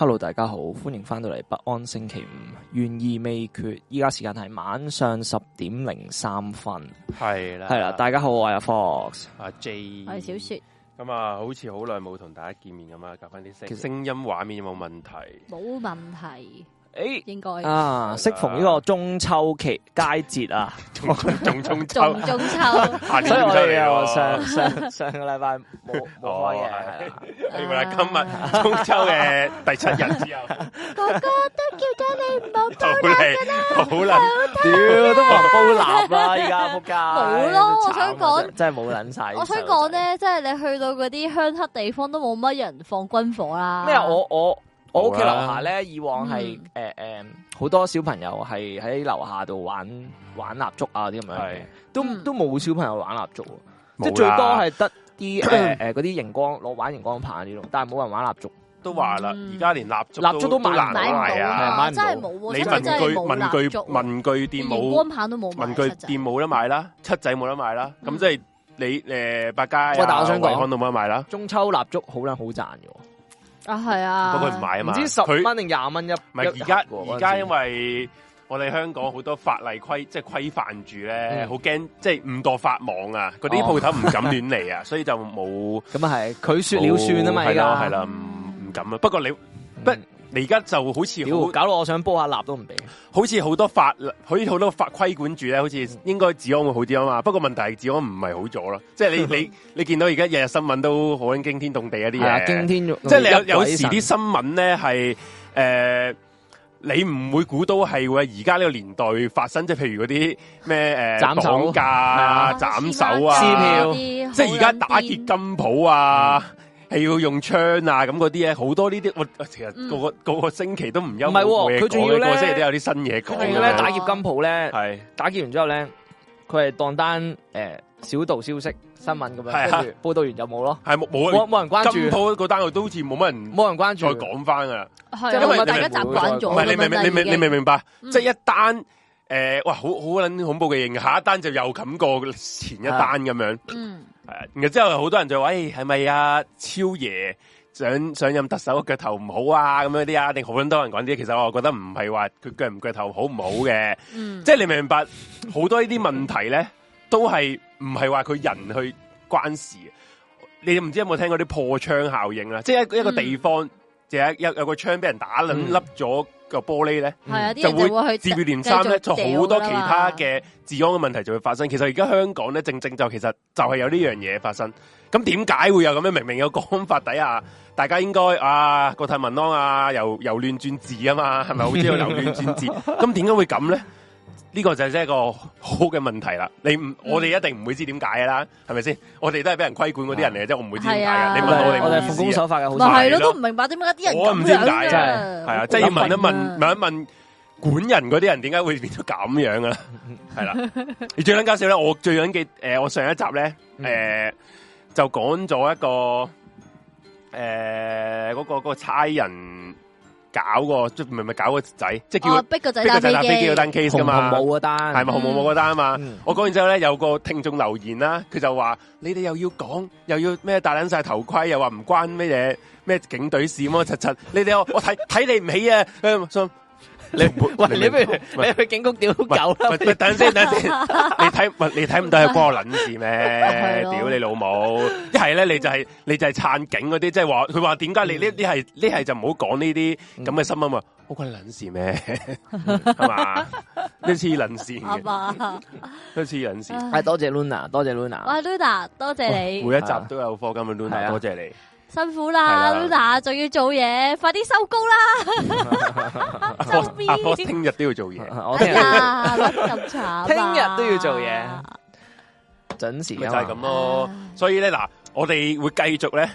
Hello，大家好，歡迎翻到嚟北安星期五，懸而未決。依家時間係晚上十點零三分，係啦，係啦。大家好，我係 Fox，阿 J，我係小雪。咁啊，好似好耐冇同大家見面咁啊，夾翻啲聲，聲音畫面有冇問題？冇問題。誒、欸，應該啊，適逢呢個中秋期佳節啊， 次中 啊，仲中秋，中秋啊，真係啊，上上上個禮拜冇冇開嘢。 係咪今日中秋嘅第七日之後， 哥哥都叫咗你冇到啦，好啦，屌都冇人煲蠟啦，而家仆家冇咯。我想講，真係冇撚曬。我想講咧，即係你去到嗰啲鄉黑地方，都冇乜人放軍火啦。咩啊？我我我屋企樓下咧，以往係誒誒好多小朋友係喺樓下度玩玩蠟燭啊啲咁樣嘅，都、嗯、都冇小朋友玩蠟燭，即係、就是、最多係得。啲誒嗰啲熒光攞玩熒光棒呢種，但係冇人玩蠟燭，都話啦，而家連蠟燭蠟燭都難買啊，買唔到買唔到真係冇喎，真係冇文具文具店冇熒光棒都冇，文具店冇得買啦，七仔冇得買啦，咁、嗯、即係你誒百佳，但係我想問，睇到冇得賣啦？中秋蠟燭好捻好賺嘅，啊係啊，不過唔買啊嘛，唔知十蚊定廿蚊一，唔係而家而家因為。我哋香港好多法例規，即係規範住咧，好、嗯、驚即係誤墮法網啊！嗰啲鋪頭唔敢亂嚟啊，哦、所以就冇咁啊係，佢 說了算啊嘛而家係啦係啦，唔唔敢啊！不過你、嗯、不你而家就好似搞到我想煲下蠟都唔俾，好似好多法，好似好多法規管住咧，好似應該治安會好啲啊嘛。不過問題係治安唔係好咗咯，即 係你你你見到而家日日新聞都好驚天動地一啲嘢，驚、啊、天動地即係有有時啲新聞咧係誒。你唔會估到係喎，而家呢個年代發生即係譬如嗰啲咩誒斬價啊斬手啊、撕票，即係而家打劫金鋪啊，係要用槍啊咁嗰啲嘢好多呢啲我其實個、嗯、個星期都唔休唔佢仲要咧，個星期都有啲新嘢講。佢咧打劫金鋪咧，係打劫完之後咧，佢係當單，單、呃小道消息、新聞咁樣，啊、報導完就冇咯、啊，係冇冇人關注。今鋪個單號都好似冇乜人，冇人關注。再講翻噶啦，因為大家習慣咗。唔係你明唔明？你明唔明白，嗯、即係一單誒、呃，哇！好好撚恐怖嘅型，下一單就又冚過前一單咁、啊、樣。嗯、然後之後好多人就話：誒、係咪阿超爺想想，想任特首嘅腳頭唔好啊？咁樣啲啊，定好多人講啲。其實我覺得唔係話佢腳唔腳頭好唔好嘅，嗯、即係你明唔明白好、嗯、多呢啲問題咧，都係。唔係話佢人去關事，你哋唔知有冇聽過啲破窗效應啦？即係一個一個地方，即、嗯、係有有個窗俾人打撚粒咗個玻璃咧，嗯、就會接連三咧，就好多其他嘅治安嘅問題就會發生。啊、其實而家香港咧，正正就其實就係有呢樣嘢發生。咁點解會有咁樣？明明有講法底下，大家應該啊國泰民安啊，由由亂轉治啊嘛，係咪好知道由亂轉治？咁點解會咁咧？呢、這個就真係一個好嘅問題啦！你唔、嗯、我哋一定唔會知點解噶啦，係咪先？我哋都係俾人規管嗰啲人嚟，即係我唔會知點解嘅。啊、你問我，我是，我哋奉公守法嘅，唔係咯？都唔明白點解啲人咁樣嘅、啊。係、就是、啊，即係要問一問問一問管人嗰啲人，點解會變到咁樣啊？係 啦對了。而 最緊搞笑咧，我最緊記誒，我上一集咧誒、嗯呃、就講咗一個誒嗰、呃那個、那個差人。搞個即係咪搞個仔，即係叫、哦、逼個仔逼個仔搭飛機，嗯、紅帽冇嗰單，係咪好冇冇嗰單啊嘛、嗯？我講完之後咧，有個聽眾留言啦、啊，佢就話：你哋又要講，又要咩戴捻晒頭盔，又話唔關乜嘢，咩警隊事麼？柒柒你哋我睇睇你唔起啊！咁、嗯。你喂，你不如，你，不如，你，不如你去警局屌狗啦，等先等先，你睇唔你睇唔到佢瓜卵事咩？屌你老母！一係咧你就係、是、你就係撐警嗰啲，即係話佢話點解你呢呢係呢係就唔好講呢啲咁嘅新聞啊！好鬼卵事咩？嘛、嗯嗯，都黐卵線嘅，都黐卵線。係、 哎、多謝 Luna，多謝 Luna，哇 Luna，多謝你，每一集都有課金嘅 Luna，多謝你。辛苦啦，嗱，仲要做嘢，快啲收工啦！阿 波 我，阿波，聽日都要做嘢。係啊，咁就慘啦。聽日都要做嘢，準時咪就係咁咯。 所以咧，嗱，我哋會繼續咧，誒、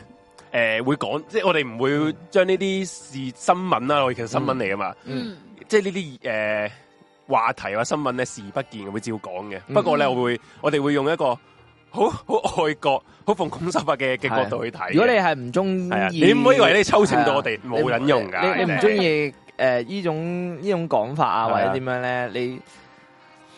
呃，會講，即係我哋唔會將呢啲事新聞啦，其、嗯、實新聞嚟噶嘛。嗯。即係呢啲誒話題或新聞咧視而不見，會照講嘅、嗯。不過咧，我會我哋會用一個好好愛國。好奉公守法嘅嘅角度去睇、啊，如果你係唔中意，你唔可以為你抽成到我哋冇引用噶。你、就是、你唔中意誒呢種呢種講法啊，或者點樣咧？你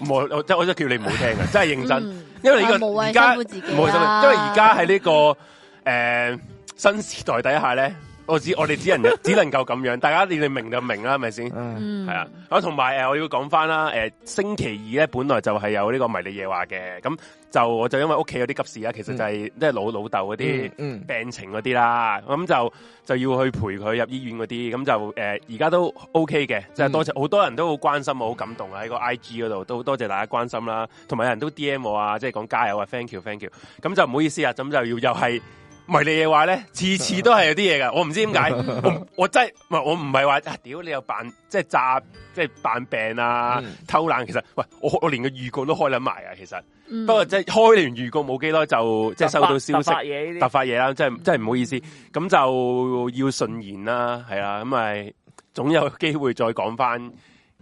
我即係我都叫你唔好聽嘅，真係認真， 嗯、因為你、這個而家冇因為而家喺呢個誒、呃、新時代底下咧。我只我哋只能只能夠咁樣， 大家你哋明就明啦，係咪先？係、嗯、啊。好，同、呃、埋我要講返啦。誒，星期二咧，本來就係有呢個迷你夜話嘅。咁就我就因為屋企有啲急事啊，其實就係即係老老豆嗰啲病情嗰啲啦。咁就就要去陪佢入醫院嗰啲。咁就誒，而、呃、家都 OK 嘅，即、就、係、是、多謝好、嗯、多人都好關心我，好感動啊！喺個 IG 嗰度都多謝大家關心啦。同埋有人都 DM 我啊，即係講加油啊，thank you thank you。咁就唔好意思啊，咁就要又係。唔係你嘅話咧，次次都係有啲嘢噶，我唔知點解， 我真我真係唔我唔係話，屌你又扮即係炸，即係扮病啊，嗯、偷懶其實，喂，我我連個預告都開撚埋啊，其實，嗯、不過即係開完預告冇幾耐就即係、嗯、收到消息，突發嘢突發嘢啦，即係、嗯、真係唔好意思，咁就要順延啦，係啦，咁咪總有機會再講翻、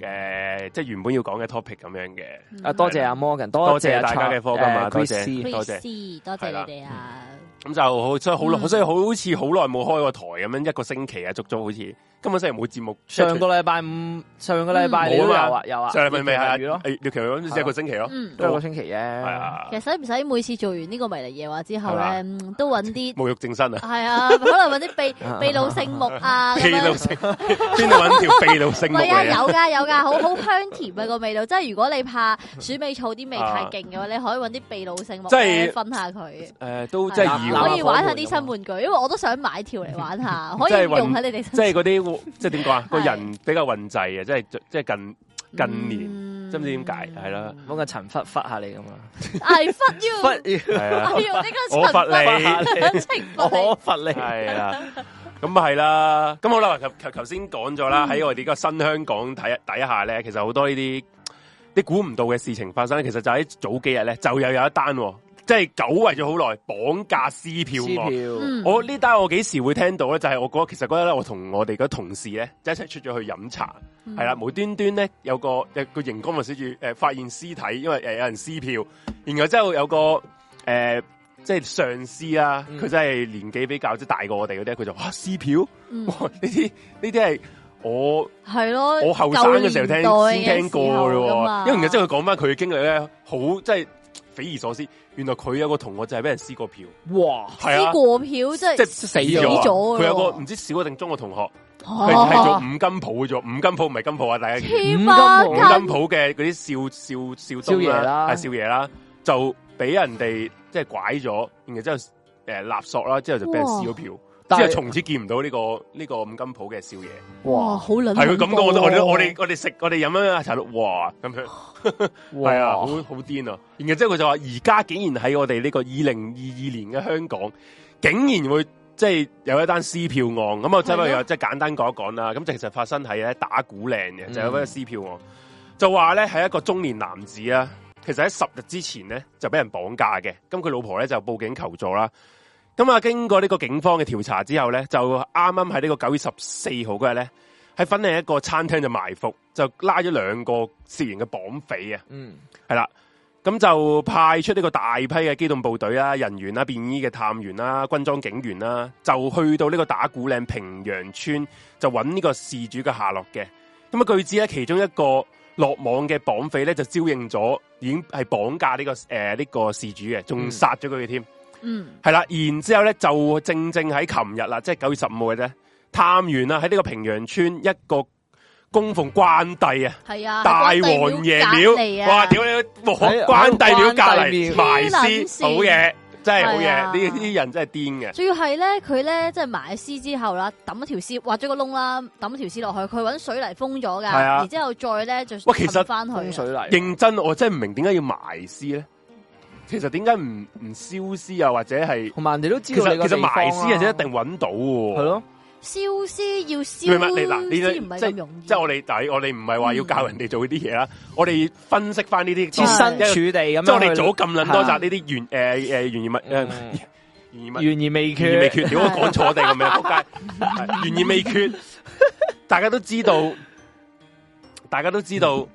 呃、即係原本要講嘅 topic 咁樣嘅。啊，多謝阿 Morgan，多謝，多謝 Chuck，大家嘅課金多謝，多謝，C，多謝你哋啊、嗯。咁就好，即係好耐，即係好似好耐冇開過台咁樣。嗯、一個星期啊，足足好似。根本今個星期冇節目。上個禮拜五、上個禮拜、嗯、都都有啊有啊，有啊。上禮拜未係啊，月咯。誒，其實一個星期咯、啊嗯，一個星期啫、啊哎。其實使唔使每次做完呢個迷離夜話之後咧，都揾啲沐浴淨身啊。係啊，可能揾啲秘 秘魯聖木啊。啊啊係係秘魯聖邊度揾條秘魯聖、啊？唔 係啊，有㗎有㗎，好好香甜啊個 味道。即係如果你怕鼠尾草啲味太勁嘅話，你可以揾啲秘魯聖木即嚟分下佢。誒、呃，都即係可以玩下啲新玩具，因為我都想買條嚟玩下，可以用喺你哋。即係啲。即係點講啊？個人比較混滯啊！即係即係近近年，嗯、知唔知點解？係啦，講下陳忽忽下你咁 啊。哎忽要，要，係啊，我罰你，我罰你，係啦，咁 罰你 啊係啦。咁好啦，頭頭頭先講咗啦，喺我哋呢個新香港睇底底下咧、嗯，其實好多呢啲你估唔到嘅事情發生，其實就喺早幾日咧，就有有一單。即、就、係、是、久違咗好耐，綁架撕票。撕票我，嗯、我呢單我幾時會聽到咧？就係、是、我覺得其實嗰日咧，我同我哋嘅同事咧，就一齊出咗去飲茶，係、嗯、啦，無端端咧有個有個熒光幕寫住誒發現屍體，因為誒有人撕票，然後之後有個誒、呃、即係上司啊，佢、嗯、真係年紀比較即係大過我哋嗰啲，佢就哇撕、啊、票，嗯、哇呢啲呢啲係我係咯，我後生嘅時候聽先聽過嘅咯，因為然後之後佢講翻佢嘅經歷咧，好即係。匪夷所思，原來佢有個同學就係俾人撕過票，哇！撕、啊、過票即係即係死咗，佢有個唔知小定中嘅同學，佢係、啊、做五金鋪嘅，五金鋪唔係金鋪啊，大家八八五金鋪嘅嗰啲少少少少爺啦，係少爺啦，就俾人哋即係拐咗，然後之後誒勒、呃、索啦，之後就俾人撕咗票，即係從此見唔到呢、這個呢、這個五金鋪嘅少爺。哇，好係佢咁，我我哋我哋我哋食我哋飲啊茶哇咁樣。係 啊，好好癲啊！然後之後佢就話，而家竟然喺我哋呢個二零二二年嘅香港，竟然會即係有一單撕票案。咁啊，即係又簡單講一講啦。咁就其實發生喺咧打鼓嶺嘅，就有、是、一個撕票案。嗯、就話咧係一個中年男子啊，其實喺十日之前咧就俾人綁架嘅。咁佢老婆咧就報警求助啦。咁啊，經過呢個警方嘅調查之後咧，就啱啱喺呢個九月十四號嗰日咧。喺粉嶺一個餐廳就埋伏，就拉咗兩個涉嫌嘅綁匪啊！嗯對，係啦，咁就派出呢個大批嘅機動部隊啦、人員啦、便衣嘅探員啦、軍裝警員啦，就去到呢個打鼓嶺平洋村就揾呢個事主嘅下落嘅。咁啊，據知咧，其中一個落網嘅綁匪咧就招認咗，已經係綁架呢、這個誒呢、呃這個事主嘅，仲殺咗佢嘅添。嗯，係啦，然之後咧就正正喺琴、就是、日啦，即係九月十五號嘅啫。探完啦，喺呢個平陽村一個供奉關帝大王啊，係啊，大王爺廟，哇，屌你關帝廟隔籬埋屍好嘢，真係好嘢，呢啲、啊、人真係癲嘅。主要係咧，佢咧即係埋屍之後啦，抌咗條屍，挖咗個窿啦，抌一條屍落去，佢搵水泥封咗噶，然、啊、之後再咧就抌翻去水泥。認真，我真唔明點解要埋屍咧？其實點解唔唔燒屍啊？或者係同埋你都知、啊，其實其實埋屍係一定搵到係咯。消屍要燒，唔係咁容易即。即係我哋，但我哋唔係話要教人哋做呢啲嘢啦。嗯、我哋分析翻呢啲，設身處地咁樣。即係我哋做咗咁捻多集呢啲懸誒誒懸疑物，懸、啊、疑、呃呃呃嗯、未決原而未決。如果講錯我哋咁樣仆街？懸而未決，嗯嗯、原未決 大家都知道，大家都知道、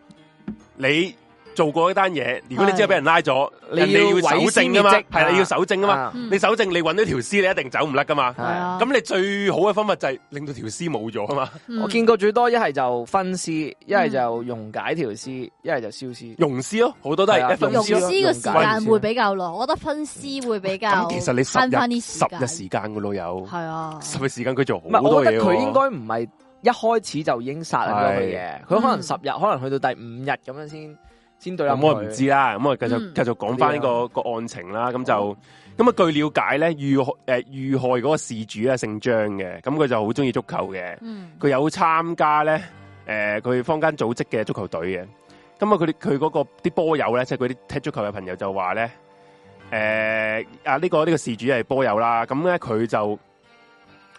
嗯、你。做過一單嘢，如果你之後俾人拉咗，你要守正噶嘛？係你要守正㗎嘛？你守正，嗯、你搵到條屍，你一定走唔甩噶嘛？咁你最好嘅方法就係、是、令到條屍冇咗啊嘛！嗯、我見過最多一係就分屍，一係就溶解條屍，一係就消失。溶屍咯，好多都係。融屍嘅時間會比較耐，我覺得分屍會比較。咁、嗯、其實你十日十日時間嘅都有，係啊，十日時間佢做好多嘢。我覺得佢應該唔係一開始就已經殺咗佢嘅，佢可能十日，可能去到第五日咁樣先。咁、嗯、我唔知啦，咁我繼續繼續講翻、呢個、嗯、個案情啦，咁、嗯、就咁啊，據了解咧遇、誒遇害嗰、呃、個事主啊姓張嘅，咁佢就好中意足球嘅，佢、嗯、有參加咧誒、佢坊間組織嘅足球隊嘅，咁啊佢佢嗰個啲波、嗰個、友咧即係啲踢足球嘅朋友就話咧誒、啊呢、呢個呢、呢個事主係波友啦，咁咧佢就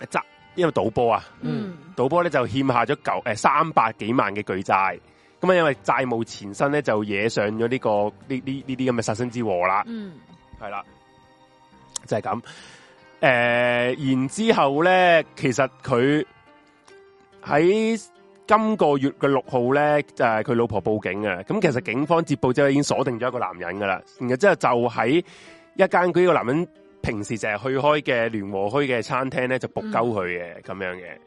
執因為賭波啊，嗯，賭波咧就欠下咗九誒、三百幾萬嘅巨債。咁啊，因為債務纏身咧，就惹上咗呢、呢個呢呢呢啲咁嘅殺身之禍啦。嗯，係啦，就係、是、咁。誒、呃，然之後咧，其實佢喺今個月嘅六號咧，就係、是、佢老婆報警嘅。咁其實警方接報之後已經鎖定咗一個男人噶啦。然後之後就喺一間佢呢、呢個男人平時成日去開嘅聯和墟嘅餐廳咧，就搏鳩佢嘅咁樣嘅。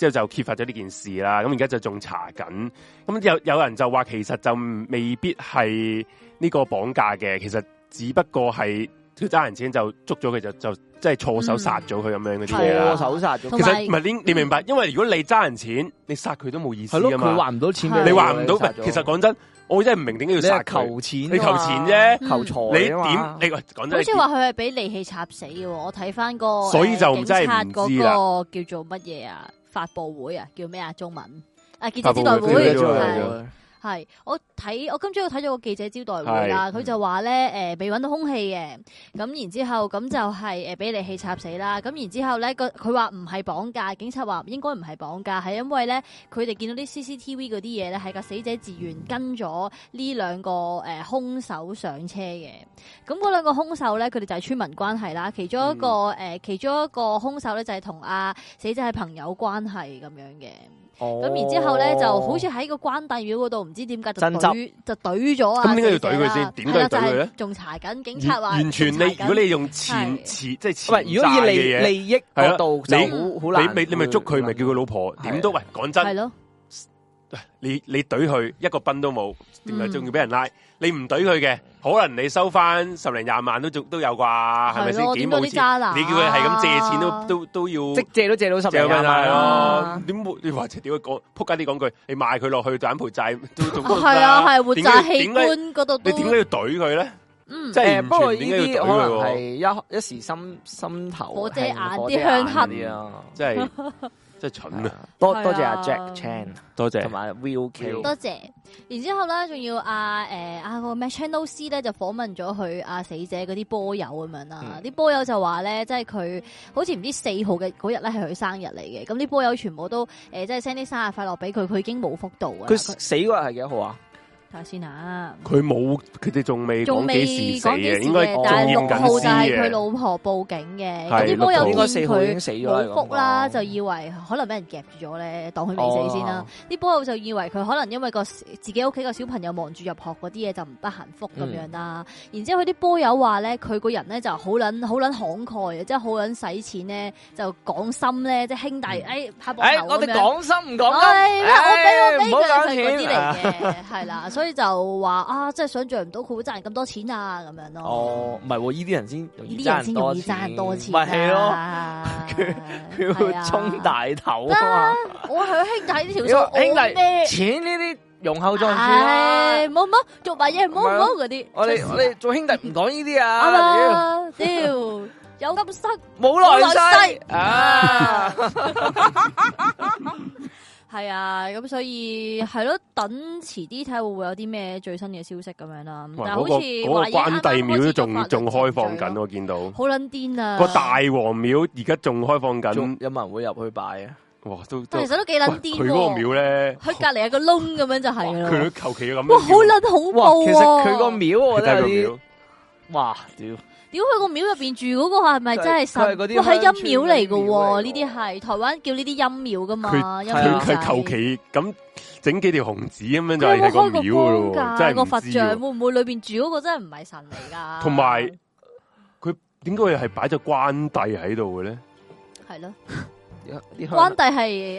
之後就揭發咗呢件事啦，咁而家就仲查緊，咁有有人就話其實就未必係呢個綁架嘅，其實只不過係佢揸人錢就捉咗佢就就即係錯手殺咗佢咁樣嗰啲嘢啦。錯手殺咗，其實唔係，你明白？因為如果你揸人，人錢，你殺佢都冇意思㗎嘛。佢還唔到錢，你還唔到？其實講真，我真係唔明點解要殺求錢？你求錢啫、嗯，求財。你點？你講真，好似話佢係俾利器插死嘅。我睇翻、個所以就真係唔知啦。叫做乜嘢啊？發布會啊，叫咩啊？中文啊，記者招待會，係。係，我睇我今朝睇咗個記者招待會啦，佢就話咧，誒、呃，未揾到凶器嘅，咁然之後咁就係誒俾利器插死啦，咁然之後咧個佢話唔係綁架，警察話應該唔係綁架，係因為咧佢哋見到啲 CCTV 嗰啲嘢咧係個死者自願跟咗呢兩個誒凶、呃、手上車嘅，咁嗰兩個凶手咧佢哋就係村民關係啦，其中一個誒、嗯呃、其中一個凶手咧就係同阿死者係朋友關係咁樣嘅。咁、哦、然之後咧，就好似喺個關帝廟嗰度，唔知點解就對就懟咗啊！咁點解要懟佢先，點解懟佢仲查緊，警察話完全。你，如果你用錢即係錢？如果以利利益角度，你好好你去捉佢，咪叫佢老婆。點都喂，講真係咯。你你懟佢一個斌都冇，點解仲要俾人拉？嗯、你唔懟佢嘅。可能你收翻十零廿萬都仲都有啩，係咪先幾萬錢，啊？你叫佢係咁借錢都都都要，即借都借到十零廿萬。係咯，點、啊、你、啊、或者點講，扑街啲講句，你賣佢落去就賠債都仲係啊，係 活摘器官嗰度。你點解要懟佢咧？即、嗯、係不、嗯呃、不過呢啲可能係一一時心心頭火遮眼啲香黑啲啊，即係。真係蠢啊！多謝啊、Chan、多謝阿 Jack Chan，多謝同埋 V O K，多謝。然之後咧，仲要阿誒阿個 m a c h a n i e l C 咧就訪問咗佢阿死者嗰啲波友咁樣啦。啲、嗯、波友就話咧，即係佢好似唔知四號嘅嗰日咧係佢生日嚟嘅。咁啲波友全部都誒、呃，即係 send 啲生日快樂俾佢，佢已經冇福度啊！佢死嗰日係幾多號啊？睇下先啊！佢冇，佢哋仲未仲未講幾時死嘅。但係六號，就係佢老婆報警嘅。啲、哦哦哦、波友見到佢冇覆啦，就以為可能俾人夾住咗咧，當佢未死先啦、啊。啲、哦、波友就以為佢可能因為個自己屋企個小朋友忙住入學嗰啲嘢就唔得閒覆咁樣啦、啊嗯。然之後佢啲波友話咧，佢個人咧就好捻好捻慷慨，即係好捻使錢咧，就講心咧，即、就、係、是、兄弟，嗯、哎拍膊頭咁樣。哎，我哋講心唔講金。唔好講錢。係啦。 所以就話啊，真係想象唔到佢會賺咁多錢啊，咁樣咯。哦，唔係，依啲人先，依啲人先容易賺多錢，咪係、啊、咯，佢會、啊、沖 大頭啊。我喺兄弟呢條數，兄弟錢呢啲容後再，冇乜做埋嘢，冇乜嗰啲。我哋我哋做兄弟唔講呢啲啊。啊，屌有金身，冇內勢啊。 係啊，咁所以係咯，等遲啲睇下會唔會有啲咩最新嘅消息咁樣啦。但係好似、那個、關帝廟都仲仲開放緊，我見到。好撚癲啊！個大王廟而家仲開放緊，有冇人會入去拜啊？哇！都都，其實都幾撚癲。佢嗰個廟咧，佢隔籬有個窿咁樣就係咯。佢求其咁，哇！好撚恐怖。其實佢個廟，你睇個廟，哇！屌。屌佢個廟入邊住嗰個係咪真係神？佢係陰廟嚟噶，呢啲係台灣叫呢啲陰廟噶嘛？佢求其咁整幾條紅紙咁樣就係個廟噶啦，真係個佛像會唔會裏邊住嗰個真係唔係神嚟噶？同埋佢點解係擺隻關帝喺度嘅咧？係咯。關帝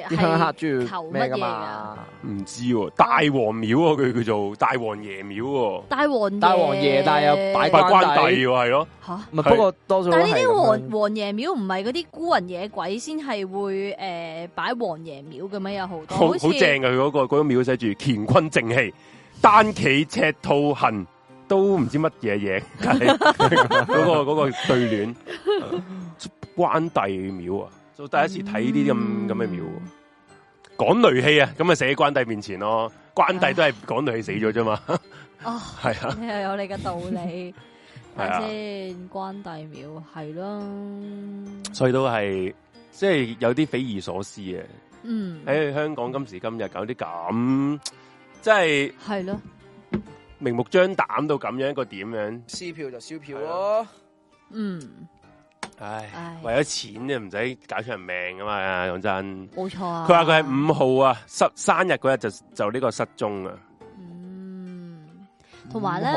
係住？求乜嘢？嘛？唔知喎、啊，大王廟佢，啊、叫做大王爺廟，大王爺、啊、大王爺，但係又拜關帝，係咯吓？係、啊，不過多數但係呢啲王王爺廟唔係嗰啲孤魂野鬼先係會誒擺、呃、王爺廟嘅咩？有好多好，好正嘅、啊，佢嗰、那個嗰、那個廟寫住乾坤正氣，單企赤兔恨，都唔知乜嘢嘢，嗰、 那個嗰、那個對聯 關帝廟啊！到第一次睇呢啲咁咁嘅廟，講、嗯、雷氣啊，咁咪死喺關帝面前咯，關帝都係講雷氣死咗啫嘛，哎、呀 哦，係啊，你又有你嘅道理，睇 先、啊、關帝廟係咯，所以都係即係有啲匪夷所思嘅，嗯，喺、哎、香港今時今日搞啲咁，即係係咯，明目張膽到咁樣一個點樣，撕票就撕票咯、啊啊，嗯。唉，唉，為咗錢就唔使搞出人命噶嘛，講真。冇錯啊。佢話佢係五號啊，生日嗰日就就呢個失蹤啊。同埋咧，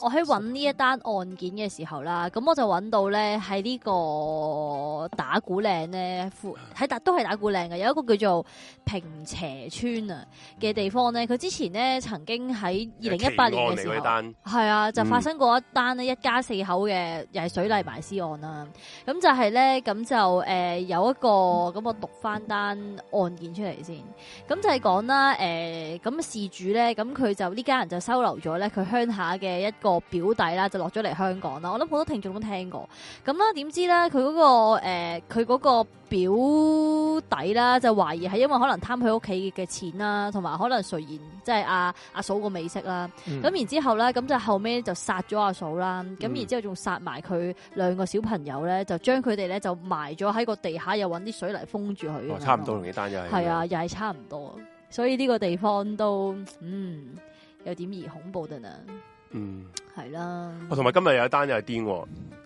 我喺揾呢一單案件嘅時候啦，咁我就揾到咧，喺呢個打鼓嶺咧，喺達都係打鼓嶺嘅，有一個叫做平斜村啊嘅地方咧，佢之前咧曾經喺二零一八年嘅時候，係啊，就發生過一單咧，一家四口嘅又係水泥埋屍案啦。咁就係咧，咁就誒、呃、有一個咁，我讀翻單案件出嚟先。咁就係講啦，誒、呃、咁事主咧，咁佢就呢家人就收留咗咧。鄉下嘅一個表弟啦，就落咗嚟香港啦。我諗好多聽眾都聽過。咁啦、那個，點知咧，佢嗰個誒，佢嗰個表弟啦，就懷疑係因為可能貪佢屋企嘅錢啦，同埋可能垂涎即係阿阿嫂個美色啦。咁、嗯、然後之後咧，咁就殺、嗯、後尾就殺咗阿嫂啦。咁然之後仲殺埋佢兩個小朋友咧，就將佢哋咧就埋咗喺個地下，又揾啲水泥封住佢、哦。差唔多呢單又係，係啊，又係差唔多。所以呢個地方都嗯。有點兒恐怖的呢？嗯。係啦，同埋今日有一單又係癲，誒、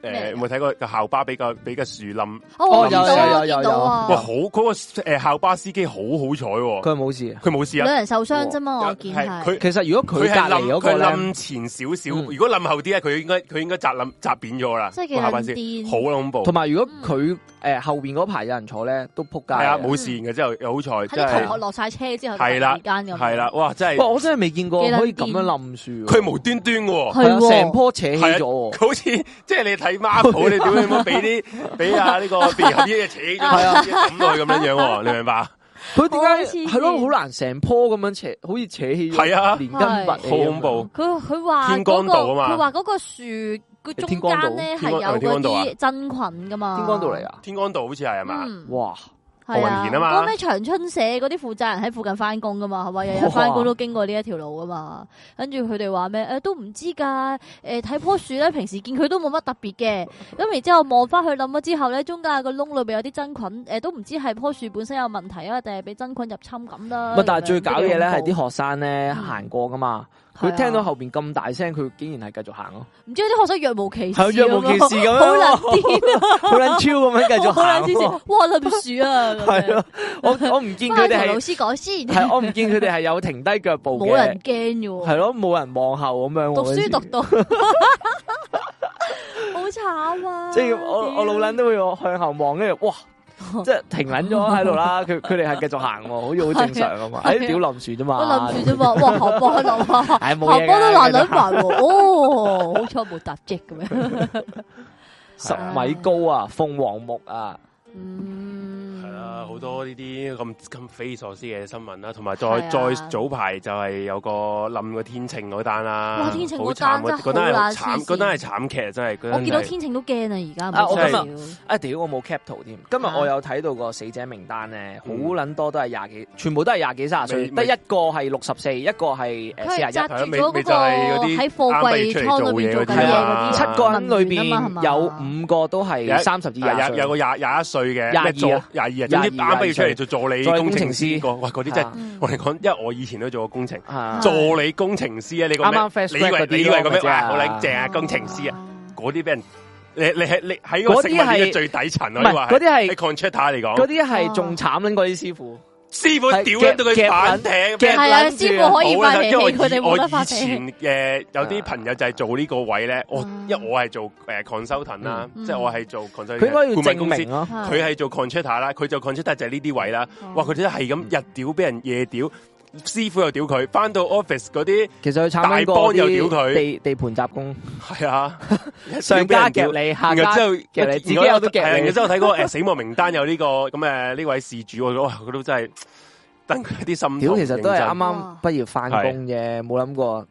呃，有冇睇過個校巴俾個俾個樹冧？哦，有有有有，有，有，有，哇，好嗰、那個誒校巴司機好好彩，佢冇事，佢冇事啊，有人受傷啫嘛，我佢其實如果佢係冧嗰冧前少少、嗯，如果冧後啲咧，佢應該佢應該砸冧砸扁咗啦。即、嗯、係校巴先，好恐怖。同埋如果佢誒、嗯、後邊嗰排有人坐咧，都撲街。係、嗯、啊，冇事嘅，之後又好彩，即係同學落晒車之後係啦，係啦、啊啊啊，哇，真係我真係未見過可以咁樣冧樹，佢無端端嘅。成棵扯起咗、啊，好似即係你睇孖普，你點解冇俾啲俾啊呢、這個背後啲嘢扯起咗，咁耐咁樣 樣，你明白？佢點解係咯？好是是、啊、難成棵咁樣扯，好似扯起咗，連根拔起、啊，好恐怖。佢佢話嗰個佢話嗰個樹個中間咧係有嗰啲真菌噶嘛？天光道嚟啊！天光道、啊、好似係係嘛？嗯、哇！係啊，嗰咩長春社嗰啲負責人喺附近翻工噶嘛，係咪、哦、嘛，日日翻工都經過呢一條路噶嘛，跟住佢哋話咩？誒、呃，都唔知噶，誒、呃，睇樖樹咧，平時見佢都冇乜特別嘅，咁然之後望翻去諗咗之後咧，中間個窿裏邊有啲真菌，誒、呃，都唔知係樖樹本身有問題啊，定係俾真菌入侵咁啦。但係最搞嘢咧，係啲學生咧行過噶嘛。嗯佢聽到後邊咁大聲，佢竟然係繼續行咯、啊。唔知啲學生若無其事，若無其事咁樣，好撚癲，好撚超咁樣繼續行走、啊。 難瘋啊、 哇，冧樹啊！係 咯，我我唔見佢哋老師講先。係 我唔見佢哋係有停低腳步嘅，冇 人驚嘅喎。係咯，冇人望後咁樣。讀書讀到好 慘 憐啊！即 係我我老撚都會向後望，跟住哇。即係停撚咗喺度啦，佢佢哋係繼續行，好似好正常啊、 哎、嘛，喺屌林樹啫嘛，林樹啫嘛，哇，下波喺度！坡，波坡都難難爬，哦，好彩冇搭 Jack 咁樣，十米高啊，鳳 凰木啊。嗯好多呢啲咁咁匪夷所思嘅新聞啦、啊，同埋再、啊、再早排就係有個冧個天晴嗰單啦、啊，天晴嗰單真係好慘，嗰單係慘，慘，慘劇真係。我見到天晴都驚啊，而家我今日阿屌我冇 cap 添，今日我有睇到個死者名單呢，好撚、啊、多都係廿幾，嗯、全部都係廿幾三十歲，得一個係六十四，一個係四十一。佢係擳住咗嗰個喺貨櫃做嘢嗰啲。七個人裏面有五個都係三十二歲，有有個廿一歲嘅廿二啊，打俾佢出嚟做助理工程師。喂嗰啲真，我哋講，因為我以前都做過工程、嗯，助理工程師啊，你講咩？你以為你以為咩？好靚正啊，工程師啊，嗰啲俾人，你你係你喺嗰成日喺最底層咯，唔係嗰啲係 contractor 嚟講，嗰啲係仲慘過啲師傅。啊師傅屌到佢反艇，係啊！師傅可以發脾氣，佢哋冇得發脾氣。我以前嘅有啲朋友就係做呢個位咧、嗯，我因為我係做誒 consultant 啦，即係我係做佢佢係做 contractor 啦，佢、嗯啊、做 contractor 就係呢啲位啦、嗯。哇！佢哋都係咁日屌俾人夜屌。嗯。師傅又屌佢，翻到 office 嗰啲，其實佢參過啲地地盤雜工，係啊，上家夾你，下家夾你自己，我都夾你。然後之後睇嗰誒《後後過 死亡名單、這個》，有呢個咁誒呢位事主，哇，佢都真係戥佢啲心。其實都係啱啱畢業翻工嘅，冇諗過，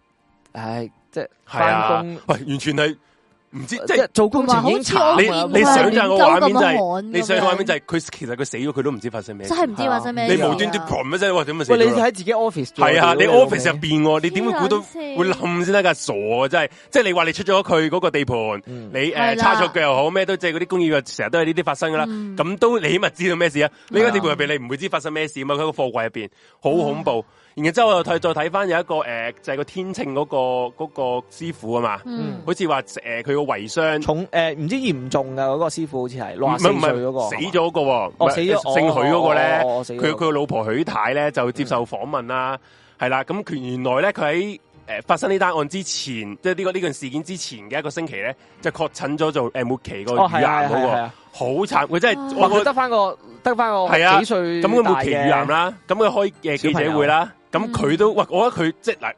唉、啊哎，即係翻工，喂，完全係。唔知即係做工程已經，你你想象個畫面就係，你想象畫面就係、是、佢、就是、其實佢死咗，佢都唔知發生咩，真係唔知發生咩、啊。你無端端盤咩啫，話點啊死？你你喺自己 office？係啊，你 office 入邊，你點會估到？猜到會冧先得噶，傻、就是嗯呃嗯、啊！真係，即係你話你出咗佢嗰個地盤，你誒差錯腳又好，咩都即係嗰啲工業，成日都係呢啲發生噶啦。咁都你起碼知道咩事啊？呢個地盤入邊你唔會知發生咩事嘛？佢個貨櫃入邊好恐怖。嗯然之後我又再再睇翻，有一個誒、呃、就係、是、個天秤嗰、那個嗰、那個師傅啊嘛，嗯、好似話誒佢個遺商重誒唔、呃、知嚴重噶嗰、那個師傅好似係六十四歲、那個死咗個喎，死咗、那個哦、姓許嗰個咧，佢佢個老婆許、哦、太咧、哦、就接受訪問啦，係、嗯、啦，咁原來咧佢喺誒發生呢單案之前，即係、這、呢個呢件、這個、事件之前嘅一個星期咧，就確診咗做誒、呃、末期個乳癌嗰個，好、啊、慘，佢真係我得翻個得翻個係啊幾歲咁佢末期乳癌啦，咁佢開誒記者會啦。咁、嗯、佢都，我覺得佢即係嗱，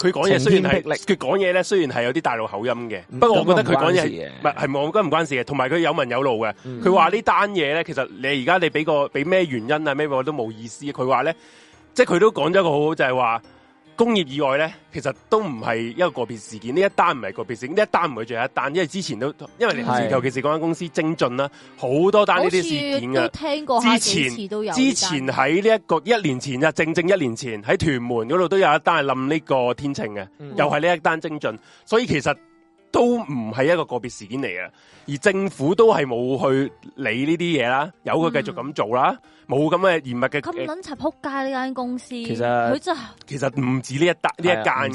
佢講嘢雖然係，佢講嘢咧雖然係有啲大陸口音嘅，不過我覺得佢講嘢唔係，我覺得唔關事嘅。同埋佢有文有路嘅，佢、嗯、話呢單嘢咧，其實你而家你俾個俾咩原因啊咩，我都冇意思。佢話咧，即係佢都講咗一個好好，就係、是、話。工業意外咧，其實都唔係一個個別事件。呢一單唔係個別事件，呢一單唔係最後一單，因為之前都，因為尤其是嗰間公司精進啦，好多單呢啲事件㗎。之前這之前喺呢一個一年前啊，正正一年前喺屯門嗰度都有一單係冧呢個天秤嘅、嗯，又係呢一單精進，所以其實都唔係一個個別事件嚟嘅，而政府都係冇去理呢啲嘢啦，由佢繼續咁做啦。嗯冇咁嘅嚴密嘅，咁撚插撲街呢間公司，其實佢真係其實唔止呢一笪呢一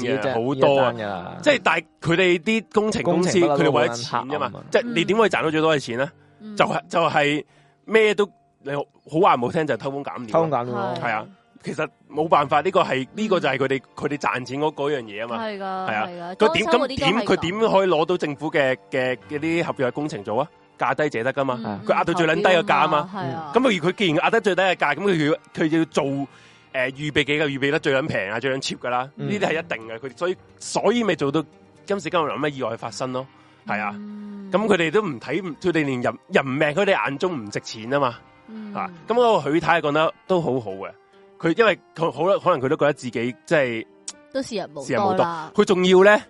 間嘢好多啊！即係但係佢哋啲工程公司，佢哋為咗錢㗎嘛、嗯！即係你點可以賺到最多嘅錢咧、嗯就係，就係就係咩都你好，好話唔好聽，就係、偷工減料，偷工減料係啊！其實冇辦法，呢、呢個係呢、呢個就係佢哋佢哋賺錢嗰樣嘢啊嘛！係噶，係啊！佢點咁佢點可以攞到政府嘅嘅啲合約工程做啊？價低者得噶嘛、嗯？佢壓到最捻低個價啊嘛！咁譬如佢既然壓得最低嘅價，咁佢要佢要做誒，預、呃、備幾個預備得最捻平啊，最捻 cheap 噶啦！呢啲係一定嘅，佢所以所以咪做到今時今日冇乜意外發生咯，係、嗯、啊！咁佢哋都唔睇，佢哋連人人命，佢哋眼中唔值錢啊嘛！嗯、啊！咁、那、嗰個許太，太講得都好好嘅，佢因為佢好可能佢都覺得自己即係都時日冇多佢仲要咧，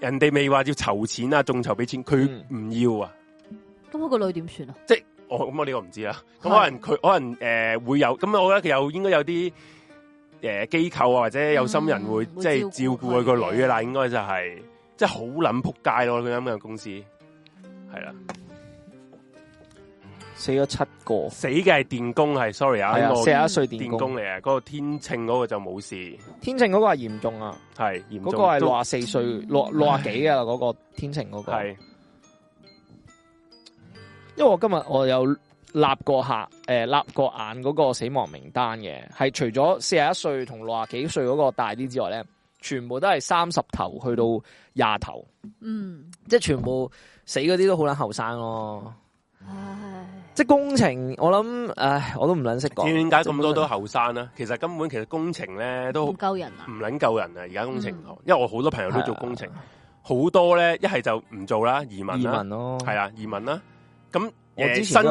人哋未話要籌錢啊，眾籌俾錢，佢唔要啊、嗯！咁、嗰個女點算、呃呃、啊？即係我咁我呢個唔知啦。咁可能佢可能誒會有咁，我覺得佢有應該有啲誒機構啊或者有心人會、嗯、會顧即係照顧佢個女、就是、啊。啦，應該就係即係好捻撲街咯。佢噉樣嘅公司係啦，死咗七個死嘅係電工係，sorry 啊，四十一歲電工嚟啊。嗰、嗰個天秤嗰個就冇事，天秤嗰個係嚴重啊，係嚴重，嗰、嗰個係六啊四歲，六六啊幾啊嗰個天秤嗰、嗰個係。因為我今日我有立過客，誒立過眼嗰個死亡名單嘅，係除咗四十一歲同六廿幾歲嗰個大啲之外咧，全部都係三十頭去到廿頭，嗯，即係全部死嗰啲都好撚後生咯，唉，即係工程，我諗唉，我都唔撚識講點解咁多都後生啦。其實根本其實工程咧都救人啊，唔撚救人啊，而家工程，嗯、因為我好多朋友都做工程，好、嗯、多咧一係就唔做啦，移民移民咯，係啊，移民啦。咁、嗯、我新新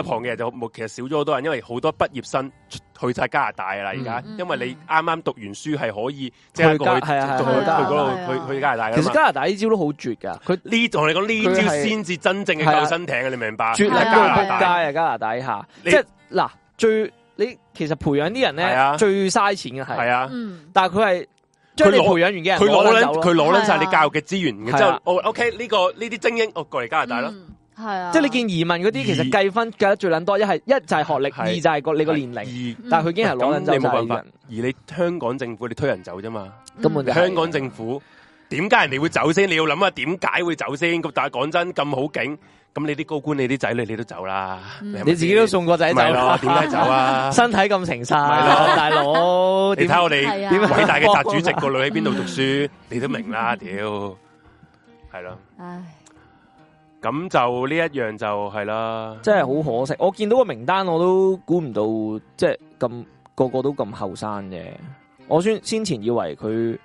入行嘅就其實少咗好多人，因為好多畢業生去晒加拿大啦。而、嗯、家、嗯、因為你啱啱讀完書係可以即係過去去嗰度去、啊去，去，去，去，啊、去加拿大。其實加拿大呢招都好絕噶，佢呢同你講呢招先至真正嘅救生艇、啊、你明白？絕係加拿大啊，啊，啊，加拿大吓，即係嗱最你其實培養啲人咧、啊、最嘥錢嘅係，係啊，啊，但係佢係將你培養完嘅人，佢攞佢攞晒你教育嘅資源，啊啊、然之後 O K 呢個呢啲精英我過嚟加拿大咯。係啊，即係你見移民嗰啲，其實計分計得最捻多，一係一就係學歷，二就係個你個年齡。二，但係佢已經係攞緊你冇辦法、就是，而你香港政府，你推人走啫嘛，根、嗯、本就香港政府點解、嗯、人哋會走先、嗯？你要諗下點解會走先？但係講真，咁好景，咁你啲高官你啲仔女你都走啦、嗯，你自己都送個仔仔走，點解走啊？麼 身體咁成晒， 是啦 大佬，你睇我哋點偉大嘅習主席個女喺邊度讀書， 你都明啦 是啦，屌，係咯。咁就呢一樣就係啦，真係好可惜。我見到個名單，我都估唔到，即係咁個個都咁後生嘅。我先先前以為佢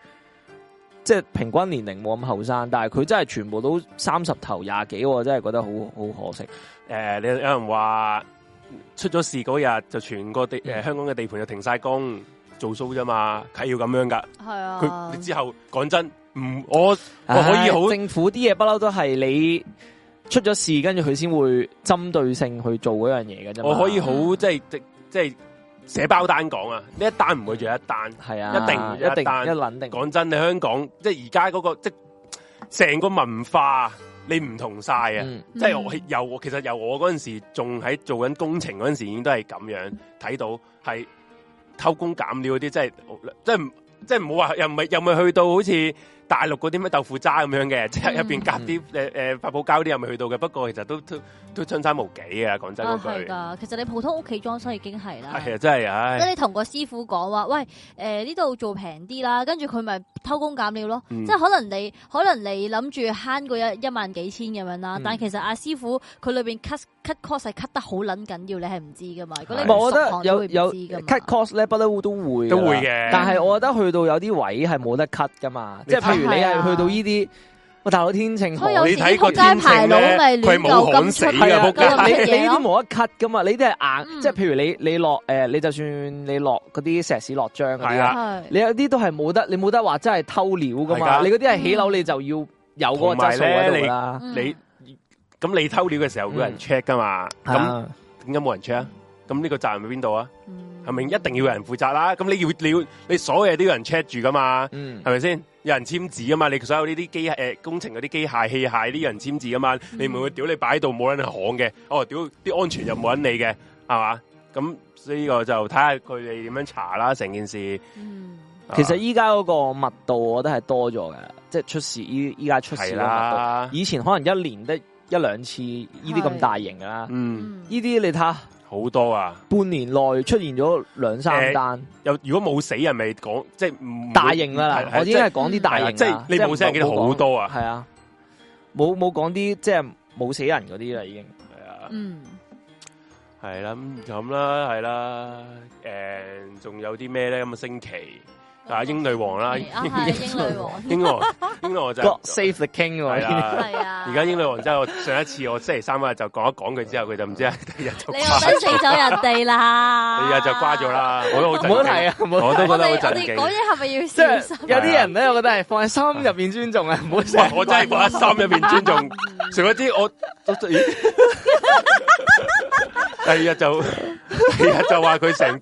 即係平均年齡冇咁後生，但係佢真係全部都三十頭廿幾，真係覺得好好可惜。誒、呃，你有人話出咗事嗰日就全個地誒、呃、香港嘅地盤就停晒工做 show，咋啫嘛，係要咁樣噶。係、嗯、啊，佢之後講真唔我我可以好、哎、政府啲嘢不嬲都係你。出咗事，跟住佢先會針對性去做嗰樣嘢嘅啫。我可以好、嗯、即係即係寫包單講啊，呢一單唔會仲有一單，係、嗯、啊一一，一定一定一撚定。講真，你香港即係而家嗰個即係成個文化，你唔同曬啊！嗯、即係由其實由我嗰陣時仲喺做緊工程嗰陣時，已經都係咁樣睇到係偷工減料嗰啲，即係即係即係冇話又唔係又唔係去到好似。大陸嗰啲咩豆腐渣咁樣嘅，即係入邊夾啲誒誒發泡膠啲又咪去到嘅，不過其實都都都相差無幾的的啊！講真嗰句。係噶，其實你普通屋企裝修已經係啦。係、哎、啊，真係啊。即、哎、你同個師傅講話，喂，誒呢度做平啲啦，跟住佢咪偷工減料咯。嗯、即係可能你可能你諗住慳過一萬幾千咁樣啦，嗯、但其實阿師傅佢裏邊 cut cut cost 係 cut 得好撚緊要，你係唔知噶嘛的。如果你唔熟行，有有 cut cost 咧，不嬲都會都會嘅。但係我覺得去到有啲位係冇得 cut 噶嘛，即係譬如你係去到呢啲，我大佬天晴，你睇個天晴，佢冇好死噶，你你都冇得 cut 噶嘛，你啲係硬，即係譬如你、啊哦、你落誒、啊啊啊嗯嗯，你就算你落嗰啲石屎落漿嗰啲，是啊是啊你有啲都係冇得，你冇得話真係偷料噶嘛，啊、你嗰啲係起樓，你就要有個個質素你咁你，嗯、你，你偷料嘅時候會有人 check 噶嘛？咁點解冇人 check？咁呢個責任喺邊度啊？係、嗯、咪一定要有人負責啦、啊？咁你要，你，要，你，要你所有嘢都要有人 check 住噶嘛？係咪先？有人簽字啊嘛，你所有呢啲機械、呃、工程嗰啲機械器械啲人簽字啊嘛，嗯、你唔會屌你擺喺度冇人行嘅，哦屌，啲安全又冇人理嘅，係 嘛？咁呢個就睇下佢哋點樣查啦，成件事。嗯、其實依家嗰個密度，我覺得係多咗嘅，即係出事依依家出事嘅密度、啊、以前可能一年得一兩次呢啲咁大型㗎啦。嗯，依啲你睇下。好多啊！半年內出現咗兩三單，又、欸、如果冇死人咪講，即、就、係、是、大型啦。我已只係講啲大型了，即係、就是、你冇死人見到好多啊。係啊，冇冇講啲即係冇死人嗰啲啦，已經係、嗯、啊。嗯，係啦咁啦係啦，誒，仲有啲咩咧？咁啊，星期。啊！英女王啦，英女王，英女王，英王，英王就 God save the king，係啊，而家英女王真係我上一次我星期三嗰日就講一講佢之後佢就唔知道第二日就了你死咗人哋啦 ，第日就瓜咗啦、啊，我都好、啊啊、我都覺得好震驚，講嘢係咪要、即係、有啲人咧？我覺得係放喺心入邊尊重啊，唔好成日我真係放喺心入邊尊重，成咗啲我，我 第天，第二日就第二日就話佢成。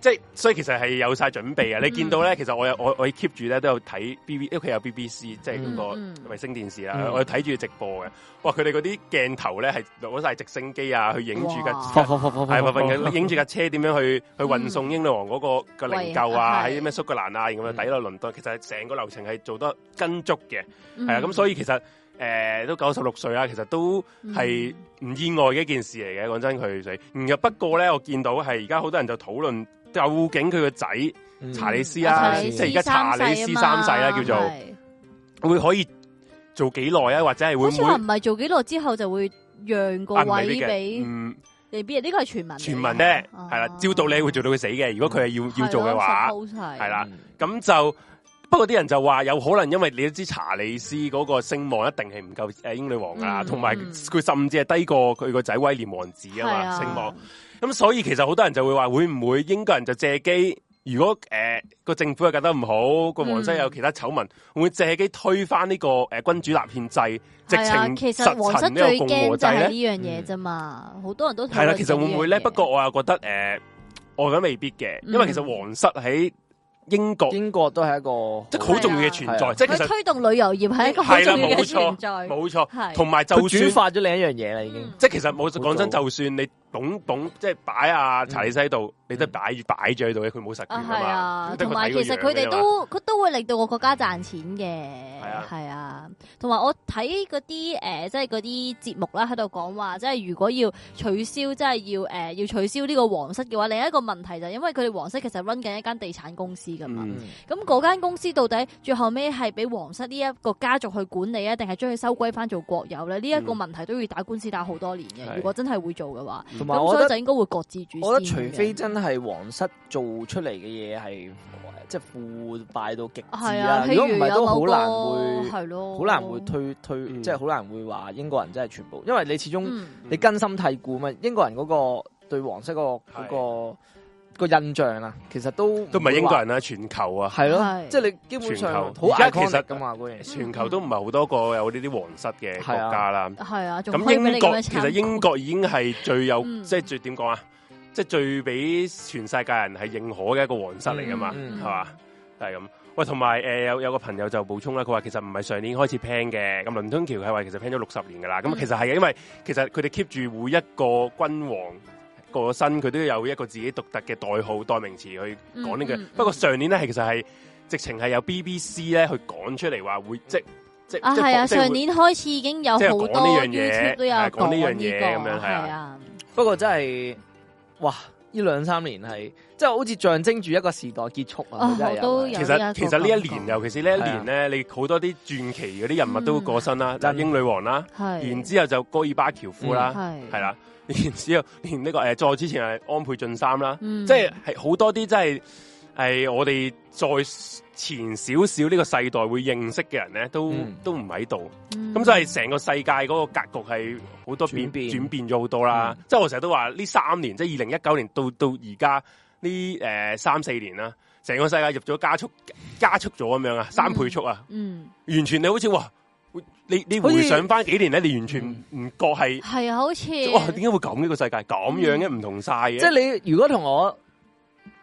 即係，所以其實係有晒準備啊。你見到咧、嗯嗯嗯啊啊嗯啊嗯，其實我有我我 keep 住咧都有睇 B B，都佢有 B B C，即係嗰個衛星電視啊。我睇住直播嘅，哇！佢哋嗰啲鏡頭咧係攞晒直升機啊，去影住架係，係，係，影住架車點樣去去運送英女王嗰個個靈柩啊？喺咩蘇格蘭啊，咁樣抵落倫敦。其實成個流程係做得跟足嘅，係、嗯、啊。咁所以其實誒、呃、都九十六歲啊，其實都係唔意外嘅一件事嚟嘅。講真，佢死。不過咧，我見到係而家好多人就討論。究竟佢個仔查理斯啊，啊查理斯即係而家查理斯三世啦，啊，叫做會可以做幾耐啊？或者係會唔會唔係做幾耐之後就會讓個位俾，啊，未必，嗯，你必必傳聞傳聞，呢個係傳聞，傳聞咧係啦。照道理會做到佢死嘅。如果佢係要，嗯，要做嘅話，係啦。咁，嗯嗯，就不過啲人就話有可能，因為你都知查理斯嗰個聲望一定係唔夠誒，英女王㗎，同埋佢甚至係低過佢個仔威廉王子啊嘛，聲望。咁、嗯、所以其實好多人就會話會唔會英國人就借機，如果誒個、呃、政府又覺得唔好，個王室有其他醜聞，會，會借機推翻呢個誒君主立憲制？直啊，其實王室最驚就係呢樣嘢啫嘛，好多人都係啦。其實會唔會咧？不過我又覺得誒，我諗未必嘅，因為其實王室喺英國，英國都係一個即係好重要嘅存在，即係推動旅遊業係一個好重要嘅存在，冇錯，係同埋佢轉化咗另一樣嘢啦，已經。嗯嗯、即係其實冇講真，就算你。懂懂即係擺、嗯、啊，查理斯喺度，你都擺住擺住喺度嘅，佢冇實權啊，係啊，同埋其實佢哋都佢都會令到我國家賺錢嘅，係、嗯、啊，係啊，同埋我睇嗰啲誒即係嗰啲節目啦，喺度講話即係如果要取消，即、就、係、是、要誒、呃、要取消呢個皇室嘅話，另一個問題就係因為佢哋皇室其實 run 緊一間地產公司噶嘛，咁嗰間公司到底最後尾係俾皇室呢一個家族去管理啊，定係將佢收歸翻做國有咧？呢、這、一個問題都要打官司打好多年嘅、嗯。如果真係會做嘅話。同埋，我覺得就應該會各自主。我覺得除非真係皇室做出嚟嘅嘢係，即係腐敗到極致啊！如果唔係都好難會，係咯，好難會推，推，推、嗯、即係好難會話英國人真係全部，因為你始終、嗯、你根深蒂固嘛。嗯、英國人嗰個對皇室嗰個。個印象啊，其實都不都唔係英國人啊，全球啊，係咯、啊啊啊，即係你基本上好 iconic 咁啊、嗯，全球都唔係好多個有呢啲皇室嘅國家啦，係、嗯、啊，咁、嗯、英國其實英國已經係最有、嗯、即係最點講啊，即係最俾全世界人係認可嘅一個皇室嚟噶嘛，係、嗯、嘛，但係、嗯、咁。喂，同埋誒有有，有個朋友就補充啦，佢話其實唔係上年開始 plan 嘅，咁倫敦橋係話其實 plan 咗六十年噶啦，咁、嗯、其實係因為其實佢哋 keep 住每一個君王。過咗身，佢都要有一個自己獨特嘅代號代名詞去講呢句、嗯嗯嗯。不過上年咧係其實係直情係有 BBC 咧、啊啊啊啊、去講出嚟，話會即即係啊，上年開始已經有好多 YouTube 都有講呢樣嘢，咁樣係啊。不過真係哇，呢兩三年係即係好似象徵住一個時代結束啊。啊有都有其實、這個、其實呢一年尤其是呢一年咧、啊啊，你好多啲傳奇嗰啲人物都會過身啦，即、嗯、英女王啦，然後之後就戈爾巴喬夫啦，係、嗯、啦。連之後連呢個誒再之前係安倍晉三啦、嗯即很，即係係好多啲即係係我哋再前少少呢個世代會認識嘅人咧，都、嗯、都唔喺度，咁所以成個世界嗰個格局係好多變轉變轉變咗好多啦、嗯。即係我成日都話呢三年，即係二零一九年到到而家呢誒三四年啦，成個世界入咗加速加速咗咁樣啊，三倍速啊，嗯，嗯，完全你好似話。哇你你回想翻幾年咧，你完全唔、嗯、覺係係啊，好似哇，點解會咁呢、這個世界咁樣嘅唔、嗯、同晒嘅？即係你如果同我，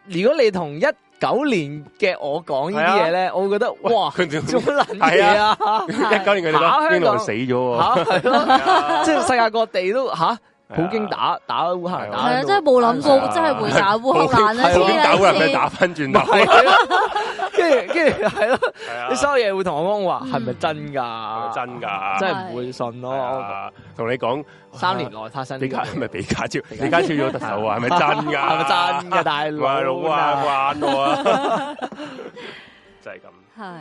如果你同一九年嘅我講呢啲嘢咧，我會覺得哇，仲難係啊！一九、啊啊啊、年嘅你咯，邊度死咗喎、啊？啊啊 是啊、 即係世界各地都吓。啊普京打、啊、打烏克蘭，係啊，啊，真係冇諗過，真係會打烏克蘭打真係先，跟住跟住係咯，啊、 你所有嘢會同我講話，係、嗯、咪真噶、啊啊？真噶、啊，真係唔會信咯。同、啊、你講、啊，三年內他生，你家咪俾假照，李家超咗特首啊？係咪真噶？係咪真噶？大佬啊，關 我、啊， 哥啊、 就係咁。係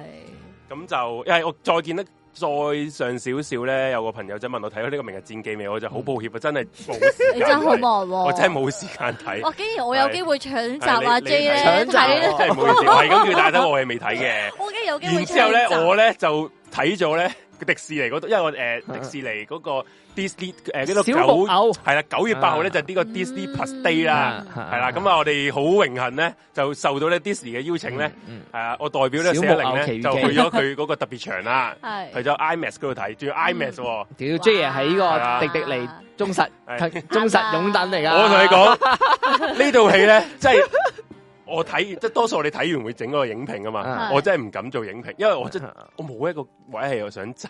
咁、啊、 就，因為我再見得。 再上少少咧，有個朋友仔問我睇咗呢個明日戰記未？我就好抱歉啊，嗯、真係你真係好忙喎，我真係冇時間睇。我既然我有機會搶集阿 J 咧，睇、啊、集真係冇咁叫，但係我係未睇嘅。我既然有機會然之後咧，我咧就睇咗咧迪士尼嗰、那、度、個，因為我、呃、迪士尼嗰、那個。Disney 誒，叫、呃、做九係啦，九月八號咧就呢個 Disney Plus Day 啦，係、嗯、啦，咁、嗯、啊、嗯，我哋好榮幸咧，就受到呢 Disney 嘅邀請咧，係、嗯、啊、嗯呃，我代表咧小木偶奇遇記就去咗佢嗰個特別場、嗯 IMAS，嗯哦、啦，係去咗 IMAX 嗰度睇，仲要 IMAX，屌 J 爺喺呢個迪迪尼忠實忠實擁躉嚟噶， 我同你講呢套戲咧，即係我睇，即係多數我哋睇完會整個影評啊嘛、嗯，我真係唔敢做影評，因為我真係、嗯、我冇一個位係我想讚。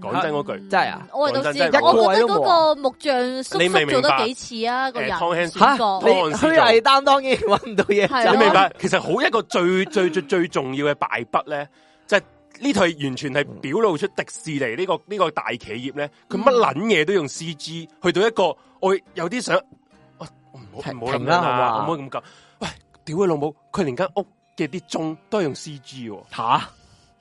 講真嗰句、嗯、真係啊！我到都知，我覺得嗰個木匠叔明做咗幾次啊個人吓，推係擔當嘅，搵唔到嘢。你明白？啊呃啊啊、 明白 其實好一個最最最最，最重要嘅敗筆咧，就係呢套完全係表露出迪士尼呢、這個呢、這個大企業咧，佢乜捻嘢都用 C G 去到一個我有啲想，唔好唔好咁唔好咁講。喂，屌你老母，佢連間屋嘅啲鐘都用 C G 吓、啊，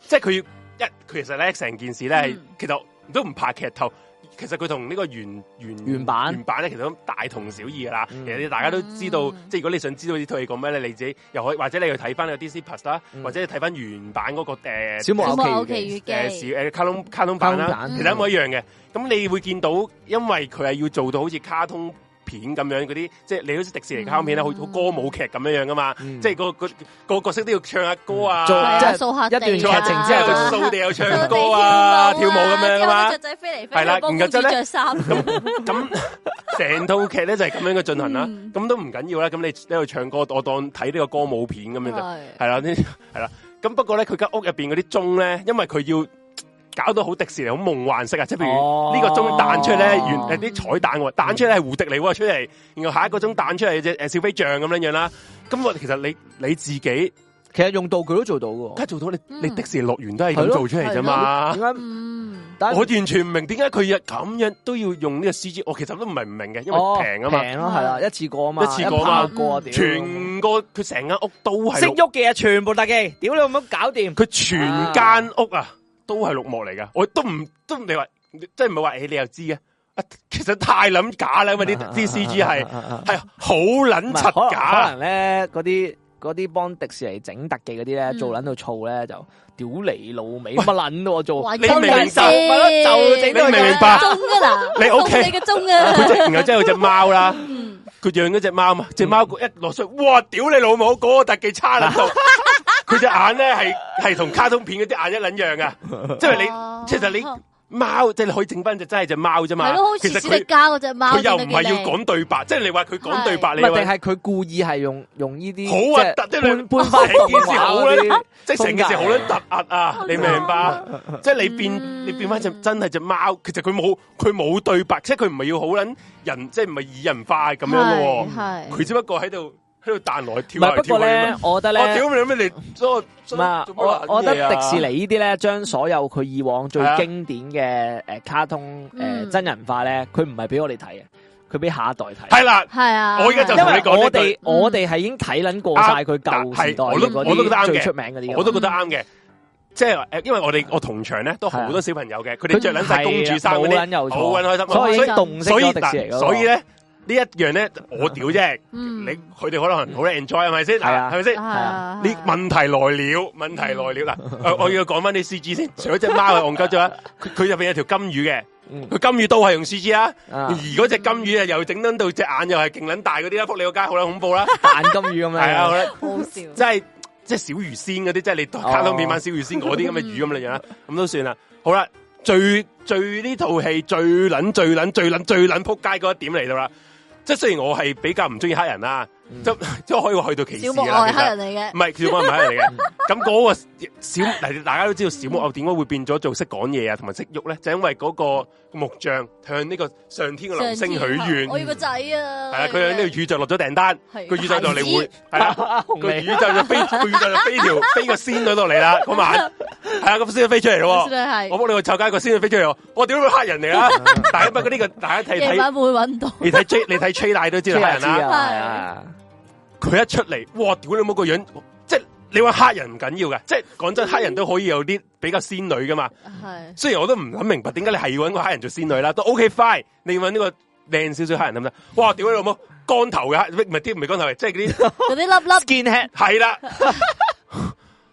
即係佢要。一、嗯，其實咧成件事咧係，其實都唔怕劇透。其實佢同呢個原原原版原版咧，其實都大同小異噶啦。嗯、其實你大家都知道，嗯、即係如果你想知道呢套戲講咩咧，你自己又可以或者你去睇翻個 Disney Plus 啦，嗯、或者你睇翻原版嗰，那個小木偶奇遇記誒卡通卡通版啦，版其實一模一樣嘅。咁、嗯、你會見到，因為佢係要做到好似卡通片咁樣嗰啲，即係你好似迪士尼嘅卡通片咧，好、嗯、好歌舞劇咁樣樣噶嘛，嗯、即係個個，個個角色都要唱下歌啊，嗯、即係數下一段劇情之後數地又唱歌啊，跳，啊跳舞咁、啊啊、樣㗎嘛，雀仔飛嚟飛去，公主著衫咁、嗯，咁成套劇咧就係咁樣嘅進行啦，咁、嗯、都唔緊要啦，咁你喺度唱歌，我當睇呢個歌舞片咁樣就係啦，係啦，咁不過咧佢間屋入邊嗰啲鐘咧，因為佢要。搞到好迪士尼好夢幻式啊！即係譬如呢個鐘彈出咧，原誒啲彩蛋喎，彈出咧係蝴蝶嚟出嚟，然後下一個鐘彈出嚟隻誒小飛象咁樣樣啦。咁我其實你你自己，其實用道具都做到嘅，梗係做到。你你迪士尼樂園都係咁做出嚟啫嘛。點解？我完全唔明點解佢咁樣都要用呢個 C G？我其實都唔係唔明嘅，因為平啊嘛，平咯係啦，一次過啊嘛，一次過啊嘛，一次過嘛嗯、全個佢成間屋都係識喐嘅，全部特技，屌你冇搞掂！佢全間屋啊！嗯啊啊都係綠幕嚟噶，我都唔都你話，即係唔係話誒，你又知啊？啊，其實太捻假啦，因為啲啲 CG 係係好捻柒假，可能咧嗰啲嗰啲幫迪士尼整特技嗰啲咧做捻到燥咧就屌你老味乜捻都做，你明唔明先？咪咯，就整都明唔明白？鐘噶啦，你 OK 嘅鐘噶。佢隻朋友真係有隻貓啦，佢養咗隻貓啊，隻貓一落水，哇屌你老母，嗰個特技差喺度。佢隻眼咧係係同卡通片嗰啲眼一撚樣噶，即係你，其實你貓即係你可以整翻隻真係隻貓啫嘛。係咯，好似史迪嗰隻貓。佢又唔係要講對白，即係你話佢講對白，你話係佢故意係用用呢啲好啊，突啲兩變化，好呢，即成件事好撚突壓啊，你明唔明白？即係你變你變翻隻真係隻貓，其實佢冇佢冇對白，即係佢唔係要好撚人，即係唔係擬人化咁樣噶喎。佢只不過喺度。喺度彈落跳，不，跳不過咧，我覺得咧、啊，我屌咩嚟？咁啊，我我覺得迪士尼呢啲咧，將所有佢以往最經典嘅誒卡通誒、啊呃、真人化咧，佢唔係俾我哋睇嘅，佢俾下一代睇。係、嗯、啦，係啊我。啊我而家就同你講，我哋我哋係已經睇捻過晒佢舊時代嘅嗰啲最出名嗰啲，我都覺得啱嘅。即係、嗯就是、因為我哋我同場咧都好多小朋友嘅，佢哋着捻晒公主衫啲，好撚柔，好開心。所以，所以，所以動迪士尼、那個，所以咧。呢一樣咧，我屌啫！你佢哋可能好咧 enjoy，係咪先？係咪先？係啊！呢問題來了，問題來了啦！我要講翻啲 CG 先，除咗隻貓係戇鳩咗，佢入邊有條金魚嘅，佢金魚都係用 CG 啊！而嗰隻金魚啊，又整到到隻眼又係勁撚大嗰啲啦，撲你個街好撚恐怖啦，眼金魚咁樣。係啊，好啦，好笑，即係即係小魚仙嗰啲，即係你卡通變翻小魚仙嗰啲咁嘅魚咁嘅樣啦，咁都算啦。好啦，最最呢套戲最撚最撚最撚最撚撲街嗰一點嚟到啦！即雖雖然我係比較唔中意黑人啦。即、嗯、即可以去到歧視黑人嚟嘅？唔係小木係黑人嚟嘅。咁嗰、嗯、個小，大家都知道小木偶點解會變咗做識講嘢啊，同埋識喐咧，就是、因為嗰個木匠向呢個上天嘅流星許願。我要個仔啊！係啊，佢喺呢個宇宙落咗訂單，個宇宙就嚟會係啦，佢宇宙就飛，個宇宙就飛條飛，飛個仙到落嚟啦。晚係啊，咁先、那個、就飛出嚟咯。我幫你去拆開個仙就飛出嚟，我點會黑人嚟啦、這個？大家嗰啲個大家睇睇會搵到你。你睇你睇崔奶都知道黑人啦。佢一出嚟，哇！屌你老母個樣，即係你話黑人唔緊要噶，即係講真，嗯、黑人都可以有啲比較仙女噶嘛。係，雖然我都唔諗明白點解你係要搵個黑人做仙女啦，都 OK fine。你搵呢個靚少少黑人得唔得？哇！屌你老母光頭嘅，唔係啲唔係光頭嚟，即係啲嗰啲粒粒 skinhead 對了。係啦，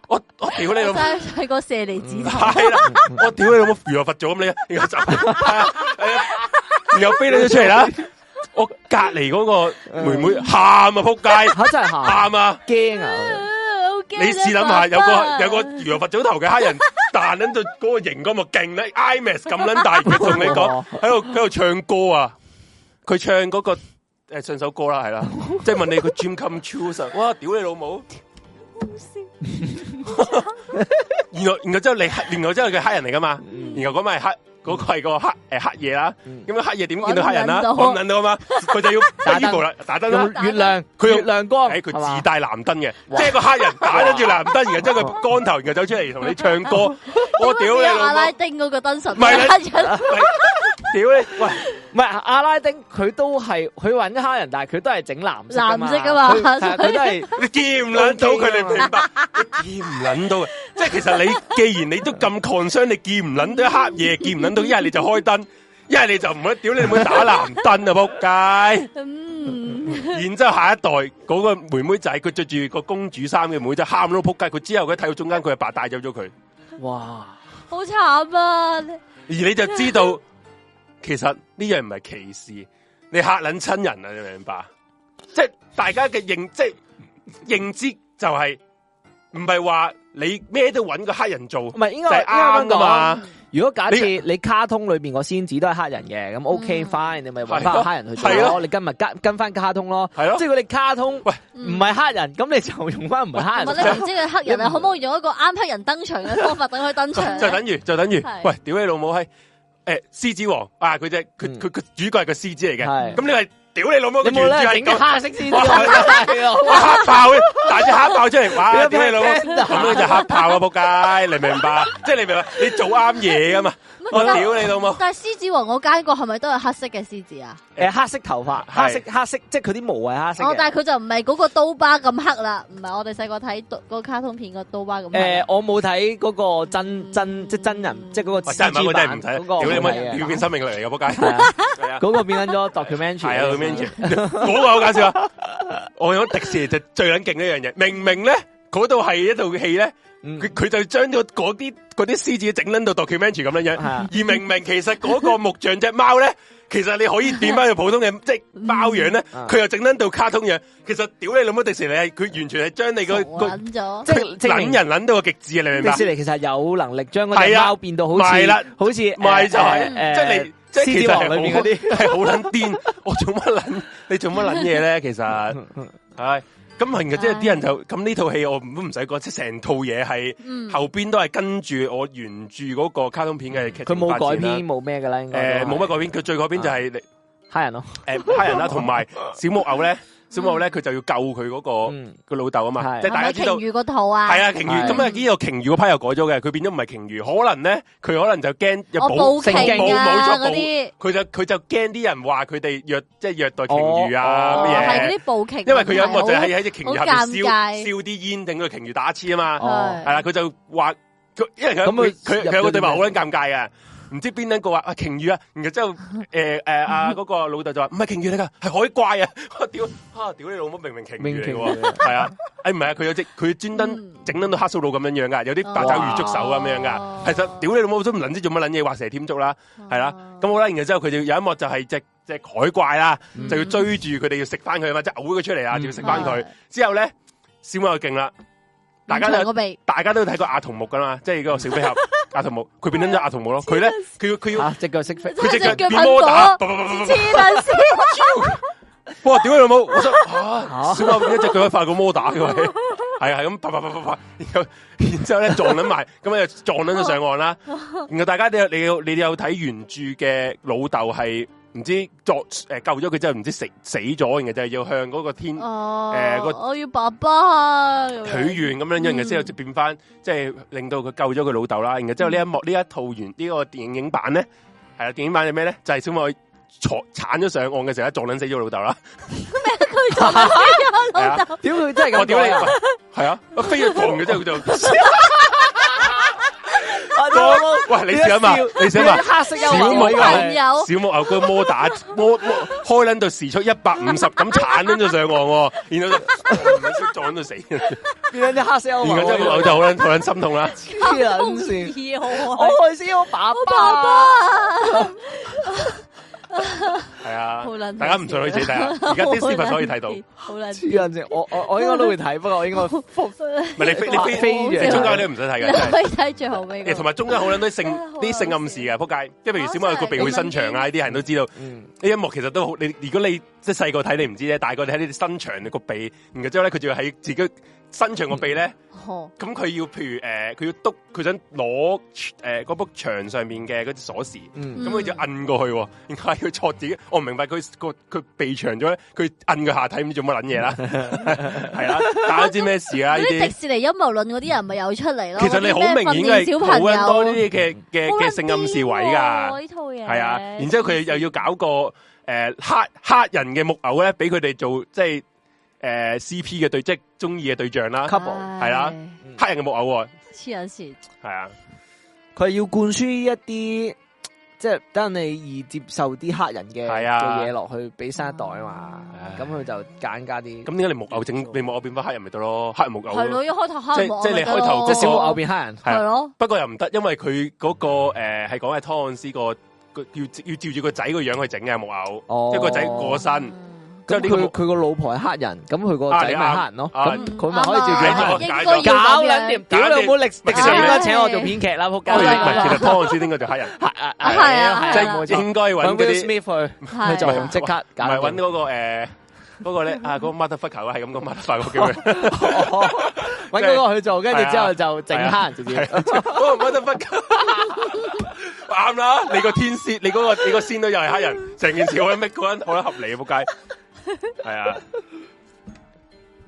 我我屌你老母，就係個射梨子。係啦，我屌你老母， 如來佛祖咁你呢，然後 然後飛，你走，鳥飛得出嚟啦。我隔籬嗰個妹妹喊啊，仆街！吓真係喊，喊啊，驚啊！你試諗下，有個有個羊佛早頭嘅黑人，彈捻到嗰個型咁啊勁咧，imax 咁捻大，佢同你講喺度喺度唱歌啊！佢唱嗰個誒唱首歌啦，係啦，即係問你個 dream come true 啊！哇，屌你老母！然後然後之後你係，然後之後佢黑人嚟噶嘛？然後嗰咪黑。嗰、那個係個黑誒黑夜啦，咁、嗯、樣黑夜點見到黑人啦、啊？唔見到，到嘛？佢就要打燈啦， 打燈啦、啊，有冇月亮佢月亮光，誒、哎、佢自帶藍燈嘅，即係個黑人打跟住藍燈，然後將佢光頭，然後走出嚟同你唱歌，我屌你！阿拉丁嗰個燈神，唔係你。 屌你！喂，唔係阿拉丁佢都係佢咗黑人，但係佢都係整藍藍色噶嘛？佢都係見唔捻到佢哋明白，你見唔捻到嘅。 到 到 即係其實你既然你都咁創傷，你見唔捻到 黑夜，見唔捻到一係你就開燈，一係你就唔會屌你唔會打藍燈啊！仆街。 然之後下一代嗰、那個妹妹仔、就是，佢着住個公主衫嘅妹,妹就仔喊到仆街。佢之後佢睇到中間，佢阿爸帶咗咗佢。 哇！好慘啊！而你就知道。 其實呢樣唔係歧視，你吓捻親人啊！你明唔明白？即係大家嘅認即係認知就係唔係話你咩都搵個黑人做，唔係應該係啱噶嘛？如果假設你卡通裏邊個仙子都係黑人嘅，咁 OK，嗯、fine，你咪搵翻黑人去做咯。你今日跟跟翻卡通咯，啊、即係佢哋卡通喂唔係黑人，咁你就用翻唔係黑人。唔係你唔知佢黑人，可唔可以用一個啱黑人登場嘅方法等佢登場？就 等於就等於，喂，屌你老母閪誒，獅子王啊，佢隻佢佢佢主角係個獅子嚟嘅，咁呢位。屌你老母！你冇咧？黑色獅子，黑豹嘅大隻黑豹出嚟，哇！屌你老母，咁咧就黑豹啊！仆街，你明白？即係你明啦，你做啱嘢噶嘛？我屌你老母！但係獅子王嗰間個係咪都係黑色嘅獅子啊？誒，黑色頭髮，黑色黑色，即係佢啲毛係黑色。哦，但係佢就唔係嗰個刀疤咁黑啦，唔係我哋細個睇嗰個卡通片個刀疤咁。誒，我冇睇嗰個真真即係真人，即係嗰個。真人版佢真係唔睇，嗰個要變生命嚟嘅仆街，係啊，嗰個變翻咗 documentary。嗰個好搞笑啊！我諗迪士尼就最捻勁一樣嘢，明明咧嗰度係一套戲咧，佢佢就將咗嗰啲嗰啲獅子整捻到 documentary 咁樣樣，而明明其實嗰個木像隻貓咧，其實你可以變翻個普通嘅即係貓樣咧，佢又整捻到卡通樣。其實屌你老母迪士尼，佢完全係將你個個即係等人捻到個極致啊！你明白？迪士尼其實有能力將嗰隻貓變到好似，係啦，好似賣就係誒。即係其實是裏邊嗰啲係好捻癲， 我做乜捻？你做乜捻嘢咧？其實，係 咁，係即係啲人就咁呢套戲，我唔、嗯、都唔使講，即係成套嘢係後邊都係跟住我原著嗰個卡通片嘅、嗯。佢冇改編，冇咩噶啦。誒、呃，冇乜改編，佢最改編就係、是、黑、啊、人咯。誒、呃，黑人啦，同埋小木偶咧。 之後咧，佢就要救佢嗰個個老豆啊嘛，即係大家知道。鯨魚個肚啊，係啊，鯨魚咁啊，呢個鯨魚嗰批又改咗嘅，佢變咗唔係鯨魚，可能咧佢可能就驚又保成部冇咗嗰佢就佢就驚啲人話佢哋虐即係虐待鯨魚啊咩嘢，係、哦、啲、哦哦、暴鯨、哦啊嗯，因為佢、嗯、有一個就係喺隻鯨魚後面燒啲煙，定佢鯨魚打次啊嘛，係、啊、啦，佢就話佢，因為佢佢佢佢對白好撚尷尬嘅。嗯唔知邊一個話啊，鯨魚啊，然後之後誒誒，阿、呃、嗰、呃那個老豆就話唔係鯨魚嚟噶，係海怪啊！屌，屌、啊、你老母明明鯨魚嚟嘅，係啊，誒唔係啊，佢有隻，佢專登整到黑蘇魯咁樣樣噶，有啲八爪魚捉手咁樣噶，其實屌你老母都唔捻知做乜捻嘢，畫蛇添足啦，係啦、啊，咁好啦，然後之後佢就有一幕就係只隻海怪啦，就要追住佢哋要食翻佢，嘛，或者嘔佢出嚟啊，就是、要食翻佢，之後咧小愛勁啦，大家都大家都睇過阿童木噶嘛，即係嗰個小飛俠。嗯 阿童木，佢變咗隻阿童木咯。佢咧，佢要佢要隻腳、啊、識飛，佢隻腳變摩打，似 哇！點啊，老母！我想，小、啊、貓、啊、一隻腳發個摩打嘅。去、啊，係係咁，啪啪啪啪啪，然後，然之後咧 撞撚埋，咁樣就撞撚咗上岸啦。然後大家你你你有睇原著嘅老豆係？唔知作誒救咗佢之後，唔知食死咗，然後就係要向嗰個天誒個、啊呃、我要爸爸許願咁樣，然後之後變變翻即係令到佢救咗佢老豆啦。然後之後呢一幕呢、嗯、一套完呢、呢個電影版咧係啦，電影版係咩咧就係小妹坐鏟咗上岸嘅時候撞卵死咗老豆啦。咩佢撞？老豆？屌佢真係咁我屌你啊！係、哦、 啊，我飛咗撞嘅之後佢就。 喂，你寫嘛？你寫嘛？小木母牛，小母牛哥摩打摩摩，開捻到時速一百五十咁鏟喺度上岸，然後就撞喺度死。邊捻啲黑色牛？而家木牛就好捻，好捻心痛啦！黐捻線，好我開燒，爸爸。 係 啊，難看大家唔信可以自己睇下，而家啲視頻可以睇到。好捻正，我我我應該都會睇， 不過我應該唔係你飛你飛 你中間嗰唔使睇嘅，的你可以睇最後尾。同埋中間好捻多性啲 性暗示嘅，撲街。即係譬如小貓個鼻會伸長啊，呢啲人都知道。呢、嗯、一幕其實都好，你如果你即係細個睇你唔知啫，大個你睇啲伸長你個鼻，然之後咧佢就要喺自己。伸長個鼻咧，咁、嗯、佢要譬如誒、佢、呃、要篤，佢想攞誒嗰幅牆上面嘅嗰啲鎖匙，咁佢就摁過去，然後佢戳自己，我唔明白佢個佢鼻長咗，佢摁個下體唔知做乜撚嘢啦，係、嗯、啦、 啊，大家知咩事啊？些 些迪士尼陰謀論嗰啲人咪又出嚟咯。其實你好明顯係好揾多呢啲嘅嘅嘅性暗示位噶，係、哦、啊，然之後佢又要搞個誒、呃、黑黑人嘅木偶咧，俾佢哋做即係。誒、呃、，C P 嘅對，即係中意嘅對象啦，Couple，係啦、啊嗯，黑人嘅木偶，黐人線，係啊，佢、啊、要灌輸一啲，即係等你易接受啲黑人嘅嘢落去，俾新一、啊、代啊嘛，咁佢就加加啲。咁點解你木偶整，你木偶變翻黑人咪得咯？黑人木偶、啊，係咯，一開頭黑人即即係你開頭即係小木偶變黑人，係咯、啊。不過又唔得，因為佢嗰個誒係講係湯漢斯個，佢、呃、要要照住個仔個樣去整嘅木偶，即、哦、係個仔過身。咁佢佢個老婆係黑人，咁佢個仔咪黑人咯，咁佢咪可以做兩碟，搞兩碟。搞兩碗歷史，應該請我做編劇啦，仆街。唔係，其實湯漢斯應該做黑人，係啊，即係應該揾嗰啲 Smith 去，就用即刻揾嗰個誒，嗰個咧啊，嗰個 Motherfucker 係咁講，Motherfucker 叫佢，揾嗰個去做，跟住之後就整黑人直接。嗰個 Motherfucker，啱啦！你個天師，你嗰個你個仙都又係黑人，成件事好咩？嗰陣好得合理啊，仆街。係啊，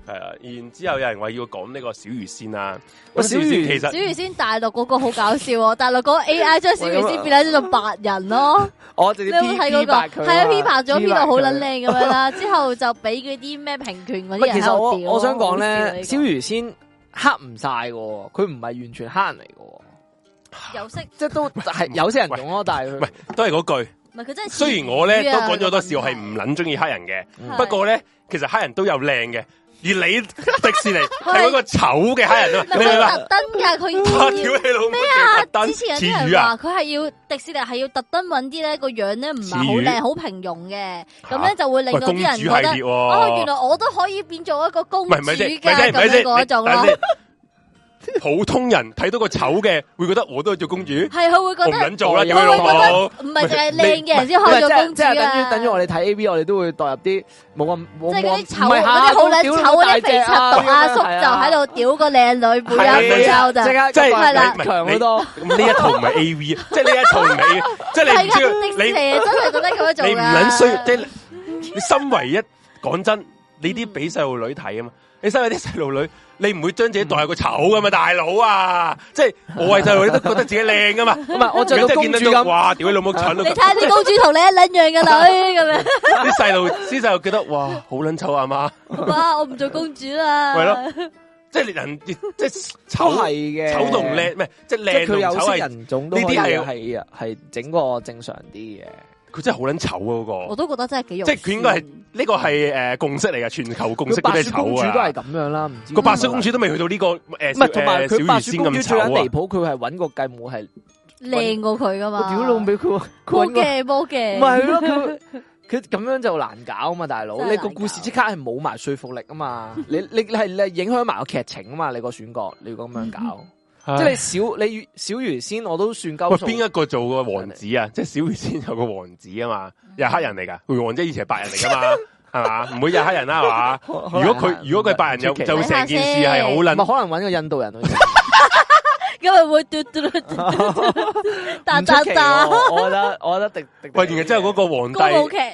係啊，然之後有人話要講呢個小魚仙啊、哦，小魚其實小魚仙大陸嗰個好搞笑， 大陸嗰個 A I 將小魚仙變咗做白人咯，我睇嗰 P P 拍佢，係、那個、啊 P 拍咗 P 到好撚靚咁樣啦，之後就俾嗰啲咩平權嗰啲人喺度屌。我想講咧、啊這個，小魚仙黑唔晒嘅，佢唔係完全黑人嚟嘅，有色即都係有色人種咯，但係佢。都係嗰句。雖然我咧、這個、都講咗好多事，我係唔捻中意黑人嘅。不過咧，其實黑人都有靚嘅，而你， 你、 啊啊、迪士尼係嗰個醜嘅黑人咯。你特登噶，佢要咩啊？之前有啲人話佢係要迪士尼係要特登搵啲咧個樣咧唔係好靚，好平庸嘅，咁咧就會令到啲人、啊啊、哦，原來我都可以變做一個公主嘅咁樣嗰種咯。你等等 普通人睇到個醜嘅，會覺得我都係做公主，係佢會覺得唔敢做啦，有冇？唔係就係靚嘅人先開咗公主啊！即係等於等於我哋睇 A V，我哋都會代入啲冇咁，即係嗰啲醜嗰啲好靚醜嗰啲肥柒度阿叔就喺度屌個靚女，然後就即係唔係啦，強好多。呢一套唔係 A V，即係呢一套唔係，即係你你你真係覺得咁樣做啦？你唔捻衰，即係你心唯一講真。你啲俾細路女睇啊嘛，你身為啲細路女，你唔會將自己代個醜噶嘛，大佬啊！即係我係細路女都覺得自己靚噶嘛， 咁啊我最近 見到哇，屌 你老母蠢！你睇下啲公主同你一卵 這樣嘅 女咁樣，啲細路啲細路覺得哇好卵醜啊嘛！哇，媽媽媽我唔做公主啦！ 係、就、咯、是，即係人即係醜係嘅，醜到唔靚咩？即係靚同醜人種呢啲係係係整個正常啲嘅。佢真係好撚醜啊！嗰、那個我都覺得真係幾用。即係佢應該係呢個係共識嚟㗎，全球共識都係醜啊！公主都係咁、啊、樣啦，個、嗯、白雪公主都未去到呢、這個，唔係同埋小、呃、白先公主白雪公主最撚離譜，佢係搵個繼母係靚過佢㗎嘛我？屌佬俾佢，波嘅波嘅，唔係咯？佢佢咁樣就難搞嘛！大佬，你個故事即刻係冇埋說服力啊嘛！你係影響埋個劇情啊嘛！你個選角你要咁樣搞。嗯。即係小你小魚仙我都算鳩，邊一個做個王子啊？是是即係小魚仙有個王子啊嘛？又係黑人嚟噶？佢王子以前係白人嚟噶嘛？係 嘛？唔會有黑人啦？係 嘛果他？ 如果佢如果佢係白人有，就就成件事係好撚。我可能揾個印度人，因為會嘟嘟我覺得我覺得狄狄，喂，原來真係嗰個皇帝，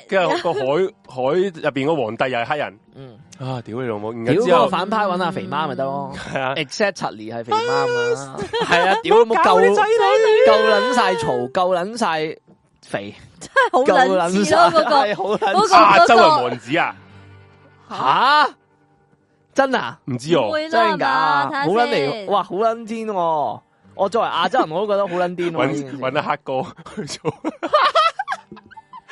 跟住個海海入邊個皇帝又係黑人。嗯。啊！屌你老母，唔知我反派揾阿肥媽咪得咯，exactly 係肥媽啊，係、嗯、啊！屌你老母，夠夠捻晒嘈，夠捻晒肥，真係好捻屎咯！嗰個嗰個亞洲人王子啊，吓真啊？唔知喎！真假？好捻嚟哇！好捻癲，我作為亞洲人我都覺得好捻癲，搵搵阿黑哥去做。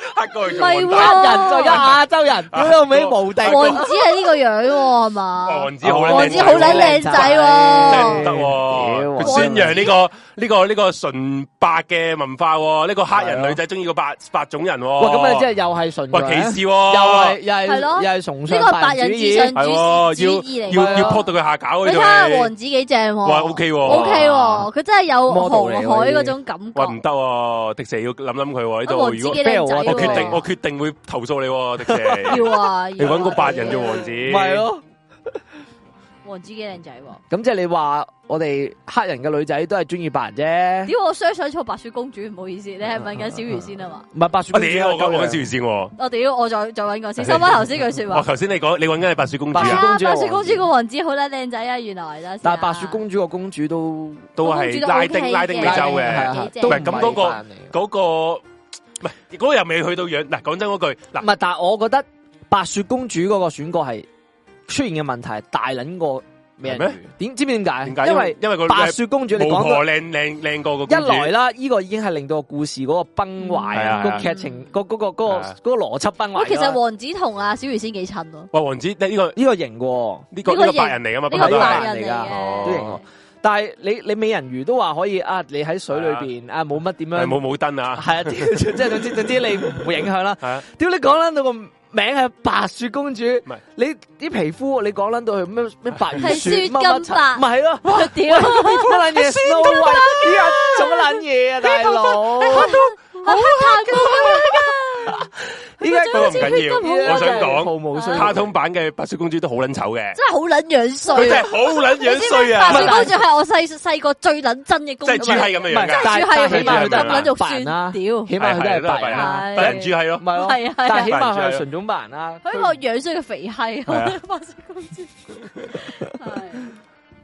黑，啊、黑人、亞洲人，佢個尾無敵。王子係呢個樣係嘛？ 王子好，王子好靚靚仔喎，唔得，宣揚呢個呢、這個呢、這個這個純白嘅文化，呢、這個黑人女仔中意個白、啊、白種人，哇！咁啊，即係又係純白，又係、啊、又係，係咯，又係崇尚、這個、白人至上、啊、要要、啊、要、要、要、要、撲要到佢下攪。你睇下王子幾正，哇！O K，O K，佢真係有豪海嗰種感覺。喂，唔得，迪 s 要諗諗佢喎。呢度如果。我決定、啊，我決定會投訴你，迪士尼。要啊， 你揾個白人嘅王子。唔係咯，王子幾靚仔喎？咁 即係你話我哋黑人嘅女仔都係中意白人啫。屌， 我相信錯，白雪公主唔好意思，你係問緊小魚仙啊嘛？唔係白雪，我屌我講緊小魚仙。我屌我再再揾個先，收返頭先句說話。哦，頭先你講你揾緊係白雪公主。白雪公主個王子好啦，靚仔啊，原來啦。但係、啊 啊、 白雪公主個、啊、公, 公, 公,公主都都係拉丁拉丁美洲嘅，係咁個個。 那個唔係，嗰、那個又未去到樣。嗱，講真嗰句，嗱，唔係，但係我覺得白雪公主嗰個選角係出現嘅問題大撚過咩？點知唔知點解？點解？因為因為、那個、白雪公主你講過靚靚靚過一來啦，呢、這個已經係令到個故事嗰個崩壞、嗯、啊、那個劇情、那個嗰、那個嗰、啊那個嗰個邏輯崩壞。其實王子同阿小魚仙幾襯咯。喂，王子呢、這個呢、這個型呢、這個、這個這個這個、白人嚟噶嘛？呢、這個白人嚟噶。這個但係你你美人魚都話可以啊，你喺水裏邊啊冇乜點樣冇冇燈啊，係啊，啊，即係總之總之，總之你唔會影響啦。係啊，屌你講捻到個名係白雪公主，你啲皮膚你講捻到係咩咩白如雪乜乜乜，唔係咯，屌做乜捻嘢啊，大佬，你到好吓、啊！點解唔緊要？我想講冇冇卡通版嘅白雪公主都好撚醜嘅，真係好撚樣衰。佢真係好撚樣衰啊！白雪公主係我細細個最撚真嘅公主就是這是，即係豬係咁嘅樣，真係豬係啊！咁捻肉酸啦？屌，起碼佢係白人啊，白人豬係咯、啊，係啊，但起碼佢係純種白人啦、啊。佢一個樣衰嘅肥閪、啊、 白雪公主、哎。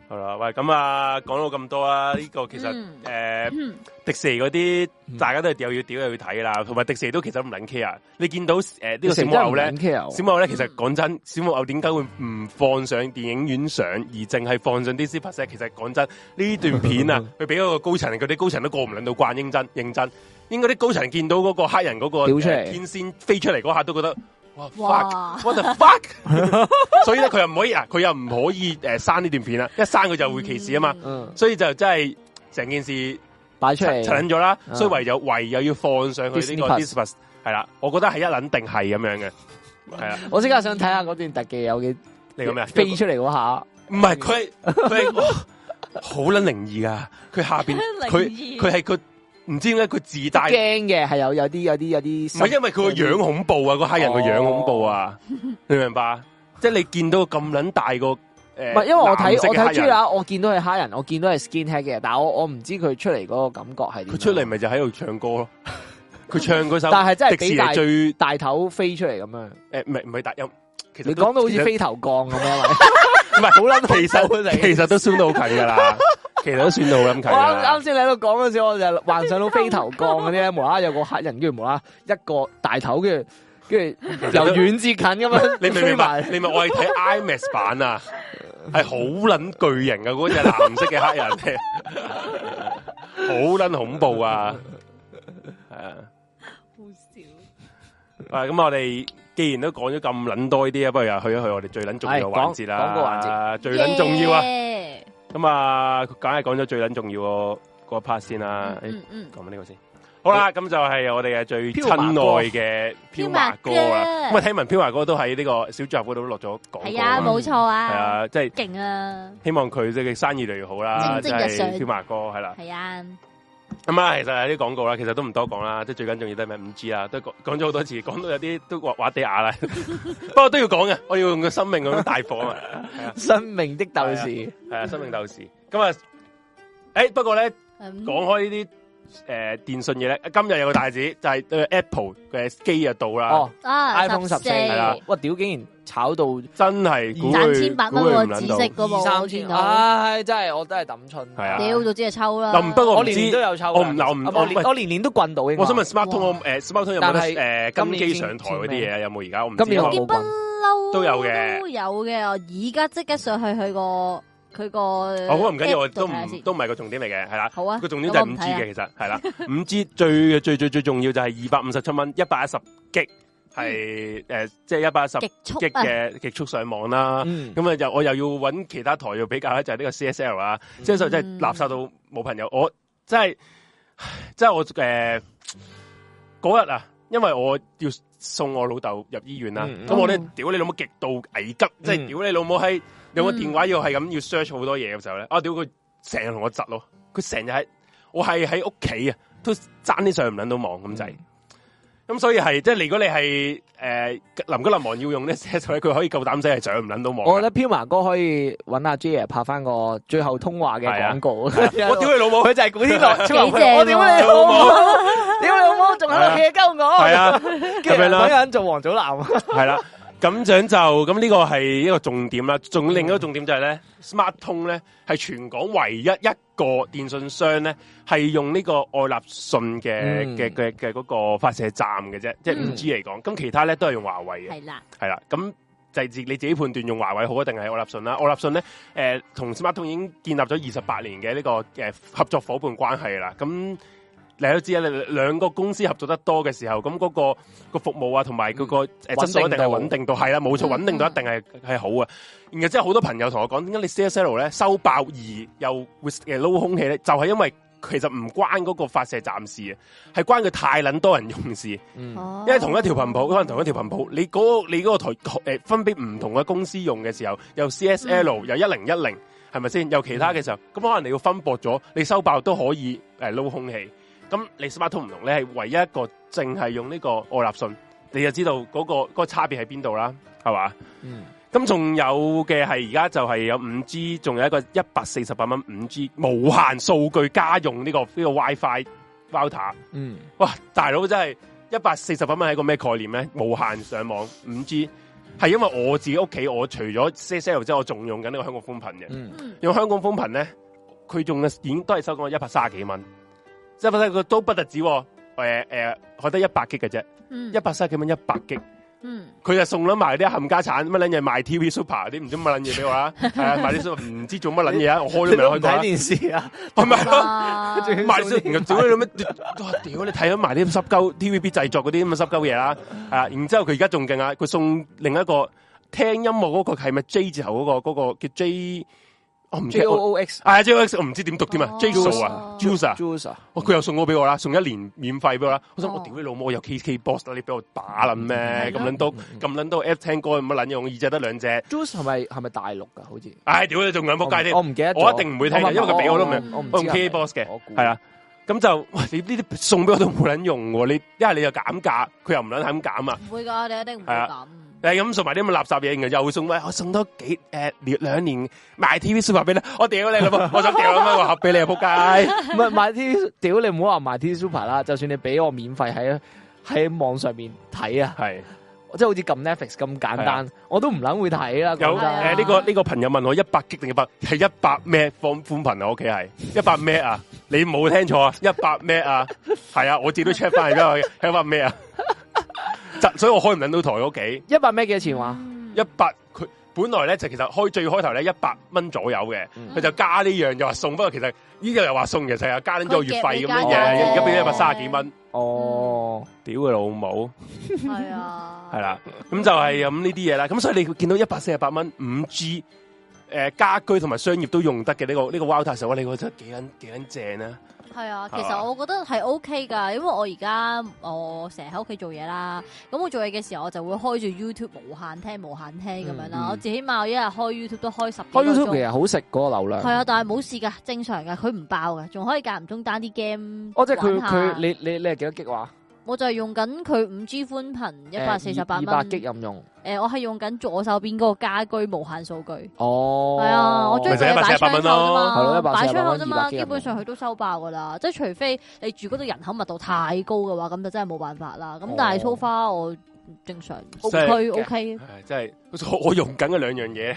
係啦，喂，咁啊，講到咁多啊，呢個其實誒、嗯呃，迪士尼嗰啲、嗯、大家都係屌，要屌又要睇啦，同埋迪士尼都其實唔撚 care 啊。你見到誒呢、呃這個小木偶咧，小木偶咧，其實講、嗯、真，小木偶點解會唔放上電影院上，而淨係放上 Disney Plus 其實講真，呢段片啊，佢俾嗰個高層，佢啲高層都過唔到關，認真認真。應該啲高層見到嗰個黑人嗰、那個出、呃、天仙飛出嚟嗰下，都覺得。哇、wow！fuck，what the fuck？ 所以咧，佢又唔可以啊，佢又唔可以誒刪呢段片啦，一刪佢就會歧視啊嘛、嗯嗯。所以就真係成件事擺出嚟，就咗啦。所以唯有唯有要放上去呢、嗯這個 Disney Plus 係啦，我覺得係一捻定係咁樣嘅。係啊，我即刻想睇下嗰段特技有幾靚咁樣，飛出嚟嗰下。唔係佢，好捻靈異噶，佢 下邊佢佢係佢。 唔知點解佢自帶驚嘅，係有有啲有啲有啲。唔係因為佢個樣恐怖啊，個黑人個樣恐怖啊，哦、你明白？ 即係你見到咁捻大個誒，唔、呃、係因為我睇我睇住啊，我見到係黑人，我見到係 skinhead 嘅，但係我我唔知佢出嚟嗰個感覺係。佢出嚟咪就喺度唱歌咯。佢 唱嗰首，但係真係俾大最大頭飛出嚟咁樣，誒、欸，唔係唔係大音，其實你講到好似飛頭降咁樣，唔係好捻奇手其實都燒得好近噶啦。其實都算到好諗睇。我啱啱先你喺度講嗰時，我就幻想到飛頭降嗰啲，無啦有個黑人，跟住無啦一個大頭，跟住跟住由遠至近咁樣。你明唔明白？你明我係睇 IMAX 版啊，係好撚巨型噶嗰隻藍色嘅黑人，好撚恐怖啊！係啊，好少。啊，咁我哋既然都講咗咁撚多啲啊，不如又去一去我哋最撚重要環節啦，講個環節，最撚重要啊！咁、嗯、啊，梗係講咗最緊重要個個 part 先啦、啊。嗯嗯，講、嗯、呢個先。嗯、好啦，咁就係我哋嘅最親愛嘅飄華哥啦。咁啊、嗯，聽聞飄華哥都喺呢個小組合度落咗講。係啊，冇、嗯、錯啊。係啊，即係勁啊！希望佢即係生意越嚟越好啦。蒸蒸日上，飄華哥係啦。係啊。咁、嗯、啊，其實有啲廣告啦，其實都唔多講啦，即係最緊重要都係咩五 G 啊，都講講咗好多次，講到有啲都滑滑地啞啦， 不過都要講嘅，我要用個生命咁樣大火啊，生命的鬥士係啊，生命鬥士，咁啊，誒、 啊啊欸，不過咧講、嗯、開呢啲。誒、呃，電信嘢咧，今日有個大子，就係、是、Apple 嘅機又到啦、哦、，iPhone 十四係啦，哇，屌，竟然炒到真係三千八蚊個紫色嗰部，三千到，唉、啊，真係我都係抌春，係啊，屌早知就只係抽啦，我年年都有抽，我唔留，我年年都棍到。我想問 Smartone，誒，Smartone 有冇誒金機上台嗰啲嘢啊？有冇而家？今年我唔知，不嬲都有嘅，都有嘅，而家即刻上去去個。佢個好唔緊要，都唔都唔係個重點嚟嘅，係啦。好啊，個重點就係五 G 嘅，看看其實係啦。五 G 最 最最最重要就係二百五十七蚊，一百一十 G 係誒，即係一百一十 G 嘅極速上網啦。咁啊、嗯，又我又要搵其他台要比較，就係、是、呢個 C S L 啊，即係真係垃圾到冇朋友。我真係即係我誒嗰日啊，因為我要送我老豆入醫院啦，咁、嗯、我咧、嗯、屌你老母極度危急，即、嗯、係屌你老母喺。有個電話要係咁要 search 好多嘢嘅時候咧、啊？我屌佢，成日同我窒咯！佢成日喺我係喺屋企啊，都爭啲上唔撚到網咁滯。咁、嗯、所以係，即係如果你係誒、呃、臨急臨忙要用咧，所以佢可以夠膽死係上唔撚到網。我覺得飄華哥可以搵阿朱爺拍翻個最後通話嘅廣告。啊、 我屌你老母，佢就係古天樂、 啊。我屌你老母，屌你老母仲喺度邪鳩我。係 啊，跟住好我、啊 啊、人做王祖藍。係啦、啊。 咁樣就咁，呢個係一個重點啦。仲另一個重點就係咧，Smart 通咧係全港唯一一個電信商咧係用呢個愛立信嘅嘅嘅嘅嗰個發射站嘅啫，即係五 G 嚟講。咁、嗯、其他咧都係用華為嘅，係、嗯、啦，係啦。咁就係自你自己判斷用華為好一定係愛立信啦。愛立信咧，同、呃、Smart 通已經建立咗二十八年嘅呢、這個、呃、合作伙伴關係啦。咁。你都知啊，你兩個公司合作得多嘅時候，咁嗰個服務啊，同埋嗰個質素定一定係穩定到，係啦、啊，冇錯、嗯，穩定到一定係、嗯、好啊。然後即係好多朋友同我講，點解你 C S L 咧收爆而又會撈空氣咧？就係、係、因為其實唔關嗰個發射站事，係關佢太撚多人用事、嗯。因為同一條頻譜，可能同一條頻譜，你嗰、嗰個你台、呃、分別唔同嘅公司用嘅時候，又 C S L 又、嗯、一零一零，係咪先？有其他嘅時候，咁、嗯、可能你要分薄咗，你收爆都可以誒撈空氣。咁你 smart 通唔同，你係唯一一個淨係用呢個愛立信，你就知道嗰個嗰個差別喺邊度啦，係嘛？嗯。咁仲有嘅，係而家就係有五 G，仲有一個一百四十八蚊五 G 無限數據家用呢個呢個 WiFi router。嗯。哇，大佬真係一百四十八蚊係一個咩概念咧？無限上網五 G，係因為我自己屋企我除咗 CSL 之外，我仲用緊呢個香港寬頻嘅。用香港寬頻咧，佢仲係已經都係收緊一百三十幾蚊。即係本身佢都不特止、啊，誒、欸、誒、欸，開得一百 G 嘅啫，一百三十幾蚊一百 G，佢就送咗埋啲冚家產乜捻嘢，買 TV Super 啲唔知乜捻嘢俾我啦，係 啊，買啲唔 知做乜捻嘢啊，我開咗未啊，開過啦。睇電視啊，係咪啊？買咗唔知做乜屌你睇咗埋啲濕鳩 TVB 製作嗰啲咁嘅濕鳩嘢啦，啊，然之後佢而家仲勁啊，佢送另一個聽音樂嗰、那個係咪 J 字頭嗰、那個嗰、那個叫 J？哦，唔知 J O O X，係、啊、J O X，我唔知點讀添啊，Jus 啊，Jus 啊，啊 j u 啊，我佢、啊啊哦、又送我俾我啦，送一年免費俾我啦、嗯，我想我屌你老母，我有 K K Box，你俾我打啦咩？咁撚多，咁撚多 app 聽歌咁撚用，耳仔得兩隻兩隻。Jus 係咪係咪大陸噶？好似，唉、哎，屌你仲咁仆街添！我唔記得，我一定唔會聽、啊，因為佢俾我都明，我用 K K Box 嘅，係啊。咁就喂，呢啲送俾我都冇撚用喎，你因為你又減價，佢又唔撚肯減啊。唔會噶，你一定唔會誒、嗯，咁送埋啲咁垃圾嘢嘅，又送，喂，我送多幾誒兩、呃、年 my TV super 俾你，我屌你，我想屌咁樣個盒俾你啊仆街！唔係 my TV，屌你唔好話 my TV super 啦，就算你俾我免費喺喺網上面睇啊，係，即係好似撳 Netflix 咁簡單，啊、我都唔諗會睇啦。有誒，呢、呃啊這個呢、這個朋友問我一百 G 定一百係一百咩方寬頻啊？我屋企係一百咩啊？ 你冇聽錯啊？一百咩啊？係啊，我自己都 check 翻係邊個嘅，係一百咩啊？ 所以我開唔到台屋企，一百咩幾多錢話、啊？一百佢本來咧就其實開最開頭咧一百蚊左右嘅，佢、嗯、就加呢樣又話送，不過其實呢家又話送，其實又加咗月費咁樣嘢，而家畀咗一百卅幾蚊。哦，哦嗯、屌佢老母，係 啊，係啦，咁就係咁呢啲嘢啦。咁所以你見到一百四十八蚊五 G。5G, 誒、呃、家居同埋商業都用得嘅呢、這個呢、這個 Wallpaper，你覺得幾撚正啊？係啊，其實是我覺得係 OK 㗎，因為我而家我成日喺屋企做嘢啦。咁我做嘢嘅時候，我就會開住 YouTube 無限聽無限聽咁、嗯、樣啦。嗯、我最起碼一日開 YouTube 都開十個開 YouTube 其實好食嗰、那個流量係啊，但係冇事㗎，正常㗎，佢唔爆㗎，仲可以間唔中 d 啲 game 即是他玩佢，你你你係幾多擊話？我就係用緊佢五 G 寬頻一百四十八蚊，二百 G 任用。誒、欸，我係用緊左手邊嗰個家居無限數據。哦，係啊，我最多擺出口啫嘛，擺出口啫嘛，基本上佢都收爆噶啦。即係除非你住嗰度人口密度太高嘅話，咁就真係冇辦法啦。咁、哦、但係粗花我正常，O K O K。係、OK,，係、OK 嗯、真係我用緊嘅兩樣嘢。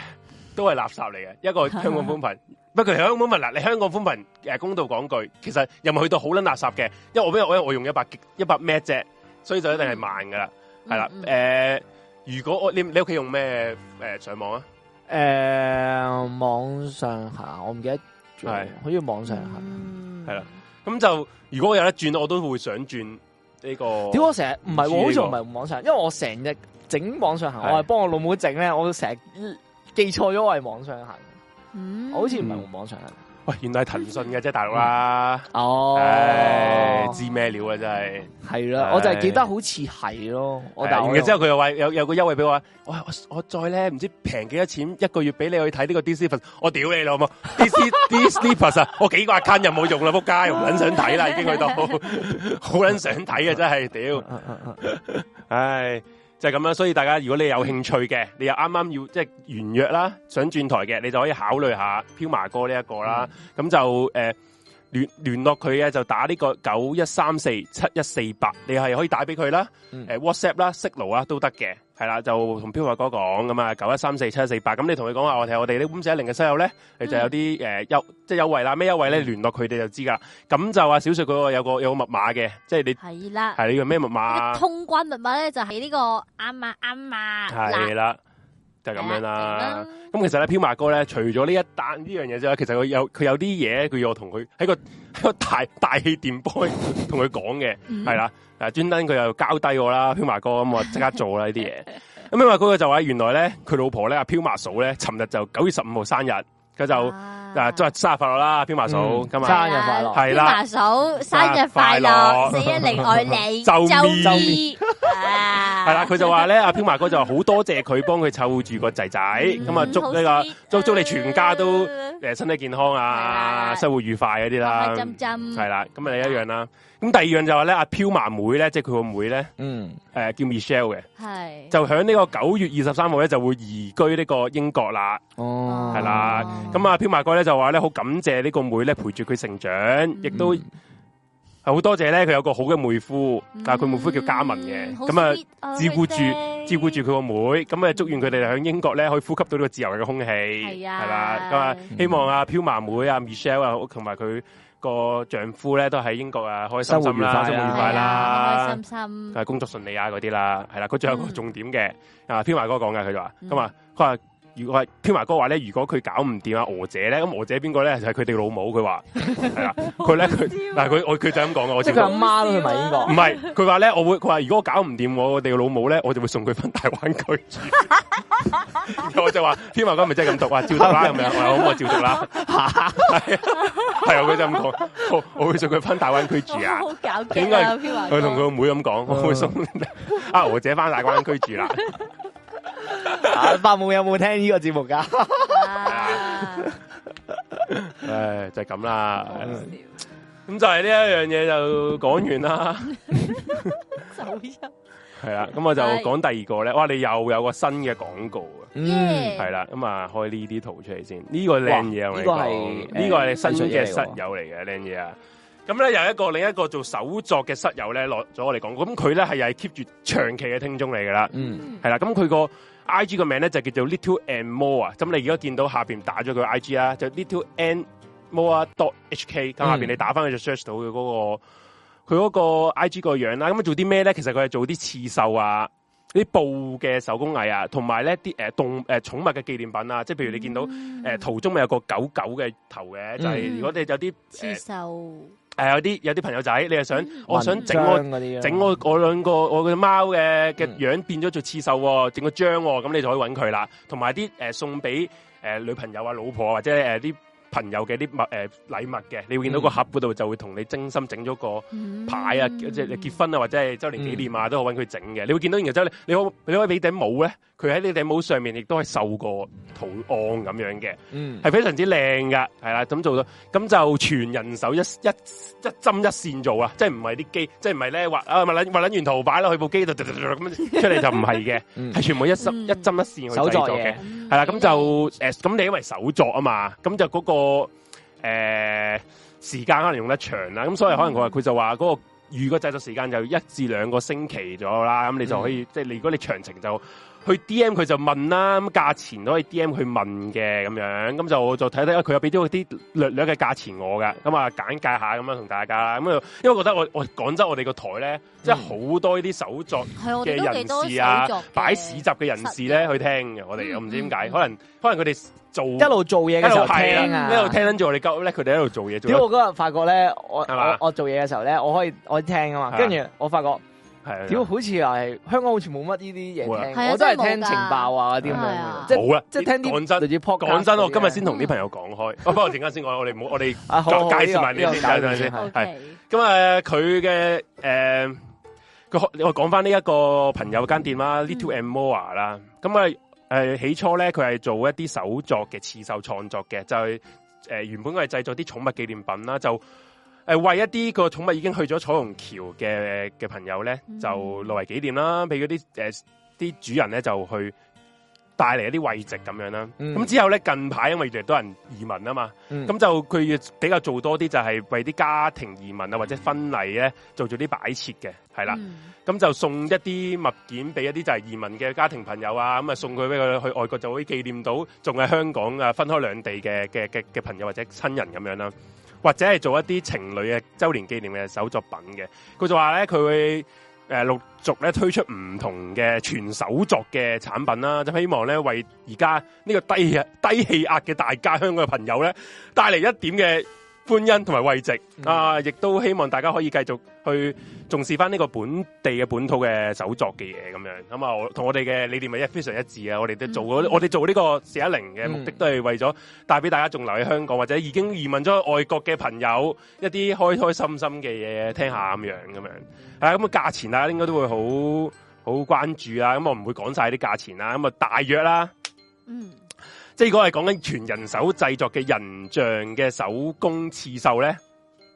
都係垃圾嚟嘅，一個香港寬頻， 不過佢香港寬頻嗱，你香港寬頻誒公道講句，其實又咪去到好撚垃圾嘅，因為我因為我用一百一百 Mbps，所以就一定係慢噶啦，係啦誒，如果我你你屋企用咩誒、呃、上網啊？誒、呃、網上行，我唔記得係，好似網上行係啦。咁、嗯、就如果我有得轉，我都會想轉呢、這個。屌我成日唔係，好似唔係網上，因為我成日整網上行，我係幫我，我老母整咧，我成日。呃記錯咗，我係網上行，好似唔係我網上行。喂，原來係騰訊嘅啫，大陸啦。哦，知咩料啊，真係。係啦，我就係記得好似係咯。然之後佢又話有有個優惠俾我，我我再咧唔知平幾多錢一個月俾你去睇呢個 d i s c u 我屌你老母 d i s c Discus 啊，我幾個 account 又冇用啦，仆街，唔卵想睇啦，已經去到好卵想睇啊，真係屌。唉。就係咁啦，所以大家如果你有興趣嘅，你又啱啱要即係完約啦，想轉台嘅，你就可以考慮下飄麻哥呢一個啦，咁、嗯、就、呃聯聯絡佢啊，就打呢個九一三四七一四八，你係可以打俾佢啦，誒、嗯呃、WhatsApp 啦、Signal 啊都得嘅，係啦，就同飄華哥講咁啊，九一三四七一四八，咁、嗯、你同佢講話我哋我哋呢五四一零嘅室友咧，你就有啲誒優即係優惠啦，咩優惠咧？聯、嗯、絡佢哋就知噶，咁就話小說佢個有個有個密碼嘅，即係你係啦，係你個咩密碼，啊？通關密碼咧就係呢、這個啱嘛啱嘛，係、啊、啦。啊啊咁、就是、樣啦、啊 uh -huh. 嗯，咁其實咧，飄麻哥咧，除咗呢一單呢樣嘢之外，其實佢有佢有啲嘢，佢要我同佢喺個喺個大大氣電波同佢講嘅，係、mm、啦 -hmm.，誒，專登佢又交低我啦，飄麻哥咁我即刻做啦呢啲嘢，咁因為嗰個就話原來咧，佢老婆咧阿飄麻嫂咧，尋日就九月十五號生日。佢就啊，祝生，、嗯、生日快樂啦，飄華嫂今日生日快樂係啦，飄華嫂生日快樂，死一零愛你， 周 mi 美係 、啊、啦，佢就話咧，阿飄華哥就佢佢、嗯嗯、好多謝佢幫佢湊住個仔仔，咁啊祝呢個祝祝你全家都誒身體健康啊，生活愉快嗰啲啦，係啦，咁啊你一樣啦。咁第二樣就話咧，阿飄麻妹咧，即係佢個妹咧，嗯，誒、呃、叫 Michelle 嘅，係就響呢個九月二十三號咧，就會移居呢個英國啦，哦，係啦。咁啊，飄麻哥咧就話咧，好感謝呢個妹咧陪住佢成長，亦、嗯、都好多謝咧佢有個好嘅妹夫，但係、嗯、佢妹夫叫嘉文嘅，咁啊照顧住、啊、照顧住佢個妹，咁啊祝願佢哋響英國咧可以呼吸到呢個自由嘅空氣，係啦、啊，咁啊、嗯嗯、希望阿飄麻妹啊 Michelle 啊同埋佢。個丈夫咧都喺英國啊，開心，心啦，生活愉快啦，快啦開心，係工作順利啊嗰啲啦，係啦。佢仲有個重點嘅、嗯，啊，飄華哥講嘅佢就話，咁啊，佢、嗯、話。如果係天華哥話咧，如果佢搞唔掂阿娥姐咧，咁娥姐邊個咧就係佢哋老母。佢話係啊，佢咧佢，但係佢我佢就咁講嘅，我係佢阿媽佢咪應該？唔係，佢話咧，我會佢話如果我搞唔掂我我哋老母咧，我就會送佢翻大灣區住 我說。 我就話天華哥咪真係咁讀，話照讀啦咁樣說，我咁話照讀啦。係啊，佢就咁講，我會送佢翻大灣區住啊。好搞應該佢同佢個妹咁講，我會送阿、嗯啊、娥姐翻大灣區住啦。阿伯母有冇聽呢個節目噶？誒，就係咁啦。咁就係呢一樣嘢就講完啦。係啦，咁我就講第二個咧。哇，你又有個新嘅廣告啊！嗯，係啦，咁啊開呢啲圖出嚟先。呢個靚嘢啊，呢個係呢個係你新嘅室友嚟嘅靚嘢啊。咁咧有一個另一個做手作嘅室友咧，落咗我嚟講。咁佢咧係又係 keep 住長期嘅聽眾嚟噶啦。嗯，係啦。咁佢個。I G 個名咧就叫做 Little and More 啊，咁你而家見到下邊打咗佢 I G 啦，就 Little and More dot H K，咁、嗯、下邊你打翻佢就 search 到佢嗰、嗰個佢個 I G 個樣啦。咁啊做啲咩咧？其實佢係做啲刺繡啊，啲布嘅手工藝啊，同埋咧啲誒動誒寵、呃、物嘅紀念品啊。即係譬如你見到誒、嗯呃、圖中咪有一個狗狗嘅頭嘅，就係、如、果你有啲、嗯呃、刺繡。係、呃、有啲有啲朋友仔，你又想我想整我整我我，我兩個我嘅貓嘅嘅、嗯、樣變咗做刺繡、哦，整個章喎、哦，咁你就可以揾佢啦。同埋啲誒送俾誒、呃、女朋友啊、老婆或者誒啲。呃朋友嘅啲物誒禮物嘅，你會見到個盒度就會同你精心整咗個牌啊，即、嗯、係結婚啊或者係周年紀念啊，都可以揾佢整嘅。你會見到然之後你你可以俾頂帽咧，佢喺你頂帽上面亦都係繡個圖案咁樣嘅，係非常之靚噶，係啦，咁做到咁就全人手一一一針一線做啊，即係唔係啲機，即係唔係咧畫啊咪撚畫撚完圖擺落去部機度咁出嚟就唔係嘅，係、嗯、全部一針、嗯、一針一線去製作嘅，係啦，咁就誒咁你因為手作啊嘛，咁就嗰、嗰個。個、呃、誒時間可能用得長啦，咁、嗯、所以可能佢佢就話嗰個預個製作時間就一至兩個星期左右啦，咁你就可以、嗯、即係如果你詳情，就去 D M 佢就問啦，咁、嗯、價錢都可以 D M 佢問嘅咁樣，咁就我就睇睇佢有俾啲啲略略嘅價錢我噶，咁、嗯、啊簡介一下咁樣同大家，咁因為我覺得我我講真我哋個台咧、嗯，即係好多呢啲手作嘅人士啊，擺、嗯、市集嘅人士咧去聽嘅，我哋我唔知點解、嗯，可能可能佢哋。做一路做嘢嘅時候聽啊，一路聽緊住我哋急咧，佢哋一路做嘢。做。因屌，我嗰日發覺咧，我我，我做嘢嘅時候咧，我可以我聽啊嘛，跟住、啊、我發覺，係屌、啊，好似係香港好似冇乜呢啲嘢聽，我都係聽情報啊嗰啲咁樣，即係冇啊，即係、啊、聽講真，總講真，我今日先同啲朋友講開。不過陣間先講、 這個，我哋唔好，我哋介紹埋呢啲，係咪先？係咁啊，佢嘅誒，佢我講翻呢一個朋友間店啦，Little and More 啦，咁、嗯、啊。嗯嗯嗯嗯嗯嗯誒、呃、起初咧，佢係做一啲手作嘅刺繡創作嘅，就係、呃、原本係製作啲寵物紀念品啦，就誒、呃、為一啲個寵物已經去咗彩虹橋嘅嘅、呃、朋友咧，就攞嚟紀念啦，俾嗰啲誒啲主人咧就去。帶嚟一啲慰藉咁樣啦、啊，咁、嗯、之後咧近排因為越嚟越多人移民啊嘛，咁、嗯、就佢要比較做多啲就係為啲家庭移民啊或者婚禮咧做咗啲擺設嘅，係啦，咁、嗯、就送一啲物件俾一啲就係移民嘅家庭朋友啊，咁、嗯、啊送佢俾佢去外國就可以紀念到仲喺香港啊分開兩地嘅嘅嘅嘅朋友或者親人咁樣啦、啊，或者係做一啲情侶嘅周年紀念嘅手作品嘅，佢就話咧佢會。誒、呃、陸續咧推出唔同嘅全手作嘅產品啦、啊，就希望咧為而家呢個低低氣壓嘅大家，香港嘅朋友咧帶嚟一點嘅。歡欣同埋慰藉啊！亦都希望大家可以繼續去重視翻呢個本地嘅本土嘅手作嘅嘢咁樣。咁、嗯、啊，同我哋嘅理念咪一樣，非常一致啊！我哋都做、嗯、我哋做呢個四一零嘅目的都係為咗帶俾大家仲留喺香港、嗯、或者已經移民咗外國嘅朋友一啲開開心心嘅嘢聽一下咁樣咁樣、嗯嗯。啊，咁嘅價錢啊，大家應該都會好好關注啊。咁、嗯、我唔會講晒啲價錢啊，咁、嗯、啊大約啦。嗯。即係嗰個係講緊全人手製作嘅人像嘅手工刺繡咧，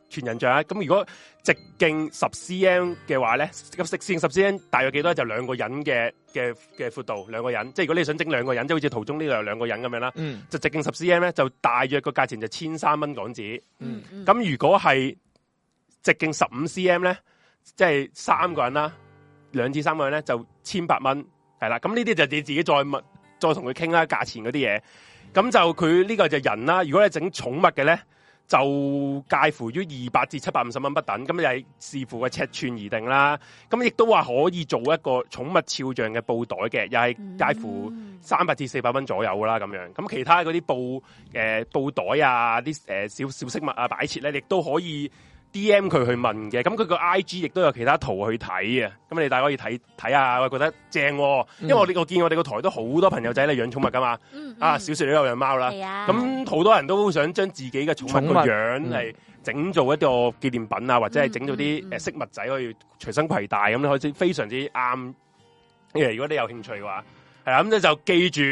全人像啊！咁如果直徑十 cm 嘅話咧，咁直徑十 cm 大約幾多？就兩個人嘅嘅嘅闊度，兩個人。即係如果你想整兩個人，即係好似圖中呢度有兩個人咁樣啦。嗯，就直徑十 cm 咧，就大約個價錢就千三蚊港紙。嗯，咁如果係直徑十五 cm 咧，即係三個人啦，兩至三個人咧就千八蚊。係啦，咁呢啲就你自己再問。再同佢傾啦，價錢嗰啲嘢，咁就佢呢個就人啦。如果你整寵物嘅咧，就介乎於二百至七百五十蚊不等。咁又係視乎個尺寸而定啦。咁亦都話可以做一個寵物肖像嘅布袋嘅，又係介乎三百至四百蚊左右啦。咁樣咁其他嗰啲布、呃、布袋啊，啲誒、呃、小小飾物啊、擺設咧，亦都可以。D.M 佢去問嘅，咁佢個 I.G 亦都有其他圖去睇啊，咁你大家可以睇睇下，覺得正、哦，因為我、嗯、我見我哋個台都好多朋友仔咧養寵物噶嘛，嗯嗯啊小雪你又養貓啦，咁、嗯、好、啊、多人都想將自己嘅寵物個樣嚟整做一個紀念品啊，或者係整做啲誒飾物仔可以隨身攜帶咁你、嗯嗯嗯、可以非常之啱。誒，如果你有興趣嘅話，係啦，咁你就記住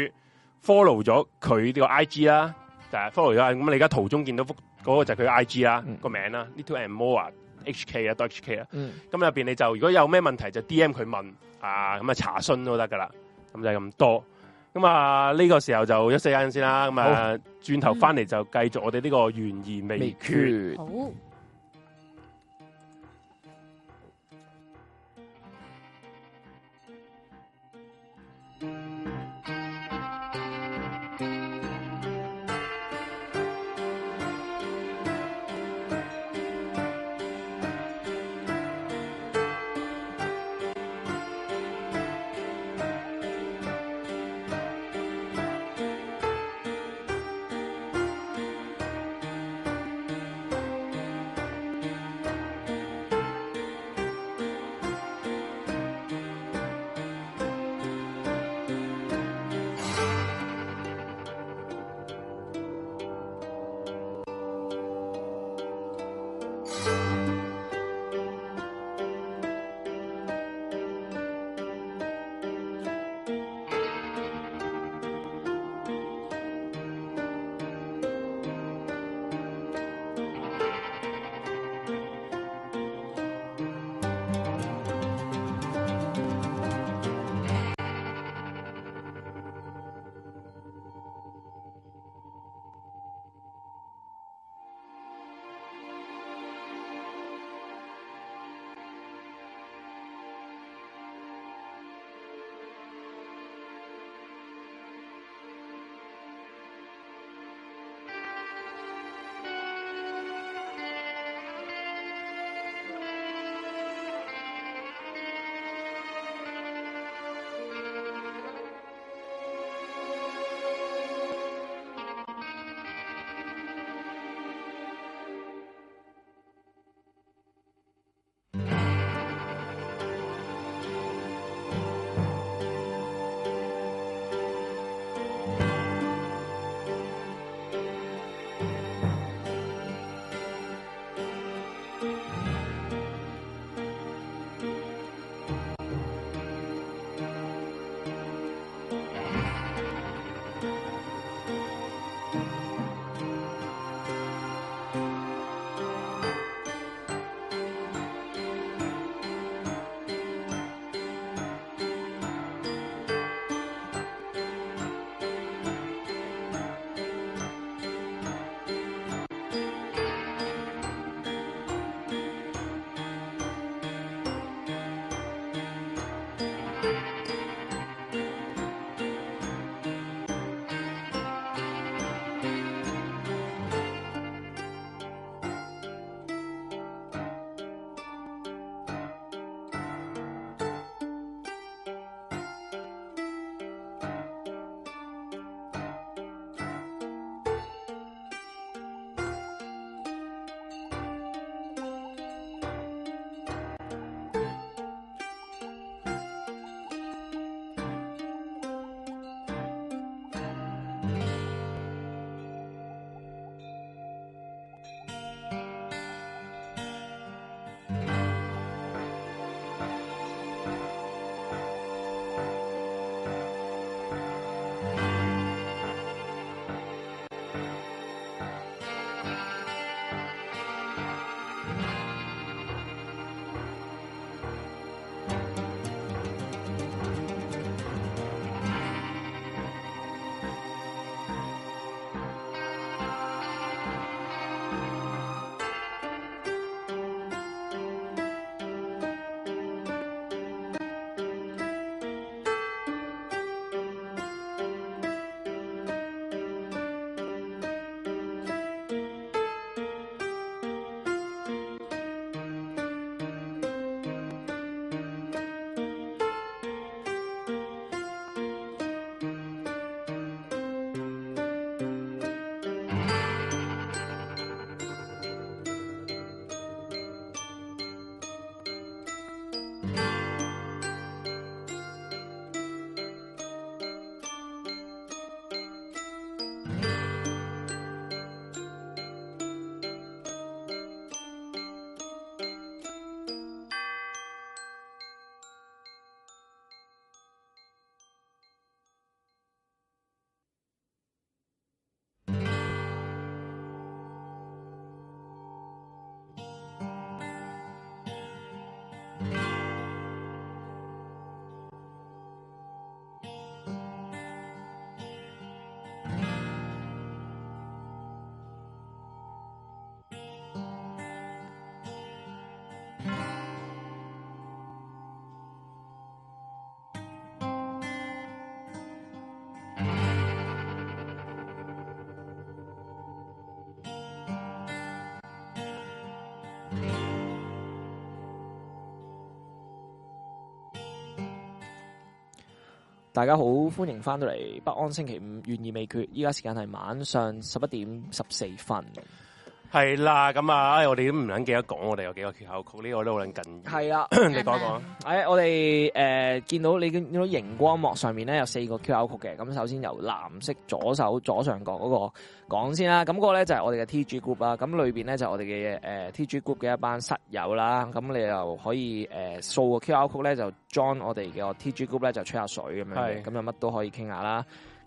follow 咗佢呢個 I.G 啦，就係 follow 咗。咁你而家圖中見到幅。嗰、那個就佢 I G 啦，個、mm. 名啦，little and more HK 啊，dot HK 啊，咁入邊你就如果有咩問題就 D M 佢問啊，咁啊查詢都得噶啦，咁就咁多，咁啊呢、這個時候就休息一陣先啦，咁啊轉頭翻嚟就繼續我哋呢個懸疑未決。好。大家好，歡迎返到嚟《北安星期五》，懸疑未決。依家時間係晚上十一點十四分。係啦，咁啊，我哋都唔想記得講，我哋有幾個 QR code 呢？這個都好諗緊。係啦， 你講講、嗯。誒、哎，我哋誒、呃、見到你見到熒光幕上面咧有四個 QR code 嘅，咁首先由藍色左手左上角嗰、那個講先啦。咁、那個咧就係、是、我哋嘅 T G Group 啦。咁裏邊咧就是、我哋嘅誒、呃、T G Group 嘅一班室友啦。咁你又可以誒掃、呃、個 QR code 咧，就 join 我哋嘅 T G Group 咧，就吹下水咁樣，咁就乜都可以傾下啦。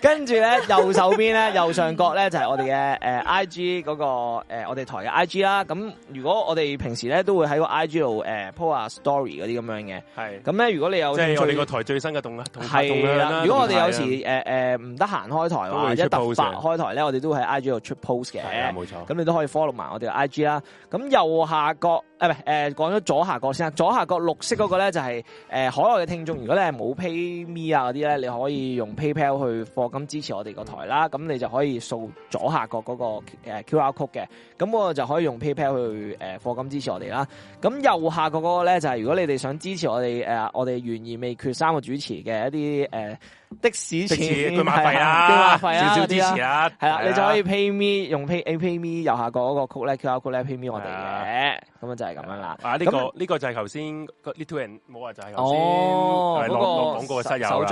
跟住咧，右手邊咧， 右上角咧就係、是、我哋嘅誒 I G 嗰個誒、呃、我哋台嘅 I G 啦。咁如果我哋平時咧都會喺個 I G 度誒 po 下 story 嗰啲咁樣嘅。係。咁咧如果你有即係、就是、我個台最新嘅動啦。係啦。如果我哋有時誒誒唔得閒開台或者特突發開台咧、啊，我哋都會喺 I G 度出 post 嘅。係啊，冇錯。咁你都可以 follow 埋我哋嘅 I G 啦。咁右下角誒唔係誒講咗左下角先。左下角綠色嗰個咧就係、是、誒、呃、海外嘅聽眾。如果你係冇 PayMe 啊啲咧，你可以用 PayPal 去放。咁支持我哋個台啦，咁你就可以掃左下角嗰個誒 QR code 嘅，咁我就可以用 PayPal 去誒課金支持我哋啦。咁右下角嗰個咧，就係如果你哋想支持我哋誒，我哋懸而未決三個主持嘅一啲誒。呃的士錢係啊，車馬費啊，少少支持啊，係啦、啊啊啊，你就可以 PayMe 用 Pay，A PayMe 右下角嗰個 code 咧，叫阿 QR code 咧 PayMe 我哋嘅，咁啊就係咁樣啦、啊。啊，呢、啊這個呢、這個就係頭先 Little 人，冇、哦、啊、那個、就係頭先係落落廣告嘅室友啦，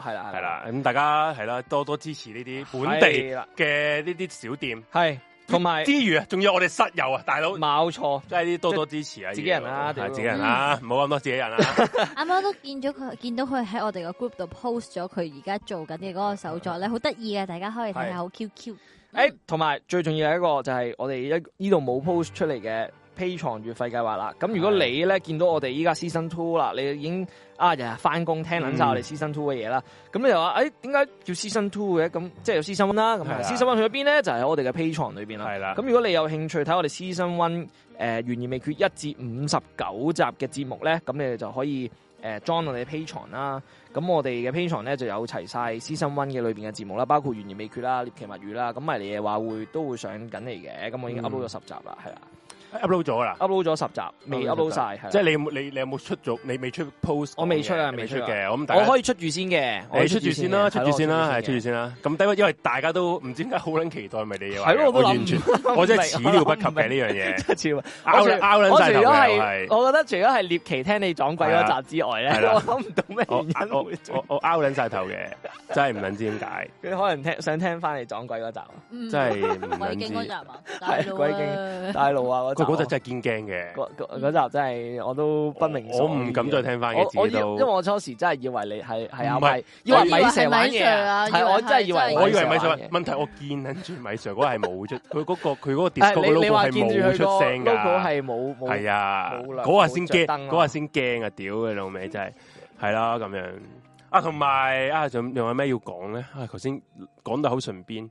係啦係啦，咁、那個啊啊啊啊、大家係啦、啊，多多支持呢啲本地嘅呢啲小店係、啊。是啊同埋之餘啊，仲有我哋室友啊，大佬冇錯，即係啲多多支持啊，自己人啦、啊，係自己人啦、啊，唔好咁多自己人啦。啱啱都見咗佢，見到佢喺我哋個 group 度 post 咗佢而家做緊嘅嗰個手作咧，好得意嘅，大家可以睇下，好 QQ。誒，同埋最重要係一個就係我哋依呢度冇 post 出嚟嘅。披床月費計劃啦，咁如果你咧見到我哋依家 season two 啦，你已經啊日日翻工聽捻晒我哋 season two 嘅嘢啦，咁、嗯、你又話誒點解叫 season two 嘅？咁、嗯、即係有 season one 啦、嗯，咁、so、season one 去咗邊咧？就係、是、我哋嘅披床裏邊啦。係啦，咁如果你有興趣睇我哋 season one 誒懸疑、呃、未決一至五十九集嘅節目咧，咁你就可以誒 join、呃、我哋披床啦。咁我哋嘅披床咧就有齊晒 season one 嘅裏邊嘅節目啦，包括懸疑未決啦、獵奇物語啦，咁嚟你嘅話會都會上緊嚟嘅。咁我已經 upload 咗十集啦，係啦。upload 咗啦，upload 咗十集，未 upload 晒。即係你你你，你有冇出咗？你未出 post？我未出啊，未出嘅，我可以出住先嘅，你出住先啦，出住先啦，係出住先啦。咁因為因為大家都唔知點解好捻期待，咪你又係咯？我都完全，啊、我真係始料不及嘅呢樣嘢。我、啊啊啊、我我、啊、我除咗係覺得除咗係獵奇聽你撞鬼嗰集之外咧，我諗唔到咩我我 out 撚晒頭嘅，真係唔撚知點解。佢可能聽想聽翻你撞鬼嗰集，真係唔撚知。大佬大啊！嗰陣真係堅驚嘅，嗰嗰集真係我都不明。我唔敢再聽翻嘅字都。因為我初時真係以為你係係阿咪，以為米 Sir。係我真係以為，我以為米 Sir。問題我見緊住米 Sir 嗰日係冇出，佢嗰個佢嗰個 disco 嘅 logo 係冇出聲噶。logo 係冇。係啊。冇啦。嗰日先驚，嗰日先驚啊！屌嘅老味真係，係啦咁樣。啊，同埋啊，仲仲有咩要講咧？啊，頭先講得好順便。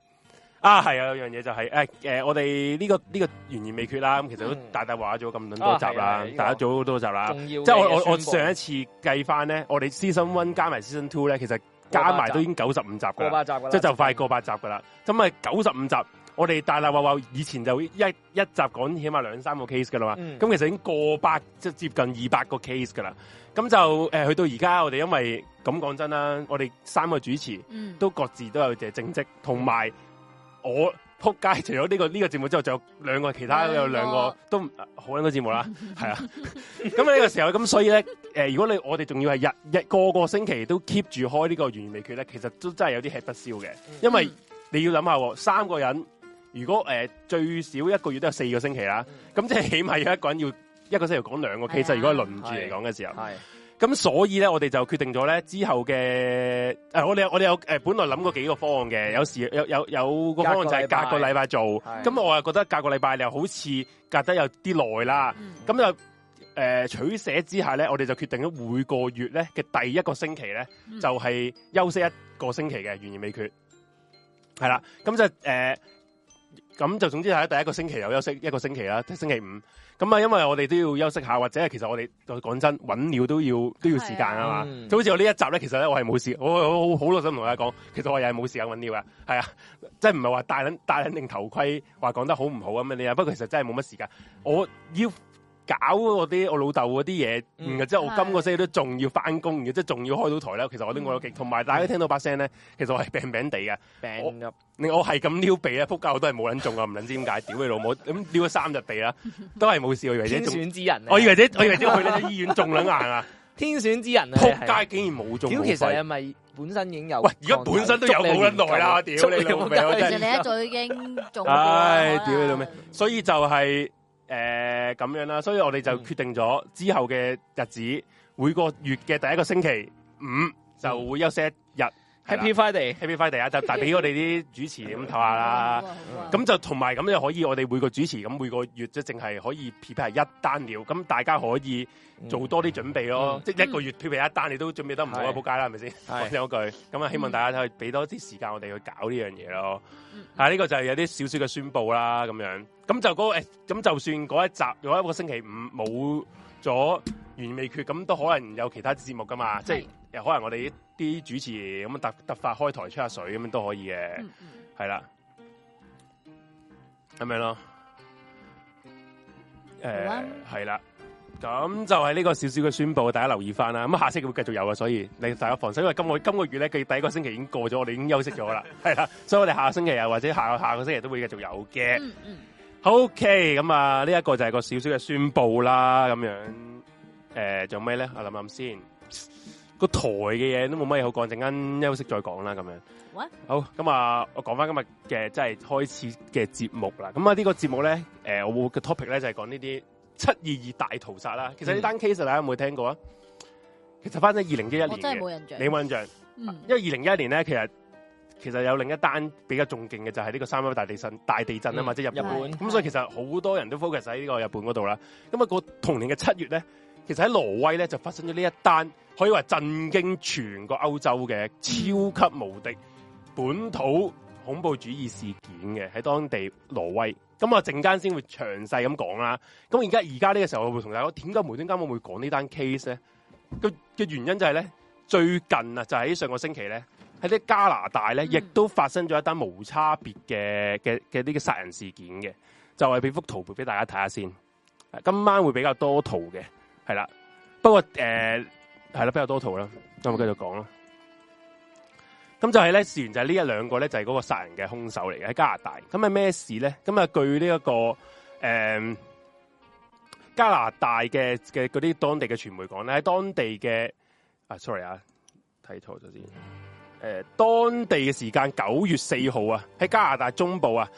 啊，係啊，有樣嘢就係、是、誒，誒、啊呃，我哋呢、這個呢、這個懸而未決啦。咁其實都大大話咗咁多集啦，嗯啊這個、大家做咗好多集啦。即係我我我上一次計翻咧，我哋 Season One 加埋 Season Two 咧，其實加埋都已經九十五集噶啦，即就快過百集噶啦。咁啊，九十五集，我哋大大話話以前就一一集講起碼兩三個 case 噶啦嘛。咁、嗯、其實已經過百，即係接近二百個 case 噶啦。咁就誒，去、呃、到而家我哋因為咁講真啦，我哋三個主持都各自都有嘅正職，同、嗯、埋。我撲街，除咗呢、這個呢、這個節目之後，仲有兩個其他，兩有兩個都好撚多節目啦，係啊。咁呢個、， 啊、個時候，咁所以咧，誒、呃，如果你我哋仲要係日日個個星期都 keep 住開呢個圓圓未決咧，其實都真係有啲吃不消嘅、嗯，因為你要諗下，三個人如果誒、呃、最少一個月都有四個星期啦，咁即係起碼有一個人要一個星期講兩個 case，、哎、如果係輪住嚟講嘅時候。咁所以咧，我哋就決定咗咧，之後嘅、呃、我哋我哋有、呃、本來諗過幾個方案嘅，有時有有有個方案就係隔，隔個禮拜做，咁我又覺得隔個禮拜又好似隔得有啲耐啦，咁、嗯、就、呃、取捨之下咧，我哋就決定咗每個月咧嘅第一個星期咧、嗯，就係、是、休息一個星期嘅懸而未決，係啦，咁就誒，咁、呃、就總之喺第一個星期又休息一個星期啦，即係星期五。咁啊，因為我哋都要休息下，或者其實我哋再講真，揾料都要都要時間啊嘛。就好似我呢一集咧，其實咧我係冇事。我我好努力想同大家講，其實我又係冇時間揾料噶，係啊，即係唔係話戴緊戴緊定頭盔話講得好唔好咁樣咧？不過其實真係冇乜時間，我要。搞我啲我老豆嗰啲嘢，然之後我今個星期都仲要翻工，然之後仲要開到台啦。其實我啲外力同埋大家聽到把聲咧，其實我係病病地嘅。病咁，我係咁撩鼻咧，撲街我都係冇捻中嘅，唔 捻知點解？屌你老母！咁撩咗三日鼻啦，都係冇事。我以為中天選之人、啊哦，我以為者， 我以為者 去咧隻醫院中捻硬啊！天選之人、啊，撲街竟然冇中。咁其實係咪本身已經有？喂，而家本身都有好捻耐啦！屌你老味，其實你一早已經中。唉，屌你老味，所以就係、是。 誒、呃，咁樣啦，所以我哋就決定咗之後嘅日子，嗯、每個月嘅第一個星期五、嗯、就會休息一日、嗯、，Happy Friday，Happy Friday 啊，就帶俾我哋啲主持咁唞下啦。咁就同埋咁就可以，我哋每個主持咁每個月即係淨係可以 prepare 一單料，咁大家可以做多啲準備咯。嗯、即係一個月 prepare 一單，你都準備得唔好、嗯、啊仆街啦，係咪先？我先講句，咁啊，嗯、希望大家可以俾多啲時間我哋去搞呢樣嘢咯。嗯、啊，呢、這個就係有啲少少嘅宣布啦，咁樣。咁就誒、那個，咁、欸、就算嗰一集嗰一個星期五冇咗完未決，咁都可能有其他節目噶嘛？即係又可能我哋啲主持咁突、嗯、突發開台吹下水咁樣都可以嘅，係、嗯、啦，咁樣咯。誒、嗯，係啦，咁、嗯嗯、就係呢個少少嘅宣布，大家留意翻啦。咁下星期會繼續有嘅，所以令大家放心。因為今個今個月咧，佢第一個星期已經過咗，我哋已經休息咗啦，係 啦，所以我哋下個星期啊，或者下個下個星期都會繼續有嘅。嗯嗯 OK，咁啊，呢、這個、一個就係個少少嘅宣布啦，咁樣，誒、呃，仲有咩咧？我諗諗先，這個台嘅嘢都冇乜嘢好講，陣間休息再講啦，咁樣。What? 好，咁啊，我講翻今日嘅即係開始嘅節目啦。咁、嗯、啊，呢、這個節目咧，誒、呃，我嘅 topic 咧就係講呢啲七二二大屠殺啦。其實呢單 case 大家有冇聽過啊？其實翻咗二零一一年真係冇印象，你冇印象？嗯，因為二零一一年咧，其實。其實有另一單比較仲勁嘅就係呢個三一大地震、大地震啊嘛，即、嗯、係、就是、日本。咁所以其實好多人都 focus 喺呢個日本嗰度啦。咁啊，個同年嘅七月咧，其實喺挪威咧就發生咗呢一單可以話震驚全個歐洲嘅超級無敵本土恐怖主義事件嘅喺當地挪威。咁啊，陣間先會詳細咁講啦。咁而家而家呢個時候我會同大家講點解無端端我會講呢單 case 咧？個嘅原因就係咧，最近啊就喺、是、上個星期咧。喺啲加拿大咧，亦都發生咗一單無差別嘅嘅嘅啲嘅殺人事件嘅，就係俾幅圖片俾大家睇下先。今晚會比較多圖嘅，係啦。不過誒，係、呃、啦，比較多圖啦。咁我繼續講啦。咁就係咧，事緣就係呢一兩個咧，就係、是、嗰個殺人嘅兇手嚟嘅喺加拿大。咁係咩事咧？咁啊據呢、這、一個誒、呃、加拿大嘅嘅嗰啲當地嘅傳媒講咧，喺當地嘅啊，sorry 啊，睇錯咗先。誒、呃，當地嘅時間九月四號啊，喺加拿大中部啊，誒、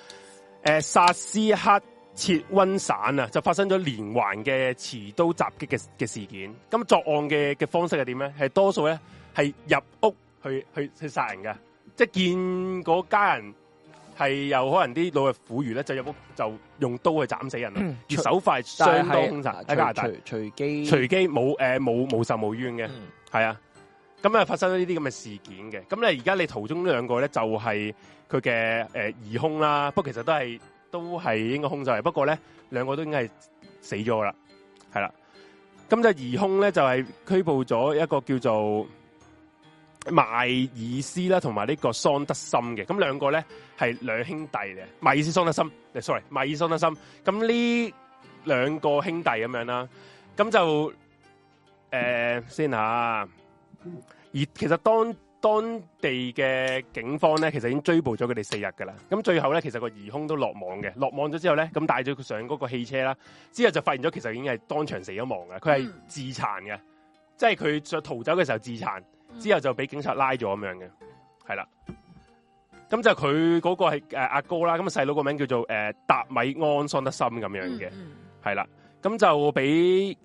呃，薩斯喀徹溫省啊，就發生咗連環嘅持刀襲擊嘅嘅事件。咁作案嘅嘅方式係點咧？係多數咧係入屋去去去殺人嘅，即、就、係、是、見嗰家人係有可能啲老弱婦孺咧，就入屋就用刀去斬死人啦，嗯。而手法相當兇殘，係、呃嗯，啊，隨隨機隨機冇誒冇冇仇冇冤嘅，係啊。咁啊，發生咗呢啲咁嘅事件嘅，咁咧而家你途中呢兩個咧就係佢嘅誒疑兇啦，不過其實都係都係應該兇手嚟，不過咧兩個都應該係死咗啦，係啦。咁就疑兇咧就係拘捕咗一個叫做麥爾斯啦，同埋呢個桑德森嘅，咁兩個咧係兩兄弟嘅，麥爾斯桑德森，誒，sorry，麥爾桑德森。咁呢兩個兄弟咁樣啦，咁就誒先嚇。嗯、而其實當當地嘅警方咧，其實已經追捕咗佢哋四日噶啦。咁最後咧，其實個疑兇都落網嘅。落網咗之後咧，咁帶咗佢上嗰個汽車啦。之後就發現咗，其實已經係當場死咗亡嘅。佢係自殘嘅、嗯，即係佢在逃走嘅時候自殘、嗯。之後就俾警察拉咗咁樣嘅，係啦。咁就佢嗰個係誒阿哥啦。咁啊細佬個名叫做誒達、呃、米安桑德森咁樣嘅，係、嗯、啦。咁、嗯、就俾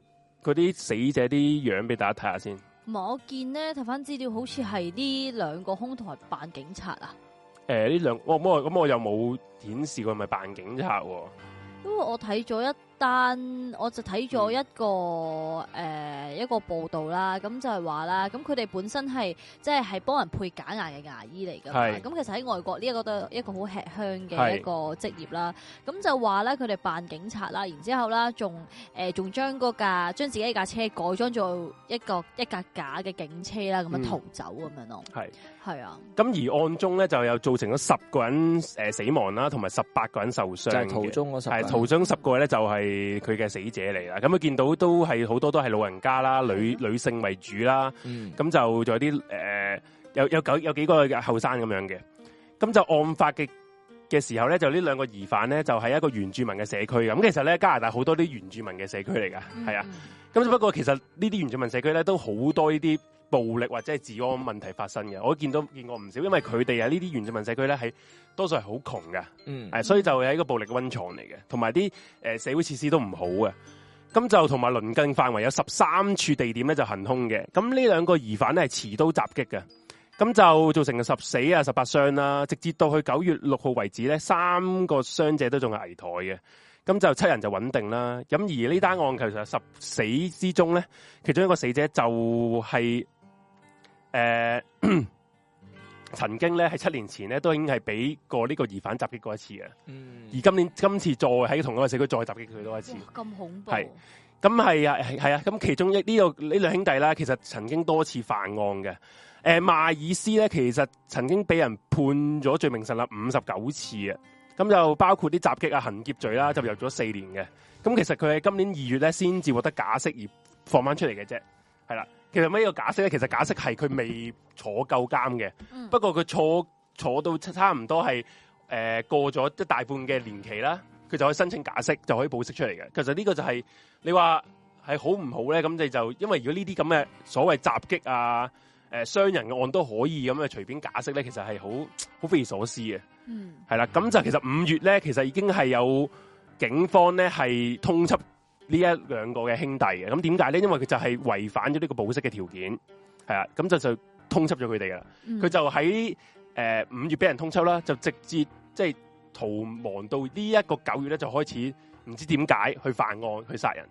嗰啲死者啲樣俾大家睇下先。唔係，我見咧睇翻資料，好似係呢兩個空台扮警察啊！誒、呃，呢兩我冇咁，我又冇顯示過係咪扮警察喎、啊。因為我睇咗一。但我就睇咗一個誒、嗯呃、一個報道啦，咁就係話啦，咁佢哋本身係即係係幫人配假牙嘅牙醫嚟噶，咁其實喺外國呢一個都一個好吃香嘅一個職業啦。咁就話咧，佢哋扮警察啦，然之後啦，仲誒仲將架將自己一架車改裝做一個一架假嘅警車啦，咁樣逃走咁樣咯。嗯嗯係啊，咁而案中咧就又造成咗十個人誒、呃、死亡啦，同埋十八個人受傷嘅。係、就是、途中十個咧就係佢嘅死者嚟啦。咁啊見到都係好多都係老人家啦，女、啊、女性為主啦。咁、嗯、就仲有啲誒、呃、有有九有幾個後生咁樣嘅。咁就案發嘅嘅時候咧，就呢兩個疑犯咧就係、是、一個原住民嘅社區咁。其實咧加拿大好多啲原住民嘅社區嚟㗎，係、嗯、啊。咁只不過其實呢啲原住民社區咧都好多呢啲。暴力或者係治安問題發生嘅，我見到見過唔少，因為佢哋啊呢啲原住民社區咧，係多數係好窮嘅，嗯，誒，所以就係一個暴力嘅溫床嚟嘅，同埋啲誒社會設施都唔好嘅，咁就同埋鄰近範圍有十三處地點咧就行兇嘅，咁呢兩個疑犯咧係持刀襲擊嘅，咁就造成十死啊十八傷啦，直至到去九月六號為止咧，三個傷者都仲係危殆嘅，咁就七人就穩定啦，咁而呢單案其實十死之中咧，其中一個死者就係。誒、呃， 曾經咧喺七年前咧都已經係俾過呢個疑犯襲擊過一次嘅，嗯，而今年今次再喺同一個社區再襲擊佢多一次，咁恐怖係，咁係啊，係啊，咁，啊，其中一呢、這個呢兩兄弟啦，其實曾經多次犯案嘅。誒、呃，邁爾斯咧其實曾經俾人判咗罪名成立五十九次啊，咁就包括啲襲擊啊、行劫罪啦，就入咗四年嘅。咁其實佢喺今年二月咧先至獲得假釋而放翻出嚟嘅啫，係啦、啊。其實呢個假釋咧？其實假釋係佢未坐夠監嘅，不過佢坐坐到差唔多係誒、呃、過咗一大半嘅年期啦，佢就可以申請假釋，就可以保釋出嚟嘅。其實呢個就係、是、你話係好唔好咧？咁你就，就因為如果呢啲咁嘅所謂襲擊啊、誒、呃、傷人嘅案都可以咁啊隨便假釋咧，其實係好好匪夷所思嘅。係、嗯、啦，咁就其實五月咧，其實已經係有警方咧係通緝。呢一兩個嘅兄弟嘅，咁點解咧？因為佢就係違反咗呢個保釋嘅條件，係啊，咁就就通緝咗佢哋㗎啦。佢、嗯、就喺誒五月俾人通緝啦，就直接即係逃亡到這呢一個九月咧，就開始唔知點解去犯案去殺人，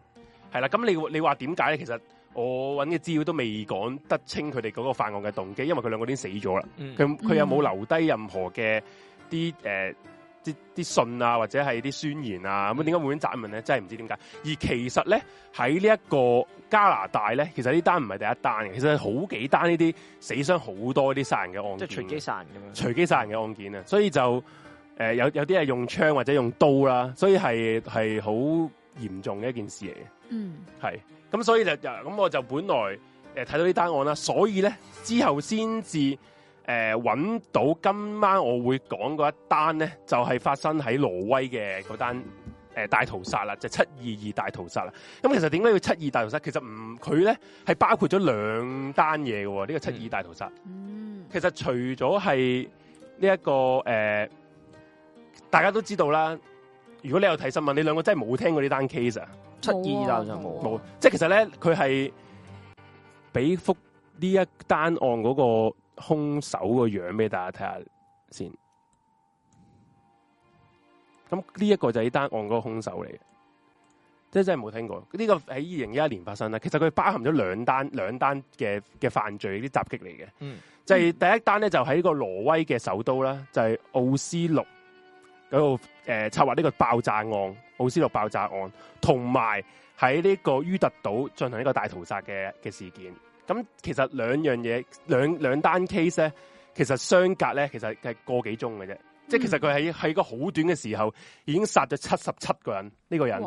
係啦。咁你你話點解咧？其實我揾嘅資料都未講得清佢哋嗰個犯案嘅動機，因為佢兩個已經死咗啦，佢、嗯、佢有冇留低任何嘅啲誒？啲啲信啊，或者係啲宣言啊，咁點解會咁責問咧？真係唔知點解。而其實咧喺呢一個加拿大咧，其實呢單唔係第一單嘅，其實好幾單呢啲死傷好多啲殺人嘅案件，即係隨機殺人咁樣，隨機殺人嘅案件啊。所以就誒、呃，有有啲係用槍或者用刀啦，所以係係好嚴重嘅一件事嚟嘅。嗯，係。咁所以就咁我就本來誒睇到呢單案啦，所以咧之後先至。誒、呃，揾到今晚我會講嗰一單咧，就係、是、發生喺挪威嘅嗰單誒大屠殺啦，就七二二大屠殺啦。咁、嗯、其實點解要七二大屠殺？其實唔，佢咧係包括咗兩單嘢嘅。呢、這個七二二大屠殺，嗯、其實除咗係呢一個誒、呃，大家都知道啦。如果你有睇新聞，你兩個真係冇聽過呢單 case 啊，七二二大屠殺冇，冇？即係其實咧，佢係俾幅呢一單案嗰、那個。兇手個樣俾大家睇下先，咁呢一個就係單案嗰個兇手嚟，嘅，即係真係冇聽過呢個喺二零一一年發生啦。其實佢包含咗兩單兩單嘅嘅犯罪啲襲擊嚟嘅，就係第一單咧就喺個挪威嘅首都啦，就係奧斯陸嗰度誒策劃呢個爆炸案，奧斯陸爆炸案，同埋喺呢個于特島進行一個大屠殺嘅嘅事件。咁其實兩樣嘢，兩兩單 case 咧，其實相隔咧，其實係個幾鐘嘅啫。即係其實佢喺喺個好短嘅時候，已經殺咗七十七個人。呢、這個人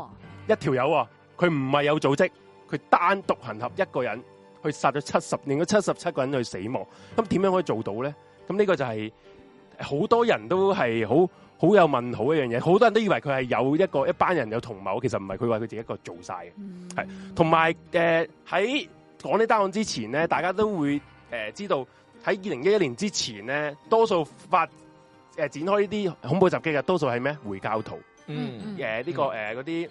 一條友啊，佢唔係有組織，佢單獨行俠一個人去殺咗七十，連咗七十七個人去死亡。咁點樣可以做到咧？咁呢個就係、是、好多人都係好好有問號一樣嘢。好多人都以為佢係有一個一班人有同謀，其實唔係。佢話佢自己一個做晒嘅，係同埋誒喺。講呢單案之前咧，大家都會誒、呃、知道喺二零一一年之前咧，多數發誒展、呃、開呢啲恐怖襲擊嘅，多數係咩回教徒，嗯，誒、呃、呢、嗯這個誒嗰啲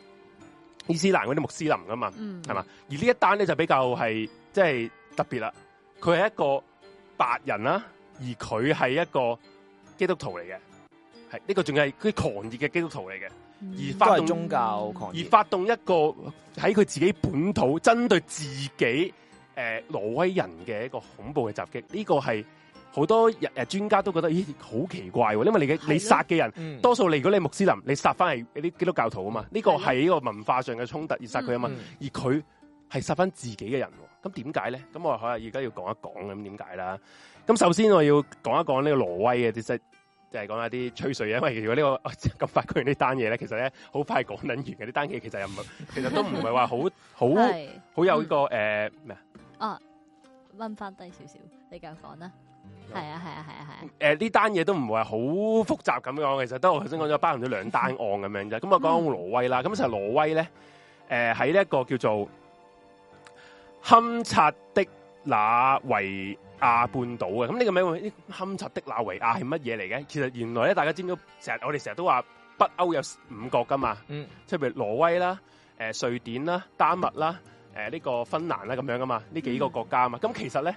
伊斯蘭嗰啲穆斯林噶嘛，係、嗯、嘛？而呢一單咧就比較係即係特別啦，佢係一個白人啦，而佢係一個基督徒嚟嘅，係呢、這個仲係佢狂熱嘅基督徒嚟嘅、嗯，而發動都係宗教狂而發動一個喺佢自己本土針對自己。誒、呃，挪威人嘅一個恐怖嘅襲擊，呢、這個係好多人誒專家都覺得，咦，好奇怪，因為你嘅你殺嘅人，的嗯、多數你如果你穆斯林，你殺翻係一啲基督教徒啊嘛，呢、這個係呢個文化上嘅衝突而殺佢啊嘛，嗯嗯、而佢係殺翻自己嘅人，咁點解咧？咁我話佢而家要講一講咁點解啦。咁首先我要講一講呢個挪威嘅即係講下啲吹水嘅，因為如果呢、這個咁快講完呢單嘢咧，其實咧好快講撚完嘅，呢單嘢其實又唔， 其實都唔係話好好好有呢個誒咩啊？嗯呃啊溫翻低少少，你繼續講啦，係啊，係啊，係啊，係啊。誒、啊，呢單嘢都唔係好複雜咁樣，其實都我頭先講咗，包含咗兩單案咁樣啫。咁啊，講挪威啦，咁就挪威咧，誒喺呢一個叫做堪察的那維亞半島嘅。咁、這、呢個名，堪察的那維亞係乜嘢嚟嘅？其實原來咧，大家知唔知？成日我哋成日都話北歐有五國噶嘛，即係譬如挪威啦、誒、呃、瑞典啦、丹麥啦。誒、呃、呢、這個芬蘭啦、啊、咁樣啊嘛，呢幾個國家啊嘛，咁、嗯、其實咧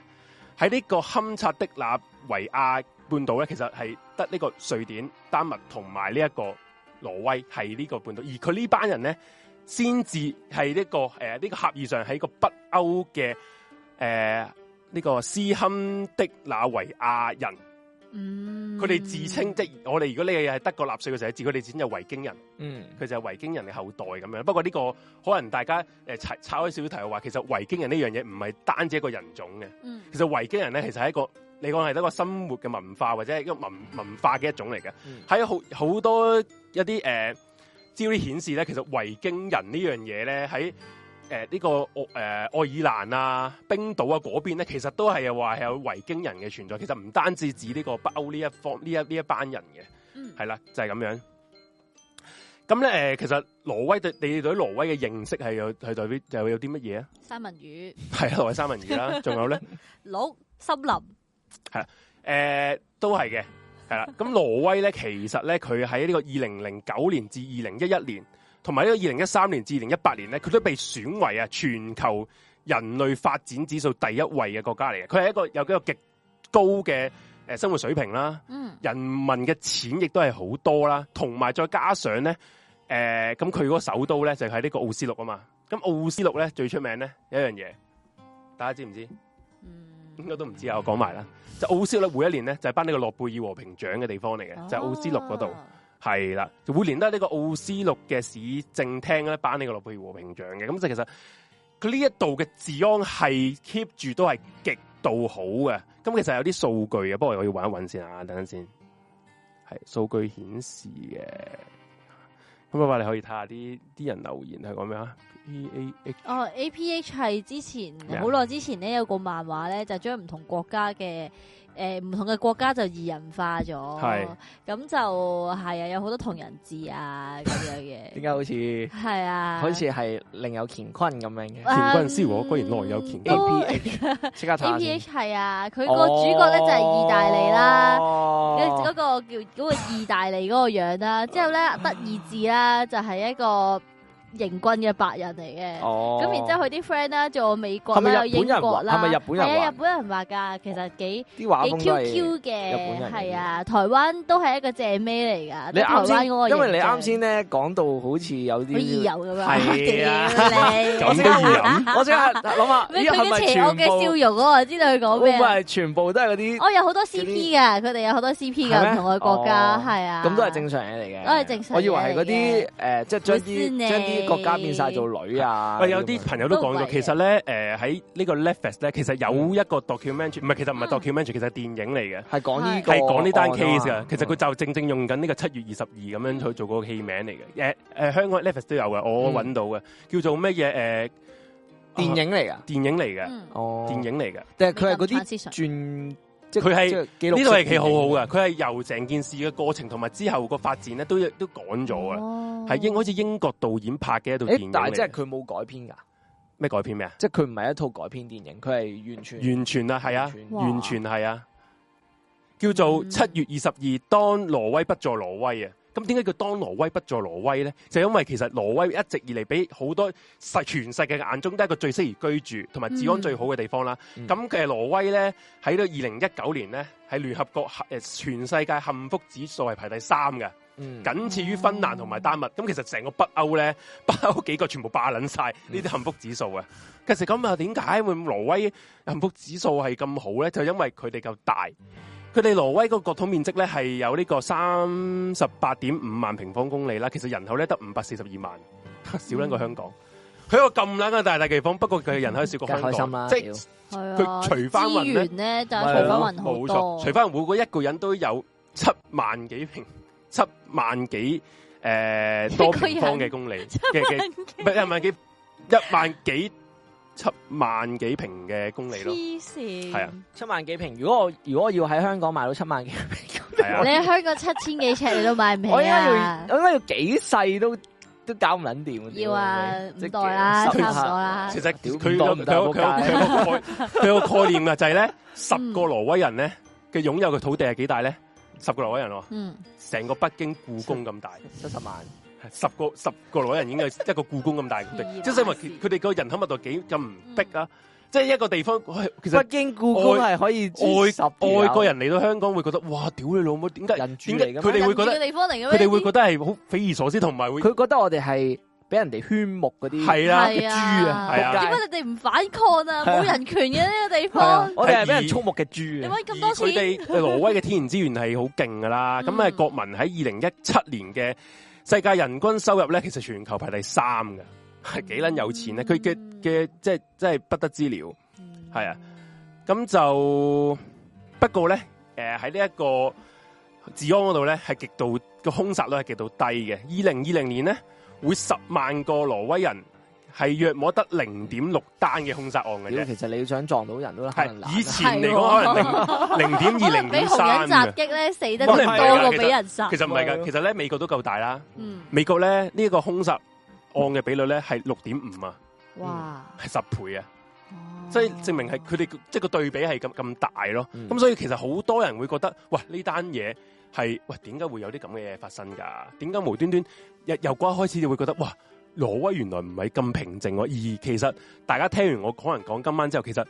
喺呢在這個堪察的那維亞半島咧，其實係得呢個瑞典、丹麥同埋呢一個挪威係呢個半島，而佢呢班人咧先至係呢是、這個誒呢、呃這個狹義上喺個北歐嘅誒呢個斯堪的那維亞人。嗯，佢哋自稱即係我哋如果呢個嘢係德國納粹嘅時候，他們自佢哋自己就係維京人。嗯，佢就係維京人嘅後代咁樣。不過呢、這個可能大家誒拆拆開少少題嘅話，其實維京人呢樣嘢唔係單止一個人種嘅、嗯。其實維京人咧其實係一個你講係一個生活嘅文化或者係一個文文化嘅一種嚟嘅。喺、嗯、好好多一啲誒資料顯示咧，其實維京人這件事呢樣嘢咧喺。在誒、呃，呢、這個、呃、愛誒愛爾蘭啊、冰島啊嗰邊咧，其實都係話係有維京人嘅存在。其實唔單止指呢個北歐呢一方呢一呢一班人嘅，係、嗯、啦，就係、是、咁樣。咁咧，誒、呃，其實挪威對你哋對挪威嘅認識係有係代表又有啲乜嘢啊？三文魚係啊，挪威三文魚啦，仲 有咧，鹿森林係誒、呃，都係嘅，係啦。咁挪威咧，其實咧，佢喺呢個二零零九年至二零一一年。同埋呢個，二零一三年至二零一八年咧，佢都被選為啊全球人類發展指數第一位嘅國家嚟嘅。佢係一個有幾個極高嘅誒生活水平啦，嗯、人民嘅錢亦都係好多啦。同埋再加上咧，誒咁佢嗰個首都咧就係呢個奧斯陸啊嘛。咁奧斯陸咧最出名咧有一樣嘢，大家知唔知、嗯？應該都唔知啊！我講埋啦，就奧斯陸每一年咧就係頒呢個諾貝爾和平獎嘅地方嚟嘅、啊，就係奧斯陸嗰度。係啦，就會連得呢個奧斯陸嘅市政廳咧頒呢個諾貝爾和平獎嘅，咁即係其實佢呢一度嘅治安係 keep 住都係極度好嘅。咁其實有啲數據嘅，不過我要搵一搵先啊，等陣先。係數據顯示嘅，咁我話你可以睇下啲啲人留言係講咩啊，A P H 哦 A P H 係之前好耐，yeah. 之前咧有個漫畫咧就將，是，唔同國家嘅。誒唔同嘅國家就異人化咗，咁就係啊有好多同人誌啊咁 樣嘅。點解好似係啊？好似係另有乾坤咁樣嘅、啊。乾坤師火居然內有乾坤。A P H 係啊，佢個 是、啊、 主角咧就係、是、意大利啦，嗰、哦那個叫嗰、那個、意大利嗰個樣啦。之後咧德意志啦就係、是、一個。迎軍嘅白人嚟嘅，咁然之後佢啲 friend 咧做美國啦、英國啦，係日本人，係咪日本人話㗎，其實幾幾 Q Q 嘅，係啊，台灣都係一個借咩嚟㗎？你台灣因為你啱先咧講到好似有啲，好異有咁樣嘅啊。有的 你我先諗下，佢嘅、 哎、邪惡嘅笑容喎，知道佢講咩？係咪全部都係嗰啲，我、哦、有好多 CP 㗎，佢哋有好多 CP 咁，同佢國家係啊，咁都係正常嘢嚟嘅，都係正常。我以為係嗰啲誒，即係啲。啲國家變晒做女啊是！我有啲朋友都講過，其實咧，誒、呃、喺呢個 Levesse 咧，其實有一個 document 唔係，其實唔係 documentary，其實係電影嚟嘅，係講呢個，係講呢單 case 啊。其實佢就正正用緊呢個七月二十二咁樣去做個戲名嚟嘅。誒、呃、誒、呃，香港 Levesse 都有嘅，我揾到嘅，叫做咩嘢？誒、電影嚟嘅，電影嚟嘅、啊，哦，電影嚟嘅，但係佢係嗰啲轉。即係佢係呢度係好好噶，佢、啊、係由成件事嘅過程同埋之後個發展咧，都都講咗啊，係英好似英國導演拍嘅一套電、欸、電影，但係即係佢冇改編噶，咩改編咩啊？即係佢唔係一套改編電影，佢係完全完全啊，係啊，完全係啊、啊，叫做七月二十二，當挪威不在挪威啊。咁點解叫當挪威不做挪威咧？就是、因為其實挪威一直以嚟俾好多世全世界嘅眼中都係一個最適宜居住同埋治安最好嘅地方啦。咁、嗯、其實挪威咧喺到二零一九年咧，喺聯合國全世界幸福指數係排第三嘅，僅、嗯、次於芬蘭同埋丹麥。咁、哦、其實成個北歐咧，北歐幾個全部霸撚晒呢啲幸福指數啊、嗯。其實咁啊，點解會挪威幸福指數係咁好咧？就因為佢哋夠大。佢哋挪威個國土面積咧係有呢個三十八點五萬平方公里啦，其實人口咧得五百四十二萬，少撚過香港。喺個咁撚嘅大大地方，不過佢嘅人口少過香港。啊、即係佢除翻雲咧，就係、是、除翻雲好多。除翻每個一個人都有七萬幾平，七萬幾誒、呃、多平方嘅公里，唔係一萬幾，一萬幾。 七萬幾平嘅公里咯，黐線，係啊，七萬幾平。如果我如果我要喺香港買到七萬幾，你喺香港七千幾尺你都買唔起 我應該要，我應該要幾細都都搞唔撚掂。要啊，五代啦，十代啦。其實佢都唔夠佢個概念啊、就是，就係咧，十個挪威人咧嘅擁有嘅土地係幾大咧？十個挪威人，嗯，成個北京故宮咁大七，七十萬。十個十個老人已經係一個故宮咁大，即係因為佢佢哋個人口密度幾咁逼啊！即係一個地方，其實北京故宮係可以愛十外國人嚟到香港，會覺得哇！屌你老母，點解人住嚟嘅？佢哋會覺得地方嚟嘅咩？佢哋會覺得係好匪夷所思，同埋會佢覺得我哋係俾人哋圈木嗰啲係啊豬啊！點解你哋唔反抗啊？冇人權嘅呢個地方，我哋係俾人畜牧嘅豬。點解咁多錢？佢哋挪威嘅天然資源係好勁噶啦。咁啊，國民喺二零一七年嘅。世界人均收入咧，其實全球排第三嘅，係幾捻有錢咧，啊？佢嘅嘅即係真係不得之了，係啊。咁就不過咧，誒喺呢一個治安嗰度咧，係極度，個兇殺率係極度低嘅。二零二零年咧，會十萬個挪威人。係約摸得零點六單嘅凶殺案嘅啫，其實你想撞到人都可能難。係以前嚟講可能零零點二、零點三。俾襲擊咧，死得多過俾人殺。其實唔係噶，嗯、其實咧美國都夠大啦。嗯、美國咧呢、這個凶殺案嘅比率咧係六點五啊！哇，係十倍啊！所以證明係佢哋即係個對比係咁咁大咯。咁、嗯、所以其實好多人會覺得，哇呢單嘢係喂點解會有啲咁嘅嘢發生噶？點解無端端由由瓜開始就會覺得哇？挪威原來唔係咁平靜喎，而其實大家聽完我可能講今晚之後，其實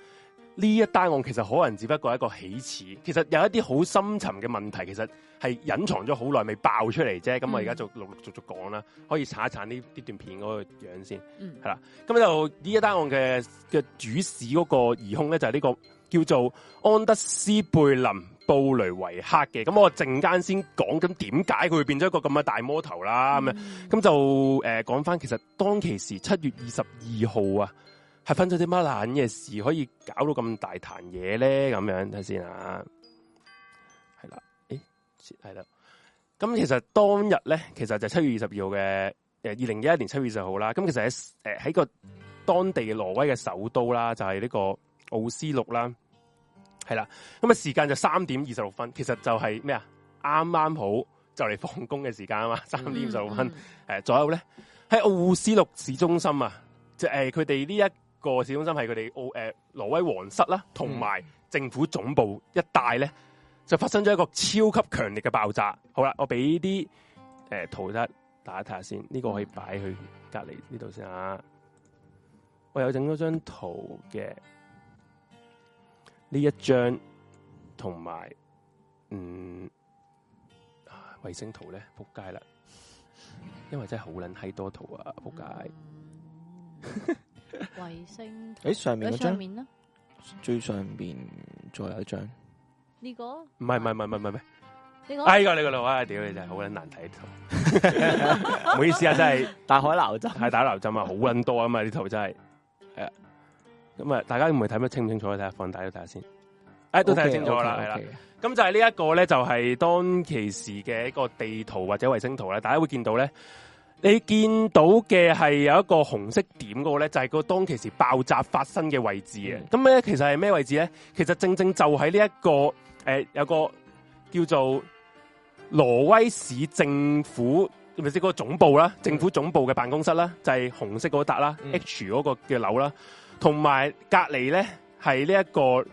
呢一單案其實可能只不過係一個起始，其實有一啲好深沉嘅問題，其實係隱藏咗好耐未爆出嚟啫。咁我而家就陸陸續續講啦，可以查一查呢呢段片嗰個樣先。嗯，係啦。咁就呢一單案嘅嘅主使嗰個疑凶咧，就係呢個叫做安德斯·貝林布雷維克嘅，咁我陣間先講，咁點解佢會變咗一個咁嘅大魔頭啦咁樣，咁、嗯、就誒講翻，其實當其時七月二十二號啊，係分咗啲乜爛嘅事，可以搞到咁大壇嘢咧？咁樣睇先啊，係啦，誒，係、欸、啦，咁其實當日咧，其實就七月二十二號嘅，誒，二零一一年七月二十號啦，咁其實喺誒喺個當地挪威嘅首都啦，就係、是、呢個奧斯陸啦。係啦，咁啊時間就三點二十六分，其實就係咩啊？啱啱好就嚟放工嘅時間啊嘛，三點二十六分誒、 呃、左右咧，喺奧斯陸市中心啊，就誒佢哋呢一個市中心係佢哋奧誒挪威皇室啦、啊，同埋政府總部一帶咧，就發生咗一個超級強烈嘅爆炸。好啦，我俾啲誒圖俾大家睇下先，呢、這個可以擺去隔籬呢度先啊。我有整咗張圖嘅。呢一張同埋，嗯，衛、啊、星圖咧，扑街啦，因為真係好撚閪多圖啊，扑街！衛、嗯、 星圖，誒，上面嗰張，最上面再有一張，呢、這個唔係唔係唔係唔係咩？呢、這個啊這個這個，哎、這個你、哎、個佬啊，屌你真係好撚難睇圖，唔 好意思 流 流 啊，真係大海撈針，係大海撈針啊，好撚多啊嘛，呢圖真係，係咁啊，大家會唔會睇得清唔清楚？睇下放大咗睇下先。誒、哎，都睇清楚 okay, okay, okay. 啦，係啦。咁就係呢一個咧，就係、是、當其時嘅一個地圖或者衛星圖咧。大家會見到咧，你見到嘅係有一個紅色點個咧，就係、是、個當其時爆炸發生嘅位置嘅咁咧，嗯、其實係咩位置咧？其實正正就喺呢一個誒、呃，有個叫做挪威市政府，咪即係嗰個總部啦、嗯，政府總部嘅辦公室啦，就係、是、紅色嗰笪啦，H 嗰個嘅樓啦。同埋隔籬咧，係呢一個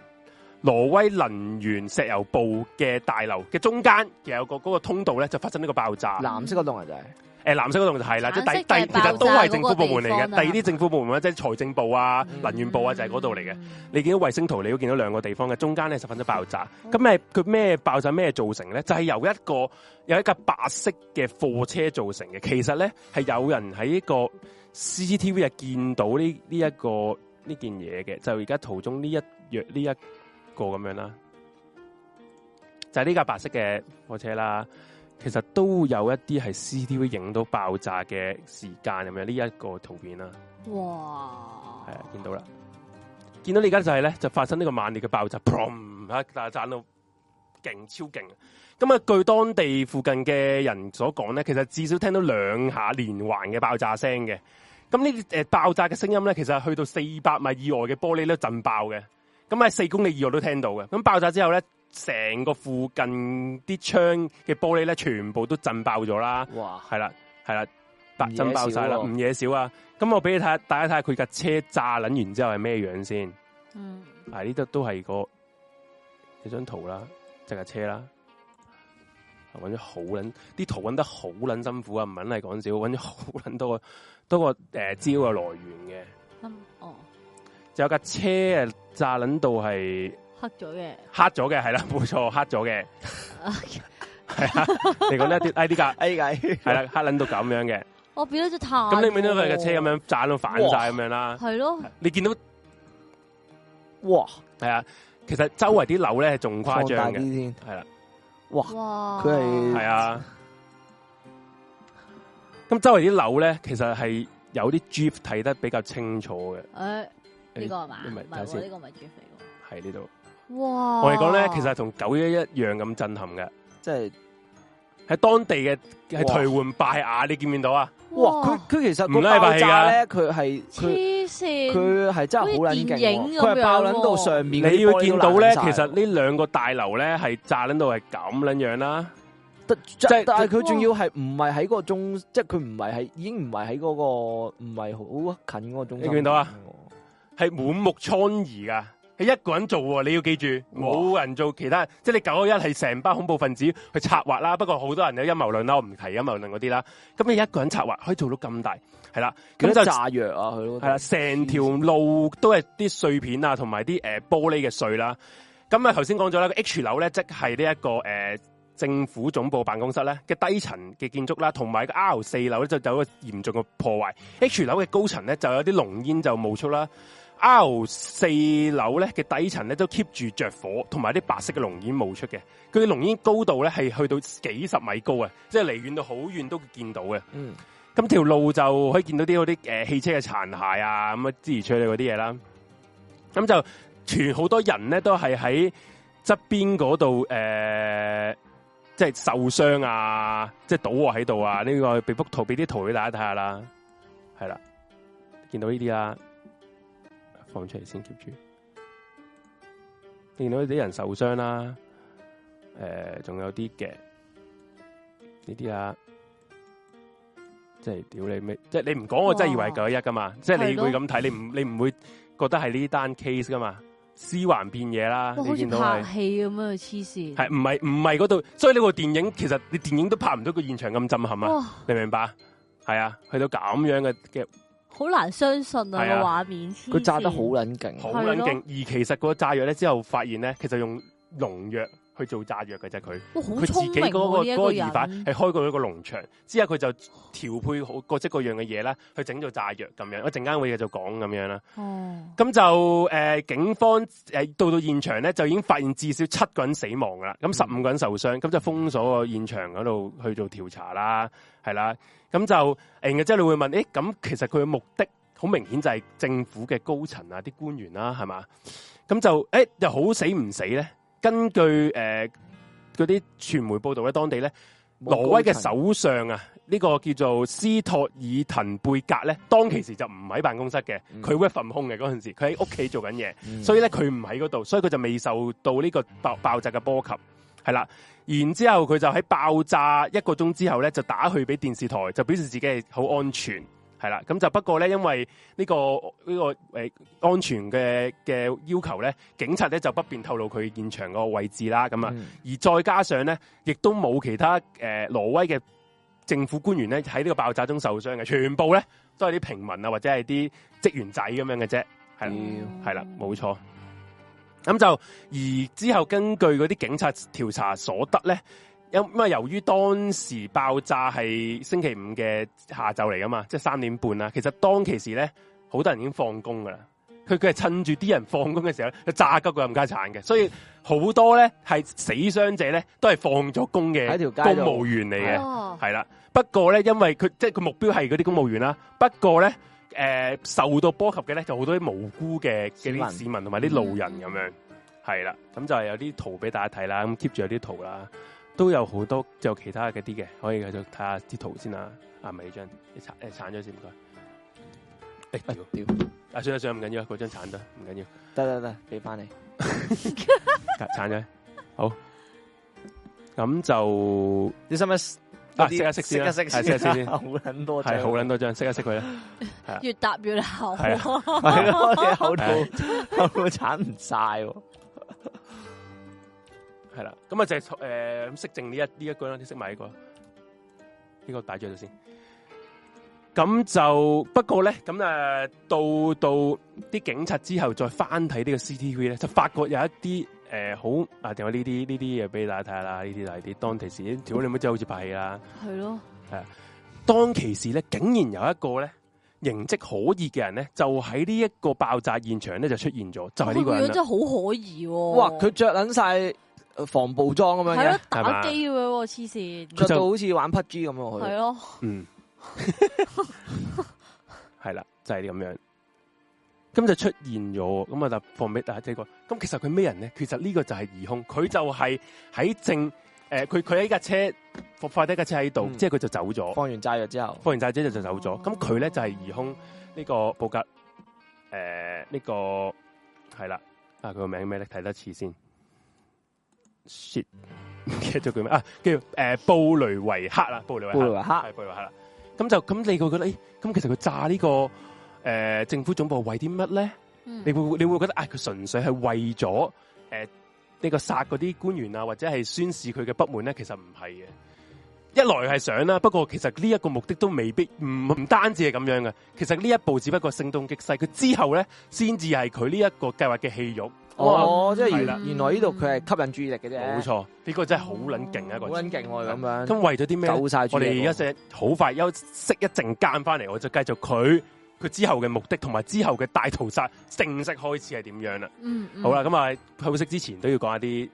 挪威能源石油部嘅大樓嘅中間，其實有個嗰、嗰個通道咧，就發生呢個爆炸。藍色嗰棟啊，就係誒，藍色嗰棟就係啦。其實都係，政府部門嚟嘅，第二啲政府部門、那個啊、即係財政部啊、能源部啊，就係嗰度嚟嘅。嗯、你見到衛星圖，你都見到兩個地方嘅中間咧，十分之爆炸。咁咩？佢咩爆炸？咩造成咧？就係、是、由一個有一架白色嘅貨車造成嘅。其實咧係有人喺一個 CCTV 啊見到呢呢一個。呢件嘢嘅就而家途中呢一約呢一個咁樣啦，就係呢、這個這個就是、架白色嘅火車啦。其實都有一啲係 CCTV 影到爆炸嘅時間咁樣呢一、這個圖片啦。哇，係啊，見到啦，見到你而家就係咧，就發生呢個猛烈嘅爆炸，砰啊！但係讚到勁超勁。咁啊，據當地附近嘅人所講咧，其實至少聽到兩下連環嘅爆炸聲嘅。咁呢啲爆炸嘅聲音咧，其實去到四百米以外嘅玻璃都震爆嘅，咁喺四公里以外都聽到嘅。咁爆炸之後咧，成個附近啲窗嘅玻璃咧，全部都震爆咗啦。哇！係啦，係啦，白震爆晒啦，唔嘢少啊。咁我俾你睇下，大家睇下佢架車炸撚完之後係咩樣先。嗯。嗱呢度都係個一張圖啦，即係車啦。搵咗好捻，啲圖搵得好捻辛苦啊！唔係係講笑，搵咗好捻多個多個誒招嘅來源嘅。咁哦，就有架車啊，炸捻到係黑咗嘅，黑咗嘅係啦，冇錯，黑咗嘅係啊！你講呢一啲，呢啲架係啦，這個、 對了 黑捻到咁樣嘅。我 變咗隻炭。咁你見到佢架車咁樣炸到反晒咁樣啦？係咯，你見到哇？係啊，其實周圍啲樓咧係仲誇張嘅，係 啦。哇！佢係係啊，咁周圍啲樓咧，其實係有啲 GIF 睇得比較清楚嘅。誒、啊、呢、這個係嘛？唔係呢個唔係 GIF 嚟嘅，喺呢度。哇！我哋講咧，其實同九一一樣咁震撼嘅，即係喺當地嘅、喺頹垣敗瓦，你見唔見到啊？哇！佢佢其實佢爆炸咧，佢係黐線，佢係真係好冷靜。佢係爆卵到上面，你要見到咧，其實呢兩個大樓咧係炸卵到係咁卵樣啦、啊。即係但係佢仲要係唔係喺個中，即係佢唔係係已經唔係喺嗰個唔係好近嗰個中心。你見到啊？係滿目瘡痍噶。佢一個人做喎，你要記住，冇人做其他人，即係你九一一係成班恐怖分子去策劃啦。不過好多人有陰謀論啦，我唔提陰謀論嗰啲啦。咁你一個人策劃可以做到咁大，係啦。咁、嗯、就炸藥啊，佢係啦，成條路都係啲碎片啊，同埋啲玻璃嘅碎啦。咁啊頭先講咗啦，H 樓咧即係呢一個、呃、政府總部辦公室咧嘅低層嘅建築啦，同埋個 R 四樓咧就有一個嚴重嘅破壞。嗯、H 樓嘅高層咧就有啲濃煙就冒出啦。R 四樓咧嘅底層咧都 keep 住着火，同埋啲白色嘅濃煙冒出嘅。佢啲濃煙高度咧係去到幾十米高啊！即係離遠到好遠都見到嘅。咁、嗯、條路就可以見到啲嗰啲誒汽車嘅殘骸啊，咁啊之餘之類嗰啲嘢啦。咁就全好多人咧都係喺側邊嗰度誒，即係受傷啊，即係倒臥喺度啊！呢、這個俾幅圖，俾啲圖俾大家睇下啦。係啦，見到呢啲啦。放出嚟先，接住，見到啲人受傷啦，誒，仲有啲嘅呢啲啊，即係屌你咩？即係你唔講，我真係以為九一噶嘛，即係你會咁睇，你唔你唔會覺得係呢單 case 噶嘛？屍橫遍野啦，你到拍戲咁啊，黐線！係唔係唔係度？所以呢部電影其實你電影都拍唔到個現場咁震撼啊！你明白？係啊，去到咁樣嘅嘅。好難相信啊，個畫、啊、面，佢炸得好冷靜，好、啊、冷靜、哦。而其實個炸藥咧之後發現咧，其實用農藥。去做炸藥嘅啫，佢佢、哦、自己嗰、那個嗰、這個那個疑犯係開過一個農場，之後佢就調配好各式各樣嘅嘢啦，去整做炸藥咁樣。一陣間會繼續講咁樣啦。哦、嗯，咁就誒、呃，警方誒、呃、到到現場咧，就已經發現至少七個人死亡噶啦，咁十五個人受傷，咁、嗯、就封鎖個現場嗰度去做調查啦，係啦。咁就誒，然之後你會問，誒、欸、咁其實佢嘅目的好明顯就係政府嘅高層啊，啲官員啦、啊，係嘛？咁就誒，又、欸、好死唔死咧？根據誒嗰啲傳媒報道咧，當地咧挪威嘅首相啊，呢個叫做斯托爾滕貝格咧，當其時就唔喺辦公室嘅，佢 work from home 嘅嗰陣時，佢喺屋企做緊嘢，所以咧佢唔喺嗰度，所以佢就未受到呢個爆爆炸嘅波及，係啦。然之後佢就喺爆炸一個鐘之後咧，就打去俾電視台，就表示自己係好安全。係啦，咁就不過咧，因為呢、呢個呢、呢個誒、呃、安全嘅嘅要求咧，警察咧就不便透露佢現場個位置啦，咁啊，嗯、而再加上咧，亦都冇其他誒、呃、挪威嘅政府官員咧喺呢個爆炸中受傷嘅，全部咧都係啲平民啊，或者係啲職員仔咁樣嘅啫，係啦，係、嗯、啦，冇錯。咁就而之後根據嗰啲警察調查所得咧。因因為由於當時爆炸係星期五嘅下晝嚟噶嘛，即係三點半啦。其實當其時咧，好多人已經放工噶啦。佢佢係趁住啲人放工嘅時候咧，就炸鳩佢冚家產嘅，所以好多咧係死傷者咧都係放咗工嘅條街。公務員嚟嘅，係、啊、啦、哦。不過咧，因為佢即係佢目標係嗰啲公務員啦。不過咧，誒、呃，受到波及嘅咧就好多啲無辜嘅嘅啲市民同埋啲路人咁樣係啦。咁、嗯、就係有啲圖俾大家睇啦。咁 keep 住有啲圖啦。都有好多就其他嘅啲嘅，可以繼續睇下啲圖先啦。阿美張，你鏟你鏟咗先唔該。誒，屌，關關 越越啊，算啦算唔緊要，嗰張鏟得，唔緊要。得得得，俾翻你。鏟咗，好。咁就，你使唔使？啊，識啊，識先！識啊，識下識啊。好捻多，係好捻多張，識啊，識佢啦。越答越厚，係咯，好到好到鏟唔晒。係啦，咁啊就誒識淨呢一呢一個啦，識埋呢、這個呢、這個大咗咗先。咁就不過咧，咁到到啲警察之後再翻睇呢個 CTV 咧，就發覺有一啲誒、呃、好啊，點解呢啲呢啲嘢俾大家睇下啦？呢啲係啲當其時，點解你唔知好似拍戲啦？係咯，係當其時咧，竟然有一個咧形跡可疑嘅人咧，就喺呢一個爆炸現場咧就出現咗，就係、是、呢個人啦。的樣，真係好可疑喎！哦！哇，佢着撚晒。防暴裝咁樣嘅，係咯，打機嘅喎黐線，就是、就好似玩 PUBG 咁樣去。係咯、啊這個呃，嗯，係啦，就係咁樣，咁就出現咗。咁啊，就放咩？但係呢個，咁其實佢咩人咧？其實呢個就係疑兇，佢就係喺正誒，佢佢喺架車，伏低架車喺度，即係佢就走咗，放完炸藥之後，放完炸藥就就走咗。咁佢咧就係疑兇呢個布吉，誒、呃、呢、這個係啦，啊，佢個名咩咧？睇多次先。說唔記咗叫咩啊？叫誒布雷維克啊，布雷維克，布雷維克啦。咁就咁你會覺得誒？咁、欸、其實佢炸呢、這個誒、呃、政府總部為啲乜咧？你會你會覺得啊？佢、哎、純粹係為咗誒呢個殺嗰啲官員啊，或者係宣示佢嘅不滿咧？其實唔係嘅。一來係想啦，不過其實呢一個目的都未必唔唔單止係咁樣嘅。其實呢一步只不過聲東擊西，佢之後咧先至係佢呢一個計劃嘅戲肉。Oh, 哦，即係原、嗯、原來呢度佢係吸引注意力嘅啫、嗯、冇、嗯、錯、呢、這個真係好撚勁啊！好撚勁喎咁樣。咁為咗啲咩？我哋而家就好快休息一陣間翻嚟，我就繼續佢佢之後嘅目的，同埋之後嘅大屠殺正式開始係點樣啦、嗯？嗯，好啦，咁啊休息之前都要講一啲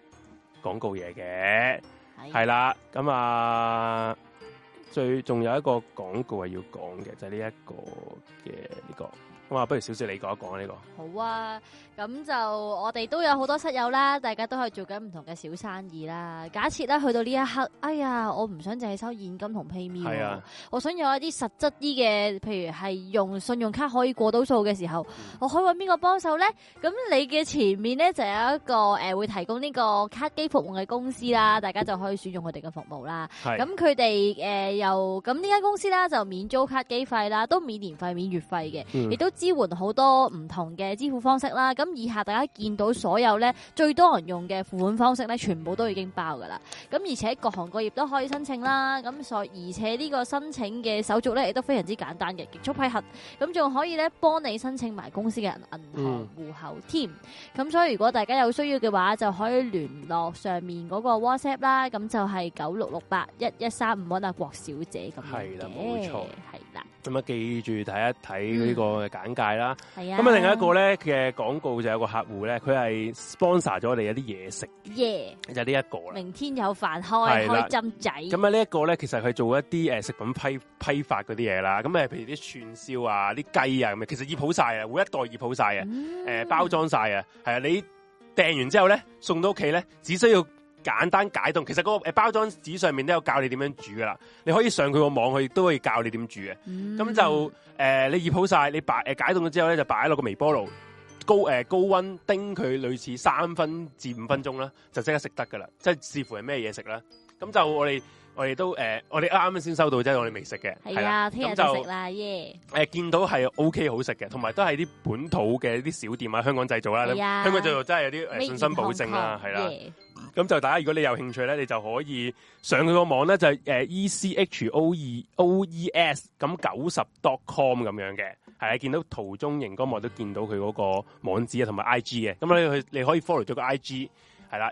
廣告嘢嘅，係啦，咁啊最仲有一個廣告係要講嘅，就呢、是、一個嘅呢、這個。不如小志你講一講呢、這個。好啊，咁就我哋都有好多室友啦，大家都係做緊唔同嘅小生意啦。假設咧、啊、去到呢一刻，哎呀，我唔想淨係收現金同 payme，我想有一啲實質啲嘅，譬如係用信用卡可以過到數嘅時候，我可以搵邊個幫手咧？咁你嘅前面咧就有一個誒、呃、會提供呢個卡機服務嘅公司啦，大家就可以選用佢哋嘅服務啦。咁佢哋誒又咁呢間公司啦就免租卡機費啦，都免年費、免月費嘅，亦、嗯、都。支援好多唔同嘅支付方式啦，咁以下大家見到所有咧最多人用嘅付款方式咧，全部都已經包噶啦。咁而且各行各業都可以申請啦。咁所而且呢個申請嘅手續咧亦都非常之簡單嘅，極速批核。咁仲可以咧幫你申請埋公司嘅銀行戶口添。咁所以如果大家有需要嘅話，就可以聯絡上面嗰個 WhatsApp 啦。咁就係九六六八一一三五五啊，郭小姐。咁係啦，冇錯，係啦。咁啊，記住睇一睇呢個嘅簡界啦，咁啊另外一個咧嘅廣告就有個客戶咧，佢係 sponsor 咗我哋有啲嘢食，yeah，就呢、係、一個啦。明天有飯開開針仔。咁啊呢一個咧，其實佢做一啲誒食品批批發嗰啲嘢啦。咁啊，譬如啲串燒啊、啲雞啊，咁其實醃好晒啊，每一袋醃好晒嘅，誒、mm. 呃、包裝晒嘅，係啊，你訂完之後咧，送到屋企咧，只需要。簡單解凍，其實嗰個包裝紙上面都有教你點樣煮㗎喇，你可以上佢個網，佢亦都可以教你點煮嘅。咁、嗯、就誒、呃，你醃好晒，你擺誒、呃、解凍咗之後咧，就擺落個微波爐高誒、呃、高溫叮佢，類似三分至五分鐘啦，就即刻食得㗎喇。即係視乎係咩嘢食啦。咁就我哋。我哋都誒、呃，我哋啱啱先收到啫，我哋未食嘅。係啊，聽日食啦，耶、呃！誒，見到係 O K 好食嘅，同埋都係啲本土嘅啲小店啊，香港製造啦，香港製造真係有啲信心保證啦，係啦。咁、嗯嗯、就大家如果你有興趣咧，你就可以上佢個網咧，就係、是、誒、呃、E C H O E O E S 咁九十 dot com 咁樣嘅，係啊，見到圖中熒光幕都見到佢嗰個網址啊，同埋 I G 嘅，咁你可以 follow 咗個 I G 係啦。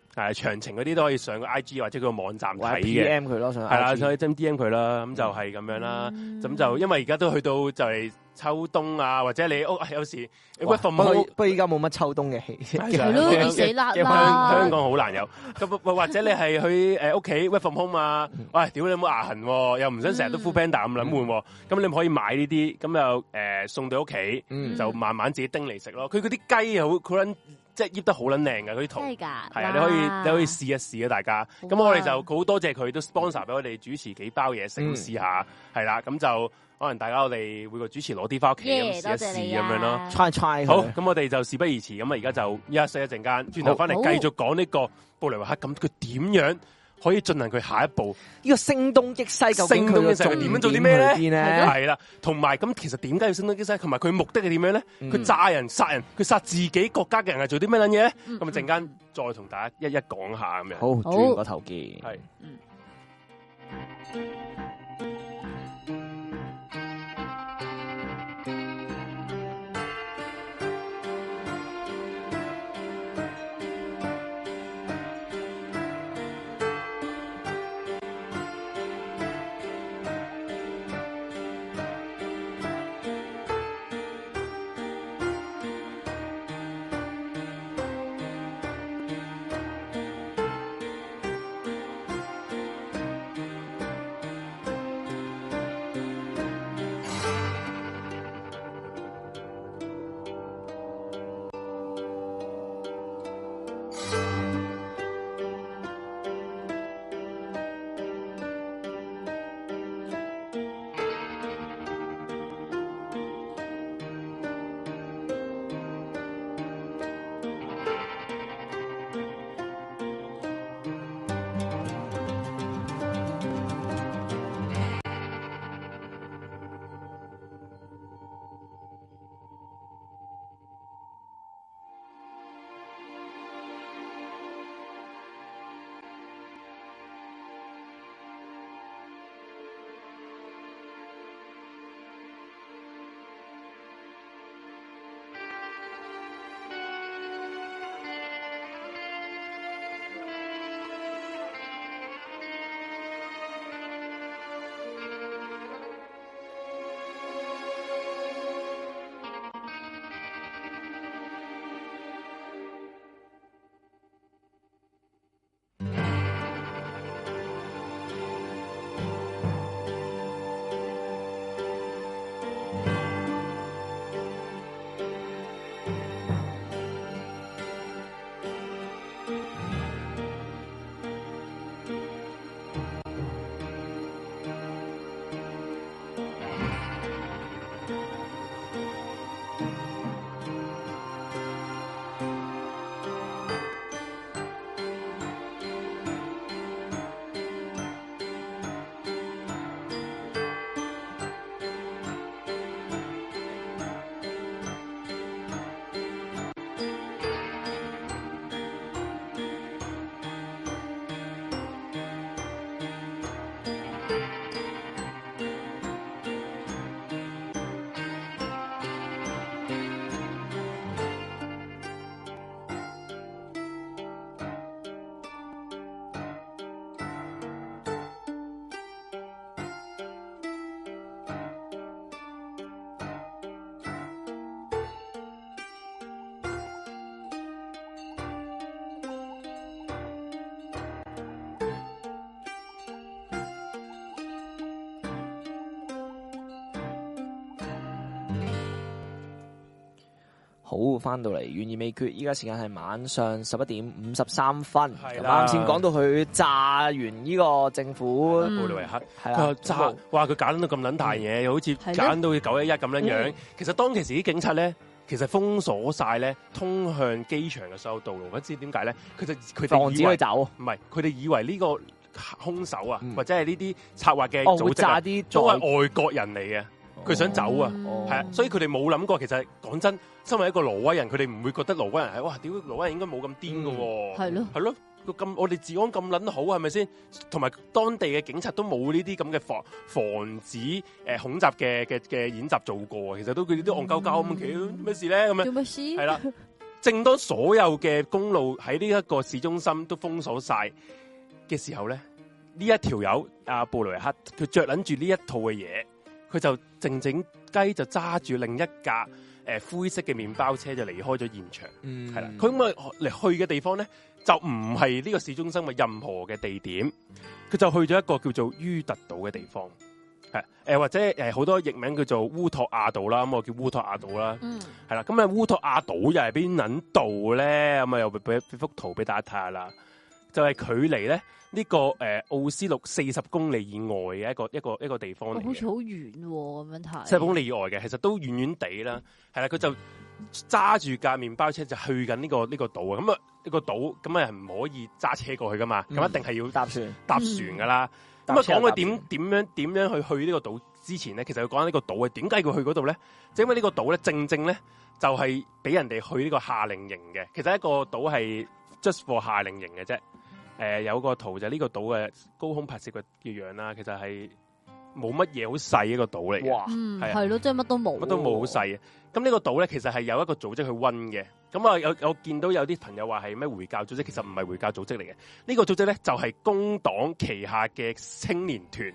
誒、呃、詳情嗰啲都可以上個 IG 或者佢個網站睇嘅、呃。或者 D M 佢囉，上 IG 係啦，所以真 D M 佢啦，咁、嗯、就係咁樣啦。咁、嗯、就因為而家都去到就係秋冬啊，或者你屋、哦、有時。不過而家冇乜秋冬嘅戲，係咯、啊，香港好難有。咁 或者你係去屋企？Away from home 嘛？喂、呃，屌你冇牙痕，喎，又唔想成日都 f u l a n d a 咁撚喎。咁你唔可以買呢啲，咁就送到屋企，就慢慢自己叮嚟食囉。佢嗰啲雞又好，即係醃得好撚靚嘅佢啲圖，係啊，你可以你可以試一試啊，大家。咁、啊、我哋就好多謝佢都 sponsor 俾我哋主持幾包嘢食試下，係啦。咁、嗯、就可能大家我哋每個主持攞啲翻屋企咁試一試咁、啊、樣咯，try try。好，咁我哋就事不宜遲，咁啊而家就一息一陣間，轉頭翻嚟繼續講呢個布雷維克，咁佢點樣？可以進行佢下一步，呢、這個聲東擊西究竟佢點樣做啲咩咧？係啦，同埋咁其實點解要聲東擊西？同埋佢目的係點樣咧？佢、嗯、炸人、殺人，佢殺自己國家嘅人係做啲咩撚嘢？咁啊陣間再同大家一一講下咁樣。好，好轉個頭見，係。嗯好翻到嚟，懸而未決。依家時間係晚上十一點五十三分。啱先講到佢炸完呢個政府，係啦，嗯、布里維克炸哇！佢搞到咁撚大嘢，又、嗯、好似搞到佢九一一咁樣樣。其實當其時啲警察咧，其實封鎖晒咧通向機場嘅所有道路。我唔知點解咧，佢就佢哋以為走唔係佢哋以為呢個兇手啊，嗯、或者係呢啲策劃嘅組織、啊，啲、哦、都係外國人嚟嘅。佢想走啊，係、哦、啊，所以佢哋冇諗過。其實講真，身為一個挪威人，佢哋唔會覺得挪威人係哇，屌挪威人應該冇咁癲噶，係、嗯、咯，係咯，咁、啊、我哋治安咁捻好，係咪先？同埋當地嘅警察都冇呢啲咁嘅防防止誒恐襲嘅嘅嘅演習做過。其實都佢哋都戇鳩鳩咁，其、嗯、咩事咧？咁樣叫咩事？係啦、啊，正當所有嘅公路喺呢一個市中心都封鎖晒嘅時候咧，呢一條友阿布雷維克佢着捻住呢一套嘅嘢。佢就靜靜雞就揸住另一架誒灰色嘅麪包車就離開咗現場，嗯，係啦，嗯。佢咁啊嚟去嘅地方咧，就唔係呢個市中心嘅任何嘅地點，佢就去咗一個叫做於特島嘅地方，係誒或者誒好多譯名叫做烏托亞島啦，咁我叫烏托亞島啦，係啦，嗯，嗯。咁，嗯，啊烏托亞島又係邊撚度咧？咁啊又俾俾幅圖俾大家睇下啦。就係、是、距離咧呢個誒奧、呃、斯陸四十公里以外嘅一個一個一個地方嚟嘅，好似好遠咁樣睇。四十公里以外嘅，其實都遠遠地啦。係啦，佢就揸住架麵包車就去緊、這、呢個呢、這個島啊。咁啊，呢、這個島咁啊係唔可以揸車過去噶嘛？咁一定係要搭船、嗯，搭船噶啦。咁啊講佢點點樣點樣去去呢個島之前咧，其實佢講呢個島係點解佢去嗰度咧？即、就是、因為呢個島咧正正咧就係俾人哋去呢個夏令營嘅，其實一個島係 just for 夏令營嘅啫。誒、呃，有個圖就係呢個島嘅高空拍攝嘅樣啦，其實係冇乜嘢，好細一個島嚟嘅。係係咯，即係乜都冇，乜都冇，好細嘅。咁呢個島咧，其實係有一個組織去溫嘅。咁啊，有我，我見到有啲朋友話係咩回教組織，其實唔係回教組織嚟嘅。呢個組織咧就係工黨旗下嘅青年團，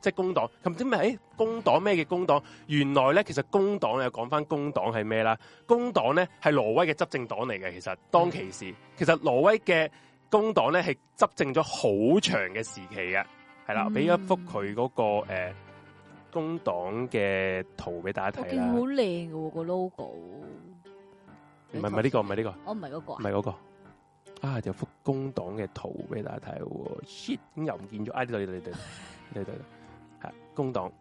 即係工黨。咁點咩？誒、欸，工黨咩嘅工黨？原來咧，其實工黨又講返工黨係咩啦？工黨咧係挪威嘅執政黨嚟嘅。其實當其時、嗯，其實挪威嘅。工黨咧係執政咗好長嘅時期嘅，係、嗯那個呃、啦，俾一幅佢嗰個誒工黨嘅圖俾大家睇好靚嘅喎個 logo，唔係唔係呢個，唔係呢個，我唔係嗰個，唔係嗰個，啊，有幅工黨嘅圖俾大家睇、啊、shit 又唔見咗，呢度，呢度，呢度，呢度，係工黨，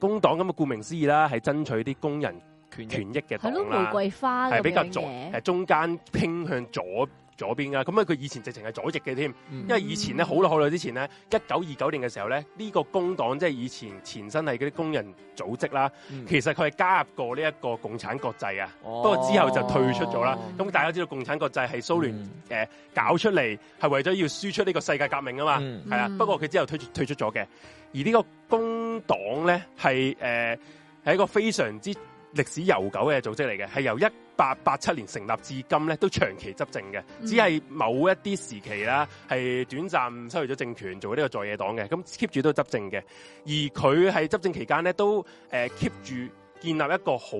工黨。咁啊，顧名思義啦，係爭取啲工人權益嘅，係咯，玫瑰花，係比較左，係中間傾向左。左邊噶，咁啊佢以前直情係左翼嘅添，因為以前咧好耐好耐之前咧，一九二九年嘅時候咧，呢個工黨即係以前前身係嗰啲工人組織啦、嗯，其實佢係加入過呢一個共產國際啊、哦，不過之後就退出咗啦。咁、哦、大家知道共產國際係蘇聯誒、嗯呃、搞出嚟，係為咗要輸出呢個世界革命啊嘛，係、嗯、啊。不過佢之後退出退出咗嘅，而呢個工黨咧係誒係一個非常之歷史悠久嘅組織嚟嘅，係由一八八七年成立至今咧，都長期執政嘅，只係某一啲時期啦，係短暫失去咗政權，做咗呢個在野黨嘅，咁 keep 住都執政嘅。而佢喺執政期間咧，都 keep 住、呃、建立一個好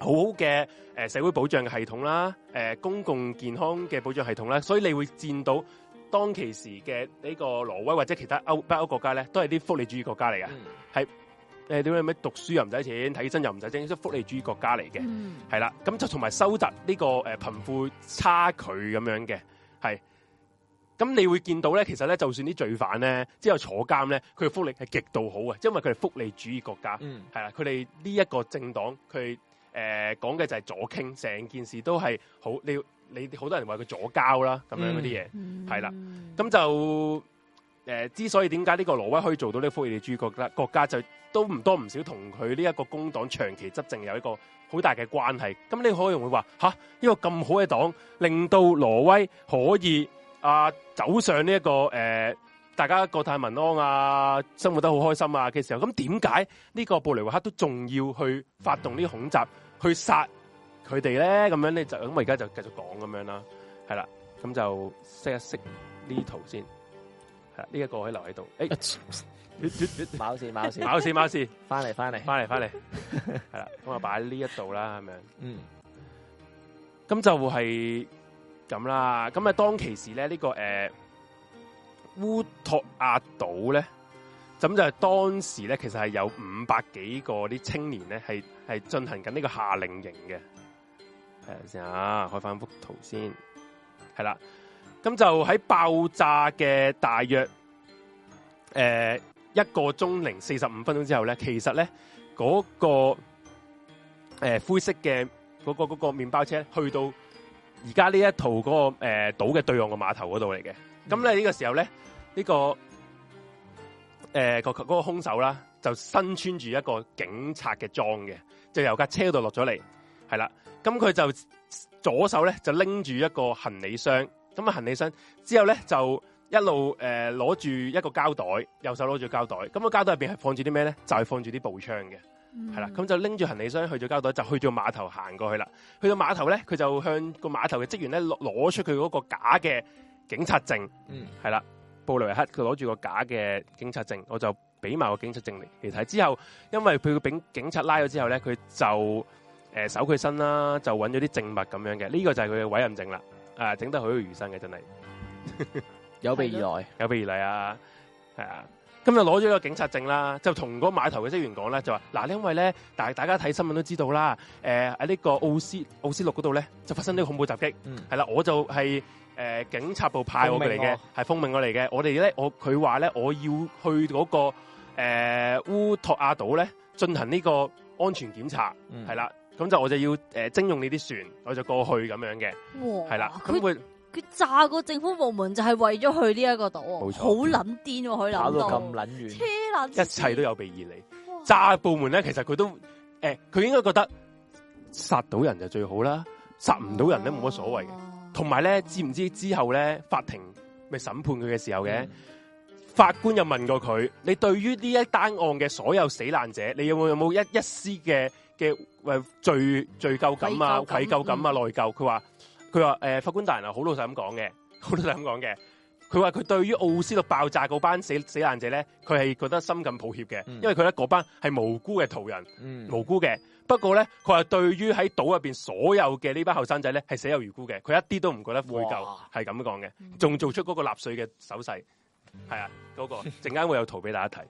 好好嘅誒社會保障嘅系統啦、呃，公共健康嘅保障系統啦，所以你會見到當其時嘅呢個挪威或者其他北歐國家咧，都係啲福利主義國家嚟嘅，嗯誒，點解咩讀書又唔使錢，睇醫生又唔使錢，即福利主義國家嚟嘅，係、嗯、啦。咁就同埋收窄呢個誒貧富差距咁樣嘅，係。咁你會見到咧，其實咧，就算啲罪犯咧，之後坐監咧，佢嘅福利係極度好嘅，即係因為佢係福利主義國家，係、嗯、啦。佢哋呢一個政黨，佢誒講嘅就係左傾，成件事都係好，你你好多人話佢左膠啦、嗯，咁樣嗰啲嘢，係、嗯、啦，咁就、啊。誒、呃，之所以點解呢個挪威可以做到呢個福利主義國家，就都唔多唔少同佢呢一個工黨長期執政有一個好大嘅關係。咁你可能會話吓，呢、這個咁好嘅黨，令到挪威可以啊走上呢、這、一個誒、呃，大家國泰民安啊，生活得好開心啊嘅時候。咁點解呢個布雷維克都仲要去發動呢啲恐襲，去殺佢哋咧？咁樣咧就咁，我而家就繼續講咁樣啦。係啦，咁就識一識呢圖先。呢、這、一個可以留喺度，誒、欸，冇事冇事冇事冇事，翻嚟翻嚟翻嚟翻嚟，係 啦，咁啊擺喺呢一度啦，係 咪？ 嗯，咁就係咁啦，咁啊當其時咧呢個誒烏托亞島咧，咁就係當時咧、這個呃就是、其實係有五百幾個啲青年咧係係進行緊呢個夏令營嘅，睇下先啊，開翻幅圖先，係啦。咁就喺爆炸嘅大約誒一個鐘零四十五分鐘之後咧，其實咧嗰個誒、呃、灰色嘅嗰個嗰個麵包車去到而家呢一套嗰個誒島嘅對岸嘅碼頭嗰度嚟嘅。咁咧呢個時候咧呢個誒個嗰個凶手啦，就身穿住一個警察嘅裝嘅，就由架車度落咗嚟，係啦。咁佢就左手咧就拎住一個行李箱。咁啊，行李箱之後咧，就一路誒攞住一個膠袋，右手攞住膠袋。咁個膠袋入邊係放住啲咩咧？就係、是、放住啲步槍嘅，係、嗯、啦。咁就拎住行李箱去咗膠袋，就去咗碼頭行過去啦。去到碼頭咧，佢就向個碼頭嘅職員咧攞攞出佢嗰個假嘅警察證，係、嗯、啦，布雷克佢攞住個假嘅警察證，我就俾埋個警察證嚟嚟睇。之後因為佢俾警察拉咗之後咧，佢就誒、呃、搜佢身啦，就揾咗啲證物咁樣嘅。呢、這個就係佢嘅委任證啦。誒、啊，整得好如余生嘅，真係 有備而來，有備而嚟啊！係啊，今日攞咗個警察證啦，就同嗰碼頭嘅職員講咧，就話嗱，因為咧，但係大家睇新聞都知道啦，誒、呃，喺 OC，呢個奧斯奧斯陸嗰度咧，就發生呢個恐怖襲擊，係、嗯、啦，我就係、是、誒、呃、警察部派我哋嚟嘅，係奉命我嚟嘅，我哋咧，我佢話咧，我要去嗰、那個誒烏、呃、托亞島咧，進行呢個安全檢查，係、嗯、啦。咁就我就要誒徵用呢啲船，我就過去咁樣嘅，係啦。佢佢炸個政府部門就係為咗去呢一個島，冇錯，好捻癲，佢諗到咁捻遠，車捻，一切都有備而嚟。炸部門咧，其實佢都誒，佢、欸、應該覺得殺到人就最好啦，殺唔到人咧冇乜所謂嘅。同埋咧，知唔知之後咧，法庭咪審判佢嘅時候嘅、嗯？法官又問過佢，你對於呢一單案嘅所有死難者，你有冇有冇一一絲嘅？嘅誒罪罪疚感啊、愧疚感、啊、感啊、內疚，佢話佢話誒法官大人啊，好老實咁講嘅，好老實咁講嘅。佢話佢對於奧斯陸爆炸嗰班死死難者咧，佢係覺得深感抱歉嘅，嗯、因為佢咧嗰班係無辜嘅途人，嗯、無辜嘅。不過咧，佢話對於喺島入邊所有嘅呢班後生仔咧，係死有餘辜嘅，佢一啲都唔覺得愧疚，係咁講嘅，仲做出嗰個納粹嘅手勢，係、嗯、啊嗰、嗰個陣間會有圖俾大家睇。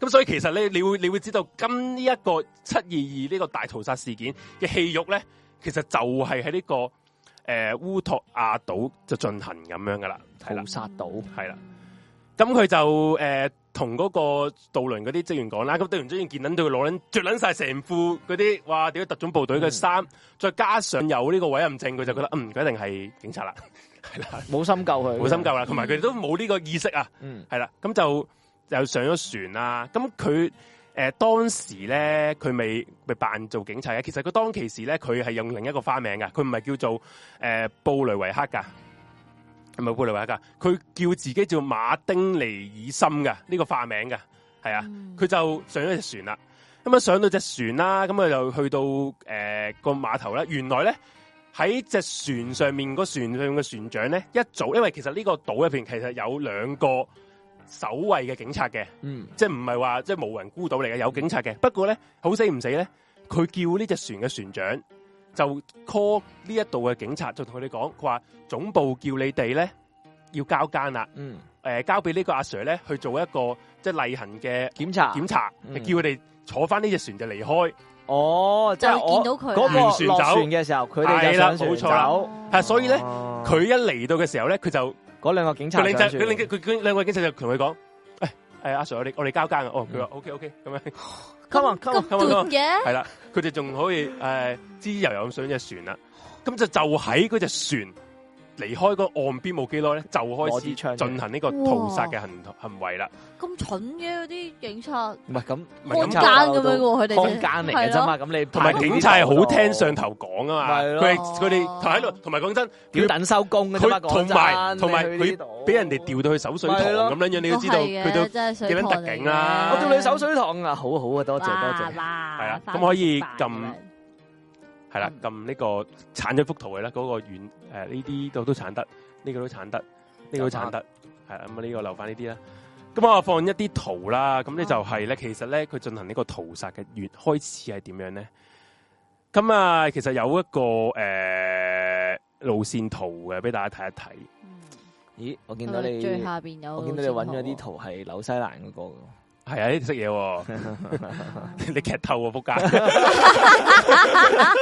咁所以其實咧，你會你會知道，今呢一個七二二呢個大屠殺事件嘅戲肉咧，其實就係喺呢個誒烏托亞島就進行咁樣噶啦。屠殺島係啦，咁佢就誒同嗰個渡輪嗰啲職員講啦，咁渡輪職員見到對佢攞緊着攞晒成副嗰啲，哇！點解特種部隊嘅衫，再加上有呢個委任證，佢就覺得嗯，佢一定係警察啦，係啦，冇心救佢，冇心救啦，同埋佢哋都冇呢個意識啊，嗯，係啦，咁就。又上咗船啦，咁佢誒當時咧佢未未扮做警察，其實佢當其時咧佢係用另一個花名嘅，佢唔係叫做誒、呃、布雷維克噶，係咪布雷維克？佢叫自己叫馬丁尼爾森噶，呢、這個化名嘅係啊，佢就上咗隻船啦，咁啊上到隻船啦，咁啊就去到誒個碼頭啦。原來咧喺隻船上面個船上面嘅船長咧一早，因為其實呢個島入邊其實有兩個。守衛嘅警察嘅、嗯，即係唔係話即係無人孤島嚟嘅，有警察嘅。不過咧，好死唔死咧，佢叫呢隻船嘅船長就 call 呢一度嘅警察，就同佢哋講，佢話總部叫你哋咧要交監啦。嗯、呃，誒，交俾呢個阿 Sir 咧去做一個即係例行嘅檢查，檢查，嗯、叫佢哋坐翻呢隻船就離開。哦，即係見到佢嗰、嗰個、落船嘅時候，佢哋就上船走。係所以咧，佢、哦、一嚟到嘅時候咧，佢就。嗰兩個警察，佢兩佢兩個警察就同佢講，誒、哎、阿、啊、Sir，我哋我哋交更哦，佢話 OK OK 咁樣，嗯，come on come on come on 嘅，係 啦，佢哋仲可以滋滋油油咁上隻船啦，咁就就喺嗰隻船。離開個岸邊冇幾耐咧，就開始進行呢個屠殺嘅行行為啦。咁蠢嘅嗰啲警察，唔係咁，奸咁樣嘅喎，佢哋奸嚟嘅啫嘛。咁你同埋警察係好聽上頭講啊嘛。佢佢哋同喺度，同埋講真，點等收工啊嘛。佢同埋同埋佢俾人哋調到去守水塘咁樣樣，你要知道佢都叫緊特警啦。我叫你守水塘啊，好好啊，多謝多謝，係啊，咁可以撳。係啦，撳、嗯、呢、這個鏟咗幅圖嘅啦，嗰、那個遠誒呢啲都都鏟得，呢個都鏟得，呢個都鏟得，係咁啊！呢、嗯這個留翻呢啲啦，咁啊放一啲圖啦，咁咧就係、是、咧、啊，其實咧佢進行呢個屠殺嘅月開始係點樣咧？咁啊，其實有一個誒、呃、路線圖嘅，俾大家睇一睇。嗯、咦，我見到你最下邊有，我見到你揾咗啲圖係紐西蘭嗰、那個。係啊，呢啲識嘢，你劇 透喎，啊，撲街！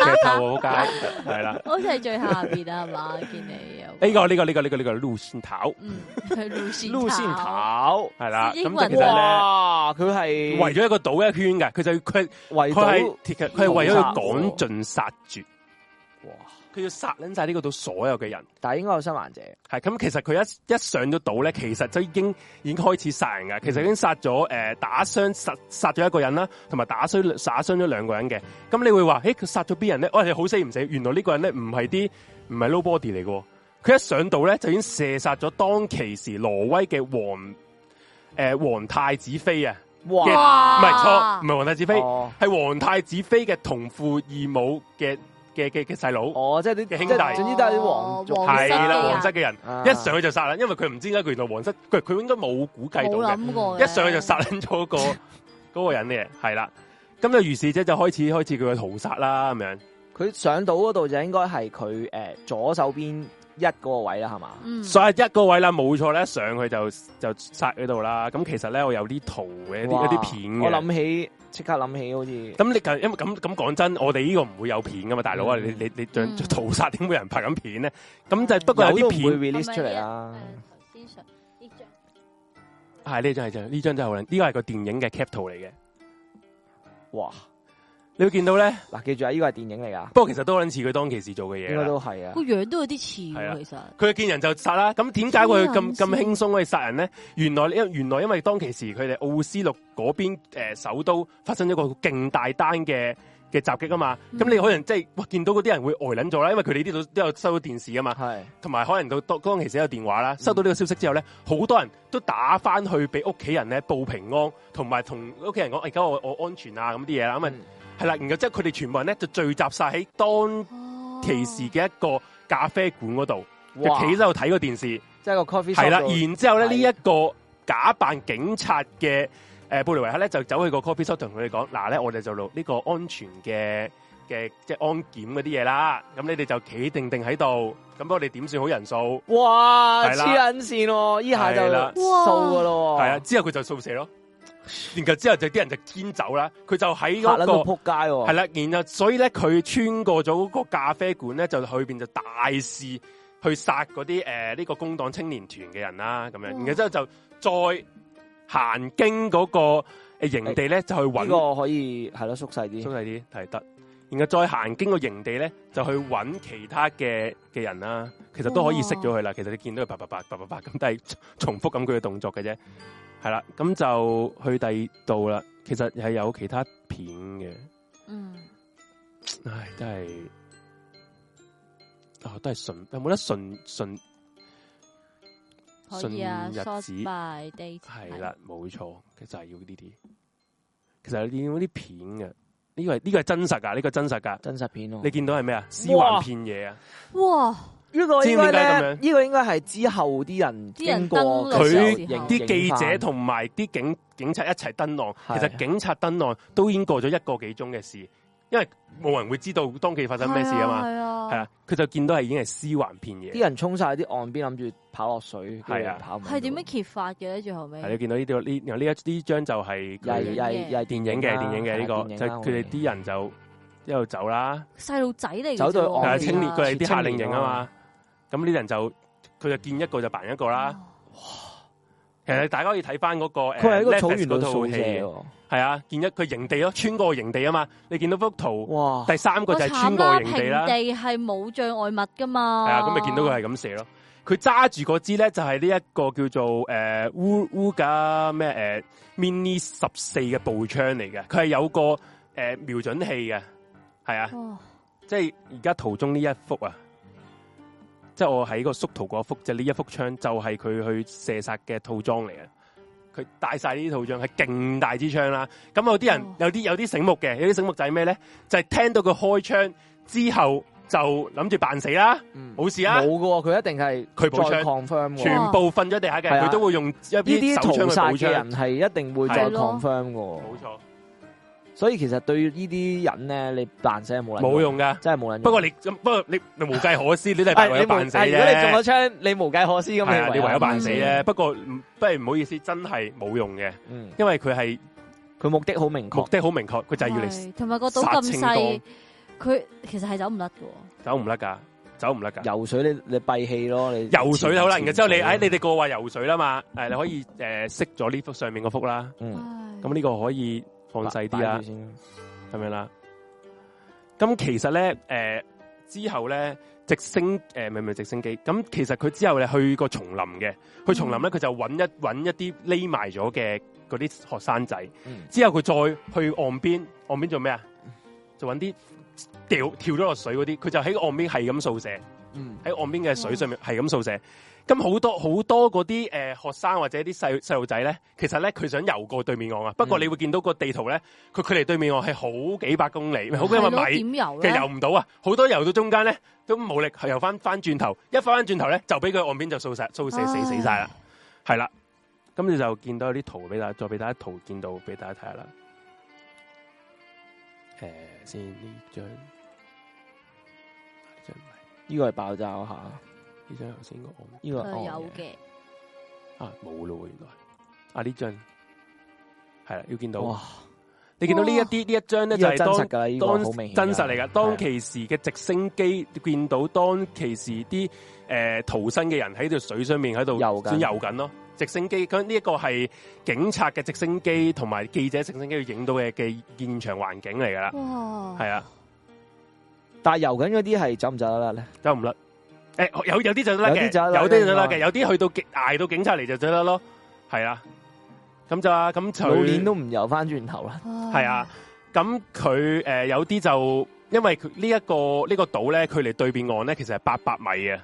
劇透喎，撲街！係、嗯、啦，好似係最下邊啊嘛，見你有，呢個呢個呢個呢個呢個路線頭，係路線頭，路線頭係啦。咁其實咧，佢係圍咗一個島一圈嘅，佢就佢圍，佢係佢係為咗要趕盡殺絕。佢要殺捻晒呢個島所有嘅人，但係應該有生還者。係咁，其實佢一一上咗島咧，其實就已經已經開始殺人噶其實已經殺咗誒打傷殺殺咗一個人啦，同埋打傷殺傷咗兩個人嘅。咁你會話，誒佢殺咗邊人咧？我、哎、哋好死唔死？原來呢個人咧唔係啲唔係 nobody 嚟嘅。佢一,一上到咧，就已經射殺咗當其時挪威嘅皇誒皇太子妃啊！哇，唔係錯，唔係皇太子妃，係、哦、皇太子妃嘅同父異母嘅。嘅嘅嘅細佬，哦，即係啲兄弟，哦、總之都係啲啦王室嘅人、啊，一上去就殺啦，因為佢唔知解，佢原來王室，佢佢應該冇估計到嘅，一上去就殺緊咗、那個嗰 個人嘅，係啦，咁就於是即就開始開始佢嘅屠殺啦咁樣。佢上到嗰度就應該係佢、呃、左手邊一嗰個位啦，係嘛？嗯，所以一個位啦，冇錯咧，一上去就就殺喺度啦。咁其實咧，我有啲圖嘅，一啲片我諗起。即刻諗起好似，咁你咁，咁咁講真，我哋呢個唔會有片噶嘛，大佬啊，嗯，你你你像屠殺點會有人拍緊片咧？咁就係不過有啲片會 release 出嚟啦。頭先上呢張，係呢張係張，呢張真係好靚，呢、這個係個電影嘅 cap 圖嚟嘅，哇！你會見到咧嗱，記住啊！呢個係電影嚟噶，不過其實都撚似佢當其時做嘅嘢，應該都係啊。個樣都有啲似，啊，係啊，其實佢見人就殺啦。咁點解佢咁咁輕鬆可以殺人咧？原來因為原來因為當其時佢哋奧斯陸嗰邊、呃、首都發生咗個勁大單嘅嘅襲擊啊嘛。咁、嗯、你可能即、就、係、是、哇，見到嗰啲人會呆撚咗啦，因為佢哋呢度都有收到電視啊嘛，係。同埋可能到當其時有電話啦，收到呢個消息之後咧，好、嗯、多人都打翻去俾屋企人咧報平安，同埋同屋企人講：，而、哎、家我我安全啊！咁啲嘢啦咁啊。嗯係啦，然後即係佢哋全部人咧就聚集晒喺當其時嘅一個咖啡館嗰度，就企喺度睇個電視。即係個 coffee。係啦，然之後咧呢一、這個假扮警察嘅、誒、呃、布雷維克咧就走去個 coffee shop 同佢哋講：，嗱咧我哋就錄呢個安全嘅嘅即係安檢嗰啲嘢啦。咁你哋就企定定喺度，咁我哋點算好人數？哇！黐撚線喎，依、啊、下就掃噶咯。係啊，之後佢就掃射咯。然後之後就啲人就兼走啦，佢就喺嗰個撲街係啦。然後所以咧，佢穿過咗嗰個咖啡館咧，就去邊就大肆去殺嗰啲誒呢個工黨青年團嘅人啦。咁樣，然後之後就再行經嗰個誒營地咧，就去搵、欸這個可以係咯縮細啲，縮細啲係得。然後再行經個營地咧，就去搵其他嘅嘅人啦。其實都可以識咗佢啦。其實你見到佢啪啪啪啪啪啪咁，都係重複咁佢嘅動作嘅啫。係啦，咁就去第二度啦。其實係有其他片嘅，嗯，唉，都係，哦、都能能啊，都係純，有冇得純，純，順日子？係啦，冇錯，其實係要呢啲。其實你見到啲片嘅呢、這個呢、這個係真實噶，呢、這個真實噶，真實片咯、啊。你見到係咩啊？屍橫遍野啊！哇哇呢、這個應該咧，呢、這個應該係之後啲人經過，啲人登佢，啲記者同埋啲警警察一齊登岸。其實警察登岸都已經過咗一個幾鐘嘅事，因為冇人會知道當期發生咩事啊嘛。係啊，佢就見到係已經係屍橫遍野，啲人衝晒啲岸邊諗住跑落水，係啊，係點樣揭發嘅咧？最後尾係你見到呢張呢，然後呢一呢張就係又，又，又係電影嘅，電影嘅呢、這個、啊、就佢哋啲人就一路走啦，細路仔嚟，走到清烈佢哋啲夏令營啊嘛。咁呢啲人就佢就見一個就扮一個啦。哇！哇其實大家可以睇翻嗰個，佢喺、呃、一個草原度射，係啊，啊，見一佢營地咯，穿過營地啊嘛。你見到幅圖，哇！第三個就係穿過營地啦。地係冇障礙物噶嘛。係啊，咁咪見到佢係咁射咯。佢揸住嗰支咧就係呢一個叫做誒 u 烏噶咩誒 Mini 十四嘅步槍嚟嘅。佢係有個誒、呃、瞄準器嘅，係啊。即係而家圖中呢一幅啊。即係我喺個縮圖嗰幅，就呢一幅槍就係佢去射殺嘅套裝嚟嘅，佢帶晒呢啲套裝係勁大支槍啦。咁有啲人有啲有啲醒目嘅，有啲醒目仔咩咧？就係、是、聽到佢開槍之後就諗住扮死啦，冇事、嗯、沒有啊！冇噶，佢一定係佢補槍 confirm，全部瞓咗地下嘅，佢都會用呢啲逃殺嘅人係一定會再 confirm 噶，冇錯。所以其實對呢啲人咧，你扮死係冇用，冇用噶，真係冇用。不過你，不過你無計可施，你都係扮佢扮死啫。如果你中咗槍，你無計可施咁，你唯有扮死啫。不過，不如唔好意思，真係冇用嘅，因為佢係佢目的好明確，目的好明確，佢就係要你死。同埋個島咁細，佢其實係走唔甩噶，走唔甩噶，走唔甩噶。游水咧，你閉氣咯，你游水走甩，然之後你，哎，你哋個話游水啦嘛，誒，你可以誒識咗呢幅上面嗰幅啦，咁呢個可以。放細啲啦，係咪啦？咁其實咧，誒、呃、之後咧，直升誒，唔係、呃、唔係直升機？咁其實佢之後咧去個叢林嘅，去叢林咧佢、嗯、就揾一揾一啲匿埋咗嘅嗰啲學生仔。嗯、之後佢再去岸邊，岸邊做咩啊？嗯、就揾啲掉跳咗落水嗰啲，佢就喺岸邊係咁掃射，喺、嗯、岸邊嘅水上面係咁掃射。嗯咁好多好多嗰啲誒學生或者啲細細路仔咧，其實咧佢想游過對面岸啊。嗯、不過你會見到個地圖咧，佢距離對面岸係好幾百公里，好幾萬米，游其實游唔到啊。好多游到中間咧，都冇力游翻翻轉頭，一翻翻轉頭咧就俾佢岸邊就掃死掃死死死晒啦。係啦，今次就見到啲圖俾大家，再俾大家圖見到俾大家睇下啦。誒、呃，先呢張呢個係爆炸吓。啊。呢張頭先講呢個啊有嘅啊冇咯，原來沒有了啊，呢張係啦，要見到哇！你見到這一呢一啲呢一張咧就係、是、當當真實嚟噶，當其、這個、時嘅直升機見到當其時啲誒、呃、逃生嘅人喺條水上面喺度游緊，游緊咯！直升機咁呢一個係警察嘅直升機同埋記者直升機要影到嘅嘅現場環境嚟噶啦，係啊！但係游緊嗰啲係走唔走得甩咧？走唔甩？誒、欸，有有啲就得嘅，有啲就得嘅，有啲去到極挨到警察嚟就得咯，係啦。咁就啊，咁老年都唔游翻轉頭啦。係 啊，咁佢誒有啲就因為、這個這個、島呢一個呢個島咧，佢離對邊岸咧，其實係八百米嘅。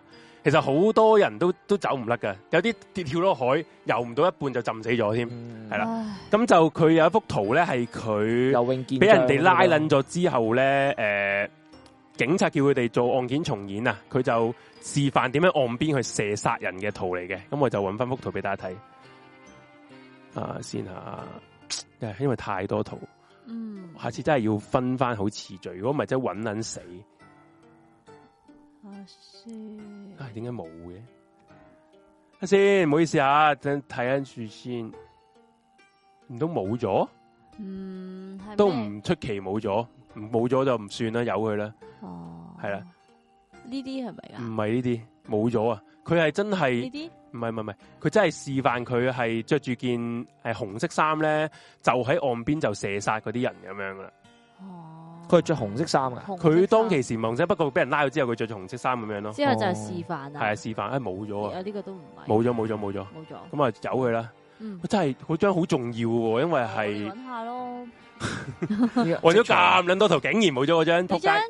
其實好多人都都走唔甩㗎，有啲跌跳落海，游唔到一半就浸死咗添。係、嗯、啦，咁 就佢有一幅圖咧，係佢游泳俾人哋拉捻咗之後咧，誒、呃，警察叫佢哋做案件重演啊，佢就。示範點樣岸邊去射殺人嘅圖嚟嘅，咁我就揾翻幅圖俾大家睇啊先吓，因為太多圖，嗯，下次真係要分翻好次序，如果唔係真係揾撚死。啊，啊，為什麼沒有啊先，唉，點解冇嘅？啊先，唔好意思啊，等睇緊住先，唔通冇咗？嗯，都唔出奇冇咗，冇咗就唔算啦，由佢啦。哦，係啦。呢啲係咪啊？唔係呢啲，冇咗啊！佢係真係呢啲，唔係唔係唔係，佢真係示範佢係着住件係紅色衫咧，就喺岸邊就射殺嗰啲人咁樣噶啦。哦，佢係着紅色衫噶，佢當其時望者，不過俾人拉咗之後，佢着住紅色衫咁樣咯。之後就示範啊、哦，示範，唉、哎，冇咗啊！有、這、呢個都唔係，冇咗冇咗冇咗冇咗，咁啊，那走佢啦！嗯、真係，佢張好重要喎，因為係揾下咯，揾咗咁多圖，竟然冇咗嗰張。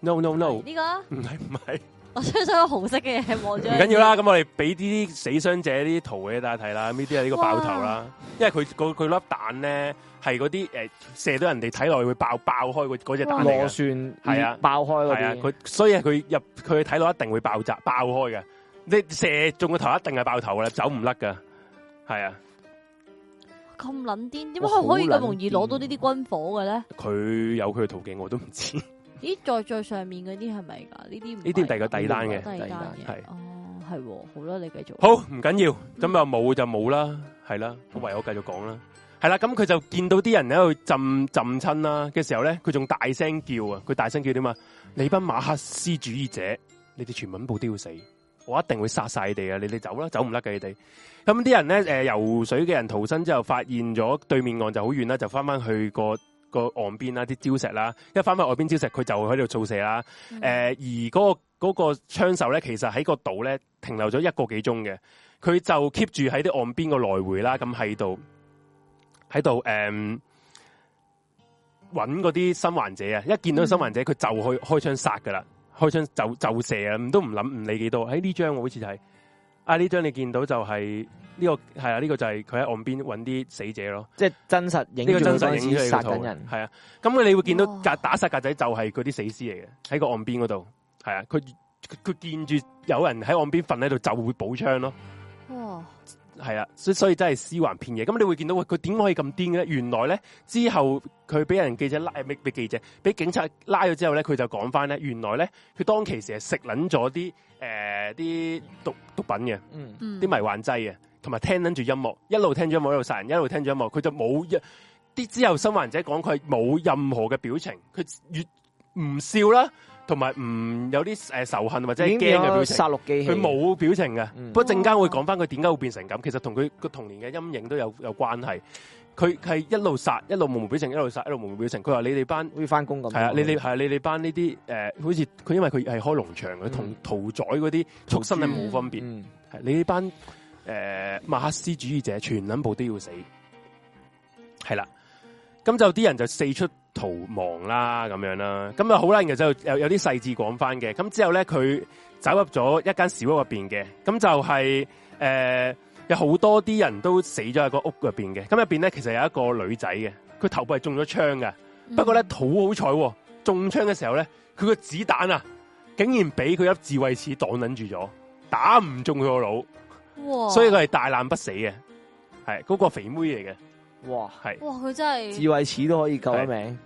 no no no 呢個唔係唔係，我相信個紅色嘅嘢，望住唔緊要啦咁 我哋俾啲死傷者呢啲圖俾大家睇啦，呢啲係呢個爆頭啦，因為佢佢粒彈咧係嗰啲誒射到人哋體內會爆爆開嗰隻彈嚟嘅螺旋，係啊算爆開，係啊，佢所以佢入佢睇落一定會爆炸爆開嘅，你射中個頭一定係爆頭噶啦，走唔甩噶，係啊，咁撚癲，點解可以咁容易攞到呢啲軍火嘅咧？佢有佢嘅途徑，我都唔知。咦，再最上面嗰啲係咪噶？呢啲呢啲第,個第單個底單嘅，係哦，係，好啦，你繼續。好，唔緊要，咁、嗯、就冇就冇啦，係啦，我、okay. 唯有繼續講啦。係啦，咁佢就見到啲人喺度浸浸親啦嘅時候咧，佢仲大聲叫啊！佢大聲叫點啊？你班馬克思主義者，你哋全民部都要死，我一定會殺晒你哋啊！你哋走啦，走唔甩嘅你哋。咁啲人咧，誒、呃，游水嘅人逃生之後，發現咗對面岸就好遠啦，就翻翻去個。個岸邊啦，啲礁石啦，一翻翻岸邊礁石，佢就喺度掃射啦。誒、嗯呃，而嗰個嗰個槍手咧，其實喺個島咧停留咗一個幾鐘嘅，佢就 keep 住喺啲岸邊個來回啦，咁喺度喺度誒，揾嗰啲生還者啊！一見到生還者，佢就去開槍殺噶啦，開槍就就射啊，都唔諗唔理幾多。喺呢張我好似就係，啊呢張你見到就係。呢個係啊，呢個就係佢喺岸邊揾啲死者咯，即係真實影。呢個真實影出嚟嘅圖，係啊，咁你會見到格打殺格仔就係嗰啲死屍嚟嘅，喺個岸邊嗰度，係啊，佢佢見住有人喺岸邊瞓喺度就會補槍咯。哇！係啊，所以所以真係屍橫遍野。咁你會見到佢點可以咁癲嘅？原來咧之後佢俾人記者拉，咩俾記者俾警察拉咗之後咧，佢就講翻咧，原來咧佢當其時係食撚咗啲誒啲毒毒品嘅，嗯，啲迷幻劑嘅。同埋聽緊住音樂，一路聽住音樂，一路殺人，一路聽住音樂。佢就冇一啲之後生，生還者講佢冇任何嘅表情。佢越唔笑啦，同埋唔有啲誒仇恨或者驚嘅表情。殺戮機器，佢冇表情嘅。不過陣間會講翻佢點解會變成咁。其實同佢個童年嘅陰影都有有關係。佢係一路殺，一路無無表情，一路殺，一路無無表情。佢話你哋班好似翻工咁。係啊，你哋係啊，你哋班呢啲誒，好似佢因為佢係開農場嘅，同、嗯、屠宰嗰啲畜生係冇分別、嗯。你呢班。誒、呃，馬克思主義者全撚部都要死，係啦，咁就啲人就四出逃亡啦，咁樣啦，咁啊好啦，然就有有啲細節講翻嘅，咁之後咧佢走入咗一間小屋入邊嘅，咁就係、是、誒、呃、有好多啲人都死咗喺個屋入邊嘅，咁入邊咧其實有一個女仔嘅，佢頭部係中咗槍嘅，不過咧好好彩，中槍嘅時候咧佢個子彈啊，竟然俾佢粒智慧齒擋撚住咗，打唔中佢個腦。所以佢係大難不死嘅，係嗰、嗰個肥妹嚟嘅。哇，係哇，佢真係智慧齒都可以救命，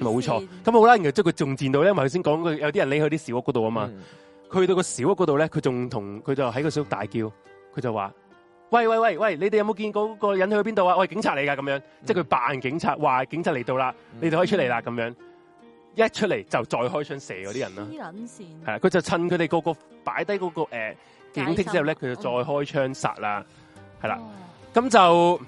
冇錯。咁好啦，然後即係佢仲見到，因為咪頭先講佢有啲人匿去啲小屋嗰度啊嘛。佢、嗯、去到個小屋嗰度咧，佢仲同佢就喺個小屋大叫，佢就話：喂喂喂喂，你哋有冇見嗰個人去邊度啊？喂，警察嚟噶，咁樣，即係佢扮警察，話警察嚟到啦，你哋可以出嚟啦，咁、嗯、樣。一出嚟就再開槍射嗰啲人啦。黐撚線。係佢就趁佢哋個擺下、嗰個擺低嗰個誒。呃警惕之後咧，佢就再開槍殺啦，係、嗯、啦，咁就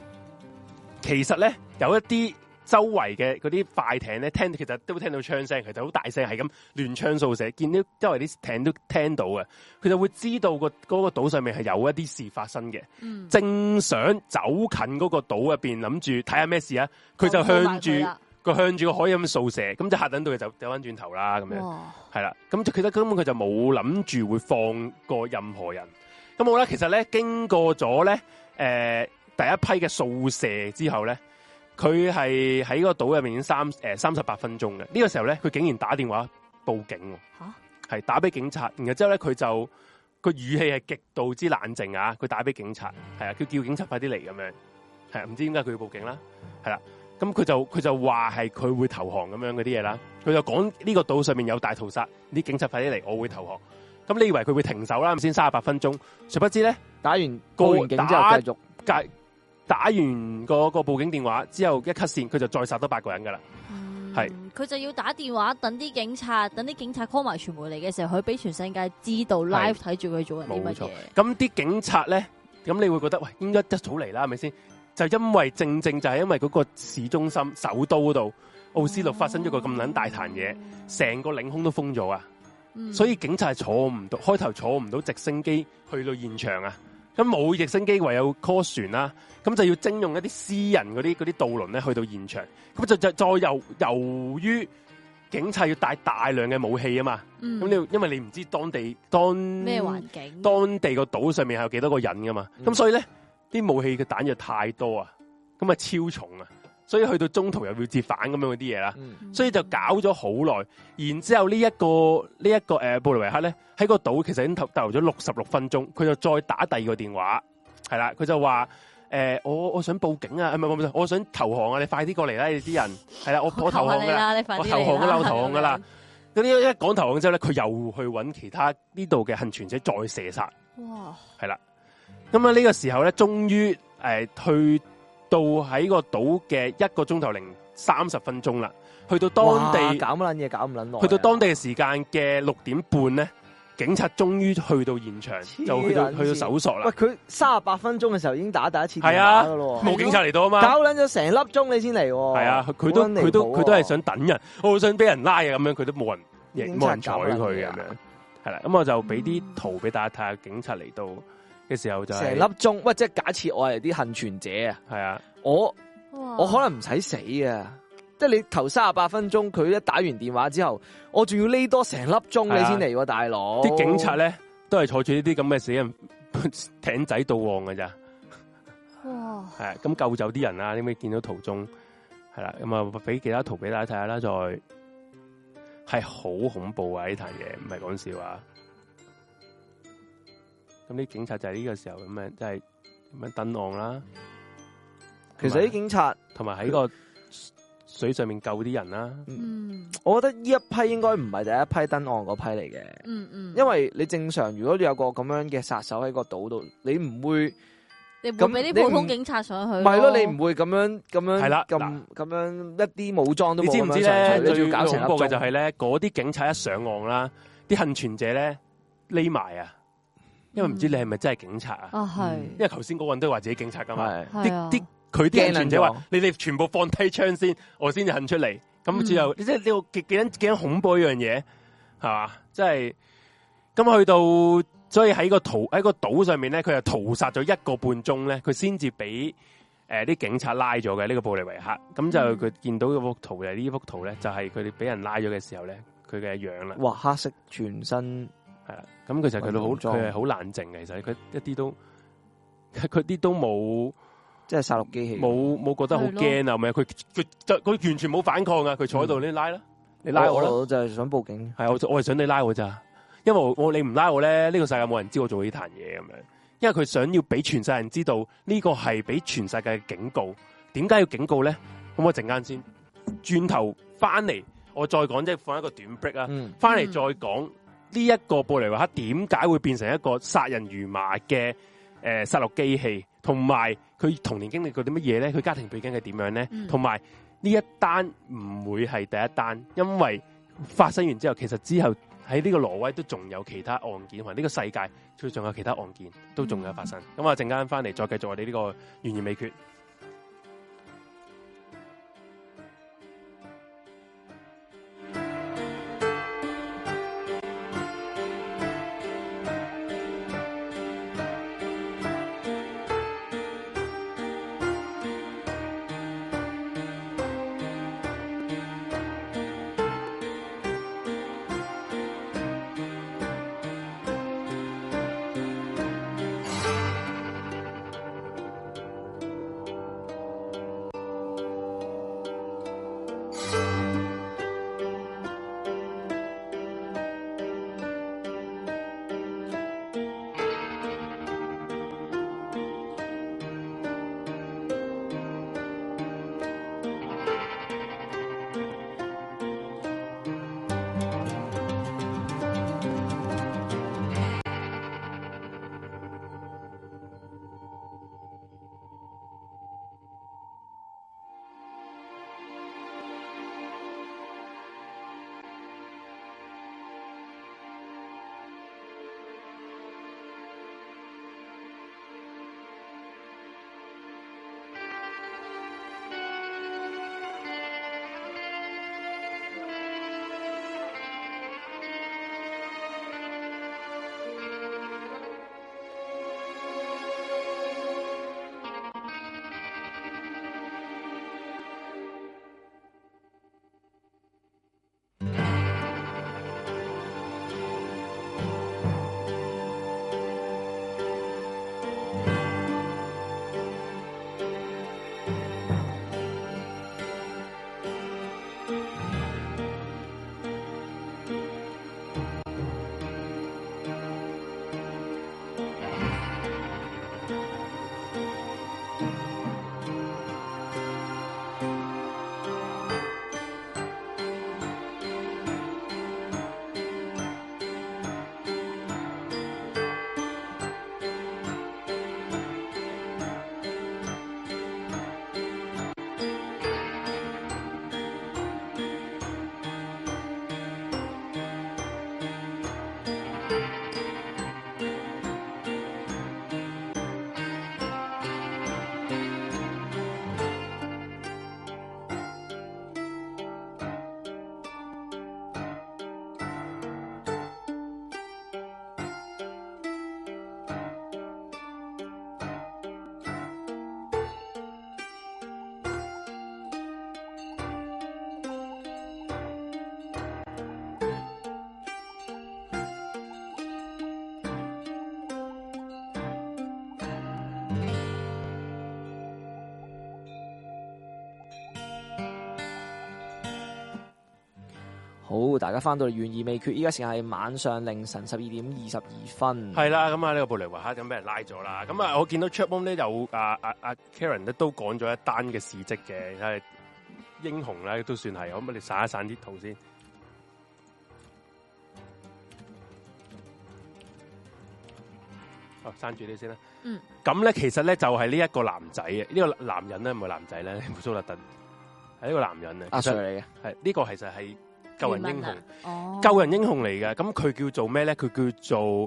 其實咧有一啲周圍嘅嗰啲快艇咧，聽其實都會聽到槍聲，其實好大聲，係咁亂槍掃射，見到周圍啲艇都聽到嘅，佢就會知道個嗰個島上面係有一啲事發生嘅、嗯，正想走近嗰個島入面，諗住睇下咩事啊，佢就向住。佢向住個海咁樣掃射，咁就吓等到佢就掉翻轉頭啦，咁樣係啦。咁其實根本佢就冇諗住會放過任何人。咁好啦，其實咧經過咗咧誒第一批嘅掃射之後咧，佢係喺個島入面已經三誒三十八分鐘嘅。呢個時候咧，佢竟然打電話報警，係、啊、打俾警察。然後之後咧，佢就個語氣係極度之冷靜啊！佢打俾警察，係啊，佢叫警察快啲嚟咁樣，係啊，唔知點解佢要報警啦，係啦。咁佢就佢就話係佢會投降咁樣嗰啲嘢啦，佢就講呢個島上面有大屠殺，啲警察快啲嚟，我會投降。咁你以為佢會停手啦？先三十八分鐘，誰不知咧打完，完，警、打打完，那個警之後繼續，打完個報警電話之後一 cut 線，佢就再殺多八個人噶啦。係、嗯，佢就要打電話等啲警察，等啲警察 call 埋傳媒嚟嘅時候，佢俾全世界知道 live 睇住佢做緊啲乜嘢。咁啲警察咧，咁你會覺得喂，應該一早嚟啦，係咪先？就因為正正就係因為嗰個市中心，首都嗰度，奧斯陸發生咗個咁捻大壇嘢，成、嗯、個領空都封咗啊、嗯！所以警察係坐唔到，開頭坐唔到直升機去到現場啊！咁冇直升機，唯有 call 船啦，啊，咁就要徵用一啲私人嗰啲嗰啲渡輪咧去到現場。咁就就再由由於警察要帶大量嘅武器啊嘛，咁、嗯、你因為你唔知當地當咩環境，當地個島上面係有幾多個人噶、啊、嘛，咁所以咧。嗯啲武器嘅彈藥太多啊，咁啊超重啊，所以去到中途又要折返咁樣嗰啲嘢啦，所以就搞咗好耐。然之後呢、這、一個呢一、這個誒、呃，布雷維克咧喺個島其實已經投逗留咗六十六分鐘，佢就再打第二個電話，係啦，佢就話誒、呃，我我想報警啊，唔係唔係，我想投降啊，你快啲過嚟啦，你啲人係啦，我 我投降噶啦，我投降噶啦，我投降噶啦。咁一講投降之後咧，佢又去揾其他呢度嘅幸存者再射殺，哇，係啦。咁、嗯、啊！呢、這個時候咧，終於誒去、呃、到喺個島嘅一個鐘頭零三十分鐘啦，去到當地搞乜撚嘢，搞咁撚、啊、去到當地嘅時間嘅六點半咧，警察終於去到現場，就去到去到搜索啦。喂，佢三十八分鐘嘅時候已經打第一次電話冇、啊、警察嚟到啊嘛？搞撚咗成粒鐘你先嚟？係啊，佢、啊啊、都佢都佢都係想等人，我好想俾人拉啊咁樣，佢都冇人，冇人睬佢咁樣。係啦，咁我就俾啲圖俾大家睇下，警察嚟到，嘅時候就成粒鐘。喂，即係假設我係啲倖存者啊，係啊，我我可能唔使死啊，即係你頭三十八分鐘佢一打完電話之後，我仲要匿多成粒鐘你先嚟喎，大佬，啲警察咧都係坐住呢啲咁嘅死人 艇仔到岸㗎。咋， 哇，係咁救走啲人啊，你咪見到途中係啦，咁啊，俾其他圖俾大家睇下啦，再係好恐怖啊呢壇嘢，唔係講笑啊！咁啲警察就係呢個時候咁、就是、樣，即係咁樣登岸啦、啊。其實啲警察同埋喺個水上面救啲人啦、啊。嗯，我覺得呢一批應該唔係第一批登岸嗰批嚟嘅。嗯嗯，因為你正常如果你有個咁樣嘅殺手喺個島度，你唔會，你唔俾啲普通警察上去。唔係咯，你唔會咁樣咁樣係啦，咁咁樣，樣,樣,、啊、樣一啲武裝都冇。你知唔知咧？最恐怖嘅就係、是、咧，嗰啲警察一上岸啦，啲幸存者咧匿埋啊！因為唔知你係咪真係警察啊？係、嗯啊，因為頭先嗰個人都話自己警察噶嘛。係，啲啲佢啲傳者話：你哋全部放低槍先，我先至肯出嚟。咁之後，即係呢個幾幾驚幾恐怖一樣嘢，係嘛？即係咁去到，所以喺個,一個島屠喺個島上面咧，佢又屠殺咗一個半鐘咧，佢先至俾誒啲警察拉咗嘅呢個布利維克咁就佢見到嗰幅圖嘅呢、就係、幅圖咧，就係佢哋俾人拉咗嘅時候咧，佢嘅樣啦。哇！黑色全身。係啦，咁其實佢都好，佢係好冷靜嘅。其實佢一啲都，佢啲都冇，即係殺戮機器，冇冇覺得好驚啊？係咪？佢佢佢完全冇反抗啊！佢坐喺度，嗯、你拉啦，你拉我啦我，我就係想報警。係我我係想你拉我咋？因為我你唔拉我咧，呢、這個世界冇人知我做呢壇嘢咁樣。因為佢想要俾全世界人知道呢、這個係俾全世界警告。點解要警告咧？咁我陣間先轉頭翻嚟，我再講，即係放一個短 break 啊！翻、嗯、嚟，再講。嗯嗯呢、這、一個布雷維克點解會變成一個殺人如麻嘅，誒殺戮機器？同埋佢童年經歷過啲乜嘢咧？佢家庭背景係點樣咧？同埋呢一單唔會係第一單，因為發生完之後，其實之後喺呢個挪威都仲有其他案件，或者呢個世界都仲有其他案件都仲有發生。咁、嗯、啊，陣間翻嚟再繼續我哋呢個懸疑未決。好，大家翻到嚟，懸而未決。依家時間係晚上凌晨十二點二十二分。係啦，咁啊呢個布雷維克就俾人拉咗啦。咁啊，我見到 Chapman 咧，就阿阿阿 Karen 咧都講咗一單嘅事蹟嘅，係英雄咧，都算係。可唔可以散一散啲圖先？哦，刪住啲先啦。嗯。咁、這、咧、個啊，其實咧就係呢一個男仔啊，呢個男人咧唔係男仔咧，鬍鬚立係呢個男人啊。阿 Sir 啊，係呢個其實係。救人英雄，救人英雄嚟嘅。咁佢叫做咩咧？佢叫做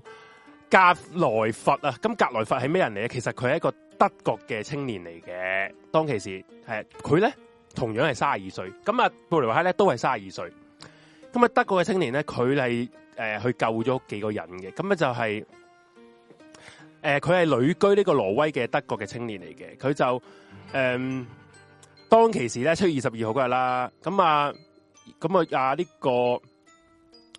格萊佛啊。咁格萊佛係咩人嚟啊？其實佢係一個德國嘅青年嚟嘅。當其時，係佢咧同樣係三十二歲。咁啊，布雷維克咧都係三十二歲。咁啊，德國嘅青年咧，佢係誒去救咗幾個人嘅。咁啊，就係誒，佢係旅居呢個挪威嘅德國嘅青年嚟嘅。佢就誒、呃，當其時咧，七月二十二號嗰日啦。咁啊。咁、嗯、啊，這個、烏呢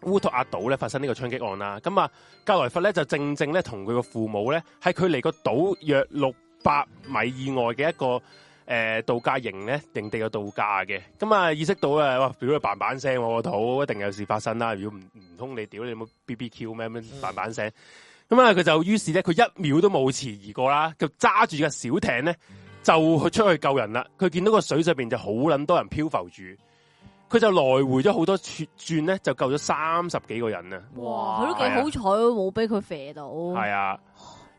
個烏托亞島咧發生呢個槍擊案啦。咁啊，加萊佛咧就正正咧同佢個父母咧喺佢離個島約六百米以外嘅一個誒度假營咧營地嘅度假嘅。咁、嗯、啊意識到啊，哇！如果板板聲，我個肚一定有事發生啦。如果唔唔通你屌你有冇 B B Q 咩板板聲。聲、 嗯？咁啊佢就於是咧，佢一秒都冇遲而過啦，就揸住個小艇咧就去出去救人啦。佢見到個水上邊就好捻多人漂浮住。佢就來回咗好多轉，轉咧就救咗三十幾個人啊！哇，佢都幾好彩，冇俾佢射到。係啊，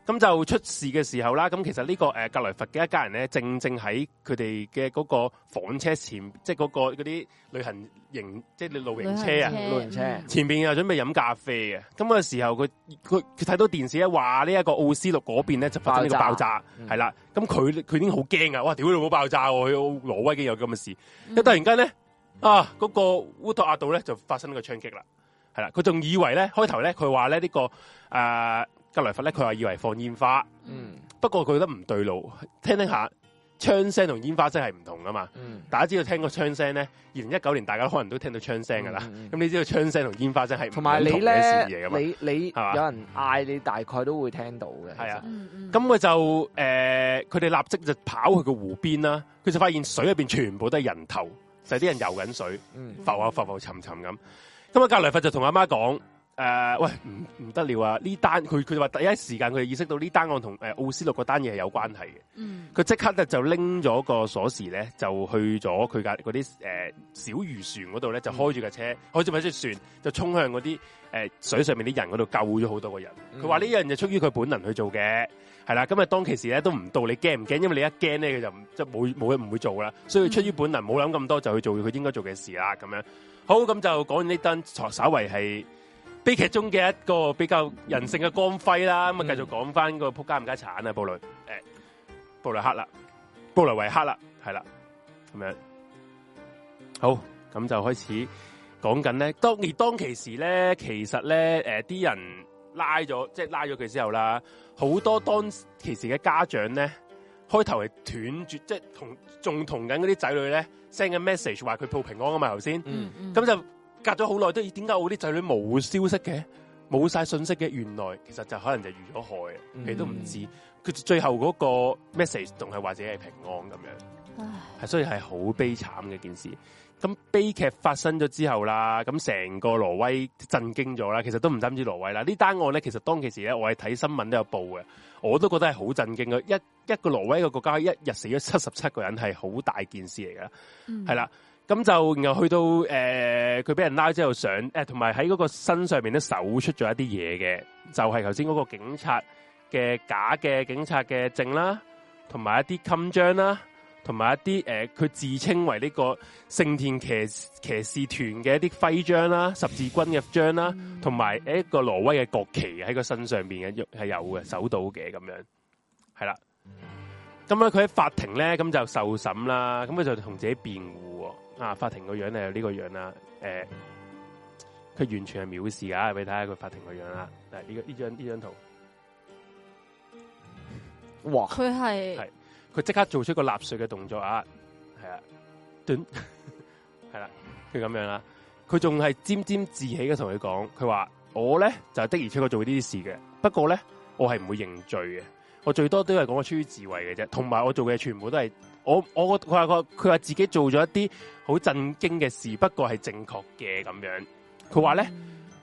咁就出事嘅時候啦。咁其實呢、這個誒格雷佛嘅一家人咧，正正喺佢哋嘅嗰個房車前，即係嗰、那個嗰啲旅行型，即係露營車啊，露營車、嗯、前邊又準備飲咖啡啊。咁個時候，佢佢佢睇到電視咧，話呢一個奧斯陸嗰邊咧就發生呢個爆炸，係啦。咁佢佢已經好驚啊！哇，屌你冇爆炸喎，去挪威竟有咁嘅事！嗯、突然間咧。啊！嗰、那個烏托亞島咧就發生個槍擊啦，係啦。佢仲以為咧，開頭咧佢話咧呢，呢、這個誒格萊佛咧，佢話以為放煙花。嗯。不過佢覺得唔對路，聽聽下槍聲同煙花聲係唔同噶嘛、嗯。大家知道聽個槍聲咧，二零一九年大家可能都聽到槍聲噶啦。咁、嗯嗯嗯、你知道槍聲同煙花聲係唔同嘅事嘅嘛？你你嘛？你你有人嗌你，大概都會聽到嘅。係啊。咁、嗯、佢、嗯嗯嗯、就誒，佢、呃、哋立即就跑去個湖邊啦。佢就發現水入邊全部都係人頭。就啲、是、人游緊水，浮下、啊、浮啊浮沉沉咁。咁啊，格雷佛就同阿媽講：誒、呃，喂，唔唔得了啊！呢單佢佢就話第一時間佢意識到呢單案同誒奧斯陸嗰單嘢，係有關係嘅。佢、嗯、即刻咧就拎咗個鎖匙咧，就去咗佢架嗰啲誒小漁船嗰度咧，就開住架車，嗯、開住咪隻船就衝，就衝向嗰啲誒水上面啲人嗰度，救咗好多個人。佢話呢樣就出於佢本能去做嘅。係啦，咁啊當其時咧都唔到，你驚唔驚？因為你一驚咧，佢就即係冇冇嘢唔會做啦。所以出於本能，冇諗咁多就去做佢應該做嘅事啦。咁樣好咁就講完呢單稍為係悲劇中嘅一個比較人性嘅光輝啦。咁啊繼續講翻個仆街唔家鏟啊，布雷誒，布雷克啦，布雷維克啦，係啦，咁樣好咁就開始講緊咧當當其時咧，其實咧誒啲人。拉咗即係拉咗佢之後啦，好多當其時嘅家長咧，開頭係斷絕，即係同仲同緊嗰啲仔女咧 send 嘅 message，話佢報平安啊嘛，頭先，咁、嗯嗯、就隔咗好耐都，點解我啲仔女冇消息嘅，冇晒信息嘅？原來其實就可能就遇咗害，你都唔知。佢最後嗰個 message 仲係話自己係平安咁樣，係所以係好悲慘嘅件事。咁悲劇發生咗之後啦，咁成個挪威震驚咗啦。其實都唔單止挪威啦，呢單案咧，其實當其時咧，我係睇新聞都有報嘅，我都覺得係好震驚嘅。一一個挪威嘅國家一日死咗七十七個人，係好大件事嚟噶啦，係、嗯、啦。咁就然後去到誒，佢、呃、俾人拉之後上同埋喺嗰個身上面咧搜出咗一啲嘢嘅，就係頭先嗰個警察嘅假嘅警察嘅證啦，同埋一啲襟章啦。同埋一啲誒，佢、呃、自稱為呢個聖殿騎騎士團嘅一啲徽章啦、十字軍嘅章啦，同埋一個挪威嘅國旗喺佢身上邊嘅喐係有嘅，搜到嘅咁樣，係啦。咁咧佢喺法庭咧咁就受審啦，咁佢就同自己辯護啊。法庭個樣咧有呢個樣啦，誒、呃，佢完全係藐視啊！你睇下佢法庭個樣啦，嗱，呢呢張呢張圖。哇！佢係。佢即刻做出一個納粹嘅動作啊，係啊，短係啦，佢 咁、啊、樣啦，佢仲係沾沾自喜嘅同佢講，佢話我咧就的而且確做呢啲事嘅，不過咧我係唔會認罪嘅，我最多都係講我出於自衛嘅啫，同埋我做嘅全部都係我我佢話佢話自己做咗一啲好震驚嘅事，不過係正確嘅咁樣，佢話咧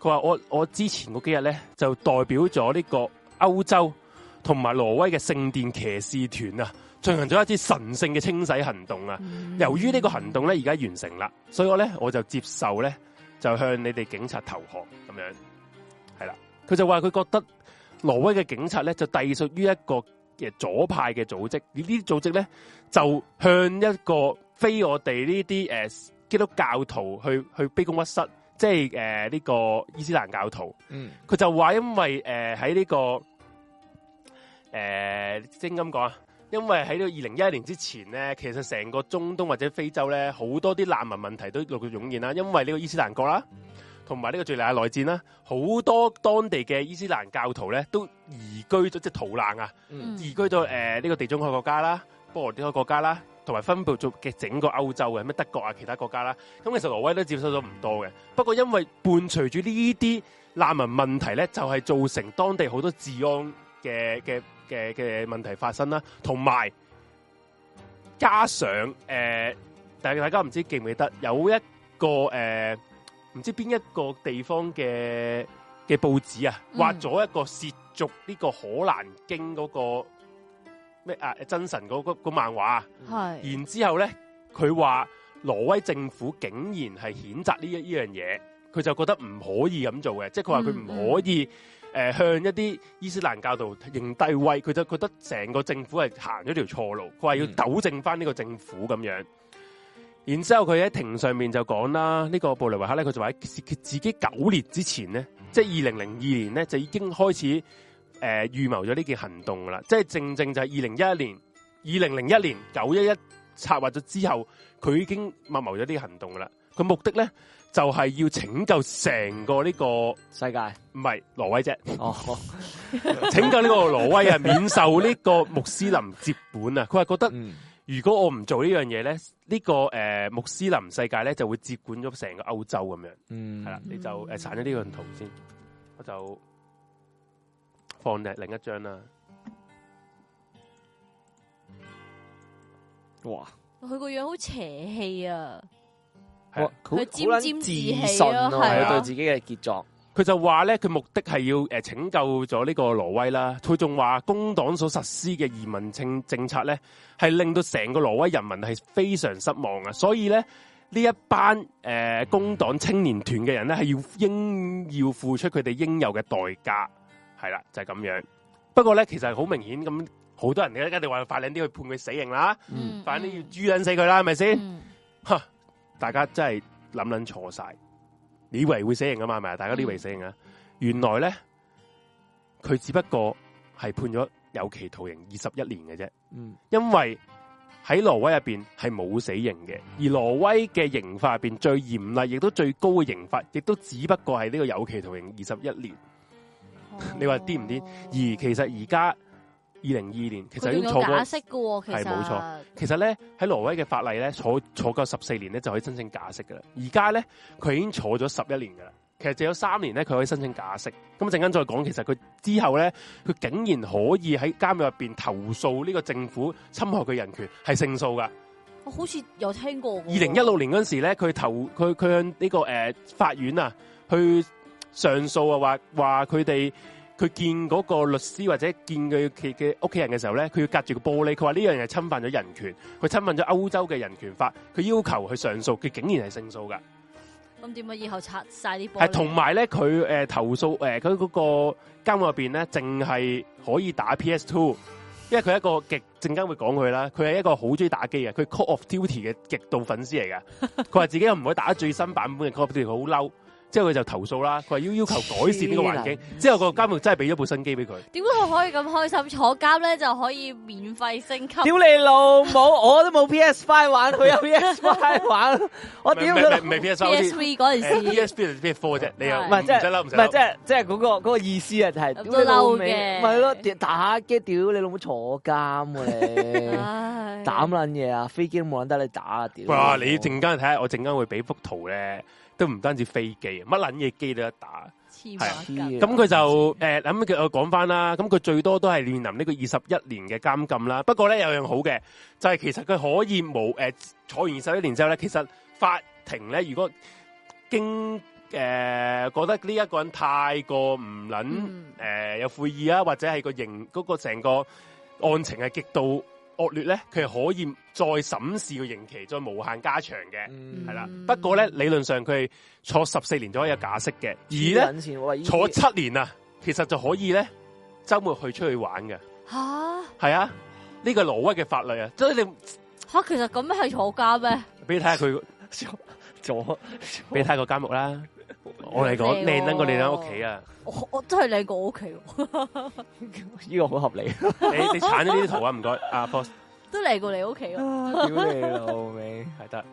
佢話我我之前嗰幾日咧就代表咗呢個歐洲同埋挪威嘅聖殿騎士團啊，進行咗一啲神聖嘅清洗行動啊！由於呢個行動咧而家完成啦，所以我咧我就接受咧，就向你哋警察投降咁樣，係啦。佢就話佢覺得挪威嘅警察咧就隸屬於一個嘅左派嘅組織，而呢啲組織咧就向一個非我哋呢啲誒基督教徒去去卑躬屈膝，即係誒呢個伊斯蘭教徒。嗯，佢就話因為誒喺呢個誒，聲音講啊。因為喺呢個二零一一年之前咧，其實成個中東或者非洲咧，好多啲難民問題都陸續湧現啦。因為呢個伊斯蘭國啦、啊，同埋呢個敘利亞內戰啦、啊，好多當地嘅伊斯蘭教徒咧都移居咗，即係逃難啊、嗯，移居咗誒呢個地中海國家啦、波羅的海國家啦，同埋分布咗嘅整個歐洲嘅咩德國啊、其他國家啦。咁其實挪威都接收咗唔多嘅。不過因為伴隨住呢啲難民問題咧，就係、是、造成當地好多治安嘅嘅。嘅嘅問題發生啦，同埋加上誒，但、呃、係大家唔知記唔記得有一個誒，唔、呃、知邊一個地方嘅嘅報紙啊，畫咗一個褻瀆呢個《可蘭經、那個》嗰個咩啊真神嗰個漫畫啊，係。然之後咧，佢話挪威政府竟然係譴責呢一呢樣嘢，佢就覺得唔可以咁做嘅，即係佢話佢唔可以。嗯嗯誒，向一啲伊斯蘭教徒認帝位，佢就覺得成個政府係行咗條錯路，佢話要糾正翻呢個政府咁樣。然之後佢喺庭上面就講啦，呢、這個布雷維克咧，佢就話喺自己九年之前咧，即係二零零二年呢，就已經開始誒預謀咗呢件行動噶啦，即、就、係、是、正正就係二零一一年、二零零一年九一一策劃咗之後，佢已經密謀咗啲行動噶啦，佢目的咧。就係、是、要拯救成個呢個世界，唔係挪威啫。哦，拯救呢個挪威啊，免受呢個穆斯林接管啊。佢係覺得、嗯，如果我唔做呢樣嘢咧，呢、這個誒、呃、穆斯林世界咧就會接管咗成個歐洲咁樣。嗯，係啦，你就誒鏟咗呢個圖先，我就放另另一張啦。哇！佢個樣好邪氣啊！佢沾沾自信咯，係、啊、對自己嘅傑作。佢就話咧，佢目的係要誒、呃、拯救咗呢個挪威啦。佢仲話工黨所實施嘅移民政政策咧，係令到成個挪威人民係非常失望啊！所以咧，呢一班誒、呃、工黨青年團嘅人咧，係要應要付出佢哋應有嘅代價，係啦，就係、是、咁樣。不過咧，其實好明顯咁，好多人而家一定話快靚啲去判佢死刑啦，快、嗯、啲要豬捻死佢啦，係咪先？吓！嗯大家真係諗諗錯晒，你以為會死刑啊嘛，咪、嗯、大家呢為死刑啊，原來咧佢只不過係判咗有期徒刑二十一年嘅啫，嗯，因為喺挪威入邊係冇死刑嘅，而挪威嘅刑法入邊最嚴厲，亦都最高嘅刑法亦都只不過係呢個有期徒刑二十一年，哦、 你話癲唔癲？而其實而家。二零二二年，其實已經坐過。假釋嘅、哦，其實係冇錯。其實咧喺挪威嘅法例咧，坐坐夠十四年咧就可以申請假釋嘅啦。而家咧佢已經坐咗十一年噶啦，其實仲有三年咧佢可以申請假釋。咁陣間再講，其實佢之後咧，佢竟然可以喺監獄入邊投訴呢個政府侵害佢人權，係勝訴噶。我好似有聽過。二零一六年嗰陣時咧，佢投佢佢向呢、這個誒、呃、法院啊去上訴啊，話話佢哋。佢見嗰個律師或者見佢嘅屋企人嘅時候咧，佢要隔住個玻璃。佢話呢樣嘢侵犯咗人權，佢侵犯咗歐洲嘅人權法。佢要求去上訴，佢竟然係勝訴噶。咁點解以後拆晒啲玻璃。係同埋咧，佢誒、呃、投訴誒，佢、呃、嗰、個監獄入邊咧，淨係可以打 PS Two，因為佢一個極陣間會講佢啦。佢係一個好中意打機嘅，佢 Call of Duty 嘅極度粉絲嚟噶。佢 話自己又唔可以打最新版本嘅 Call of Duty，好嬲。之後佢就投訴啦，佢話要要求改善呢個環境。之後個監獄真係俾咗部新機俾佢。點解佢可以咁開心坐監咧？就可以免費升級？屌 你老母！我都冇 PS Five 玩，佢有 PS Five 玩， 我屌佢！未 PS Five 嗰陣時，PS Four 係咩科啫？你又唔使諗唔使諗。唔係即係即係嗰個嗰個意思啊！就係都嬲嘅。咪咯、呃，打機屌你老母坐監啊你！打乜撚嘢啊？飛機都冇得你打啊！屌、呃！哇、呃！你陣間睇下，我陣間會俾幅圖咧。都唔單止飛機，乜撚嘢機都得打。係啊，咁佢就誒諗，我講翻啦。咁佢最多都係面臨呢個二十一年嘅監禁啦。不過咧，有樣好嘅，就係其實佢可以冇誒坐完二十一年之後咧，其實法庭咧如果經誒覺得呢一個人太過唔撚誒有悔意啊，或者係個刑嗰個成個案情係極度，惡劣咧，佢係可以再審視個刑期，再無限加長嘅，係啦。嗯、不過咧，理論上佢坐十四年就可以假釋嘅。而咧，坐七年啊，其實就可以咧，周末去出去玩嘅。吓？係啊，呢個挪威嘅法律啊，所以你吓其實咁樣係坐監咩？俾你睇下佢坐，俾你睇下個監獄啦。我嚟講，靚過，過，過你喺屋企啊！我我真係靚過我屋企，呢個好合理。你你鏟咗呢啲圖啊？唔該，阿 boss 都嚟過你屋企，屌你老味，係得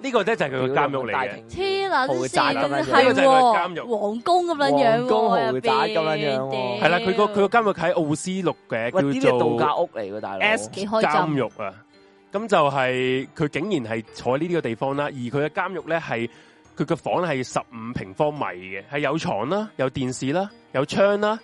呢個咧就係佢嘅監獄嚟嘅，天捻線，係喎，皇宮咁樣，皇宮豪宅係啦，佢個佢個監獄喺奧斯陸嘅，叫做度假屋嚟嘅大佬，監獄啊，咁就係佢竟然係坐呢啲嘅地方啦，而佢嘅監獄咧係。佢個房係十五平方米嘅，係有床啦、啊，有電視啦、啊，有窗啦、啊，誒、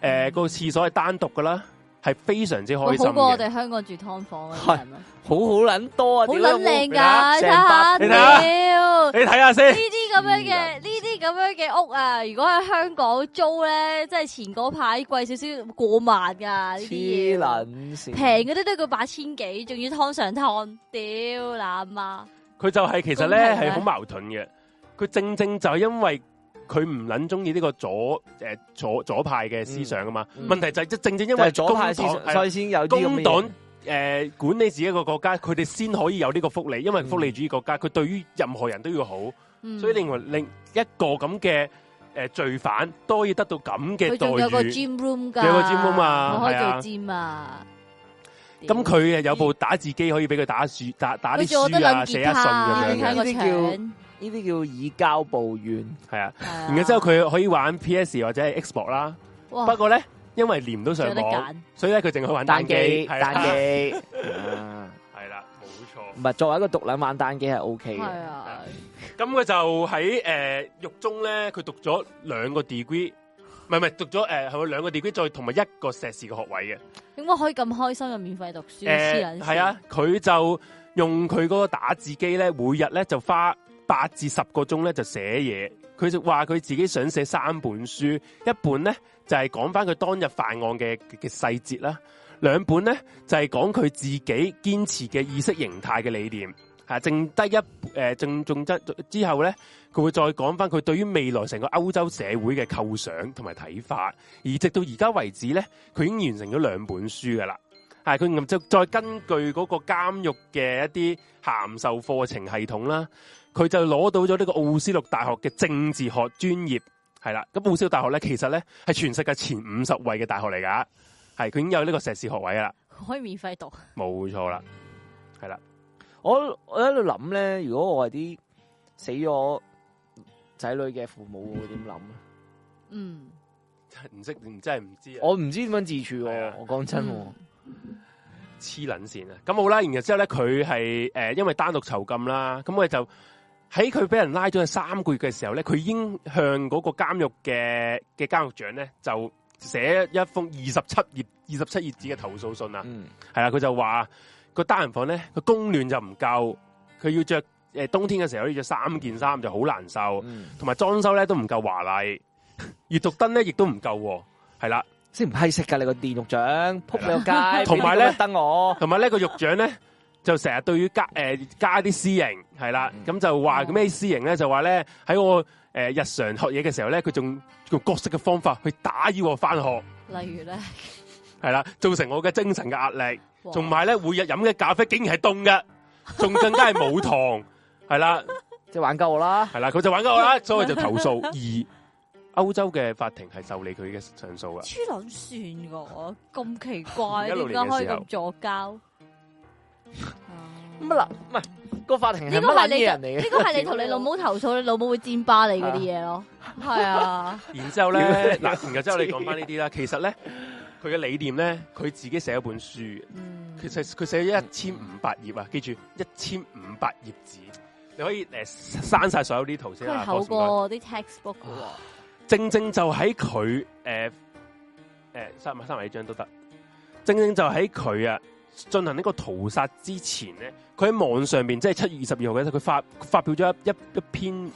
呃那個廁所係單獨㗎啦，係非常之開心嘅。好過我哋香港住劏房嘅、啊、好好捻多啊，好捻靚噶，睇下，下，你睇下，你睇下先。呢啲咁樣嘅，呢啲咁樣嘅屋啊，如果喺香港租咧，真係前嗰排貴少少過萬噶，呢啲嘢，劃劃就是、平嗰啲都要八千幾，仲要劏上劏屌嗱阿媽佢就係其實咧係好矛盾嘅。佢正正就係因為佢唔捻中意呢個左誒左左派嘅思想啊嘛、嗯嗯，問題就係正正因為是左派思想，所以先有工黨誒、呃、管理自己一個國家，佢哋先可以有呢個福利，因為福利主義國家，佢對於任何人都要好，嗯、所以令令一個咁嘅誒罪犯都可以得到咁嘅待遇。有個 gym room 噶，有個 gym 啊嘛，開做 gym 啊。咁佢啊有部打字機可以俾佢打書打打啲書啊，寫一信咁樣。呢啲叫。呢啲叫以交報怨，係啊。然後之後佢可以玩 PS 或者係 Xbox 啦。不過咧，因為連唔到上網，所以咧佢淨係玩單機，單機。係啦、啊，冇錯。唔、啊、係、啊、作為一個毒撚玩單機係 OK 嘅。咁佢、啊啊、就喺誒獄中咧，佢讀咗兩個 degree，唔係唔係讀咗誒係兩個 degree，再同埋一個碩士嘅學位嘅。點解可以咁開心嘅免費讀書？係、呃、啊，佢就用佢嗰個打字機咧，每日咧就花。八至十個鐘咧就寫嘢，佢就話佢自己想寫三本書，一本呢，就係講翻佢當日犯案嘅嘅細節啦，兩本呢，就係講佢自己堅持嘅意識形態嘅理念，吓、呃，剩得一剩低一誒，剩之後呢，佢會再講翻佢對於未來成個歐洲社會嘅構想同埋睇法，而直到而家為止呢，佢已經完成咗兩本書噶啦。係佢就再根據嗰個監獄嘅一啲函授課程系統啦，佢就攞到咗呢個奧斯陸大學嘅政治學專業係啦。咁奧斯陸大學咧，其實咧，係全世界前五十位嘅大學嚟噶，係佢已經有呢個碩士學位啦。可以免費讀？冇錯啦，係啦。我我喺度諗咧，如果我係啲死咗仔女嘅父母，我會點諗咧？嗯，真係唔識，真係唔知啊！我唔知點樣自處、啊啊，我講真、啊。嗯黐捻線啊！咁好啦，然後之後咧，佢係誒，因為單獨囚禁啦，咁我哋就喺佢俾人拉咗去三個月嘅時候咧，佢已經向嗰個監獄嘅嘅監獄長咧，就寫一封二十七頁二十七頁紙嘅投訴信啊，係、嗯、啦，佢就話個單人房咧，個供暖就唔夠，佢要着誒、呃、冬天嘅時候要着三件衫就好難受，同埋裝修咧都唔夠華麗，閱 讀燈咧亦都唔夠、啊，係啦。先唔批食噶你個電肉掌扑你個街，同埋咧得我呢，同埋呢個肉掌咧就成日對於加誒，加啲私刑係啦，咁、嗯、就話咩私刑咧、哦、就話咧喺我誒日常學嘢嘅時候咧，佢仲用角色嘅方法去打擾我返學，例如咧係啦，造成我嘅精神嘅壓力，同埋咧每日飲嘅咖啡竟然係凍嘅，仲更加係冇糖係啦，即係玩鳩我啦，係啦，佢就玩鳩我啦，所以就投訴二。歐洲嘅法庭係受理佢嘅上訴啊！黐捻算噶，咁奇怪點解可以咁左膠？咁、嗯、啦，唔係個法庭係、這個、你。乜鬼人嚟嘅？呢、這個係你同你老母投訴， 你老母會尖巴你嗰啲嘢咯。係啊，啊 然之後咧呢，嗱 後呢， 然之後你講翻呢啲啦。其實咧，佢嘅理念咧，佢 自己寫一本書，其實佢寫咗一千五百頁啊、嗯！記住，一千五百頁紙，你可以誒刪晒所有啲圖先啊！好過啲 textbook 嘅。正正就喺佢誒誒三三萬幾張都得，正正就喺佢啊進行呢個屠殺之前咧，佢喺網上邊即係七月二十二號嘅，佢發發表咗一一一篇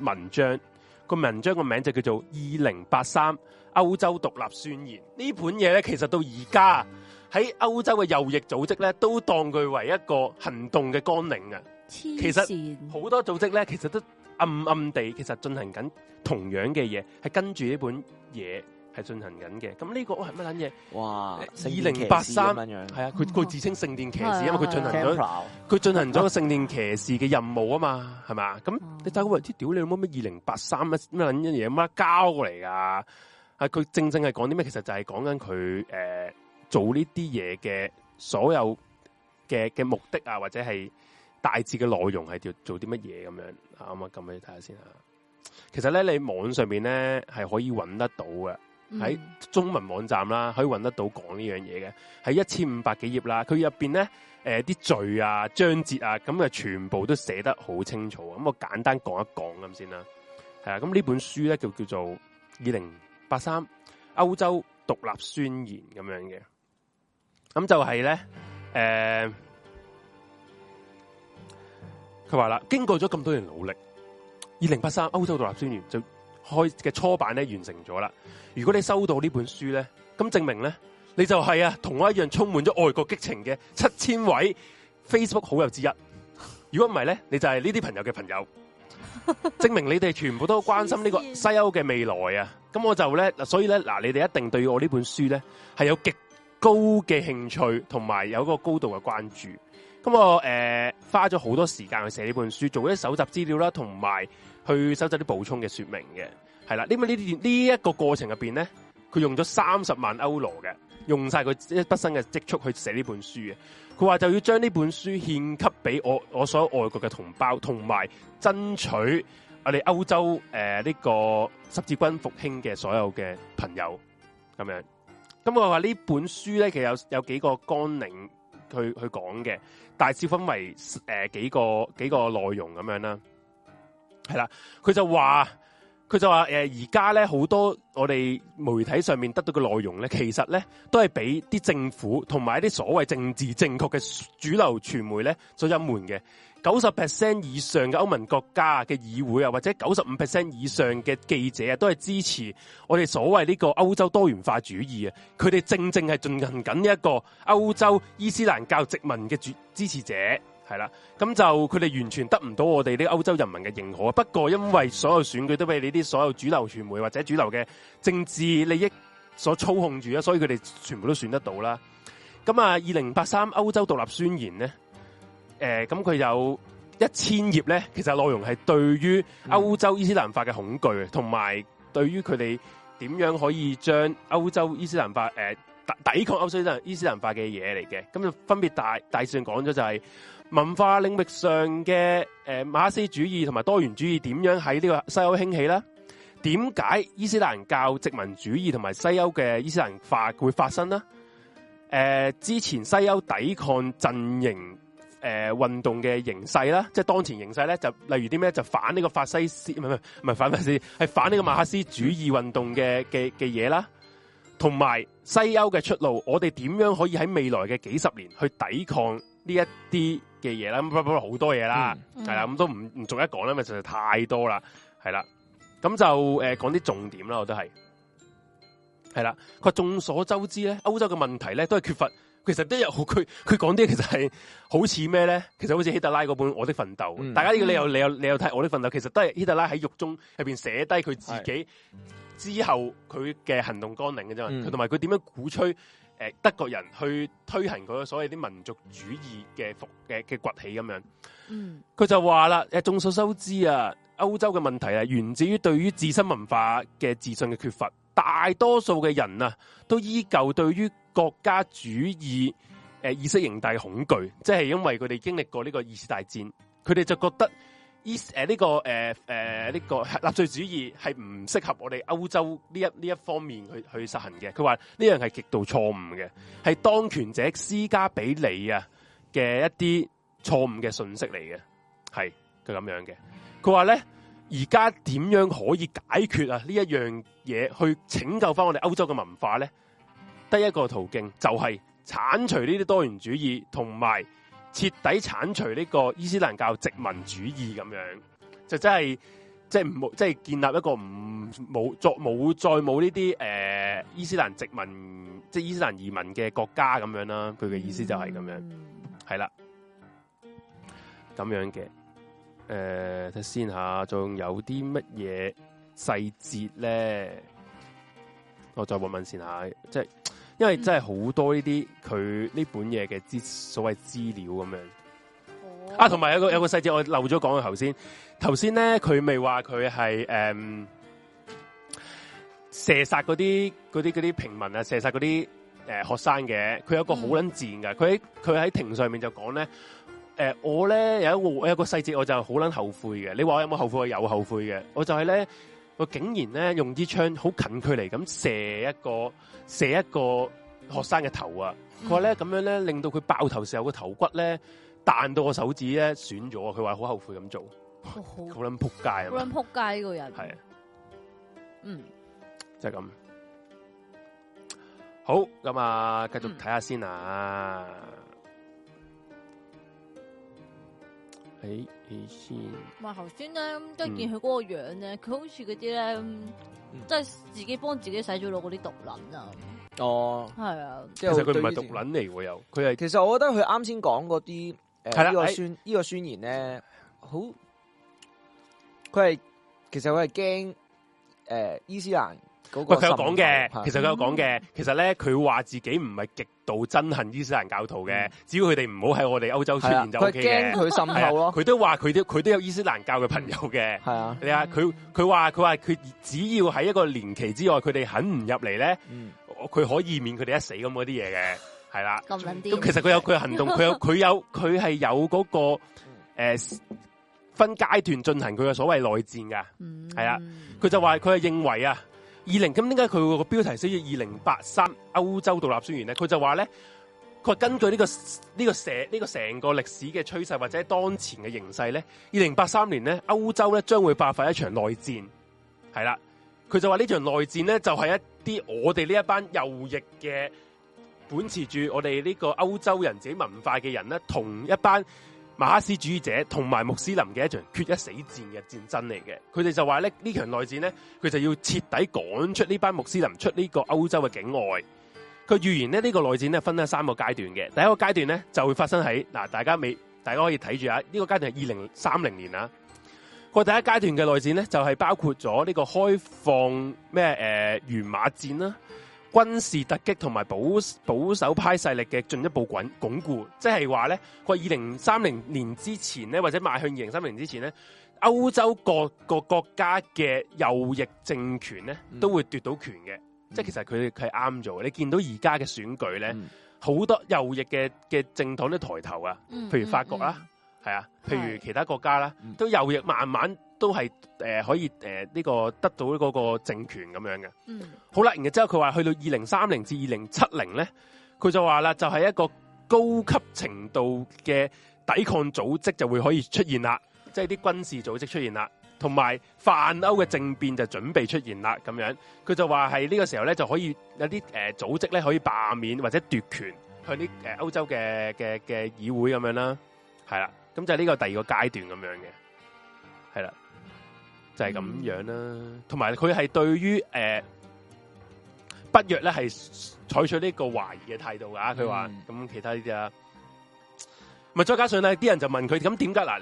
文章，個文章個名就叫做《二零八三歐洲獨立宣言》。這本呢本嘢咧，其實到而家喺歐洲嘅右翼組織咧，都當佢為一個行動嘅綱領啊，黐線。其實好多組織咧，其實都。暗暗地，其實進行緊同樣嘅嘢，係跟住呢本嘢係進行緊嘅。咁呢個係乜撚嘢？哇！二零八三，係啊，佢佢自稱聖殿騎士，因為佢進行咗佢、啊啊、進行咗個聖殿騎士嘅任務啊嘛，係咪啊？咁、啊嗯、你睇下喂，啲屌你老母乜二零八三乜乜撚嘢乜交過嚟噶？係佢、啊、正正係講啲咩？其實就係講緊佢誒做呢啲嘢嘅所有嘅嘅目的啊，或者係。大致嘅內容係要做啲乜嘢咁樣，咁啊？咁你睇下先吓。其實咧，你網上邊咧係可以揾得到嘅，喺、嗯、中文網站啦，可以揾得到講呢樣嘢嘅，係一千五百幾頁啦。佢入邊咧，誒、呃，啲序啊、章節啊，咁啊，全部都寫得好清楚。咁我簡單講一講咁先啦。係啦，咁呢本書咧就叫做二零八三歐洲獨立宣言咁樣嘅。咁就係咧，誒、呃。佢話啦，經過咗咁多年努力，二零八三歐洲獨立宣言就開嘅初版咧完成咗啦。如果你收到呢本書咧，咁證明咧，你就係啊同我一樣充滿咗愛國激情嘅七千位 Facebook 好友之一。如果唔係咧，你就係呢啲朋友嘅朋友， 證明你哋全部都關心呢個西歐嘅未來啊！咁我就咧，所以咧嗱，你哋一定對我呢本書咧係有極高嘅興趣，同埋有個高度嘅關注。咁我誒、呃、花咗好多時間去寫呢本書，做一啲搜集資料啦，同埋去收集啲補充嘅說明嘅，係啦。因為呢呢一個過程入邊咧，佢用咗三十萬歐羅嘅，用晒佢一畢生嘅積蓄去寫呢本書嘅。佢話就要將呢本書獻給俾我我所有外國嘅同胞，同埋爭取我哋歐洲誒呢、呃這個十字軍復興嘅所有嘅朋友咁樣。咁我話呢本書咧，其實有有幾個乾寧。去去講嘅大致分為誒、呃、幾個幾個內容咁樣啦，係啦，佢就話。佢就話誒，而家咧好多我哋媒體上面得到嘅內容咧，其實咧都係俾啲政府同埋一啲所謂政治正確嘅主流傳媒咧所隱瞞嘅。九十 percent 以上嘅歐盟國家嘅議會啊，或者九十五 percent 以上嘅記者啊，都係支持我哋所謂呢個歐洲多元化主義啊。佢哋正正係進行緊一個歐洲伊斯蘭教殖民嘅主支持者。係啦，咁就佢哋完全得唔到我哋啲歐洲人民嘅認可。不過，因為所有選舉都俾你啲所有主流傳媒或者主流嘅政治利益所操控住啦，所以佢哋全部都選得到啦。咁啊，二零八三歐洲獨立宣言呢，誒、呃，咁佢有一千頁呢，其實內容係對於歐洲伊斯蘭化嘅恐懼，同埋對於佢哋點樣可以將歐洲伊斯蘭化抵、呃、抵抗歐洲伊斯蘭化嘅嘢嚟嘅。咁就分別大大段講咗，就係、是。文化領域上嘅誒、呃、馬克思主義同埋多元主義點樣喺呢個西歐興起呢？點解伊斯蘭教殖民主義同埋西歐嘅伊斯蘭化會發生呢？誒、呃，之前西歐抵抗陣營誒運動嘅形勢啦，即係當前形勢咧，就例如啲咩就反呢個法西斯，唔係反法西斯，係反呢個馬克思主義運動嘅嘅嘅嘢啦。同埋西歐嘅出路，我哋點樣可以喺未來嘅幾十年去抵抗？呢一啲嘅嘢啦，好多嘢啦，係、嗯嗯、啦，咁都唔唔逐一講啦，咪實在太多了啦，係啦，咁就誒講啲重點啦，我都係，係啦，佢眾所周知咧，歐洲嘅問題咧都係缺乏，其實都有佢佢講啲，其實係好似咩咧，其實好似希特拉嗰本《我的奮鬥》嗯，大家呢個理由、嗯、你有你有你有睇《我的奮鬥》，其實都係希特拉喺獄中入邊寫低佢自己之後佢嘅行動綱領嘅啫，佢同埋佢點樣鼓吹。誒，德國人去推行佢所謂啲民族主義嘅復嘅嘅崛起咁樣，佢就話啦，誒眾所周知啊，歐洲嘅問題，啊、源自於對於自身文化嘅自信嘅缺乏，大多數嘅人啊都依舊對於國家主義誒，呃、意識形態恐懼，即係因為佢哋經歷過呢個二次大戰，佢哋就覺得。依呢、呃這個誒誒呢個納粹主義係唔適合我哋歐洲呢一呢一方面去去實行嘅。佢話呢樣係極度錯誤嘅，係當權者施加俾你啊嘅一啲錯誤嘅訊息嚟嘅。係佢咁樣嘅。佢話咧，而家點樣可以解決啊呢一樣嘢去拯救翻我哋歐洲嘅文化咧？得一個途徑就係、是、剷除呢啲多元主義同埋。徹底鏟除呢個伊斯蘭教殖民主義咁樣，就真係即係唔即係建立一個唔冇冇再冇呢啲誒伊斯蘭殖民即係伊斯蘭移民嘅國家咁樣啦。佢嘅意思就係咁樣，係啦，咁樣嘅。誒、呃，睇先下，仲有啲乜嘢細節咧？我再問問先下，即係。因為真係好多呢啲佢呢本嘢嘅資所謂資料咁樣，oh. 啊，同埋有個有個細節我漏咗講嘅，頭先，頭先咧佢咪話佢係誒射殺嗰啲啲啲平民啊，射殺嗰啲誒學生嘅，佢有個好撚賤噶，佢喺佢喺庭上面就講咧，誒我咧有一個有一個細節我就好撚後悔嘅，你話我有冇後悔？我有後悔嘅，我就係咧。佢竟然咧用啲槍好近距離咁射一個射一個學生嘅頭啊！佢話咧咁樣咧令到佢爆頭時候個頭骨咧彈到個手指咧損咗，佢話好後悔咁做，好捻撲街啊！好捻撲街呢個人，係啊，嗯，哦、 嗯就係、是、咁。好，咁啊，繼續睇下先啊！嗯係、哎，係、哎、先。哇、嗯，頭先咧，都見佢嗰個樣咧，佢、嗯、好似嗰啲咧，即、嗯、係自己幫自己洗咗腦嗰啲毒撚啊！哦，係啊，即係佢唔係毒撚嚟，又佢係。其實我覺得佢啱先講嗰啲，呃，這個這個哎這個、呢個宣呢個宣言咧，好，佢係其實佢係驚，誒、呃，伊斯蘭。佢有講嘅，其實佢有講嘅。其實咧，佢話自己唔係極度憎恨伊斯蘭教徒嘅，嗯、只要佢哋唔好喺我哋歐洲出現就 O K 嘅。佢驚佢都話佢都佢都有伊斯蘭教嘅朋友嘅。係啊，啊，佢佢話佢話佢只要喺一個年期之外，佢哋肯唔入嚟咧，佢、嗯、可以免佢哋一死咁嗰啲嘢嘅。係 啦，咁其實佢有佢嘅行動，佢 有佢有佢係有嗰、嗰個、呃、分階段進行佢嘅所謂內戰噶。係、嗯、啊，佢、嗯、就話佢係認為啊。二零咁點解佢個標題寫住「二零八三歐洲獨立宣言」呢？佢就話呢，佢根據呢、呢個呢、呢個成呢、呢個成個歷史嘅趨勢或者當前嘅形勢呢，二零八三年呢，歐洲呢將會爆發一場內戰，係啦。佢就話呢場內戰呢，就係、係、一啲我哋呢一班右翼嘅，秉持住我哋呢個歐洲人自己文化嘅人呢，同一班，馬克思主義者同埋穆斯林嘅一場決一死戰嘅戰爭嚟嘅。佢哋就話咧，呢場內戰咧，佢就要徹底趕出呢班穆斯林出呢個歐洲嘅境外他預。佢預言咧，呢個內戰咧分咗三個階段嘅，第一個階段咧就會發生喺嗱，大家未大家可以睇住啊，呢個階段係二零三零年啊。佢第一階段嘅內戰咧就係、是、包括咗呢個開放咩誒圓馬戰啦、啊。軍事突擊同埋保保守派勢力嘅進一步滾鞏固，即係話咧個二零三零年之前咧，或者邁向二零三零之前咧，歐洲各個國家嘅右翼政權咧都會奪到權嘅，即、嗯、係其實佢佢係啱做嘅。你見到而家嘅選舉咧，好、嗯、多右翼嘅嘅政黨都抬頭啊，譬如法國啦，係、嗯嗯嗯、啊，譬如其他國家啦，都右翼慢慢。都係誒、呃，可以誒呢、呃這個得到嗰、這個這個政權咁樣嘅。嗯，好啦，然之後佢話去到二零三零至二零七零呢，佢就話啦，就係、是、一個高級程度嘅抵抗組織就會可以出現啦，即係啲軍事組織出現啦，同埋泛歐嘅政變就準備出現啦咁樣。佢就話係呢個時候呢，就可以有啲誒、呃、組織呢可以罷免或者奪權去啲誒歐洲嘅嘅嘅議會咁樣啦，係啦。咁就係呢、這個第二個階段咁樣嘅，係啦。就係、是、咁樣啦、啊，同埋佢係對於誒北約咧係採取呢個懷疑嘅態度噶、啊，佢話咁其他啲啊，咪再加上咧，啲人就問佢咁點解嗱？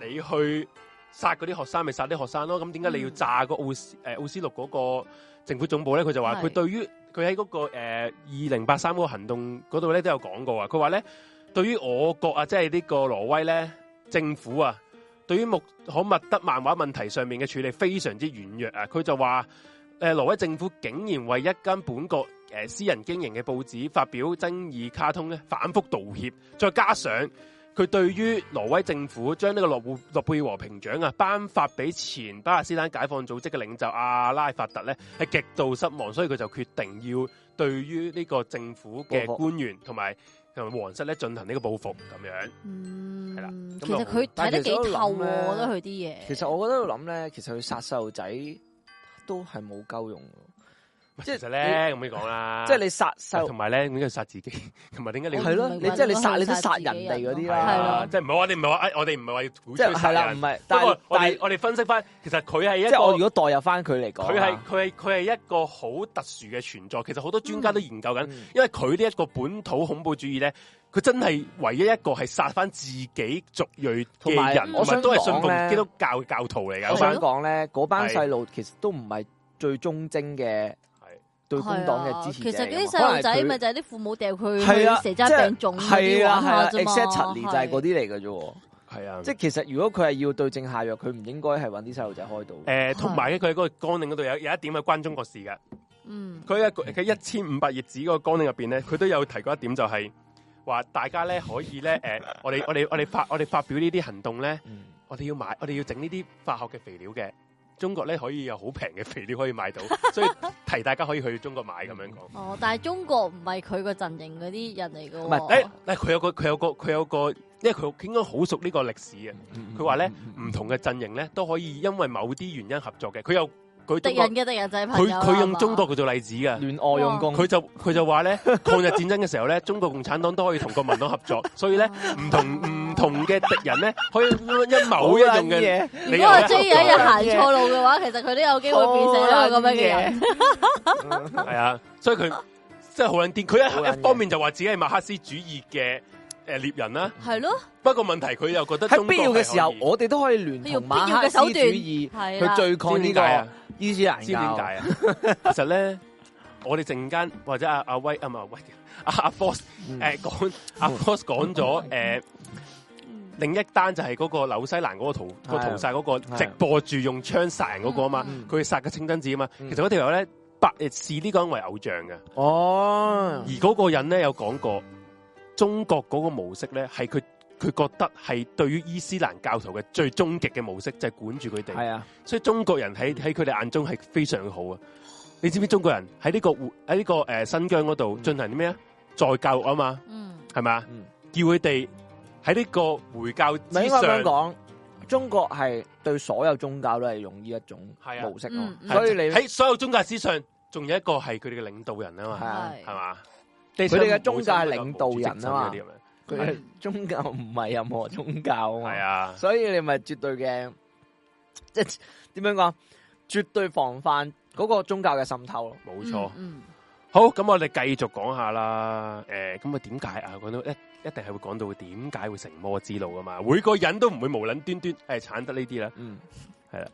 你你去殺嗰啲學生，咪殺啲學生咯？咁點解你要炸嗰個奧斯誒呃、奧斯陸嗰個政府總部咧？佢就話佢對於佢喺嗰個誒二零八三嗰個行動嗰度咧都有講過啊。佢話咧，對於我國啊，即係呢個挪威咧，政府啊。對於穆罕默德漫畫問題上面嘅處理非常之軟弱啊！佢就話，誒，挪威政府竟然為一間本國誒私人經營嘅報紙發表爭議卡通咧，反覆道歉。再加上佢對於挪威政府將呢個諾貝諾貝爾和平獎啊，頒發俾前巴勒斯坦解放組織嘅領袖阿拉法特咧，係極度失望，所以佢就決定要對於呢個政府嘅官員同埋。同王室咧進行呢個報復咁樣，係、嗯、啦。其實佢睇得幾透喎，我我覺得佢啲嘢。其實我覺得度諗咧，其實佢殺細路仔都係冇鳩用。即係其實咧，咁樣講啦。即係你殺同埋咧，應該殺自己？同埋點解你係咯、哦？你即係你殺，你都殺人哋嗰啲啦。係啦，即係唔好話，你唔係話誒，我哋唔係鼓勵殺人。係唔係？但係我哋我哋分析翻，其實佢係一個。即係我如果代入翻佢嚟講，佢係佢係佢係一個好特殊嘅存在。其實好多專家都研究緊、嗯，因為佢呢一個本土恐怖主義咧，佢真係唯一一個係殺翻自己族裔嘅人。我都係信奉基督教教徒嚟㗎。我想講咧，嗰班細路其實都唔係最忠貞嘅。對工黨嘅支持是、啊，其實嗰啲細路仔咪就係啲父母掉佢，蛇仔病重要玩下啫嘛。e t 就係嗰啲嚟嘅啫，係啊，即、就、係其實如果佢係要對症下藥，佢唔應該係揾啲細路仔開到誒，同埋嘅佢喺個綱領嗰度有有一點係關中國事嘅，嗯，佢嘅佢一千五百頁紙嗰個綱領入邊咧，佢都有提過一點、就是，就係話大家咧可以咧，誒、 呃，我哋我哋我哋發我哋發表呢啲行動咧、嗯，我哋要買我哋要整呢啲化學嘅肥料嘅。中國咧可以有好平嘅肥料可以買到，所以提大家可以去中國買，咁樣講 。哦，但係中國唔係佢個陣營嗰啲人嚟嘅、哦。唔、哎、係，誒、哎，誒，佢有個佢有個佢有個，因為佢應該好熟呢個歷史嘅。佢話咧，唔 同嘅陣營咧都可以因為某啲原因合作嘅。佢有。佢敵人嘅敵人就係朋友。佢佢用中國佢做例子嘅，戀愛用功。佢就佢就話咧， 抗日戰爭嘅時候咧，中國共產黨都可以同國民黨合作， 所以咧呢唔 同唔同嘅敵人咧，可以一模一樣嘅。如果我中意有一日行錯路嘅話的，其實佢都有機會變成咁樣嘅。係啊， 所以佢即係好撚癲。佢一一方面就話自己係馬克思主義嘅。誒，獵人啦，係咯。不過問題佢又覺得喺必要嘅時候，我哋都可以聯同用必要嘅手段去對抗呢？解啊，依住人嘅。其實咧，我哋陣間或者阿威、啊、阿威啊，唔係阿阿 Force 講阿 Force 講咗誒，另一單就係嗰個紐西蘭嗰個屠個屠殺嗰個直播住用槍殺人嗰個啊嘛，佢殺嘅清真寺啊嘛。其實嗰條友咧，白誒視呢個人為偶像嘅。哦，而嗰個人咧有講過。中國嗰個模式咧，係佢佢覺得係對於伊斯蘭教徒嘅最終極嘅模式，就係、是、管住佢哋。係啊，所以中國人喺喺佢哋眼中係非常好啊！你知唔知中國人喺呢、這個喺呢個誒新疆嗰度進行啲咩啊？再教育啊嘛，係咪啊？叫佢哋喺呢個回教史上因為剛剛，中國係對所有宗教都係用呢一種模式。啊、所以你喺所有宗教史上，仲有一個係佢哋嘅領導人啊嘛，係嘛、啊？是佢哋嘅宗教係領導人啊嘛，佢宗教唔係任何宗教啊，所以你咪絕對嘅，即係點樣講，絕對防範嗰個宗教嘅滲透咯。冇錯，嗯嗯，好，咁我哋繼續講下啦。誒、欸，咁啊，點解啊？講到一一定係會講到點解會成魔之路啊嘛？每個人都唔會無捻端端誒產、欸、得呢啲啦，係、嗯、啦，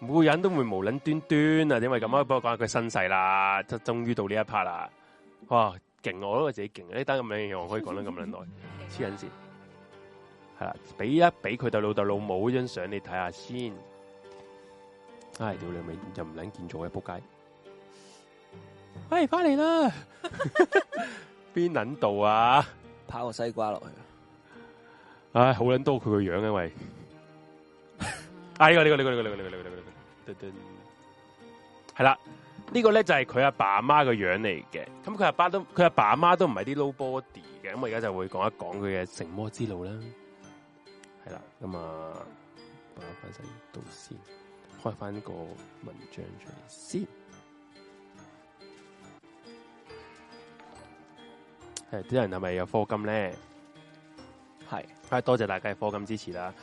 每個人都會無捻端端啊，點為咁樣，幫我講下佢身世啦，即終於到呢一 part 啦，哇！勁我都我自己勁，你得咁樣樣我可以講得咁捻耐黐緊線，係 啦，俾一俾佢對老豆老母張相你睇下先，唉，屌你咪又唔捻見咗嘅仆街，哎，翻嚟啦，邊捻度啊？拋個西瓜落去，唉，好捻多佢個樣，因為，哎、 啊，呢個呢個呢個呢個呢個呢個呢個，呢噔，係啦。呢、這個咧就係佢阿爸阿媽個樣嚟嘅，咁佢阿爸都佢阿爸阿媽都唔係啲 nobody 嘅，咁我而家就會講一講佢嘅成魔之路啦。係、嗯、啦，咁啊，翻翻先，到先開翻一個文章出嚟先。係啲人係咪有科金咧？係，係多謝大家嘅科金支持啦。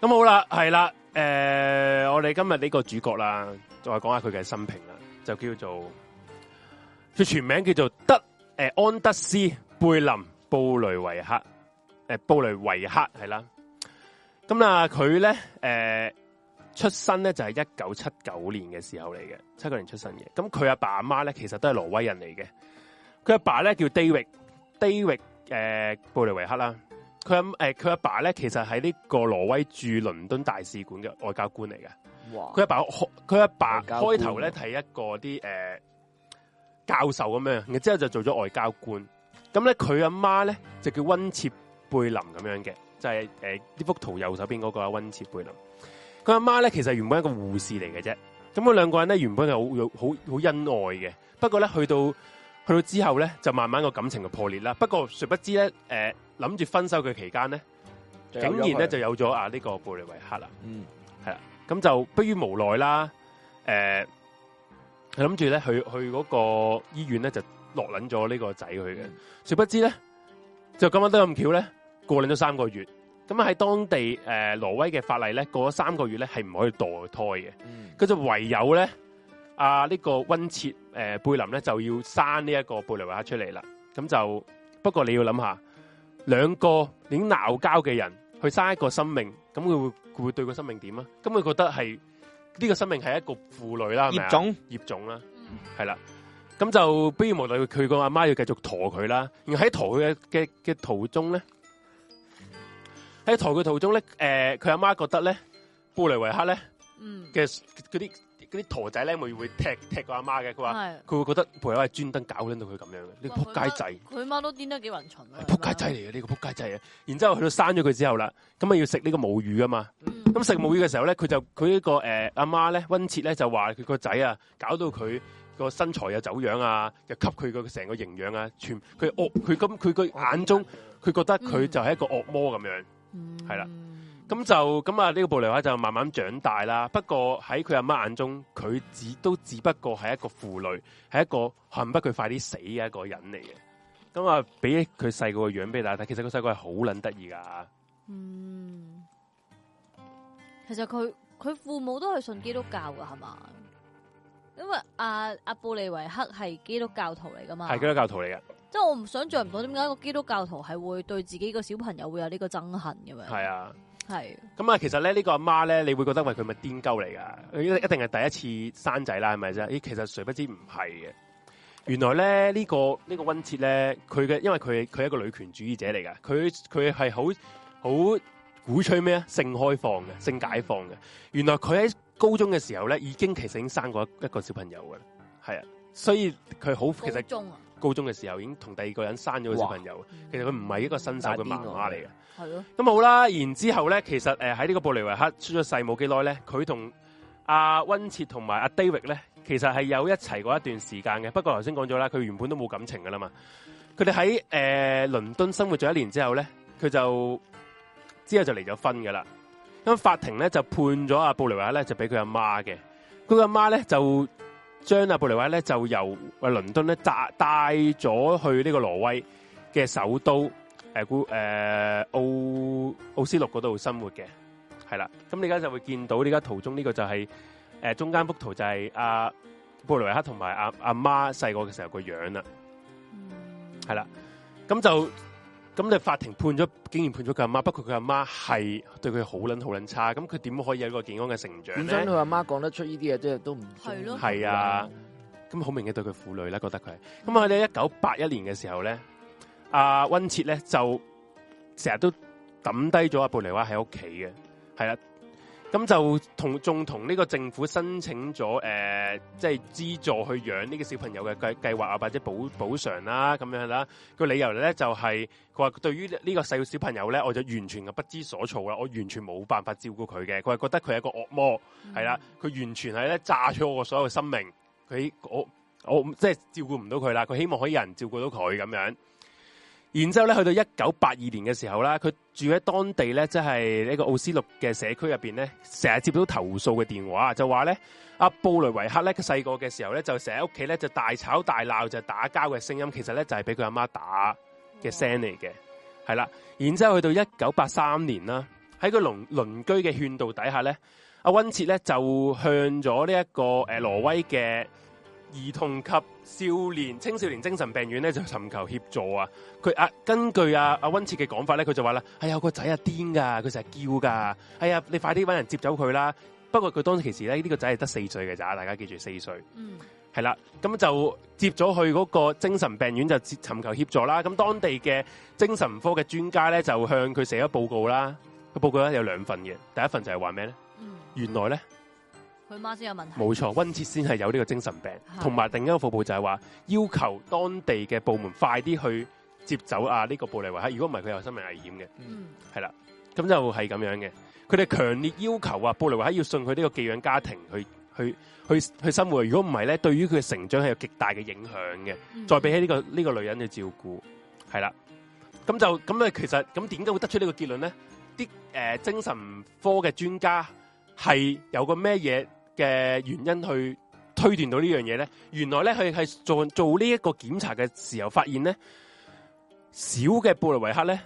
咁好啦，係啦，誒、呃，我哋今日呢個主角啦，就係講一下佢嘅生平啦。就叫做佢全名叫做德誒、欸、安德斯貝林布雷維克誒、欸、布雷維克係啦，咁啦佢咧誒出生咧就係一九七九年嘅時候嚟嘅，七九年出生嘅。咁佢阿爸阿媽咧其實都係挪威人嚟嘅，佢阿爸咧叫 David David 誒、呃、布雷維克啦，佢誒佢阿爸咧其實喺呢個挪威駐倫敦大使館嘅外交官嚟嘅。佢阿爸開佢阿爸，爸，爸、啊、開頭咧睇一個啲誒、呃、教授咁樣，然之後就做咗外交官。咁咧佢阿媽咧就叫温切貝林咁樣嘅，就係誒呢幅圖右手邊嗰個阿温切貝林。佢阿媽咧其實原本係一個護士嚟嘅啫。咁佢兩個人咧原本係好好好恩愛嘅，不過咧去到去到之後咧就慢慢個感情就破裂啦。不過誰不知咧誒諗住分手嘅期間咧，竟然咧就有咗啊呢個布里維克啦。嗯。咁就迫於無奈啦，佢諗住咧去去嗰個醫院咧就落撚咗呢個仔佢嘅，嗯、殊不知咧就咁樣都咁巧咧過撚咗三個月，咁喺當地誒、呃、挪威嘅法例咧過咗三個月咧係唔可以墮胎嘅，佢、嗯、就唯有咧啊呢、呢個温切誒、呃、貝林咧就要生呢一個布雷維克出嚟啦，咁就不過你要諗下兩個已經鬧交嘅人去生一個生命。咁佢會佢會對個生命點啊？咁佢覺得係呢個生命係一個負累啦。葉總葉總啦，係啦。咁就迫於無奈，佢佢個阿媽要繼續馱佢啦。而喺馱佢嘅嘅嘅途中咧，喺馱佢途中咧，誒，佢阿媽覺得咧，布雷維克咧嘅嗰啲。嗰啲陀仔咧，咪會踢踢個阿媽嘅。佢話：佢會覺得朋友係專登搞緊到佢咁樣嘅，呢、這個撲街仔。佢媽都癲得幾混濱啊！撲街仔嚟嘅呢個撲街仔啊！然之後去到生咗佢之後啦，咁啊要食呢個母乳啊嘛。咁、嗯、食母乳嘅時候咧，佢就佢、這個呃、呢個誒阿媽咧，溫切咧就話佢個仔啊，搞到佢個身材又走樣啊，又吸佢個成個營養啊，全佢惡佢咁佢個眼中，佢覺得佢就係一個惡魔咁樣，係、嗯、啦。咁就咁啊！呢個布雷克就慢慢長大啦。不過喺佢阿媽眼中，佢只都只不過係一個婦女，係一個恨不得佢快啲死嘅一個人嚟嘅。咁啊，俾佢細個個樣俾大家睇睇，其實個細個係好捻得意噶。嗯，其實佢佢父母都係信基督教噶，係嘛？因為阿阿、啊啊、布利維克係基督教徒嚟噶嘛？係基督教徒嚟嘅。即係我唔想象唔到，點解個基督教徒係會對自己個小朋友會有呢個憎恨嘅？咪係啊？係咁啊！其實咧呢個阿媽咧，你會覺得喂佢咪癲鳩嚟噶？一定係第一次生仔啦，係咪啫？咦，其實誰不知唔係嘅。原來咧，呢個呢個溫切咧，佢嘅因為佢佢係一個女權主義者嚟噶，佢佢係好好鼓吹咩性開放嘅，性解放嘅。原來佢喺高中嘅時候咧，已經其實已經生過一個小朋友噶啦，係啊。所以佢好其實高中嘅時候已經同第二個人生咗個小朋友。其實佢唔係一個新手嘅媽媽嚟嘅。係、嗯、咯，咁好啦。然之後咧，其實誒喺呢個布雷維克出咗世冇幾耐咧，佢同阿溫切同埋阿 David 咧，其實係有一齊過一段時間嘅。不過頭先講咗啦，佢原本都冇感情噶啦嘛。佢哋喺誒倫敦生活咗一年之後咧，佢就之後就離咗婚噶啦。咁法庭咧就判咗阿、啊、布雷維克咧就俾佢阿媽嘅。佢阿媽咧就將阿、啊、布雷維克咧就由倫敦咧帶帶咗去呢個挪威嘅首都。誒、呃，古誒，澳澳斯陸嗰度生活嘅，係啦，咁你而家就會見到呢，而家途中呢個就係、是、誒、呃，中間幅圖就係、是、阿、啊、布雷維克同埋阿阿媽細個嘅時候個樣啦，係啦，咁就咁，你法庭判咗，竟然判咗佢阿媽，不過佢阿媽係對佢好捻好捻差，咁佢點可以有一個健康嘅成長咧？點解佢阿媽講得出呢啲嘢，即係都唔係咯，係啊，咁好明顯對佢婦女咧，覺得佢，咁啊喺一九八一年嘅時候咧。阿、啊、溫切咧就成日都抌低咗阿布尼娃喺屋企嘅，係啦。咁就同仲同呢個政府申請咗，誒、呃，即係資助去養呢個小朋友嘅計計劃啊，或者補補償啦，咁樣啦。個理由咧就係佢話對於呢個細個小朋友咧，我就完全嘅不知所措啦。我完全冇辦法照顧佢嘅。佢係覺得佢係一個惡魔，係、嗯、啦。佢完全係咧炸咗我所有嘅生命。佢我我即係照顧唔到佢啦。佢希望可以有人照顧到佢咁樣。然之後咧，去到一九八二年嘅時候啦，佢住喺當地咧，即係呢個奧斯陸嘅社區入邊咧，成日接到投訴嘅電話，就話咧，阿布雷維克咧，佢細個嘅時候咧，就成日屋企咧就大吵大鬧，就打交嘅聲音，其實咧就係俾佢阿媽打嘅聲嚟嘅，係啦。然之後去到一九八三年啦，喺個鄰鄰居嘅勸導底下咧，阿、啊、溫切咧就向咗呢一個誒、呃、挪威嘅。兒童及少年、青少年精神病院咧就尋求協助啊！佢啊，根據阿阿溫切嘅講法咧，佢就話啦，哎呀，個仔啊癲噶，佢成日叫噶，哎呀，你快啲搵人接走佢啦！不過佢當其時咧，呢、這個仔係得四歲嘅咋，大家記住四歲。嗯，係啦，咁就接咗去嗰個精神病院就尋求協助啦。咁當地嘅精神科嘅專家咧就向佢寫咗報告啦。個報告咧有兩份嘅，第一份就係話咩咧？原來咧。佢媽先有問題，冇錯，溫切先係有呢個精神病，同埋，另一個服報就係話，要求當地嘅部門快啲去接走啊呢個布雷維克，如果唔係佢有生命危險嘅，係、嗯、啦，咁就係咁樣嘅，佢哋強烈要求啊布雷維克要信佢呢個寄養家庭去去去去生活，如果唔係咧，對於佢嘅成長係有極大嘅影響嘅，再、嗯、比起呢、這個呢、這個女人嘅照顧，係啦，咁就咁咧，其實咁點解會得出呢個結論咧？啲誒、呃、精神科嘅專家係有個咩嘢？嘅原因去推斷到呢樣嘢咧，原來咧佢係做做呢一個檢查嘅時候，發現咧小嘅布雷維克咧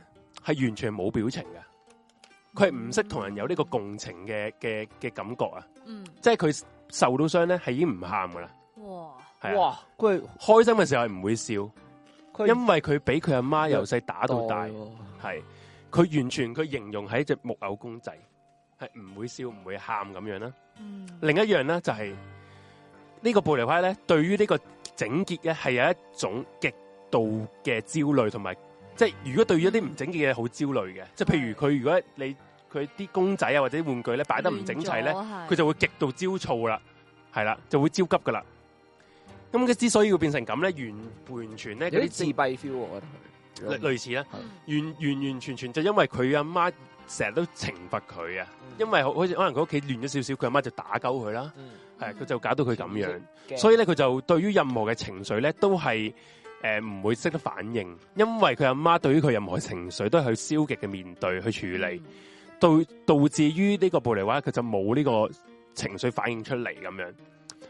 係完全冇表情嘅，佢係唔識同人有呢個共情嘅嘅嘅感覺啊，嗯，即係佢受到傷咧係已經唔喊噶啦，哇，係、啊、哇，佢開心嘅時候係唔會笑，他因為佢俾佢阿媽由細打到大，係佢、哦、完全佢形容係一隻木偶公仔。係唔會笑，唔會喊咁樣啦、嗯。另一樣咧就係、是、呢、這個布雷派咧，對於呢個整潔咧係有一種極度嘅焦慮，同埋即係如果對於一啲唔整潔嘅嘢好焦慮嘅，即、嗯、係譬如佢如果你佢啲公仔啊或者玩具咧擺得唔整齊咧，佢、嗯、就會極度焦躁啦，係啦就會焦急噶啦。咁佢之所以會變成咁咧，完完全咧嗰啲自閉 feel，我覺得佢類，類似啦，完完完全全就因為佢阿媽。成日都懲罰佢啊，因為好似可能佢屋企亂咗少少，佢阿媽，媽就打鳩佢啦。係、嗯、佢就搞到佢咁樣，所以咧佢就對於任何嘅情緒咧都係誒唔會識得反應，因為佢阿媽，媽對於佢任何情緒都係去消極嘅面對去處理，嗯、導導致於呢個布利華佢就冇呢個情緒反應出嚟咁樣。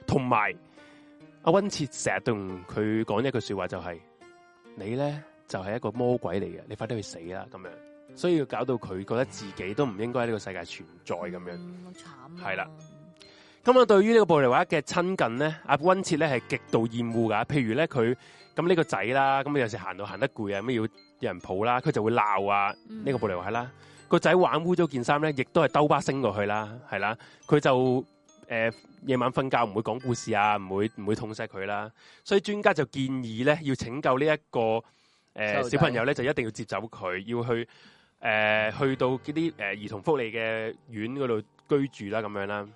同埋阿温切成日都同佢講一句説話、就係，就係你咧就係一個魔鬼嚟嘅，你快啲去死啦咁樣。所以要搞到佢覺得自己都唔應該喺呢個世界存在咁樣，係、嗯、啦。咁啊，對於呢個布利娃嘅親近咧，阿温切咧係極度厭惡噶。譬如咧，佢咁呢個仔啦，咁有時行到行得攰啊，咩要有人抱他、啊嗯這個、啦，佢就會鬧啊。呢個布利娃啦，個仔玩污咗件衫咧，亦都係兜巴星過去啦，係啦。佢就誒夜、呃、晚瞓覺唔會講故事啊，唔會唔會痛錫佢啦。所以專家就建議咧，要拯救呢、這、一個誒、呃、小,小朋友咧，就一定要接走佢，要去。誒、呃，去到啲誒、呃、兒童福利嘅院嗰度居住啦，咁樣啦，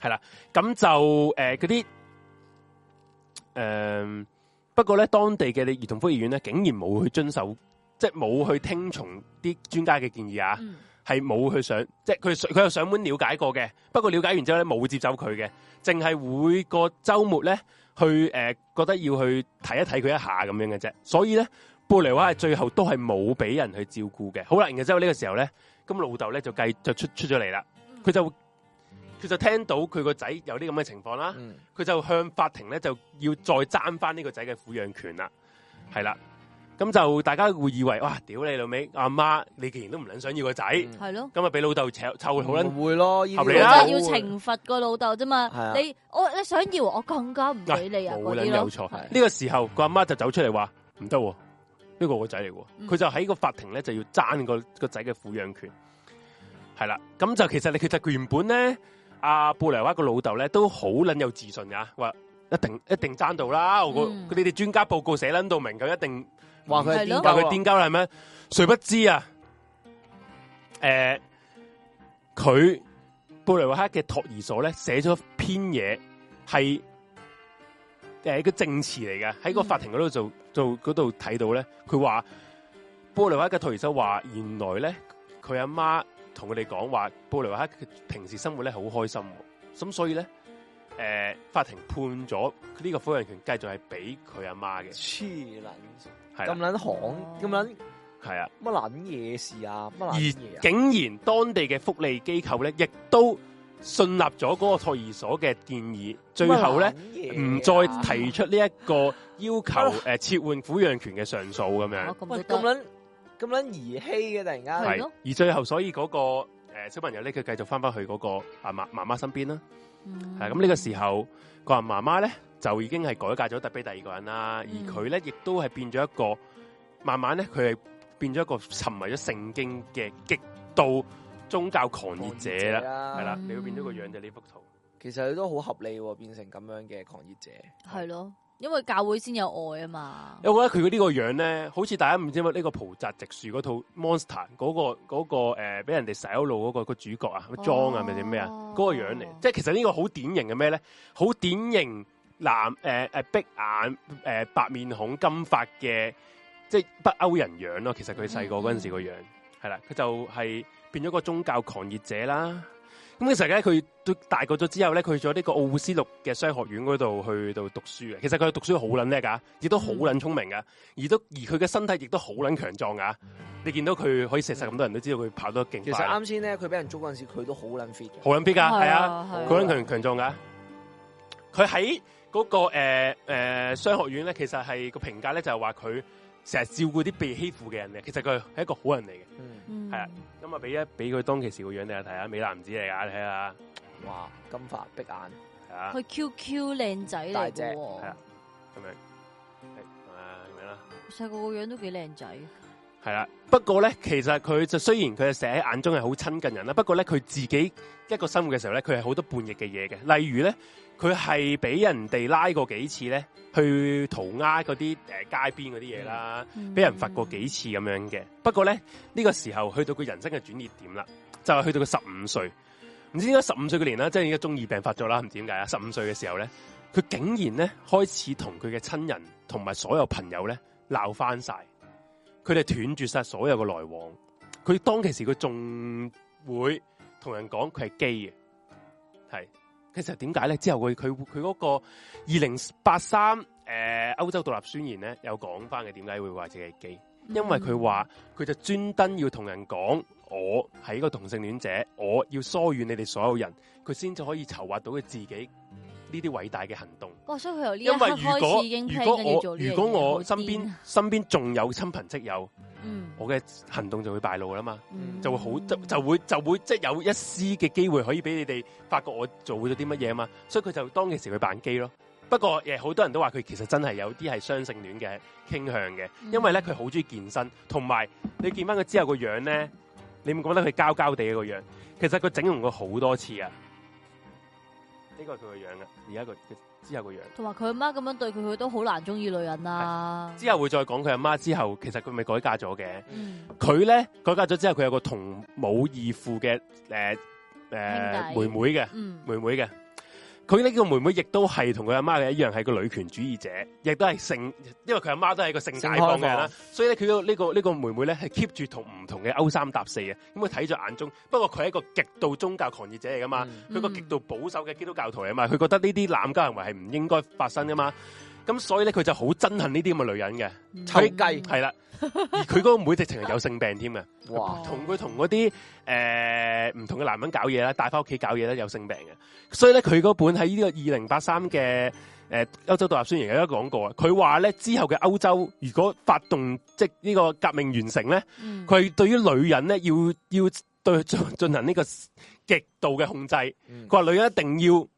係啦，咁就誒嗰啲誒，不過咧當地嘅你兒童福利院咧，竟然冇去遵守，即係冇去聽從啲專家嘅建議啊，係、嗯、冇去上，即係佢佢又上門了解過嘅，不過了解完之後咧冇接走佢嘅，淨係每個周末咧去誒、呃、覺得要去睇一睇佢一下咁樣嘅啫，所以咧。布萊娃係最後都係冇俾人去照顧嘅，好啦，然之後呢個時候咧，咁老豆咧就繼續出出咗嚟啦，佢就佢就聽到佢個仔有啲咁嘅情況啦，佢就向法庭咧就要再爭翻呢個仔嘅撫養權啦，係啦，咁就大家會以為哇，屌你老味，阿媽你既然都唔捻想要個仔，係、嗯、咯，咁、嗯、啊俾老豆湊好啦，唔會咯，後啦，要懲罰個老豆啫嘛，你我你想要我更加唔俾你啊，冇、啊、捻有錯，呢、啊、個時候個阿媽就走出嚟話唔得。呢個個仔嚟喎，佢就喺個法庭咧就要爭個個仔嘅撫養權，係啦，咁就其實你其實原本咧，阿、啊、布雷瓦個老豆咧都好捻有自信噶，話一定一定爭到啦，我、嗯、佢哋啲專家報告寫捻到明噶，一定話佢係顛交佢癲鳩啦，係咩？誰不知啊？誒、呃，佢布雷瓦克嘅託兒所咧寫咗篇嘢係。誒、呃，一個證詞嚟嘅，喺個法庭嗰度就嗰度睇到咧，佢話布雷克嘅退休生活，原來咧佢阿媽同佢哋講話，布雷克平時生活咧好開心，咁所以咧，誒、呃，法庭判咗呢個撫養權繼續係俾佢阿媽嘅。黐捻，咁捻、啊、行，咁捻，係啊，乜捻嘢事啊？乜撚嘢啊？竟然當地嘅福利機構咧，亦都。信立咗嗰個托兒所嘅建議，最後咧唔、啊、再提出呢一個要求，誒，撤換撫養權嘅上訴咁樣。喂，咁捻咁捻兒戲嘅、啊，突然間。係咯。而最後，所以嗰個誒小朋友咧，佢繼續翻翻去嗰個啊媽媽媽身邊啦。嗯。係咁，呢個時候，個阿媽媽咧就已經係改嫁咗，特俾第二個人啦。而佢咧，亦都係變咗一個，慢慢咧，佢係變咗一個沉迷咗聖經嘅極度。宗教狂熱者啦，係啦、啊，你會變咗個樣就呢幅圖。嗯、其實佢都好合理、啊，變成咁樣嘅狂熱者係咯、嗯，因為教會先有愛啊嘛。我覺得佢呢個樣咧，好似大家唔知乜呢個，那個《浦澤直樹》嗰套 monster 嗰個嗰個誒，俾人哋洗一路嗰個個主角啊，裝啊，咪定咩啊？嗰、那個樣嚟，哦，即係其實呢個好典型嘅咩咧？好典型藍誒誒碧眼誒、呃、白面孔金髮嘅，即係北歐人樣咯。其實佢細個嗰陣時個樣係啦，佢、嗯、就係、是。變咗個宗教狂熱者啦，咁其實咧佢都大個咗之後咧，佢去咗呢個奧斯陸嘅商學院嗰度去度讀書嘅。其實佢讀書好卵叻噶，亦、嗯、都好卵聰明噶，而都而佢嘅身體亦都好卵強壯噶。你見到佢可以射實咁多人都知道佢跑得勁。其實啱先咧，佢俾人捉嗰陣時，佢都好卵 fit，好卵 fit 噶，係啊，好卵強強壯噶。佢喺嗰個誒誒商學院咧，其實係個評價咧，就係話佢，成日照顧啲被欺負嘅人嘅，其實佢係一個好人嚟嘅，係、嗯、啊。咁啊，俾一俾佢當其時個樣你睇下，美男子嚟噶，你睇下，哇，金髮碧眼，係啊，QQ 靚仔嚟嘅，係啊，咁樣，係啊，咁樣啦。細個個樣都幾靚仔，係啦。不過咧，其實佢就雖然佢成日喺眼中係好親近人啦，不過咧，佢自己一個生活嘅時候咧，佢係好多叛逆嘅嘢嘅，例如咧。佢係俾人哋拉過幾次咧，去塗鴉嗰啲誒街邊嗰啲嘢啦，俾人罰過幾次咁樣嘅。不過咧呢、嗯這個時候去到佢人生嘅轉捩點啦，就係、是、去到佢十五歲，唔知點解十五歲嗰年啦，即係而家中二病發咗啦，唔知點解啊。十五歲嘅時候咧，佢竟然咧開始同佢嘅親人同埋所有朋友咧鬧翻晒，佢哋斷絕晒所有嘅來往。佢當其時佢仲會同人講佢係基嘅，係。其實點解咧？之後佢佢佢嗰個二零八三誒歐洲獨立宣言咧，有講翻嘅，點解會話自己 gay，因為佢話佢就專登要同人講，我係一個同性戀者，我要疏遠你哋所有人，佢先至可以籌劃到佢自己。呢啲偉大嘅行動、哦所以由開始已經，因為如果，如果我如果我身邊、嗯、身邊仲有親朋戚友，嗯，我嘅行動就會敗露啦嘛、嗯，就會好就，就會就會即係有一絲嘅機會可以俾你哋發覺我做咗啲乜嘢啊嘛、嗯，所以佢就當其時去扮機咯。不過誒，好多人都話佢其實真係有啲係雙性戀嘅傾向嘅、嗯，因為咧佢好中意健身，同埋你見翻佢之後個樣咧，你唔覺得佢膠膠地嘅個樣？其實佢整容過好多次啊。呢、係個佢個樣嘅，而家個之後個樣。同埋佢阿媽咁樣對佢，佢都好難中意女人啦、啊。之後會再講佢阿媽之後，其實佢咪改嫁咗嘅。佢、嗯、咧改嫁咗之後，佢有個同母異父嘅誒誒妹妹嘅，妹妹嘅。嗯，妹妹佢呢個妹妹亦都係同佢阿媽嘅一樣，係個女權主義者，亦都係性，因為佢阿媽都係個性解放嘅人啦，所以咧佢呢個呢個妹妹咧係 keep 住同唔同嘅勾三搭四啊，咁佢睇咗眼中。不過佢係一個極度宗教狂熱者嚟噶嘛，佢個極度保守嘅基督教徒啊嘛，佢覺得呢啲濫交行為係唔應該發生噶嘛。咁所以咧，佢就好憎恨呢啲咁嘅女人嘅，炒、嗯、計，係啦。佢、嗯、嗰 個妹直情係有性病添嘅，哇！跟他跟那些呃、不同佢同嗰啲誒唔同嘅男人搞嘢啦，帶翻屋企搞嘢咧，有性病嘅。所以咧，佢嗰本喺呢個二零八三嘅誒歐洲獨立宣言有一個講過，佢話咧之後嘅歐洲如果發動即呢個革命完成咧，佢、嗯、對於女人咧要要對進進行呢個極度嘅控制。佢、嗯、話女人一定要。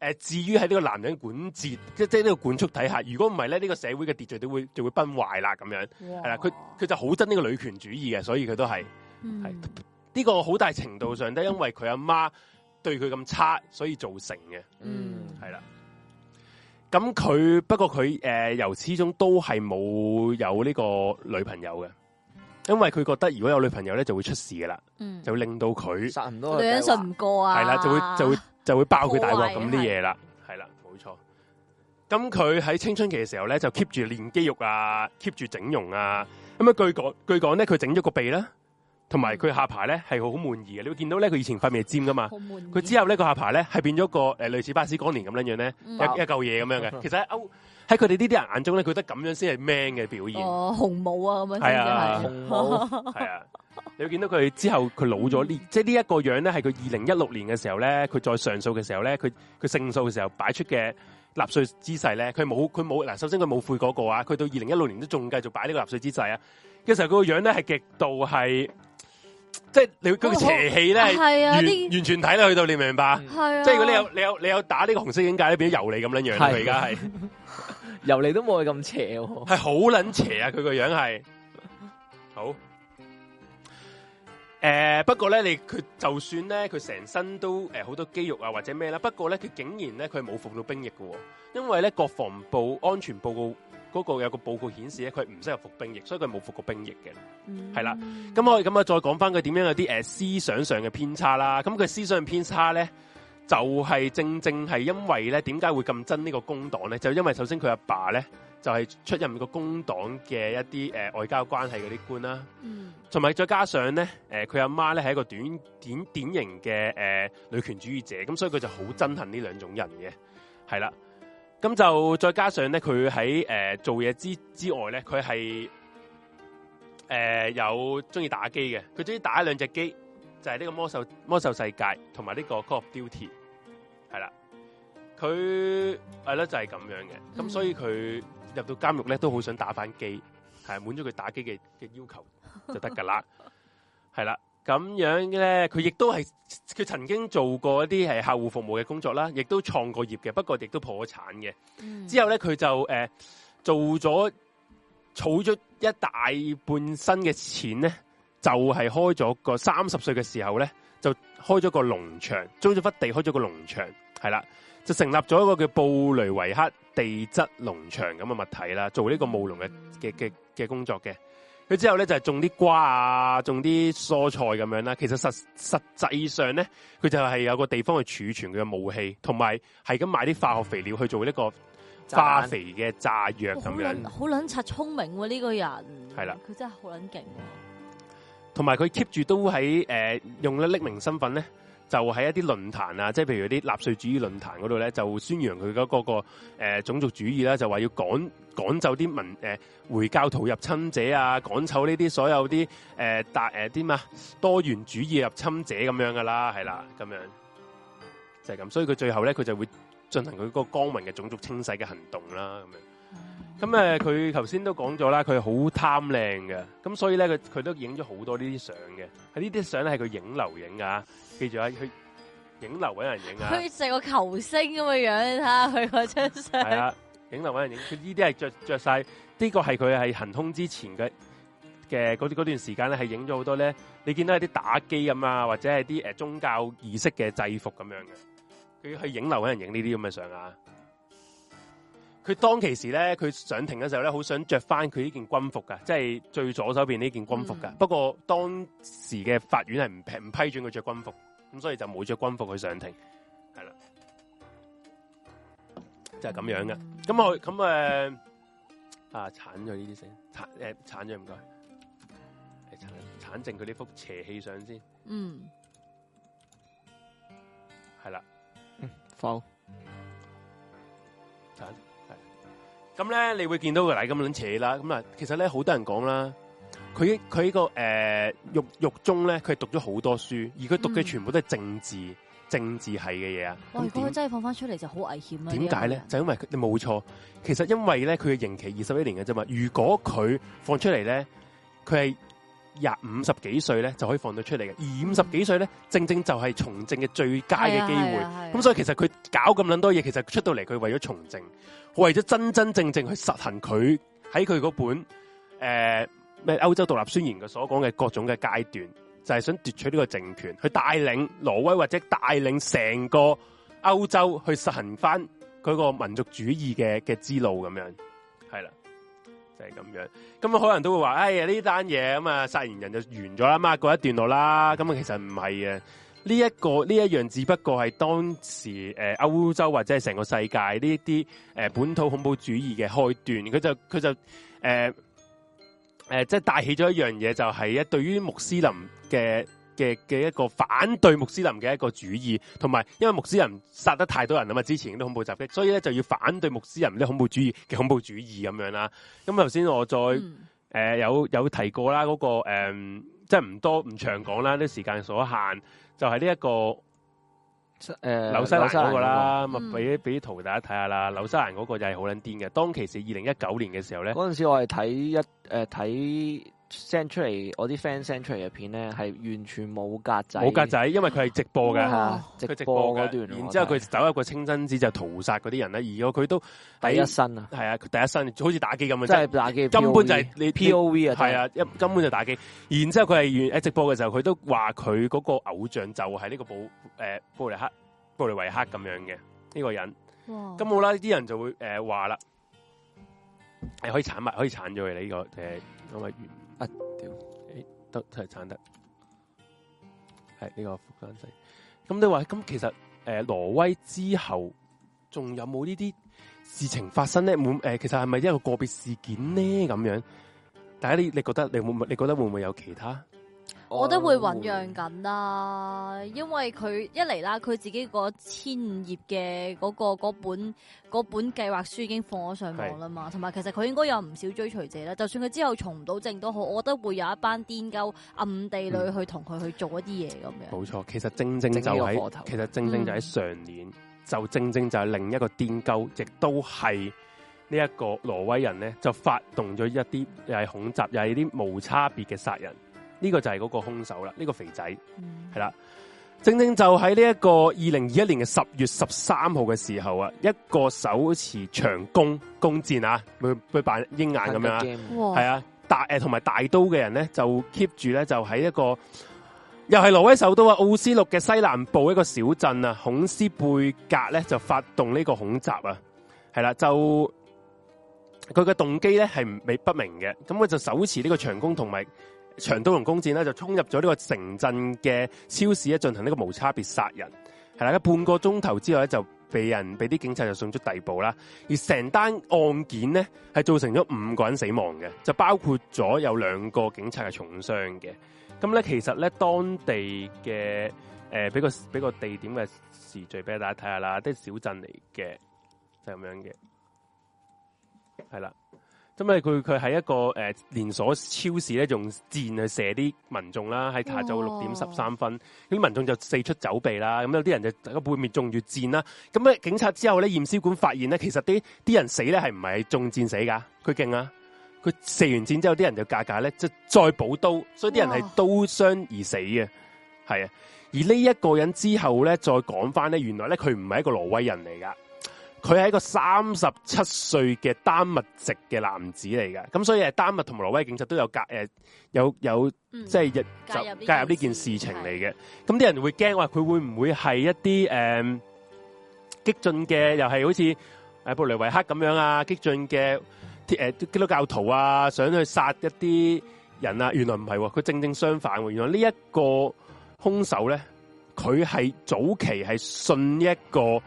誒、呃，至於喺呢個男人管治，即即呢個管束底下，如果唔係咧，呢、呢個社會嘅秩序都會就會崩壞啦，咁樣係啦。佢、yeah. 佢就好憎呢個女權主義嘅，所以佢都係係呢個好大程度上都因為佢阿媽對佢咁差，所以造成嘅。嗯、mm.，係啦。咁佢不過佢誒、呃、由始終都係冇有呢個女朋友嘅，因為佢覺得如果有女朋友咧，就會出事噶啦，mm. 就會令到佢女人信唔過啊，係啦，就會就會。就會爆佢大鑊咁啲嘢啦，係啦，冇錯。咁佢喺青春期嘅時候咧，就 keep 住練肌肉啊，keep 住整容啊。咁啊，據講據講咧，佢整咗個鼻啦。同埋佢下巴咧係好滿意嘅，你會見到咧佢以前塊面尖噶嘛，佢之後呢，下巴呢個下巴咧係變咗個誒類似巴斯光年咁樣樣咧、嗯，一一嚿嘢咁樣嘅、嗯。其實喺歐喺佢哋呢啲人眼中咧，佢覺得咁樣先係 man 嘅表現。哦，紅帽啊咁樣先至係。係啊， 啊，你會見到佢之後佢老咗 呢？即係呢一個樣咧，係佢二零一六年嘅時候咧，佢再上訴嘅時候咧，佢佢勝訴嘅時候擺出嘅納粹姿勢咧，佢冇佢冇嗱，首先佢冇悔嗰個啊，佢到二零一六年都仲繼續擺呢個納粹姿勢啊。其實佢個樣咧係極度係。即係你嗰個邪氣咧，完完全睇到去到你明唔明白。係，即係如果你有你有你有打呢個紅色警戒咧，變咗油膩咁樣樣啦。佢而家係油膩都冇佢咁邪，係好撚邪啊！佢個樣係好。誒，不過咧，你佢就算咧，佢成身都誒好多肌肉啊，或者咩啦。不過咧，佢竟然咧，佢冇服到兵役嘅，因為咧國防部安全報告。嗰、那個有個報告顯示咧，佢唔適合服兵役，所以佢冇服過兵役嘅，係、嗯、啦。咁我咁啊，再講返佢點樣有啲誒思想上嘅偏差啦。咁佢思想上偏差咧，就係、是、正正係因為咧，點解會咁憎呢個工黨咧？就因為首先佢阿爸咧，就係、是、出任個工黨嘅一啲誒外交關係嗰啲官啦，同、嗯、埋再加上咧，誒佢阿媽咧係一個短典典型嘅誒女權主義者，咁所以佢就好憎恨呢兩種人嘅，係啦。咁就再加上咧，佢喺誒做嘢之之外咧，佢係誒有中意打機嘅，佢中意打兩隻機，就係、是、呢個魔獸魔獸世界同埋呢個 Call of Duty，係啦，佢係啦，就係、是、咁樣嘅，咁所以佢入到監獄咧都好想打翻機，係滿足佢打機嘅嘅要求就得噶啦，係啦。咁樣嘅咧，佢亦都係佢曾經做過一啲係客戶服務嘅工作啦，亦都創過業嘅，不過亦都破產嘅、嗯。之後咧，佢就誒、呃、做咗儲咗一大半身嘅錢咧，就係、是、開咗個三十歲嘅時候咧，就開咗個農場，租咗忽地，開咗個農場，係啦，就成立咗一個叫布雷維克地質農場咁嘅物體啦，做呢個務農嘅嘅嘅嘅工作嘅。佢之後咧就係、是、種啲瓜啊，種啲蔬菜咁樣啦、啊。其實實實際上咧，佢就係有個地方去儲存佢嘅武器，同埋係咁買啲化學肥料去做呢個化肥嘅炸藥咁樣。好撚柒聰明喎、啊、呢、這個人，係啦，佢真係好撚勁、啊。同埋佢 keep 住都喺、呃、用呢匿名身份咧。就喺一啲論壇啊，即係譬如啲納粹主義論壇嗰度咧，就宣揚佢嗰個個誒、呃、種族主義啦，就話要趕趕走啲民誒回教徒入侵者啊，趕走呢啲所有啲誒大誒啲啊多元主義入侵者咁樣噶啦，係啦，咁樣就係、是、咁，所以佢最後咧，佢就會進行佢嗰個光明嘅種族清洗嘅行動啦，咁樣。咁、嗯、誒，佢頭先都講咗啦，佢好貪靚嘅，咁所以咧，佢佢都影咗好多呢啲相嘅。喺呢啲相係佢影樓影㗎。記住啊，佢影樓揾人影啊。佢成個球星咁嘅樣，你睇下佢嗰張相。係啊，影樓揾人影。佢呢啲係着晒，晒呢、呢個係佢係行空之前嘅嘅嗰啲段時間咧，係影咗好多咧。你見到有啲打機咁啊，或者係啲宗教儀式嘅制服咁樣嘅。佢去影樓揾人影呢啲咁嘅相啊。佢當其時咧，佢上庭嘅時候咧，好想着翻佢呢件軍服噶，即係最左手邊呢件軍服噶。不過當時嘅法院係唔批唔批准佢着軍服，咁所以就冇着軍服去上庭，係啦，就係、是、咁樣嘅。咁我咁誒啊，鏟咗呢啲先，鏟誒鏟咗唔該，鏟鏟淨佢呢幅邪氣相先。嗯，係啦，嗯，放，鏟咁咧，你會見到佢黎咁樣扯啦。咁啊，其實咧，好多人講啦，佢佢、呢個誒、uh, 獄獄中咧，佢係讀咗好多書，而佢讀嘅全部都係政治、嗯、政治系嘅嘢啊。哇！如果佢真係放翻出嚟，就好危險啦。點解咧？就因為你冇錯，其實因為咧，佢嘅刑期二十一年嘅啫嘛。如果佢放出嚟咧，佢係。廿五十幾歲咧就可以放到出嚟嘅，而五十幾歲咧正正就係從政嘅最佳嘅機會。咁、啊啊啊、所以其實佢搞咁捻多嘢，其實出到嚟佢為咗從政，為咗真真正正去實行佢喺佢嗰本誒咩歐洲獨立宣言嘅所講嘅各種嘅階段，就係、是、想奪取呢個政權，去帶領挪威或者帶領成個歐洲去實行翻佢個民族主義嘅嘅之路咁樣，係啦、啊。就係咁樣，咁啊，好多人都會話，哎呀，呢單嘢咁啊，殺完人就完咗啦嘛，過一段落啦。咁啊，其實唔係嘅，呢、這、一個呢一樣，只不過係當時誒、呃、歐洲或者係成個世界呢啲誒本土恐怖主義嘅開端。佢就佢就誒誒、呃呃，即係帶起咗一樣嘢，就係一對於穆斯林嘅。嘅嘅一個反對穆斯林嘅一個主義，同埋因為穆斯林殺得太多人啊嘛，之前都恐怖襲擊，所以咧就要反對穆斯林啲恐怖主義嘅恐怖主義咁樣啦。咁頭先我再誒、嗯呃、有有提過啦，嗰、那個誒、呃、即係唔多唔長講啦，啲時間所限，就係呢一個誒紐、呃、西蘭嗰個啦，咁啊俾俾圖大家睇下啦。紐西蘭嗰個就係好撚癲嘅，當其時二零一九年嘅時候咧，嗰陣時我係睇一誒睇。呃 send 出嚟我啲 friend send 出嚟嘅片咧，係完全冇格仔，冇格仔，因為佢係直播噶，佢直播嗰段。他的然之後佢走一個清真寺就是，屠殺嗰啲人咧，而我佢都第一身啊，係啊，佢第一身，好似打機咁嘅，即、就、係、是、打機，根本就係、是、你 P O V 啊，係啊，一根本就是打機。 然之後佢係原喺直播嘅時候，佢都話佢嗰個偶像就係呢個布誒、呃、布雷克布雷維克咁樣嘅呢、這個人。咁好啦，呢啲人就會誒話啦，係可以鏟埋，可以鏟咗你呢個誒，因、嗯、為、嗯啊！屌，誒，都都係慘得，係呢、這個副仔。咁你話，咁其實誒、呃，挪威之後仲有冇呢啲事情發生咧？冇誒、呃，其實係咪一個個別事件咧？咁樣，但係，你你覺得你會唔你覺得會唔會有其他？我都會醞釀緊啦，因為佢一嚟啦，佢自己嗰千頁嘅嗰個嗰本嗰本計劃書已經放咗上網啦嘛，同埋其實佢應該有唔少追隨者啦。就算佢之後重唔到證都好，我覺得會有一班癲鳩暗地裏去同佢去做一啲嘢咁樣。冇、嗯、錯，其實正正就喺、是，其實正正就喺上年，嗯、就正正就係另一個癲鳩，亦都係呢一個挪威人咧，就發動咗一啲又係恐襲，又係啲無差別嘅殺人。呢、這個就係嗰個兇手啦，呢、這個肥仔係啦、嗯。正正就喺呢一個二零二一年嘅十月十三號嘅時候啊、嗯，一個手持長弓弓箭啊，佢佢扮鷹眼咁樣，係啊大誒，同埋大刀嘅人咧就 keep 住咧就喺一個又係挪威首都啊奧斯陸嘅西南部一個小鎮啊孔斯貝格咧就發動呢個恐襲啊，係啦就佢嘅動機咧係未不明嘅，咁佢就手持呢個長弓同埋。長刀龍攻佔咧，就衝入咗呢個城鎮嘅超市咧，進行呢個無差別殺人，係啦，一個半個鐘頭之後咧，就被人俾啲警察就送出逮捕啦。而成單案件咧，係造成咗五個人死亡嘅，就包括咗有兩個警察係重傷嘅。咁咧，其實咧，當地嘅誒、呃、俾個俾個地點嘅時序俾大家睇下啦，啲小鎮嚟嘅，就係、是、咁樣嘅，係啦。咁咧，佢佢喺一個誒、呃、連鎖超市咧用箭去射啲民眾啦，喺下晝六點十三分，啲民眾就四出走避啦。咁、嗯、有啲人就喺背面中住箭啦。咁、嗯、咧警察之後咧，驗屍館發現咧，其實啲啲人死咧係唔係中箭死噶，佢勁啊！佢射完箭之後，啲人就架格咧，即再補刀，所以啲人係刀傷而死嘅，係啊。而呢一個人之後咧，再講翻咧，原來咧佢唔係一個挪威人嚟噶佢係一個三十七歲嘅丹麥籍嘅男子嚟嘅，咁所以係丹麥同挪威警察都有夾誒、呃，有有即係、嗯就是、入介入呢件事情嚟嘅。咁啲人會驚話佢會唔會係一啲誒、嗯、激進嘅，又係好似埃、啊、布雷維克咁樣啊？激進嘅誒基督教徒啊，想去殺一啲人啊？原來唔係喎，佢正正相反喎、啊。原來兇呢一個兇手咧，佢係早期係信一個。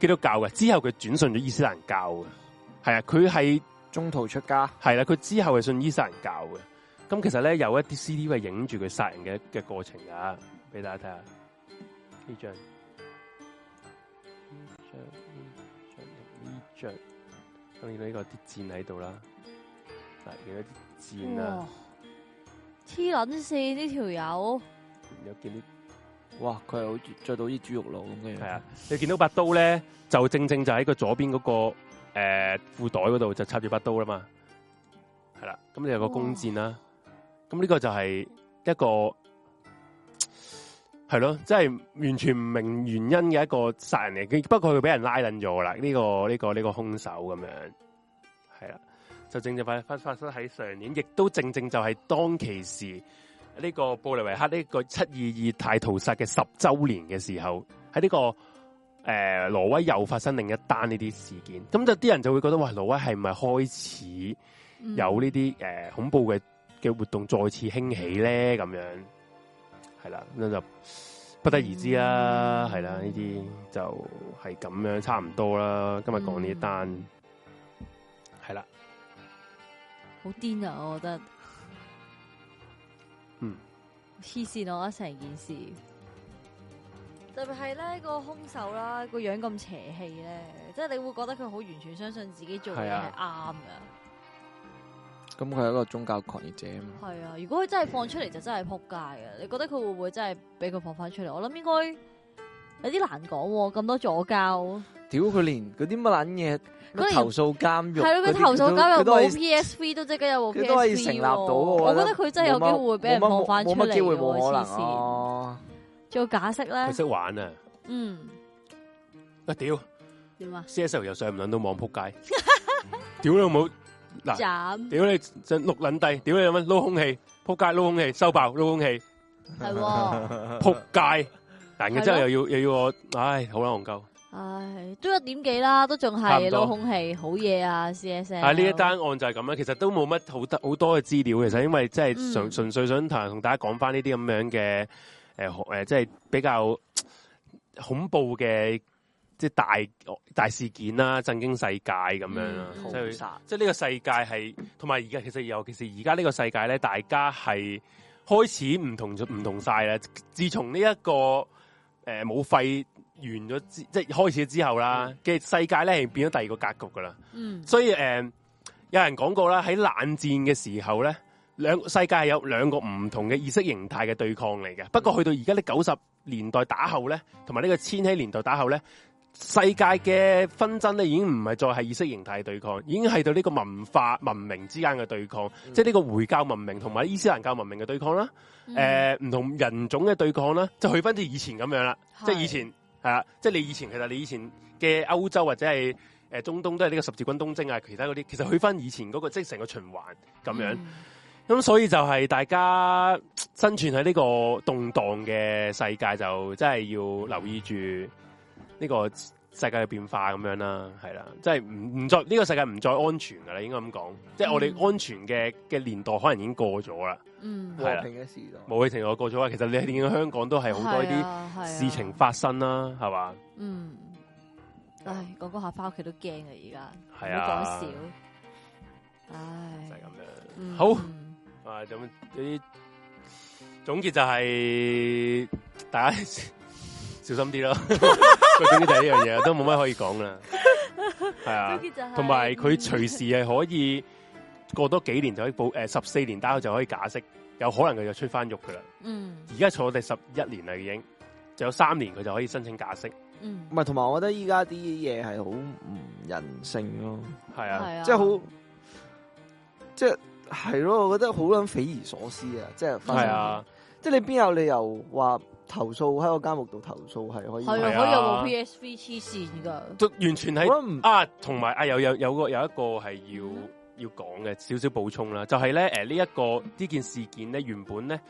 基督教嘅，之後佢轉信咗伊斯蘭教嘅。係啊，佢係中途出家，係啦，佢之後係信伊斯蘭教嘅。咁其實咧，有一啲 C D 係影住佢殺人嘅嘅過程噶，俾大家睇下。呢張、呢張、呢張，當然呢個啲箭喺度啦，嚟見啲箭、哎、啊！黐卵線，呢條友。有幾？哇！佢係好着到啲豬肉佬咁嘅，係啊，你見到把刀咧，就正正就喺佢左邊嗰、嗰個誒褲、呃、袋嗰度就插住把刀啦嘛。係啦、啊，咁你有個弓箭啦、啊。咁呢、啊嗯呢個就係一個係咯，即係、啊就是、完全唔明原因嘅一個殺人嚟。嘅。不過佢俾人拉撚咗啦。呢、呢個呢、呢個呢、呢個兇手咁樣係啦、啊，就正正發發發生喺上年，亦都正正就係當其時。呢、這個布里維克呢個七二二大屠殺嘅十周年嘅時候，喺呢、這個誒、呃、挪威又發生另一單呢啲事件，咁就啲人就會覺得，喂，挪威係咪開始有呢啲誒恐怖嘅嘅活動再次興起咧？咁樣係啦，咁就不得而知啦。係、嗯、啦，呢啲就係咁樣，差唔多啦。今日講呢單係啦，好、嗯、癲啊！我覺得。黐線，我成件事，特別係咧個凶手啦，個樣咁邪氣咧，即係你會覺得佢好完全相信自己做嘢係啱㗎。咁佢係一個宗教狂熱者啊。係啊，如果佢真係放出嚟，就真係撲街啊！你覺得佢會唔會真係俾佢放翻出嚟？我諗應該有啲難講，咁多助教。屌佢連嗰啲乜撚嘢，投訴監獄，係咯，佢投訴監獄冇 PSV 都即刻有部 PSV，佢都係成立到。我覺得佢真係有機會俾人破翻出嚟。冇乜冇乜機會和我啦。做假釋咧，佢識玩啊。嗯。啊屌！點啊？PSV 又上唔到網扑街。屌你冇嗱！屌你真六撚帝！屌你有乜撈空氣？扑街撈空氣收爆撈空氣係。扑街，但係之後又要又要我，唉，好啦，憨鳩。唉，都一點幾啦，都仲係攞空氣，好嘢啊！C S S 啊，呢、啊、一單案就係咁樣，其實都冇乜好得好多嘅資料。其實因為真係純、嗯、純粹想同大家講返呢啲咁樣嘅，誒誒，即係比較恐怖嘅即係大大事件啦、啊，震驚世界咁樣。即係即係呢個世界係同埋而家其實尤其是而家呢個世界咧，大家係開始唔同就唔同晒啦。自從呢、這、一個冇肺。呃完咗之即係開始之後啦，嘅世界咧係變咗第二個格局噶啦。嗯，所以誒，有人講過啦，喺冷戰嘅時候咧，兩世界係有兩個唔同嘅意識形態嘅對抗嚟嘅。不過去到而家呢九十年代打後咧，同埋呢個千禧年代打後咧，世界嘅紛爭咧已經唔係再係意識形態嘅對抗，已經係對呢個文化文明之間嘅對抗，即係呢個回教文明同埋伊斯蘭教文明嘅對抗啦。誒，唔同人種嘅對抗啦，就去翻啲以前咁樣啦，即係以前。係啊，即係你以前其實你以前嘅歐洲或者係誒、呃、中東都係呢個十字軍東征啊，其他嗰啲，其實去返以前嗰、嗰個即成個循環咁樣，咁、嗯嗯、所以就係大家生存喺呢個動盪嘅世界就真係要留意住呢、呢個。世界嘅變化咁樣啦，係啦，即係唔唔再呢、這個世界唔再安全噶啦，應該咁講，即、就、係、是、我哋安全嘅嘅年代可能已經過咗啦，和平嘅冇去停又過咗啊！其實你喺香港都係好多啲事情發生啦，係嘛、啊啊？嗯，唉，我嗰下翻屋企都驚啊！而家係啊，少唉，就係、是、咁樣。嗯、好啊，咁啲總結就係、是、大家。 小心啲咯， 呢緊要第一樣嘢都冇乜可以講啦，係 啊，同埋佢隨時係可以過多幾年就可以保誒十四年打咯，就可以假釋，有可能佢就出翻獄噶啦，嗯，而家坐第十一年啦已經，就有三年佢就可以申請假釋，唔係同埋我覺得依家啲嘢係好唔人性咯，係、嗯、啊，即係好，即係係咯，我覺得好撚匪夷所思、即係、啊，即係，係啊，即係你邊有理由話投訴喺個監獄度投訴係可以係啊，啊，可以有 P S V 黐線噶，都完全係啊，同埋啊，有有有個有一個係要、嗯、要講嘅少少補充啦，就係咧誒呢一個呢件、這個、事件咧，原本咧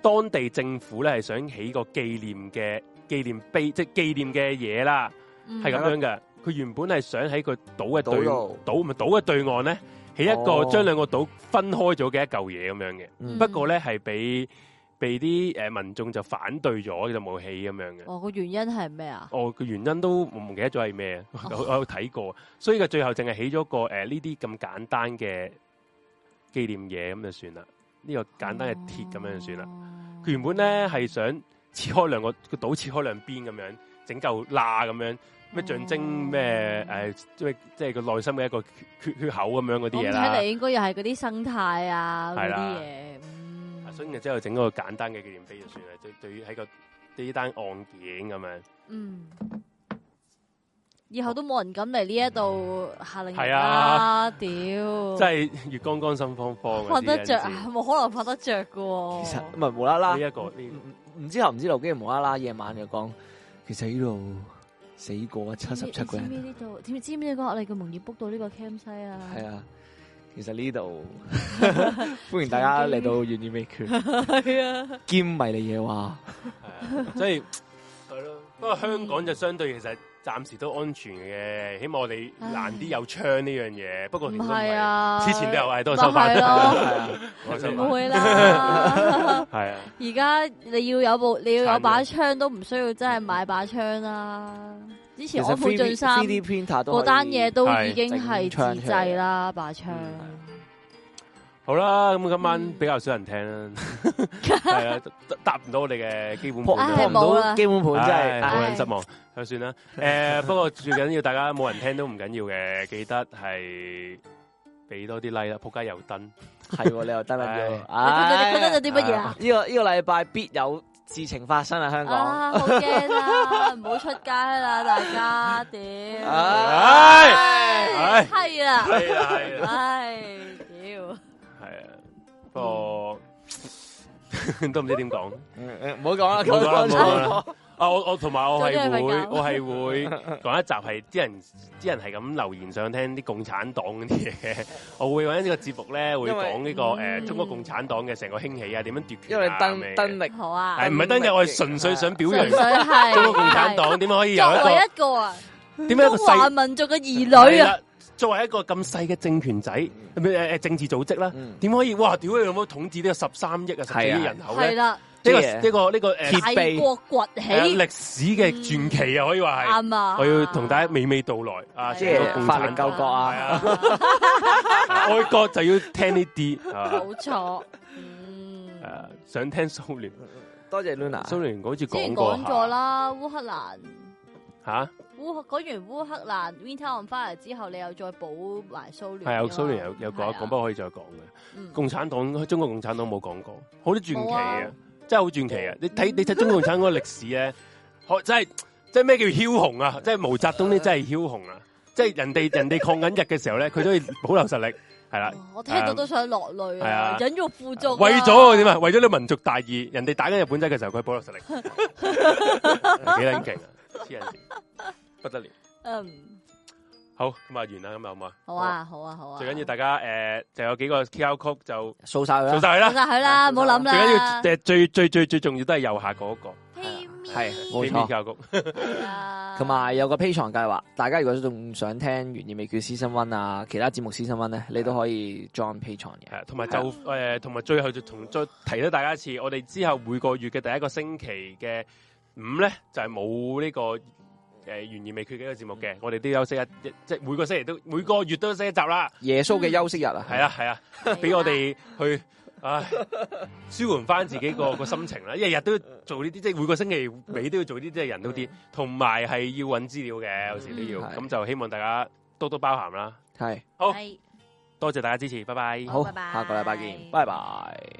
當地政府咧係想起個紀念嘅紀念碑，即係紀念嘅嘢啦，係、嗯、咁樣嘅。佢原本係想喺個島嘅對島唔係島嘅對岸咧，起一個、哦、將兩個島分開咗嘅一嚿嘢咁樣嘅、嗯。不過咧係俾。是比被啲誒、呃、民眾就反對咗，就冇起咁樣嘅。哦，個原因係咩啊？哦，個原因都唔記得咗係咩。我有睇過，所以佢最後淨係起咗個誒呢啲咁簡單嘅紀念嘢咁就算啦。呢、呢個簡單嘅鐵咁、哦、樣就算啦。佢原本咧係想切開兩個個島，切開兩邊咁樣整嚿罅咁樣，咩象徵咩誒、哦呃？即係即係個內心嘅一個缺缺口咁樣嗰啲嘢啦。睇嚟應該又係嗰啲生態啊嗰啲嘢。所以之後整嗰個簡單嘅紀念碑就算啦。對對於喺個呢單案件咁樣，嗯，以後都冇人敢嚟，呢一度下令。係、嗯、啊，屌！真係月光光心慌慌，瞓得着冇可能瞓得着噶、啊，這個這個。其實唔係無啦啦，呢一個，唔知後唔知劉基無啦啦夜晚就講，其實呢度死過七十七個人。知唔知呢度？知唔知嗰個阿麗嘅門子 book 到呢個 campsite 啊？係啊。其實呢度 歡迎大家嚟到願意 make 圈， 係啊，兼迷你嘢話、啊，所以係咯。 不過香港就相對其實暫時都安全嘅，希望我哋難啲有槍呢樣嘢。不過唔係啊也，之前都有係多收翻咯，唔會啦。係啊，而家你要有部你要有把槍都唔需要真係買把槍啦。之前我配俊生嗰單嘢都已經係自製啦，把槍、嗯。好啦，咁今晚比較少人聽，係 啊， 達唔到你嘅基本盤，達、哎、唔到基本盤真係冇、哎、人失望。就、哎、算啦。誒、 uh,，不過最緊要大家冇人聽都唔緊要嘅，記得係俾多啲 like 啦，撲街有燈，係 你又得啦、哎哎。你覺得有啲乜嘢啊？呢、哎這個呢、這個禮拜必有。事情發生喺香港，好驚啦！唔好出街啦，大家屌。係係係啊係啊係，屌係啊，不過都唔知點講，唔好講啦，唔好講啦。啊！我我同埋我係會，我係會講一集係啲人，啲人係咁留言想聽啲共產黨嗰啲嘢。我會搵呢個節目咧，會講呢、這個誒、呃、中國共產黨嘅成個興起啊，點樣奪權，因為登登、嗯、力好啊，係唔係登力？我係純粹想表揚中國共產黨，點樣可以有一個？作為一個啊點樣一個中華民族嘅兒女啊！作為一個咁細嘅政權仔，誒誒，政治組織啦，點、嗯、可以？哇！屌你有冇統治呢個十三億啊，十幾億人口咧？呢、這個呢、這個呢、這個誒，大國崛起歷史嘅傳奇啊、嗯，可以話係。啱啊！我要同大家娓娓道來啊，即係共產救國啊。啊啊 外國就要聽呢啲。冇 錯。嗯。誒，想聽蘇聯？多謝，謝 Luna。蘇聯、啊、我好似講過。講咗啦，烏克蘭。吓？烏講完烏克蘭，Winter on 翻嚟之後，你又再補埋蘇聯。係啊，蘇聯有有講，講、啊、不可以再講嘅、嗯。共產黨，中國共產黨冇講過，好多傳奇啊。真係好傳奇啊！你睇你睇中共產嗰個歷史咧， 真係真係咩叫梟雄啊！真係毛澤東咧真係梟雄啊！即係人哋人哋抗緊日嘅時候咧，佢都可以保留實力，係啦。我聽到都想落淚啊！忍辱負重、啊，為咗點啊？為咗你民族大義，人哋打緊日本仔嘅時候，佢保留實力，幾冷靜啊！黐線，不得了。嗯、um。好咁啊，完啦咁啊，好唔好啊？好啊，好啊，好啊！最緊要大家誒、呃，就有幾個 QR code 就掃晒佢啦，掃晒佢啦，掃晒佢啦，唔好諗啦！最緊要最最最最重要都係右下嗰、那個，係、hey、啊、嗯，係、hey，QR code，同埋、 uh, 有個 Patreon 計劃，大家如果仲想聽《完完美決 Season 1》啊，其他節目 Season 1咧，uh, 你都可以 join Patreon 嘅。同、uh, 埋就誒，同、uh, 埋、uh, 最後就同再提咗大家一次，我哋之後每個月嘅第一個星期嘅五咧，就係冇呢個。誒、呃，懸而未決幾個節目嘅、嗯，我哋都要休息一一，即係每個星期都每個月都要休息一集啦。耶穌嘅休息日啊，係啊係啊，俾、啊、 我哋去 舒緩翻自己個 個心情啦。一日都要做呢啲，即係每個星期尾都要做呢啲即係人都啲，同埋係要揾資料嘅，有時都要。咁、嗯、就希望大家多多包涵啦。係好，多謝大家支持，拜拜。好，拜拜。下個禮拜見，拜拜。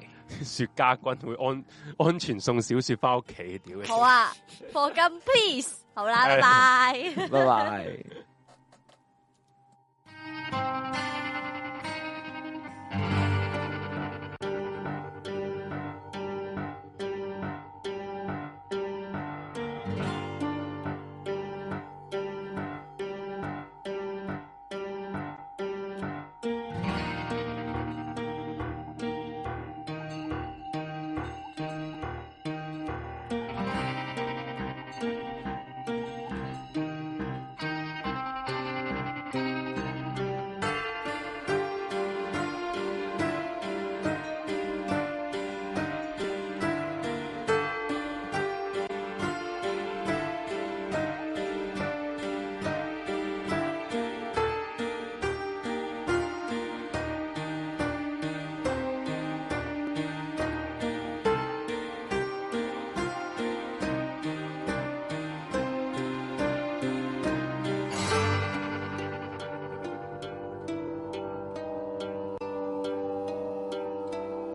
雪家軍會安安全送小雪翻屋企，屌嘅。好啊，課金 please。 好啦， 拜拜， 拜拜。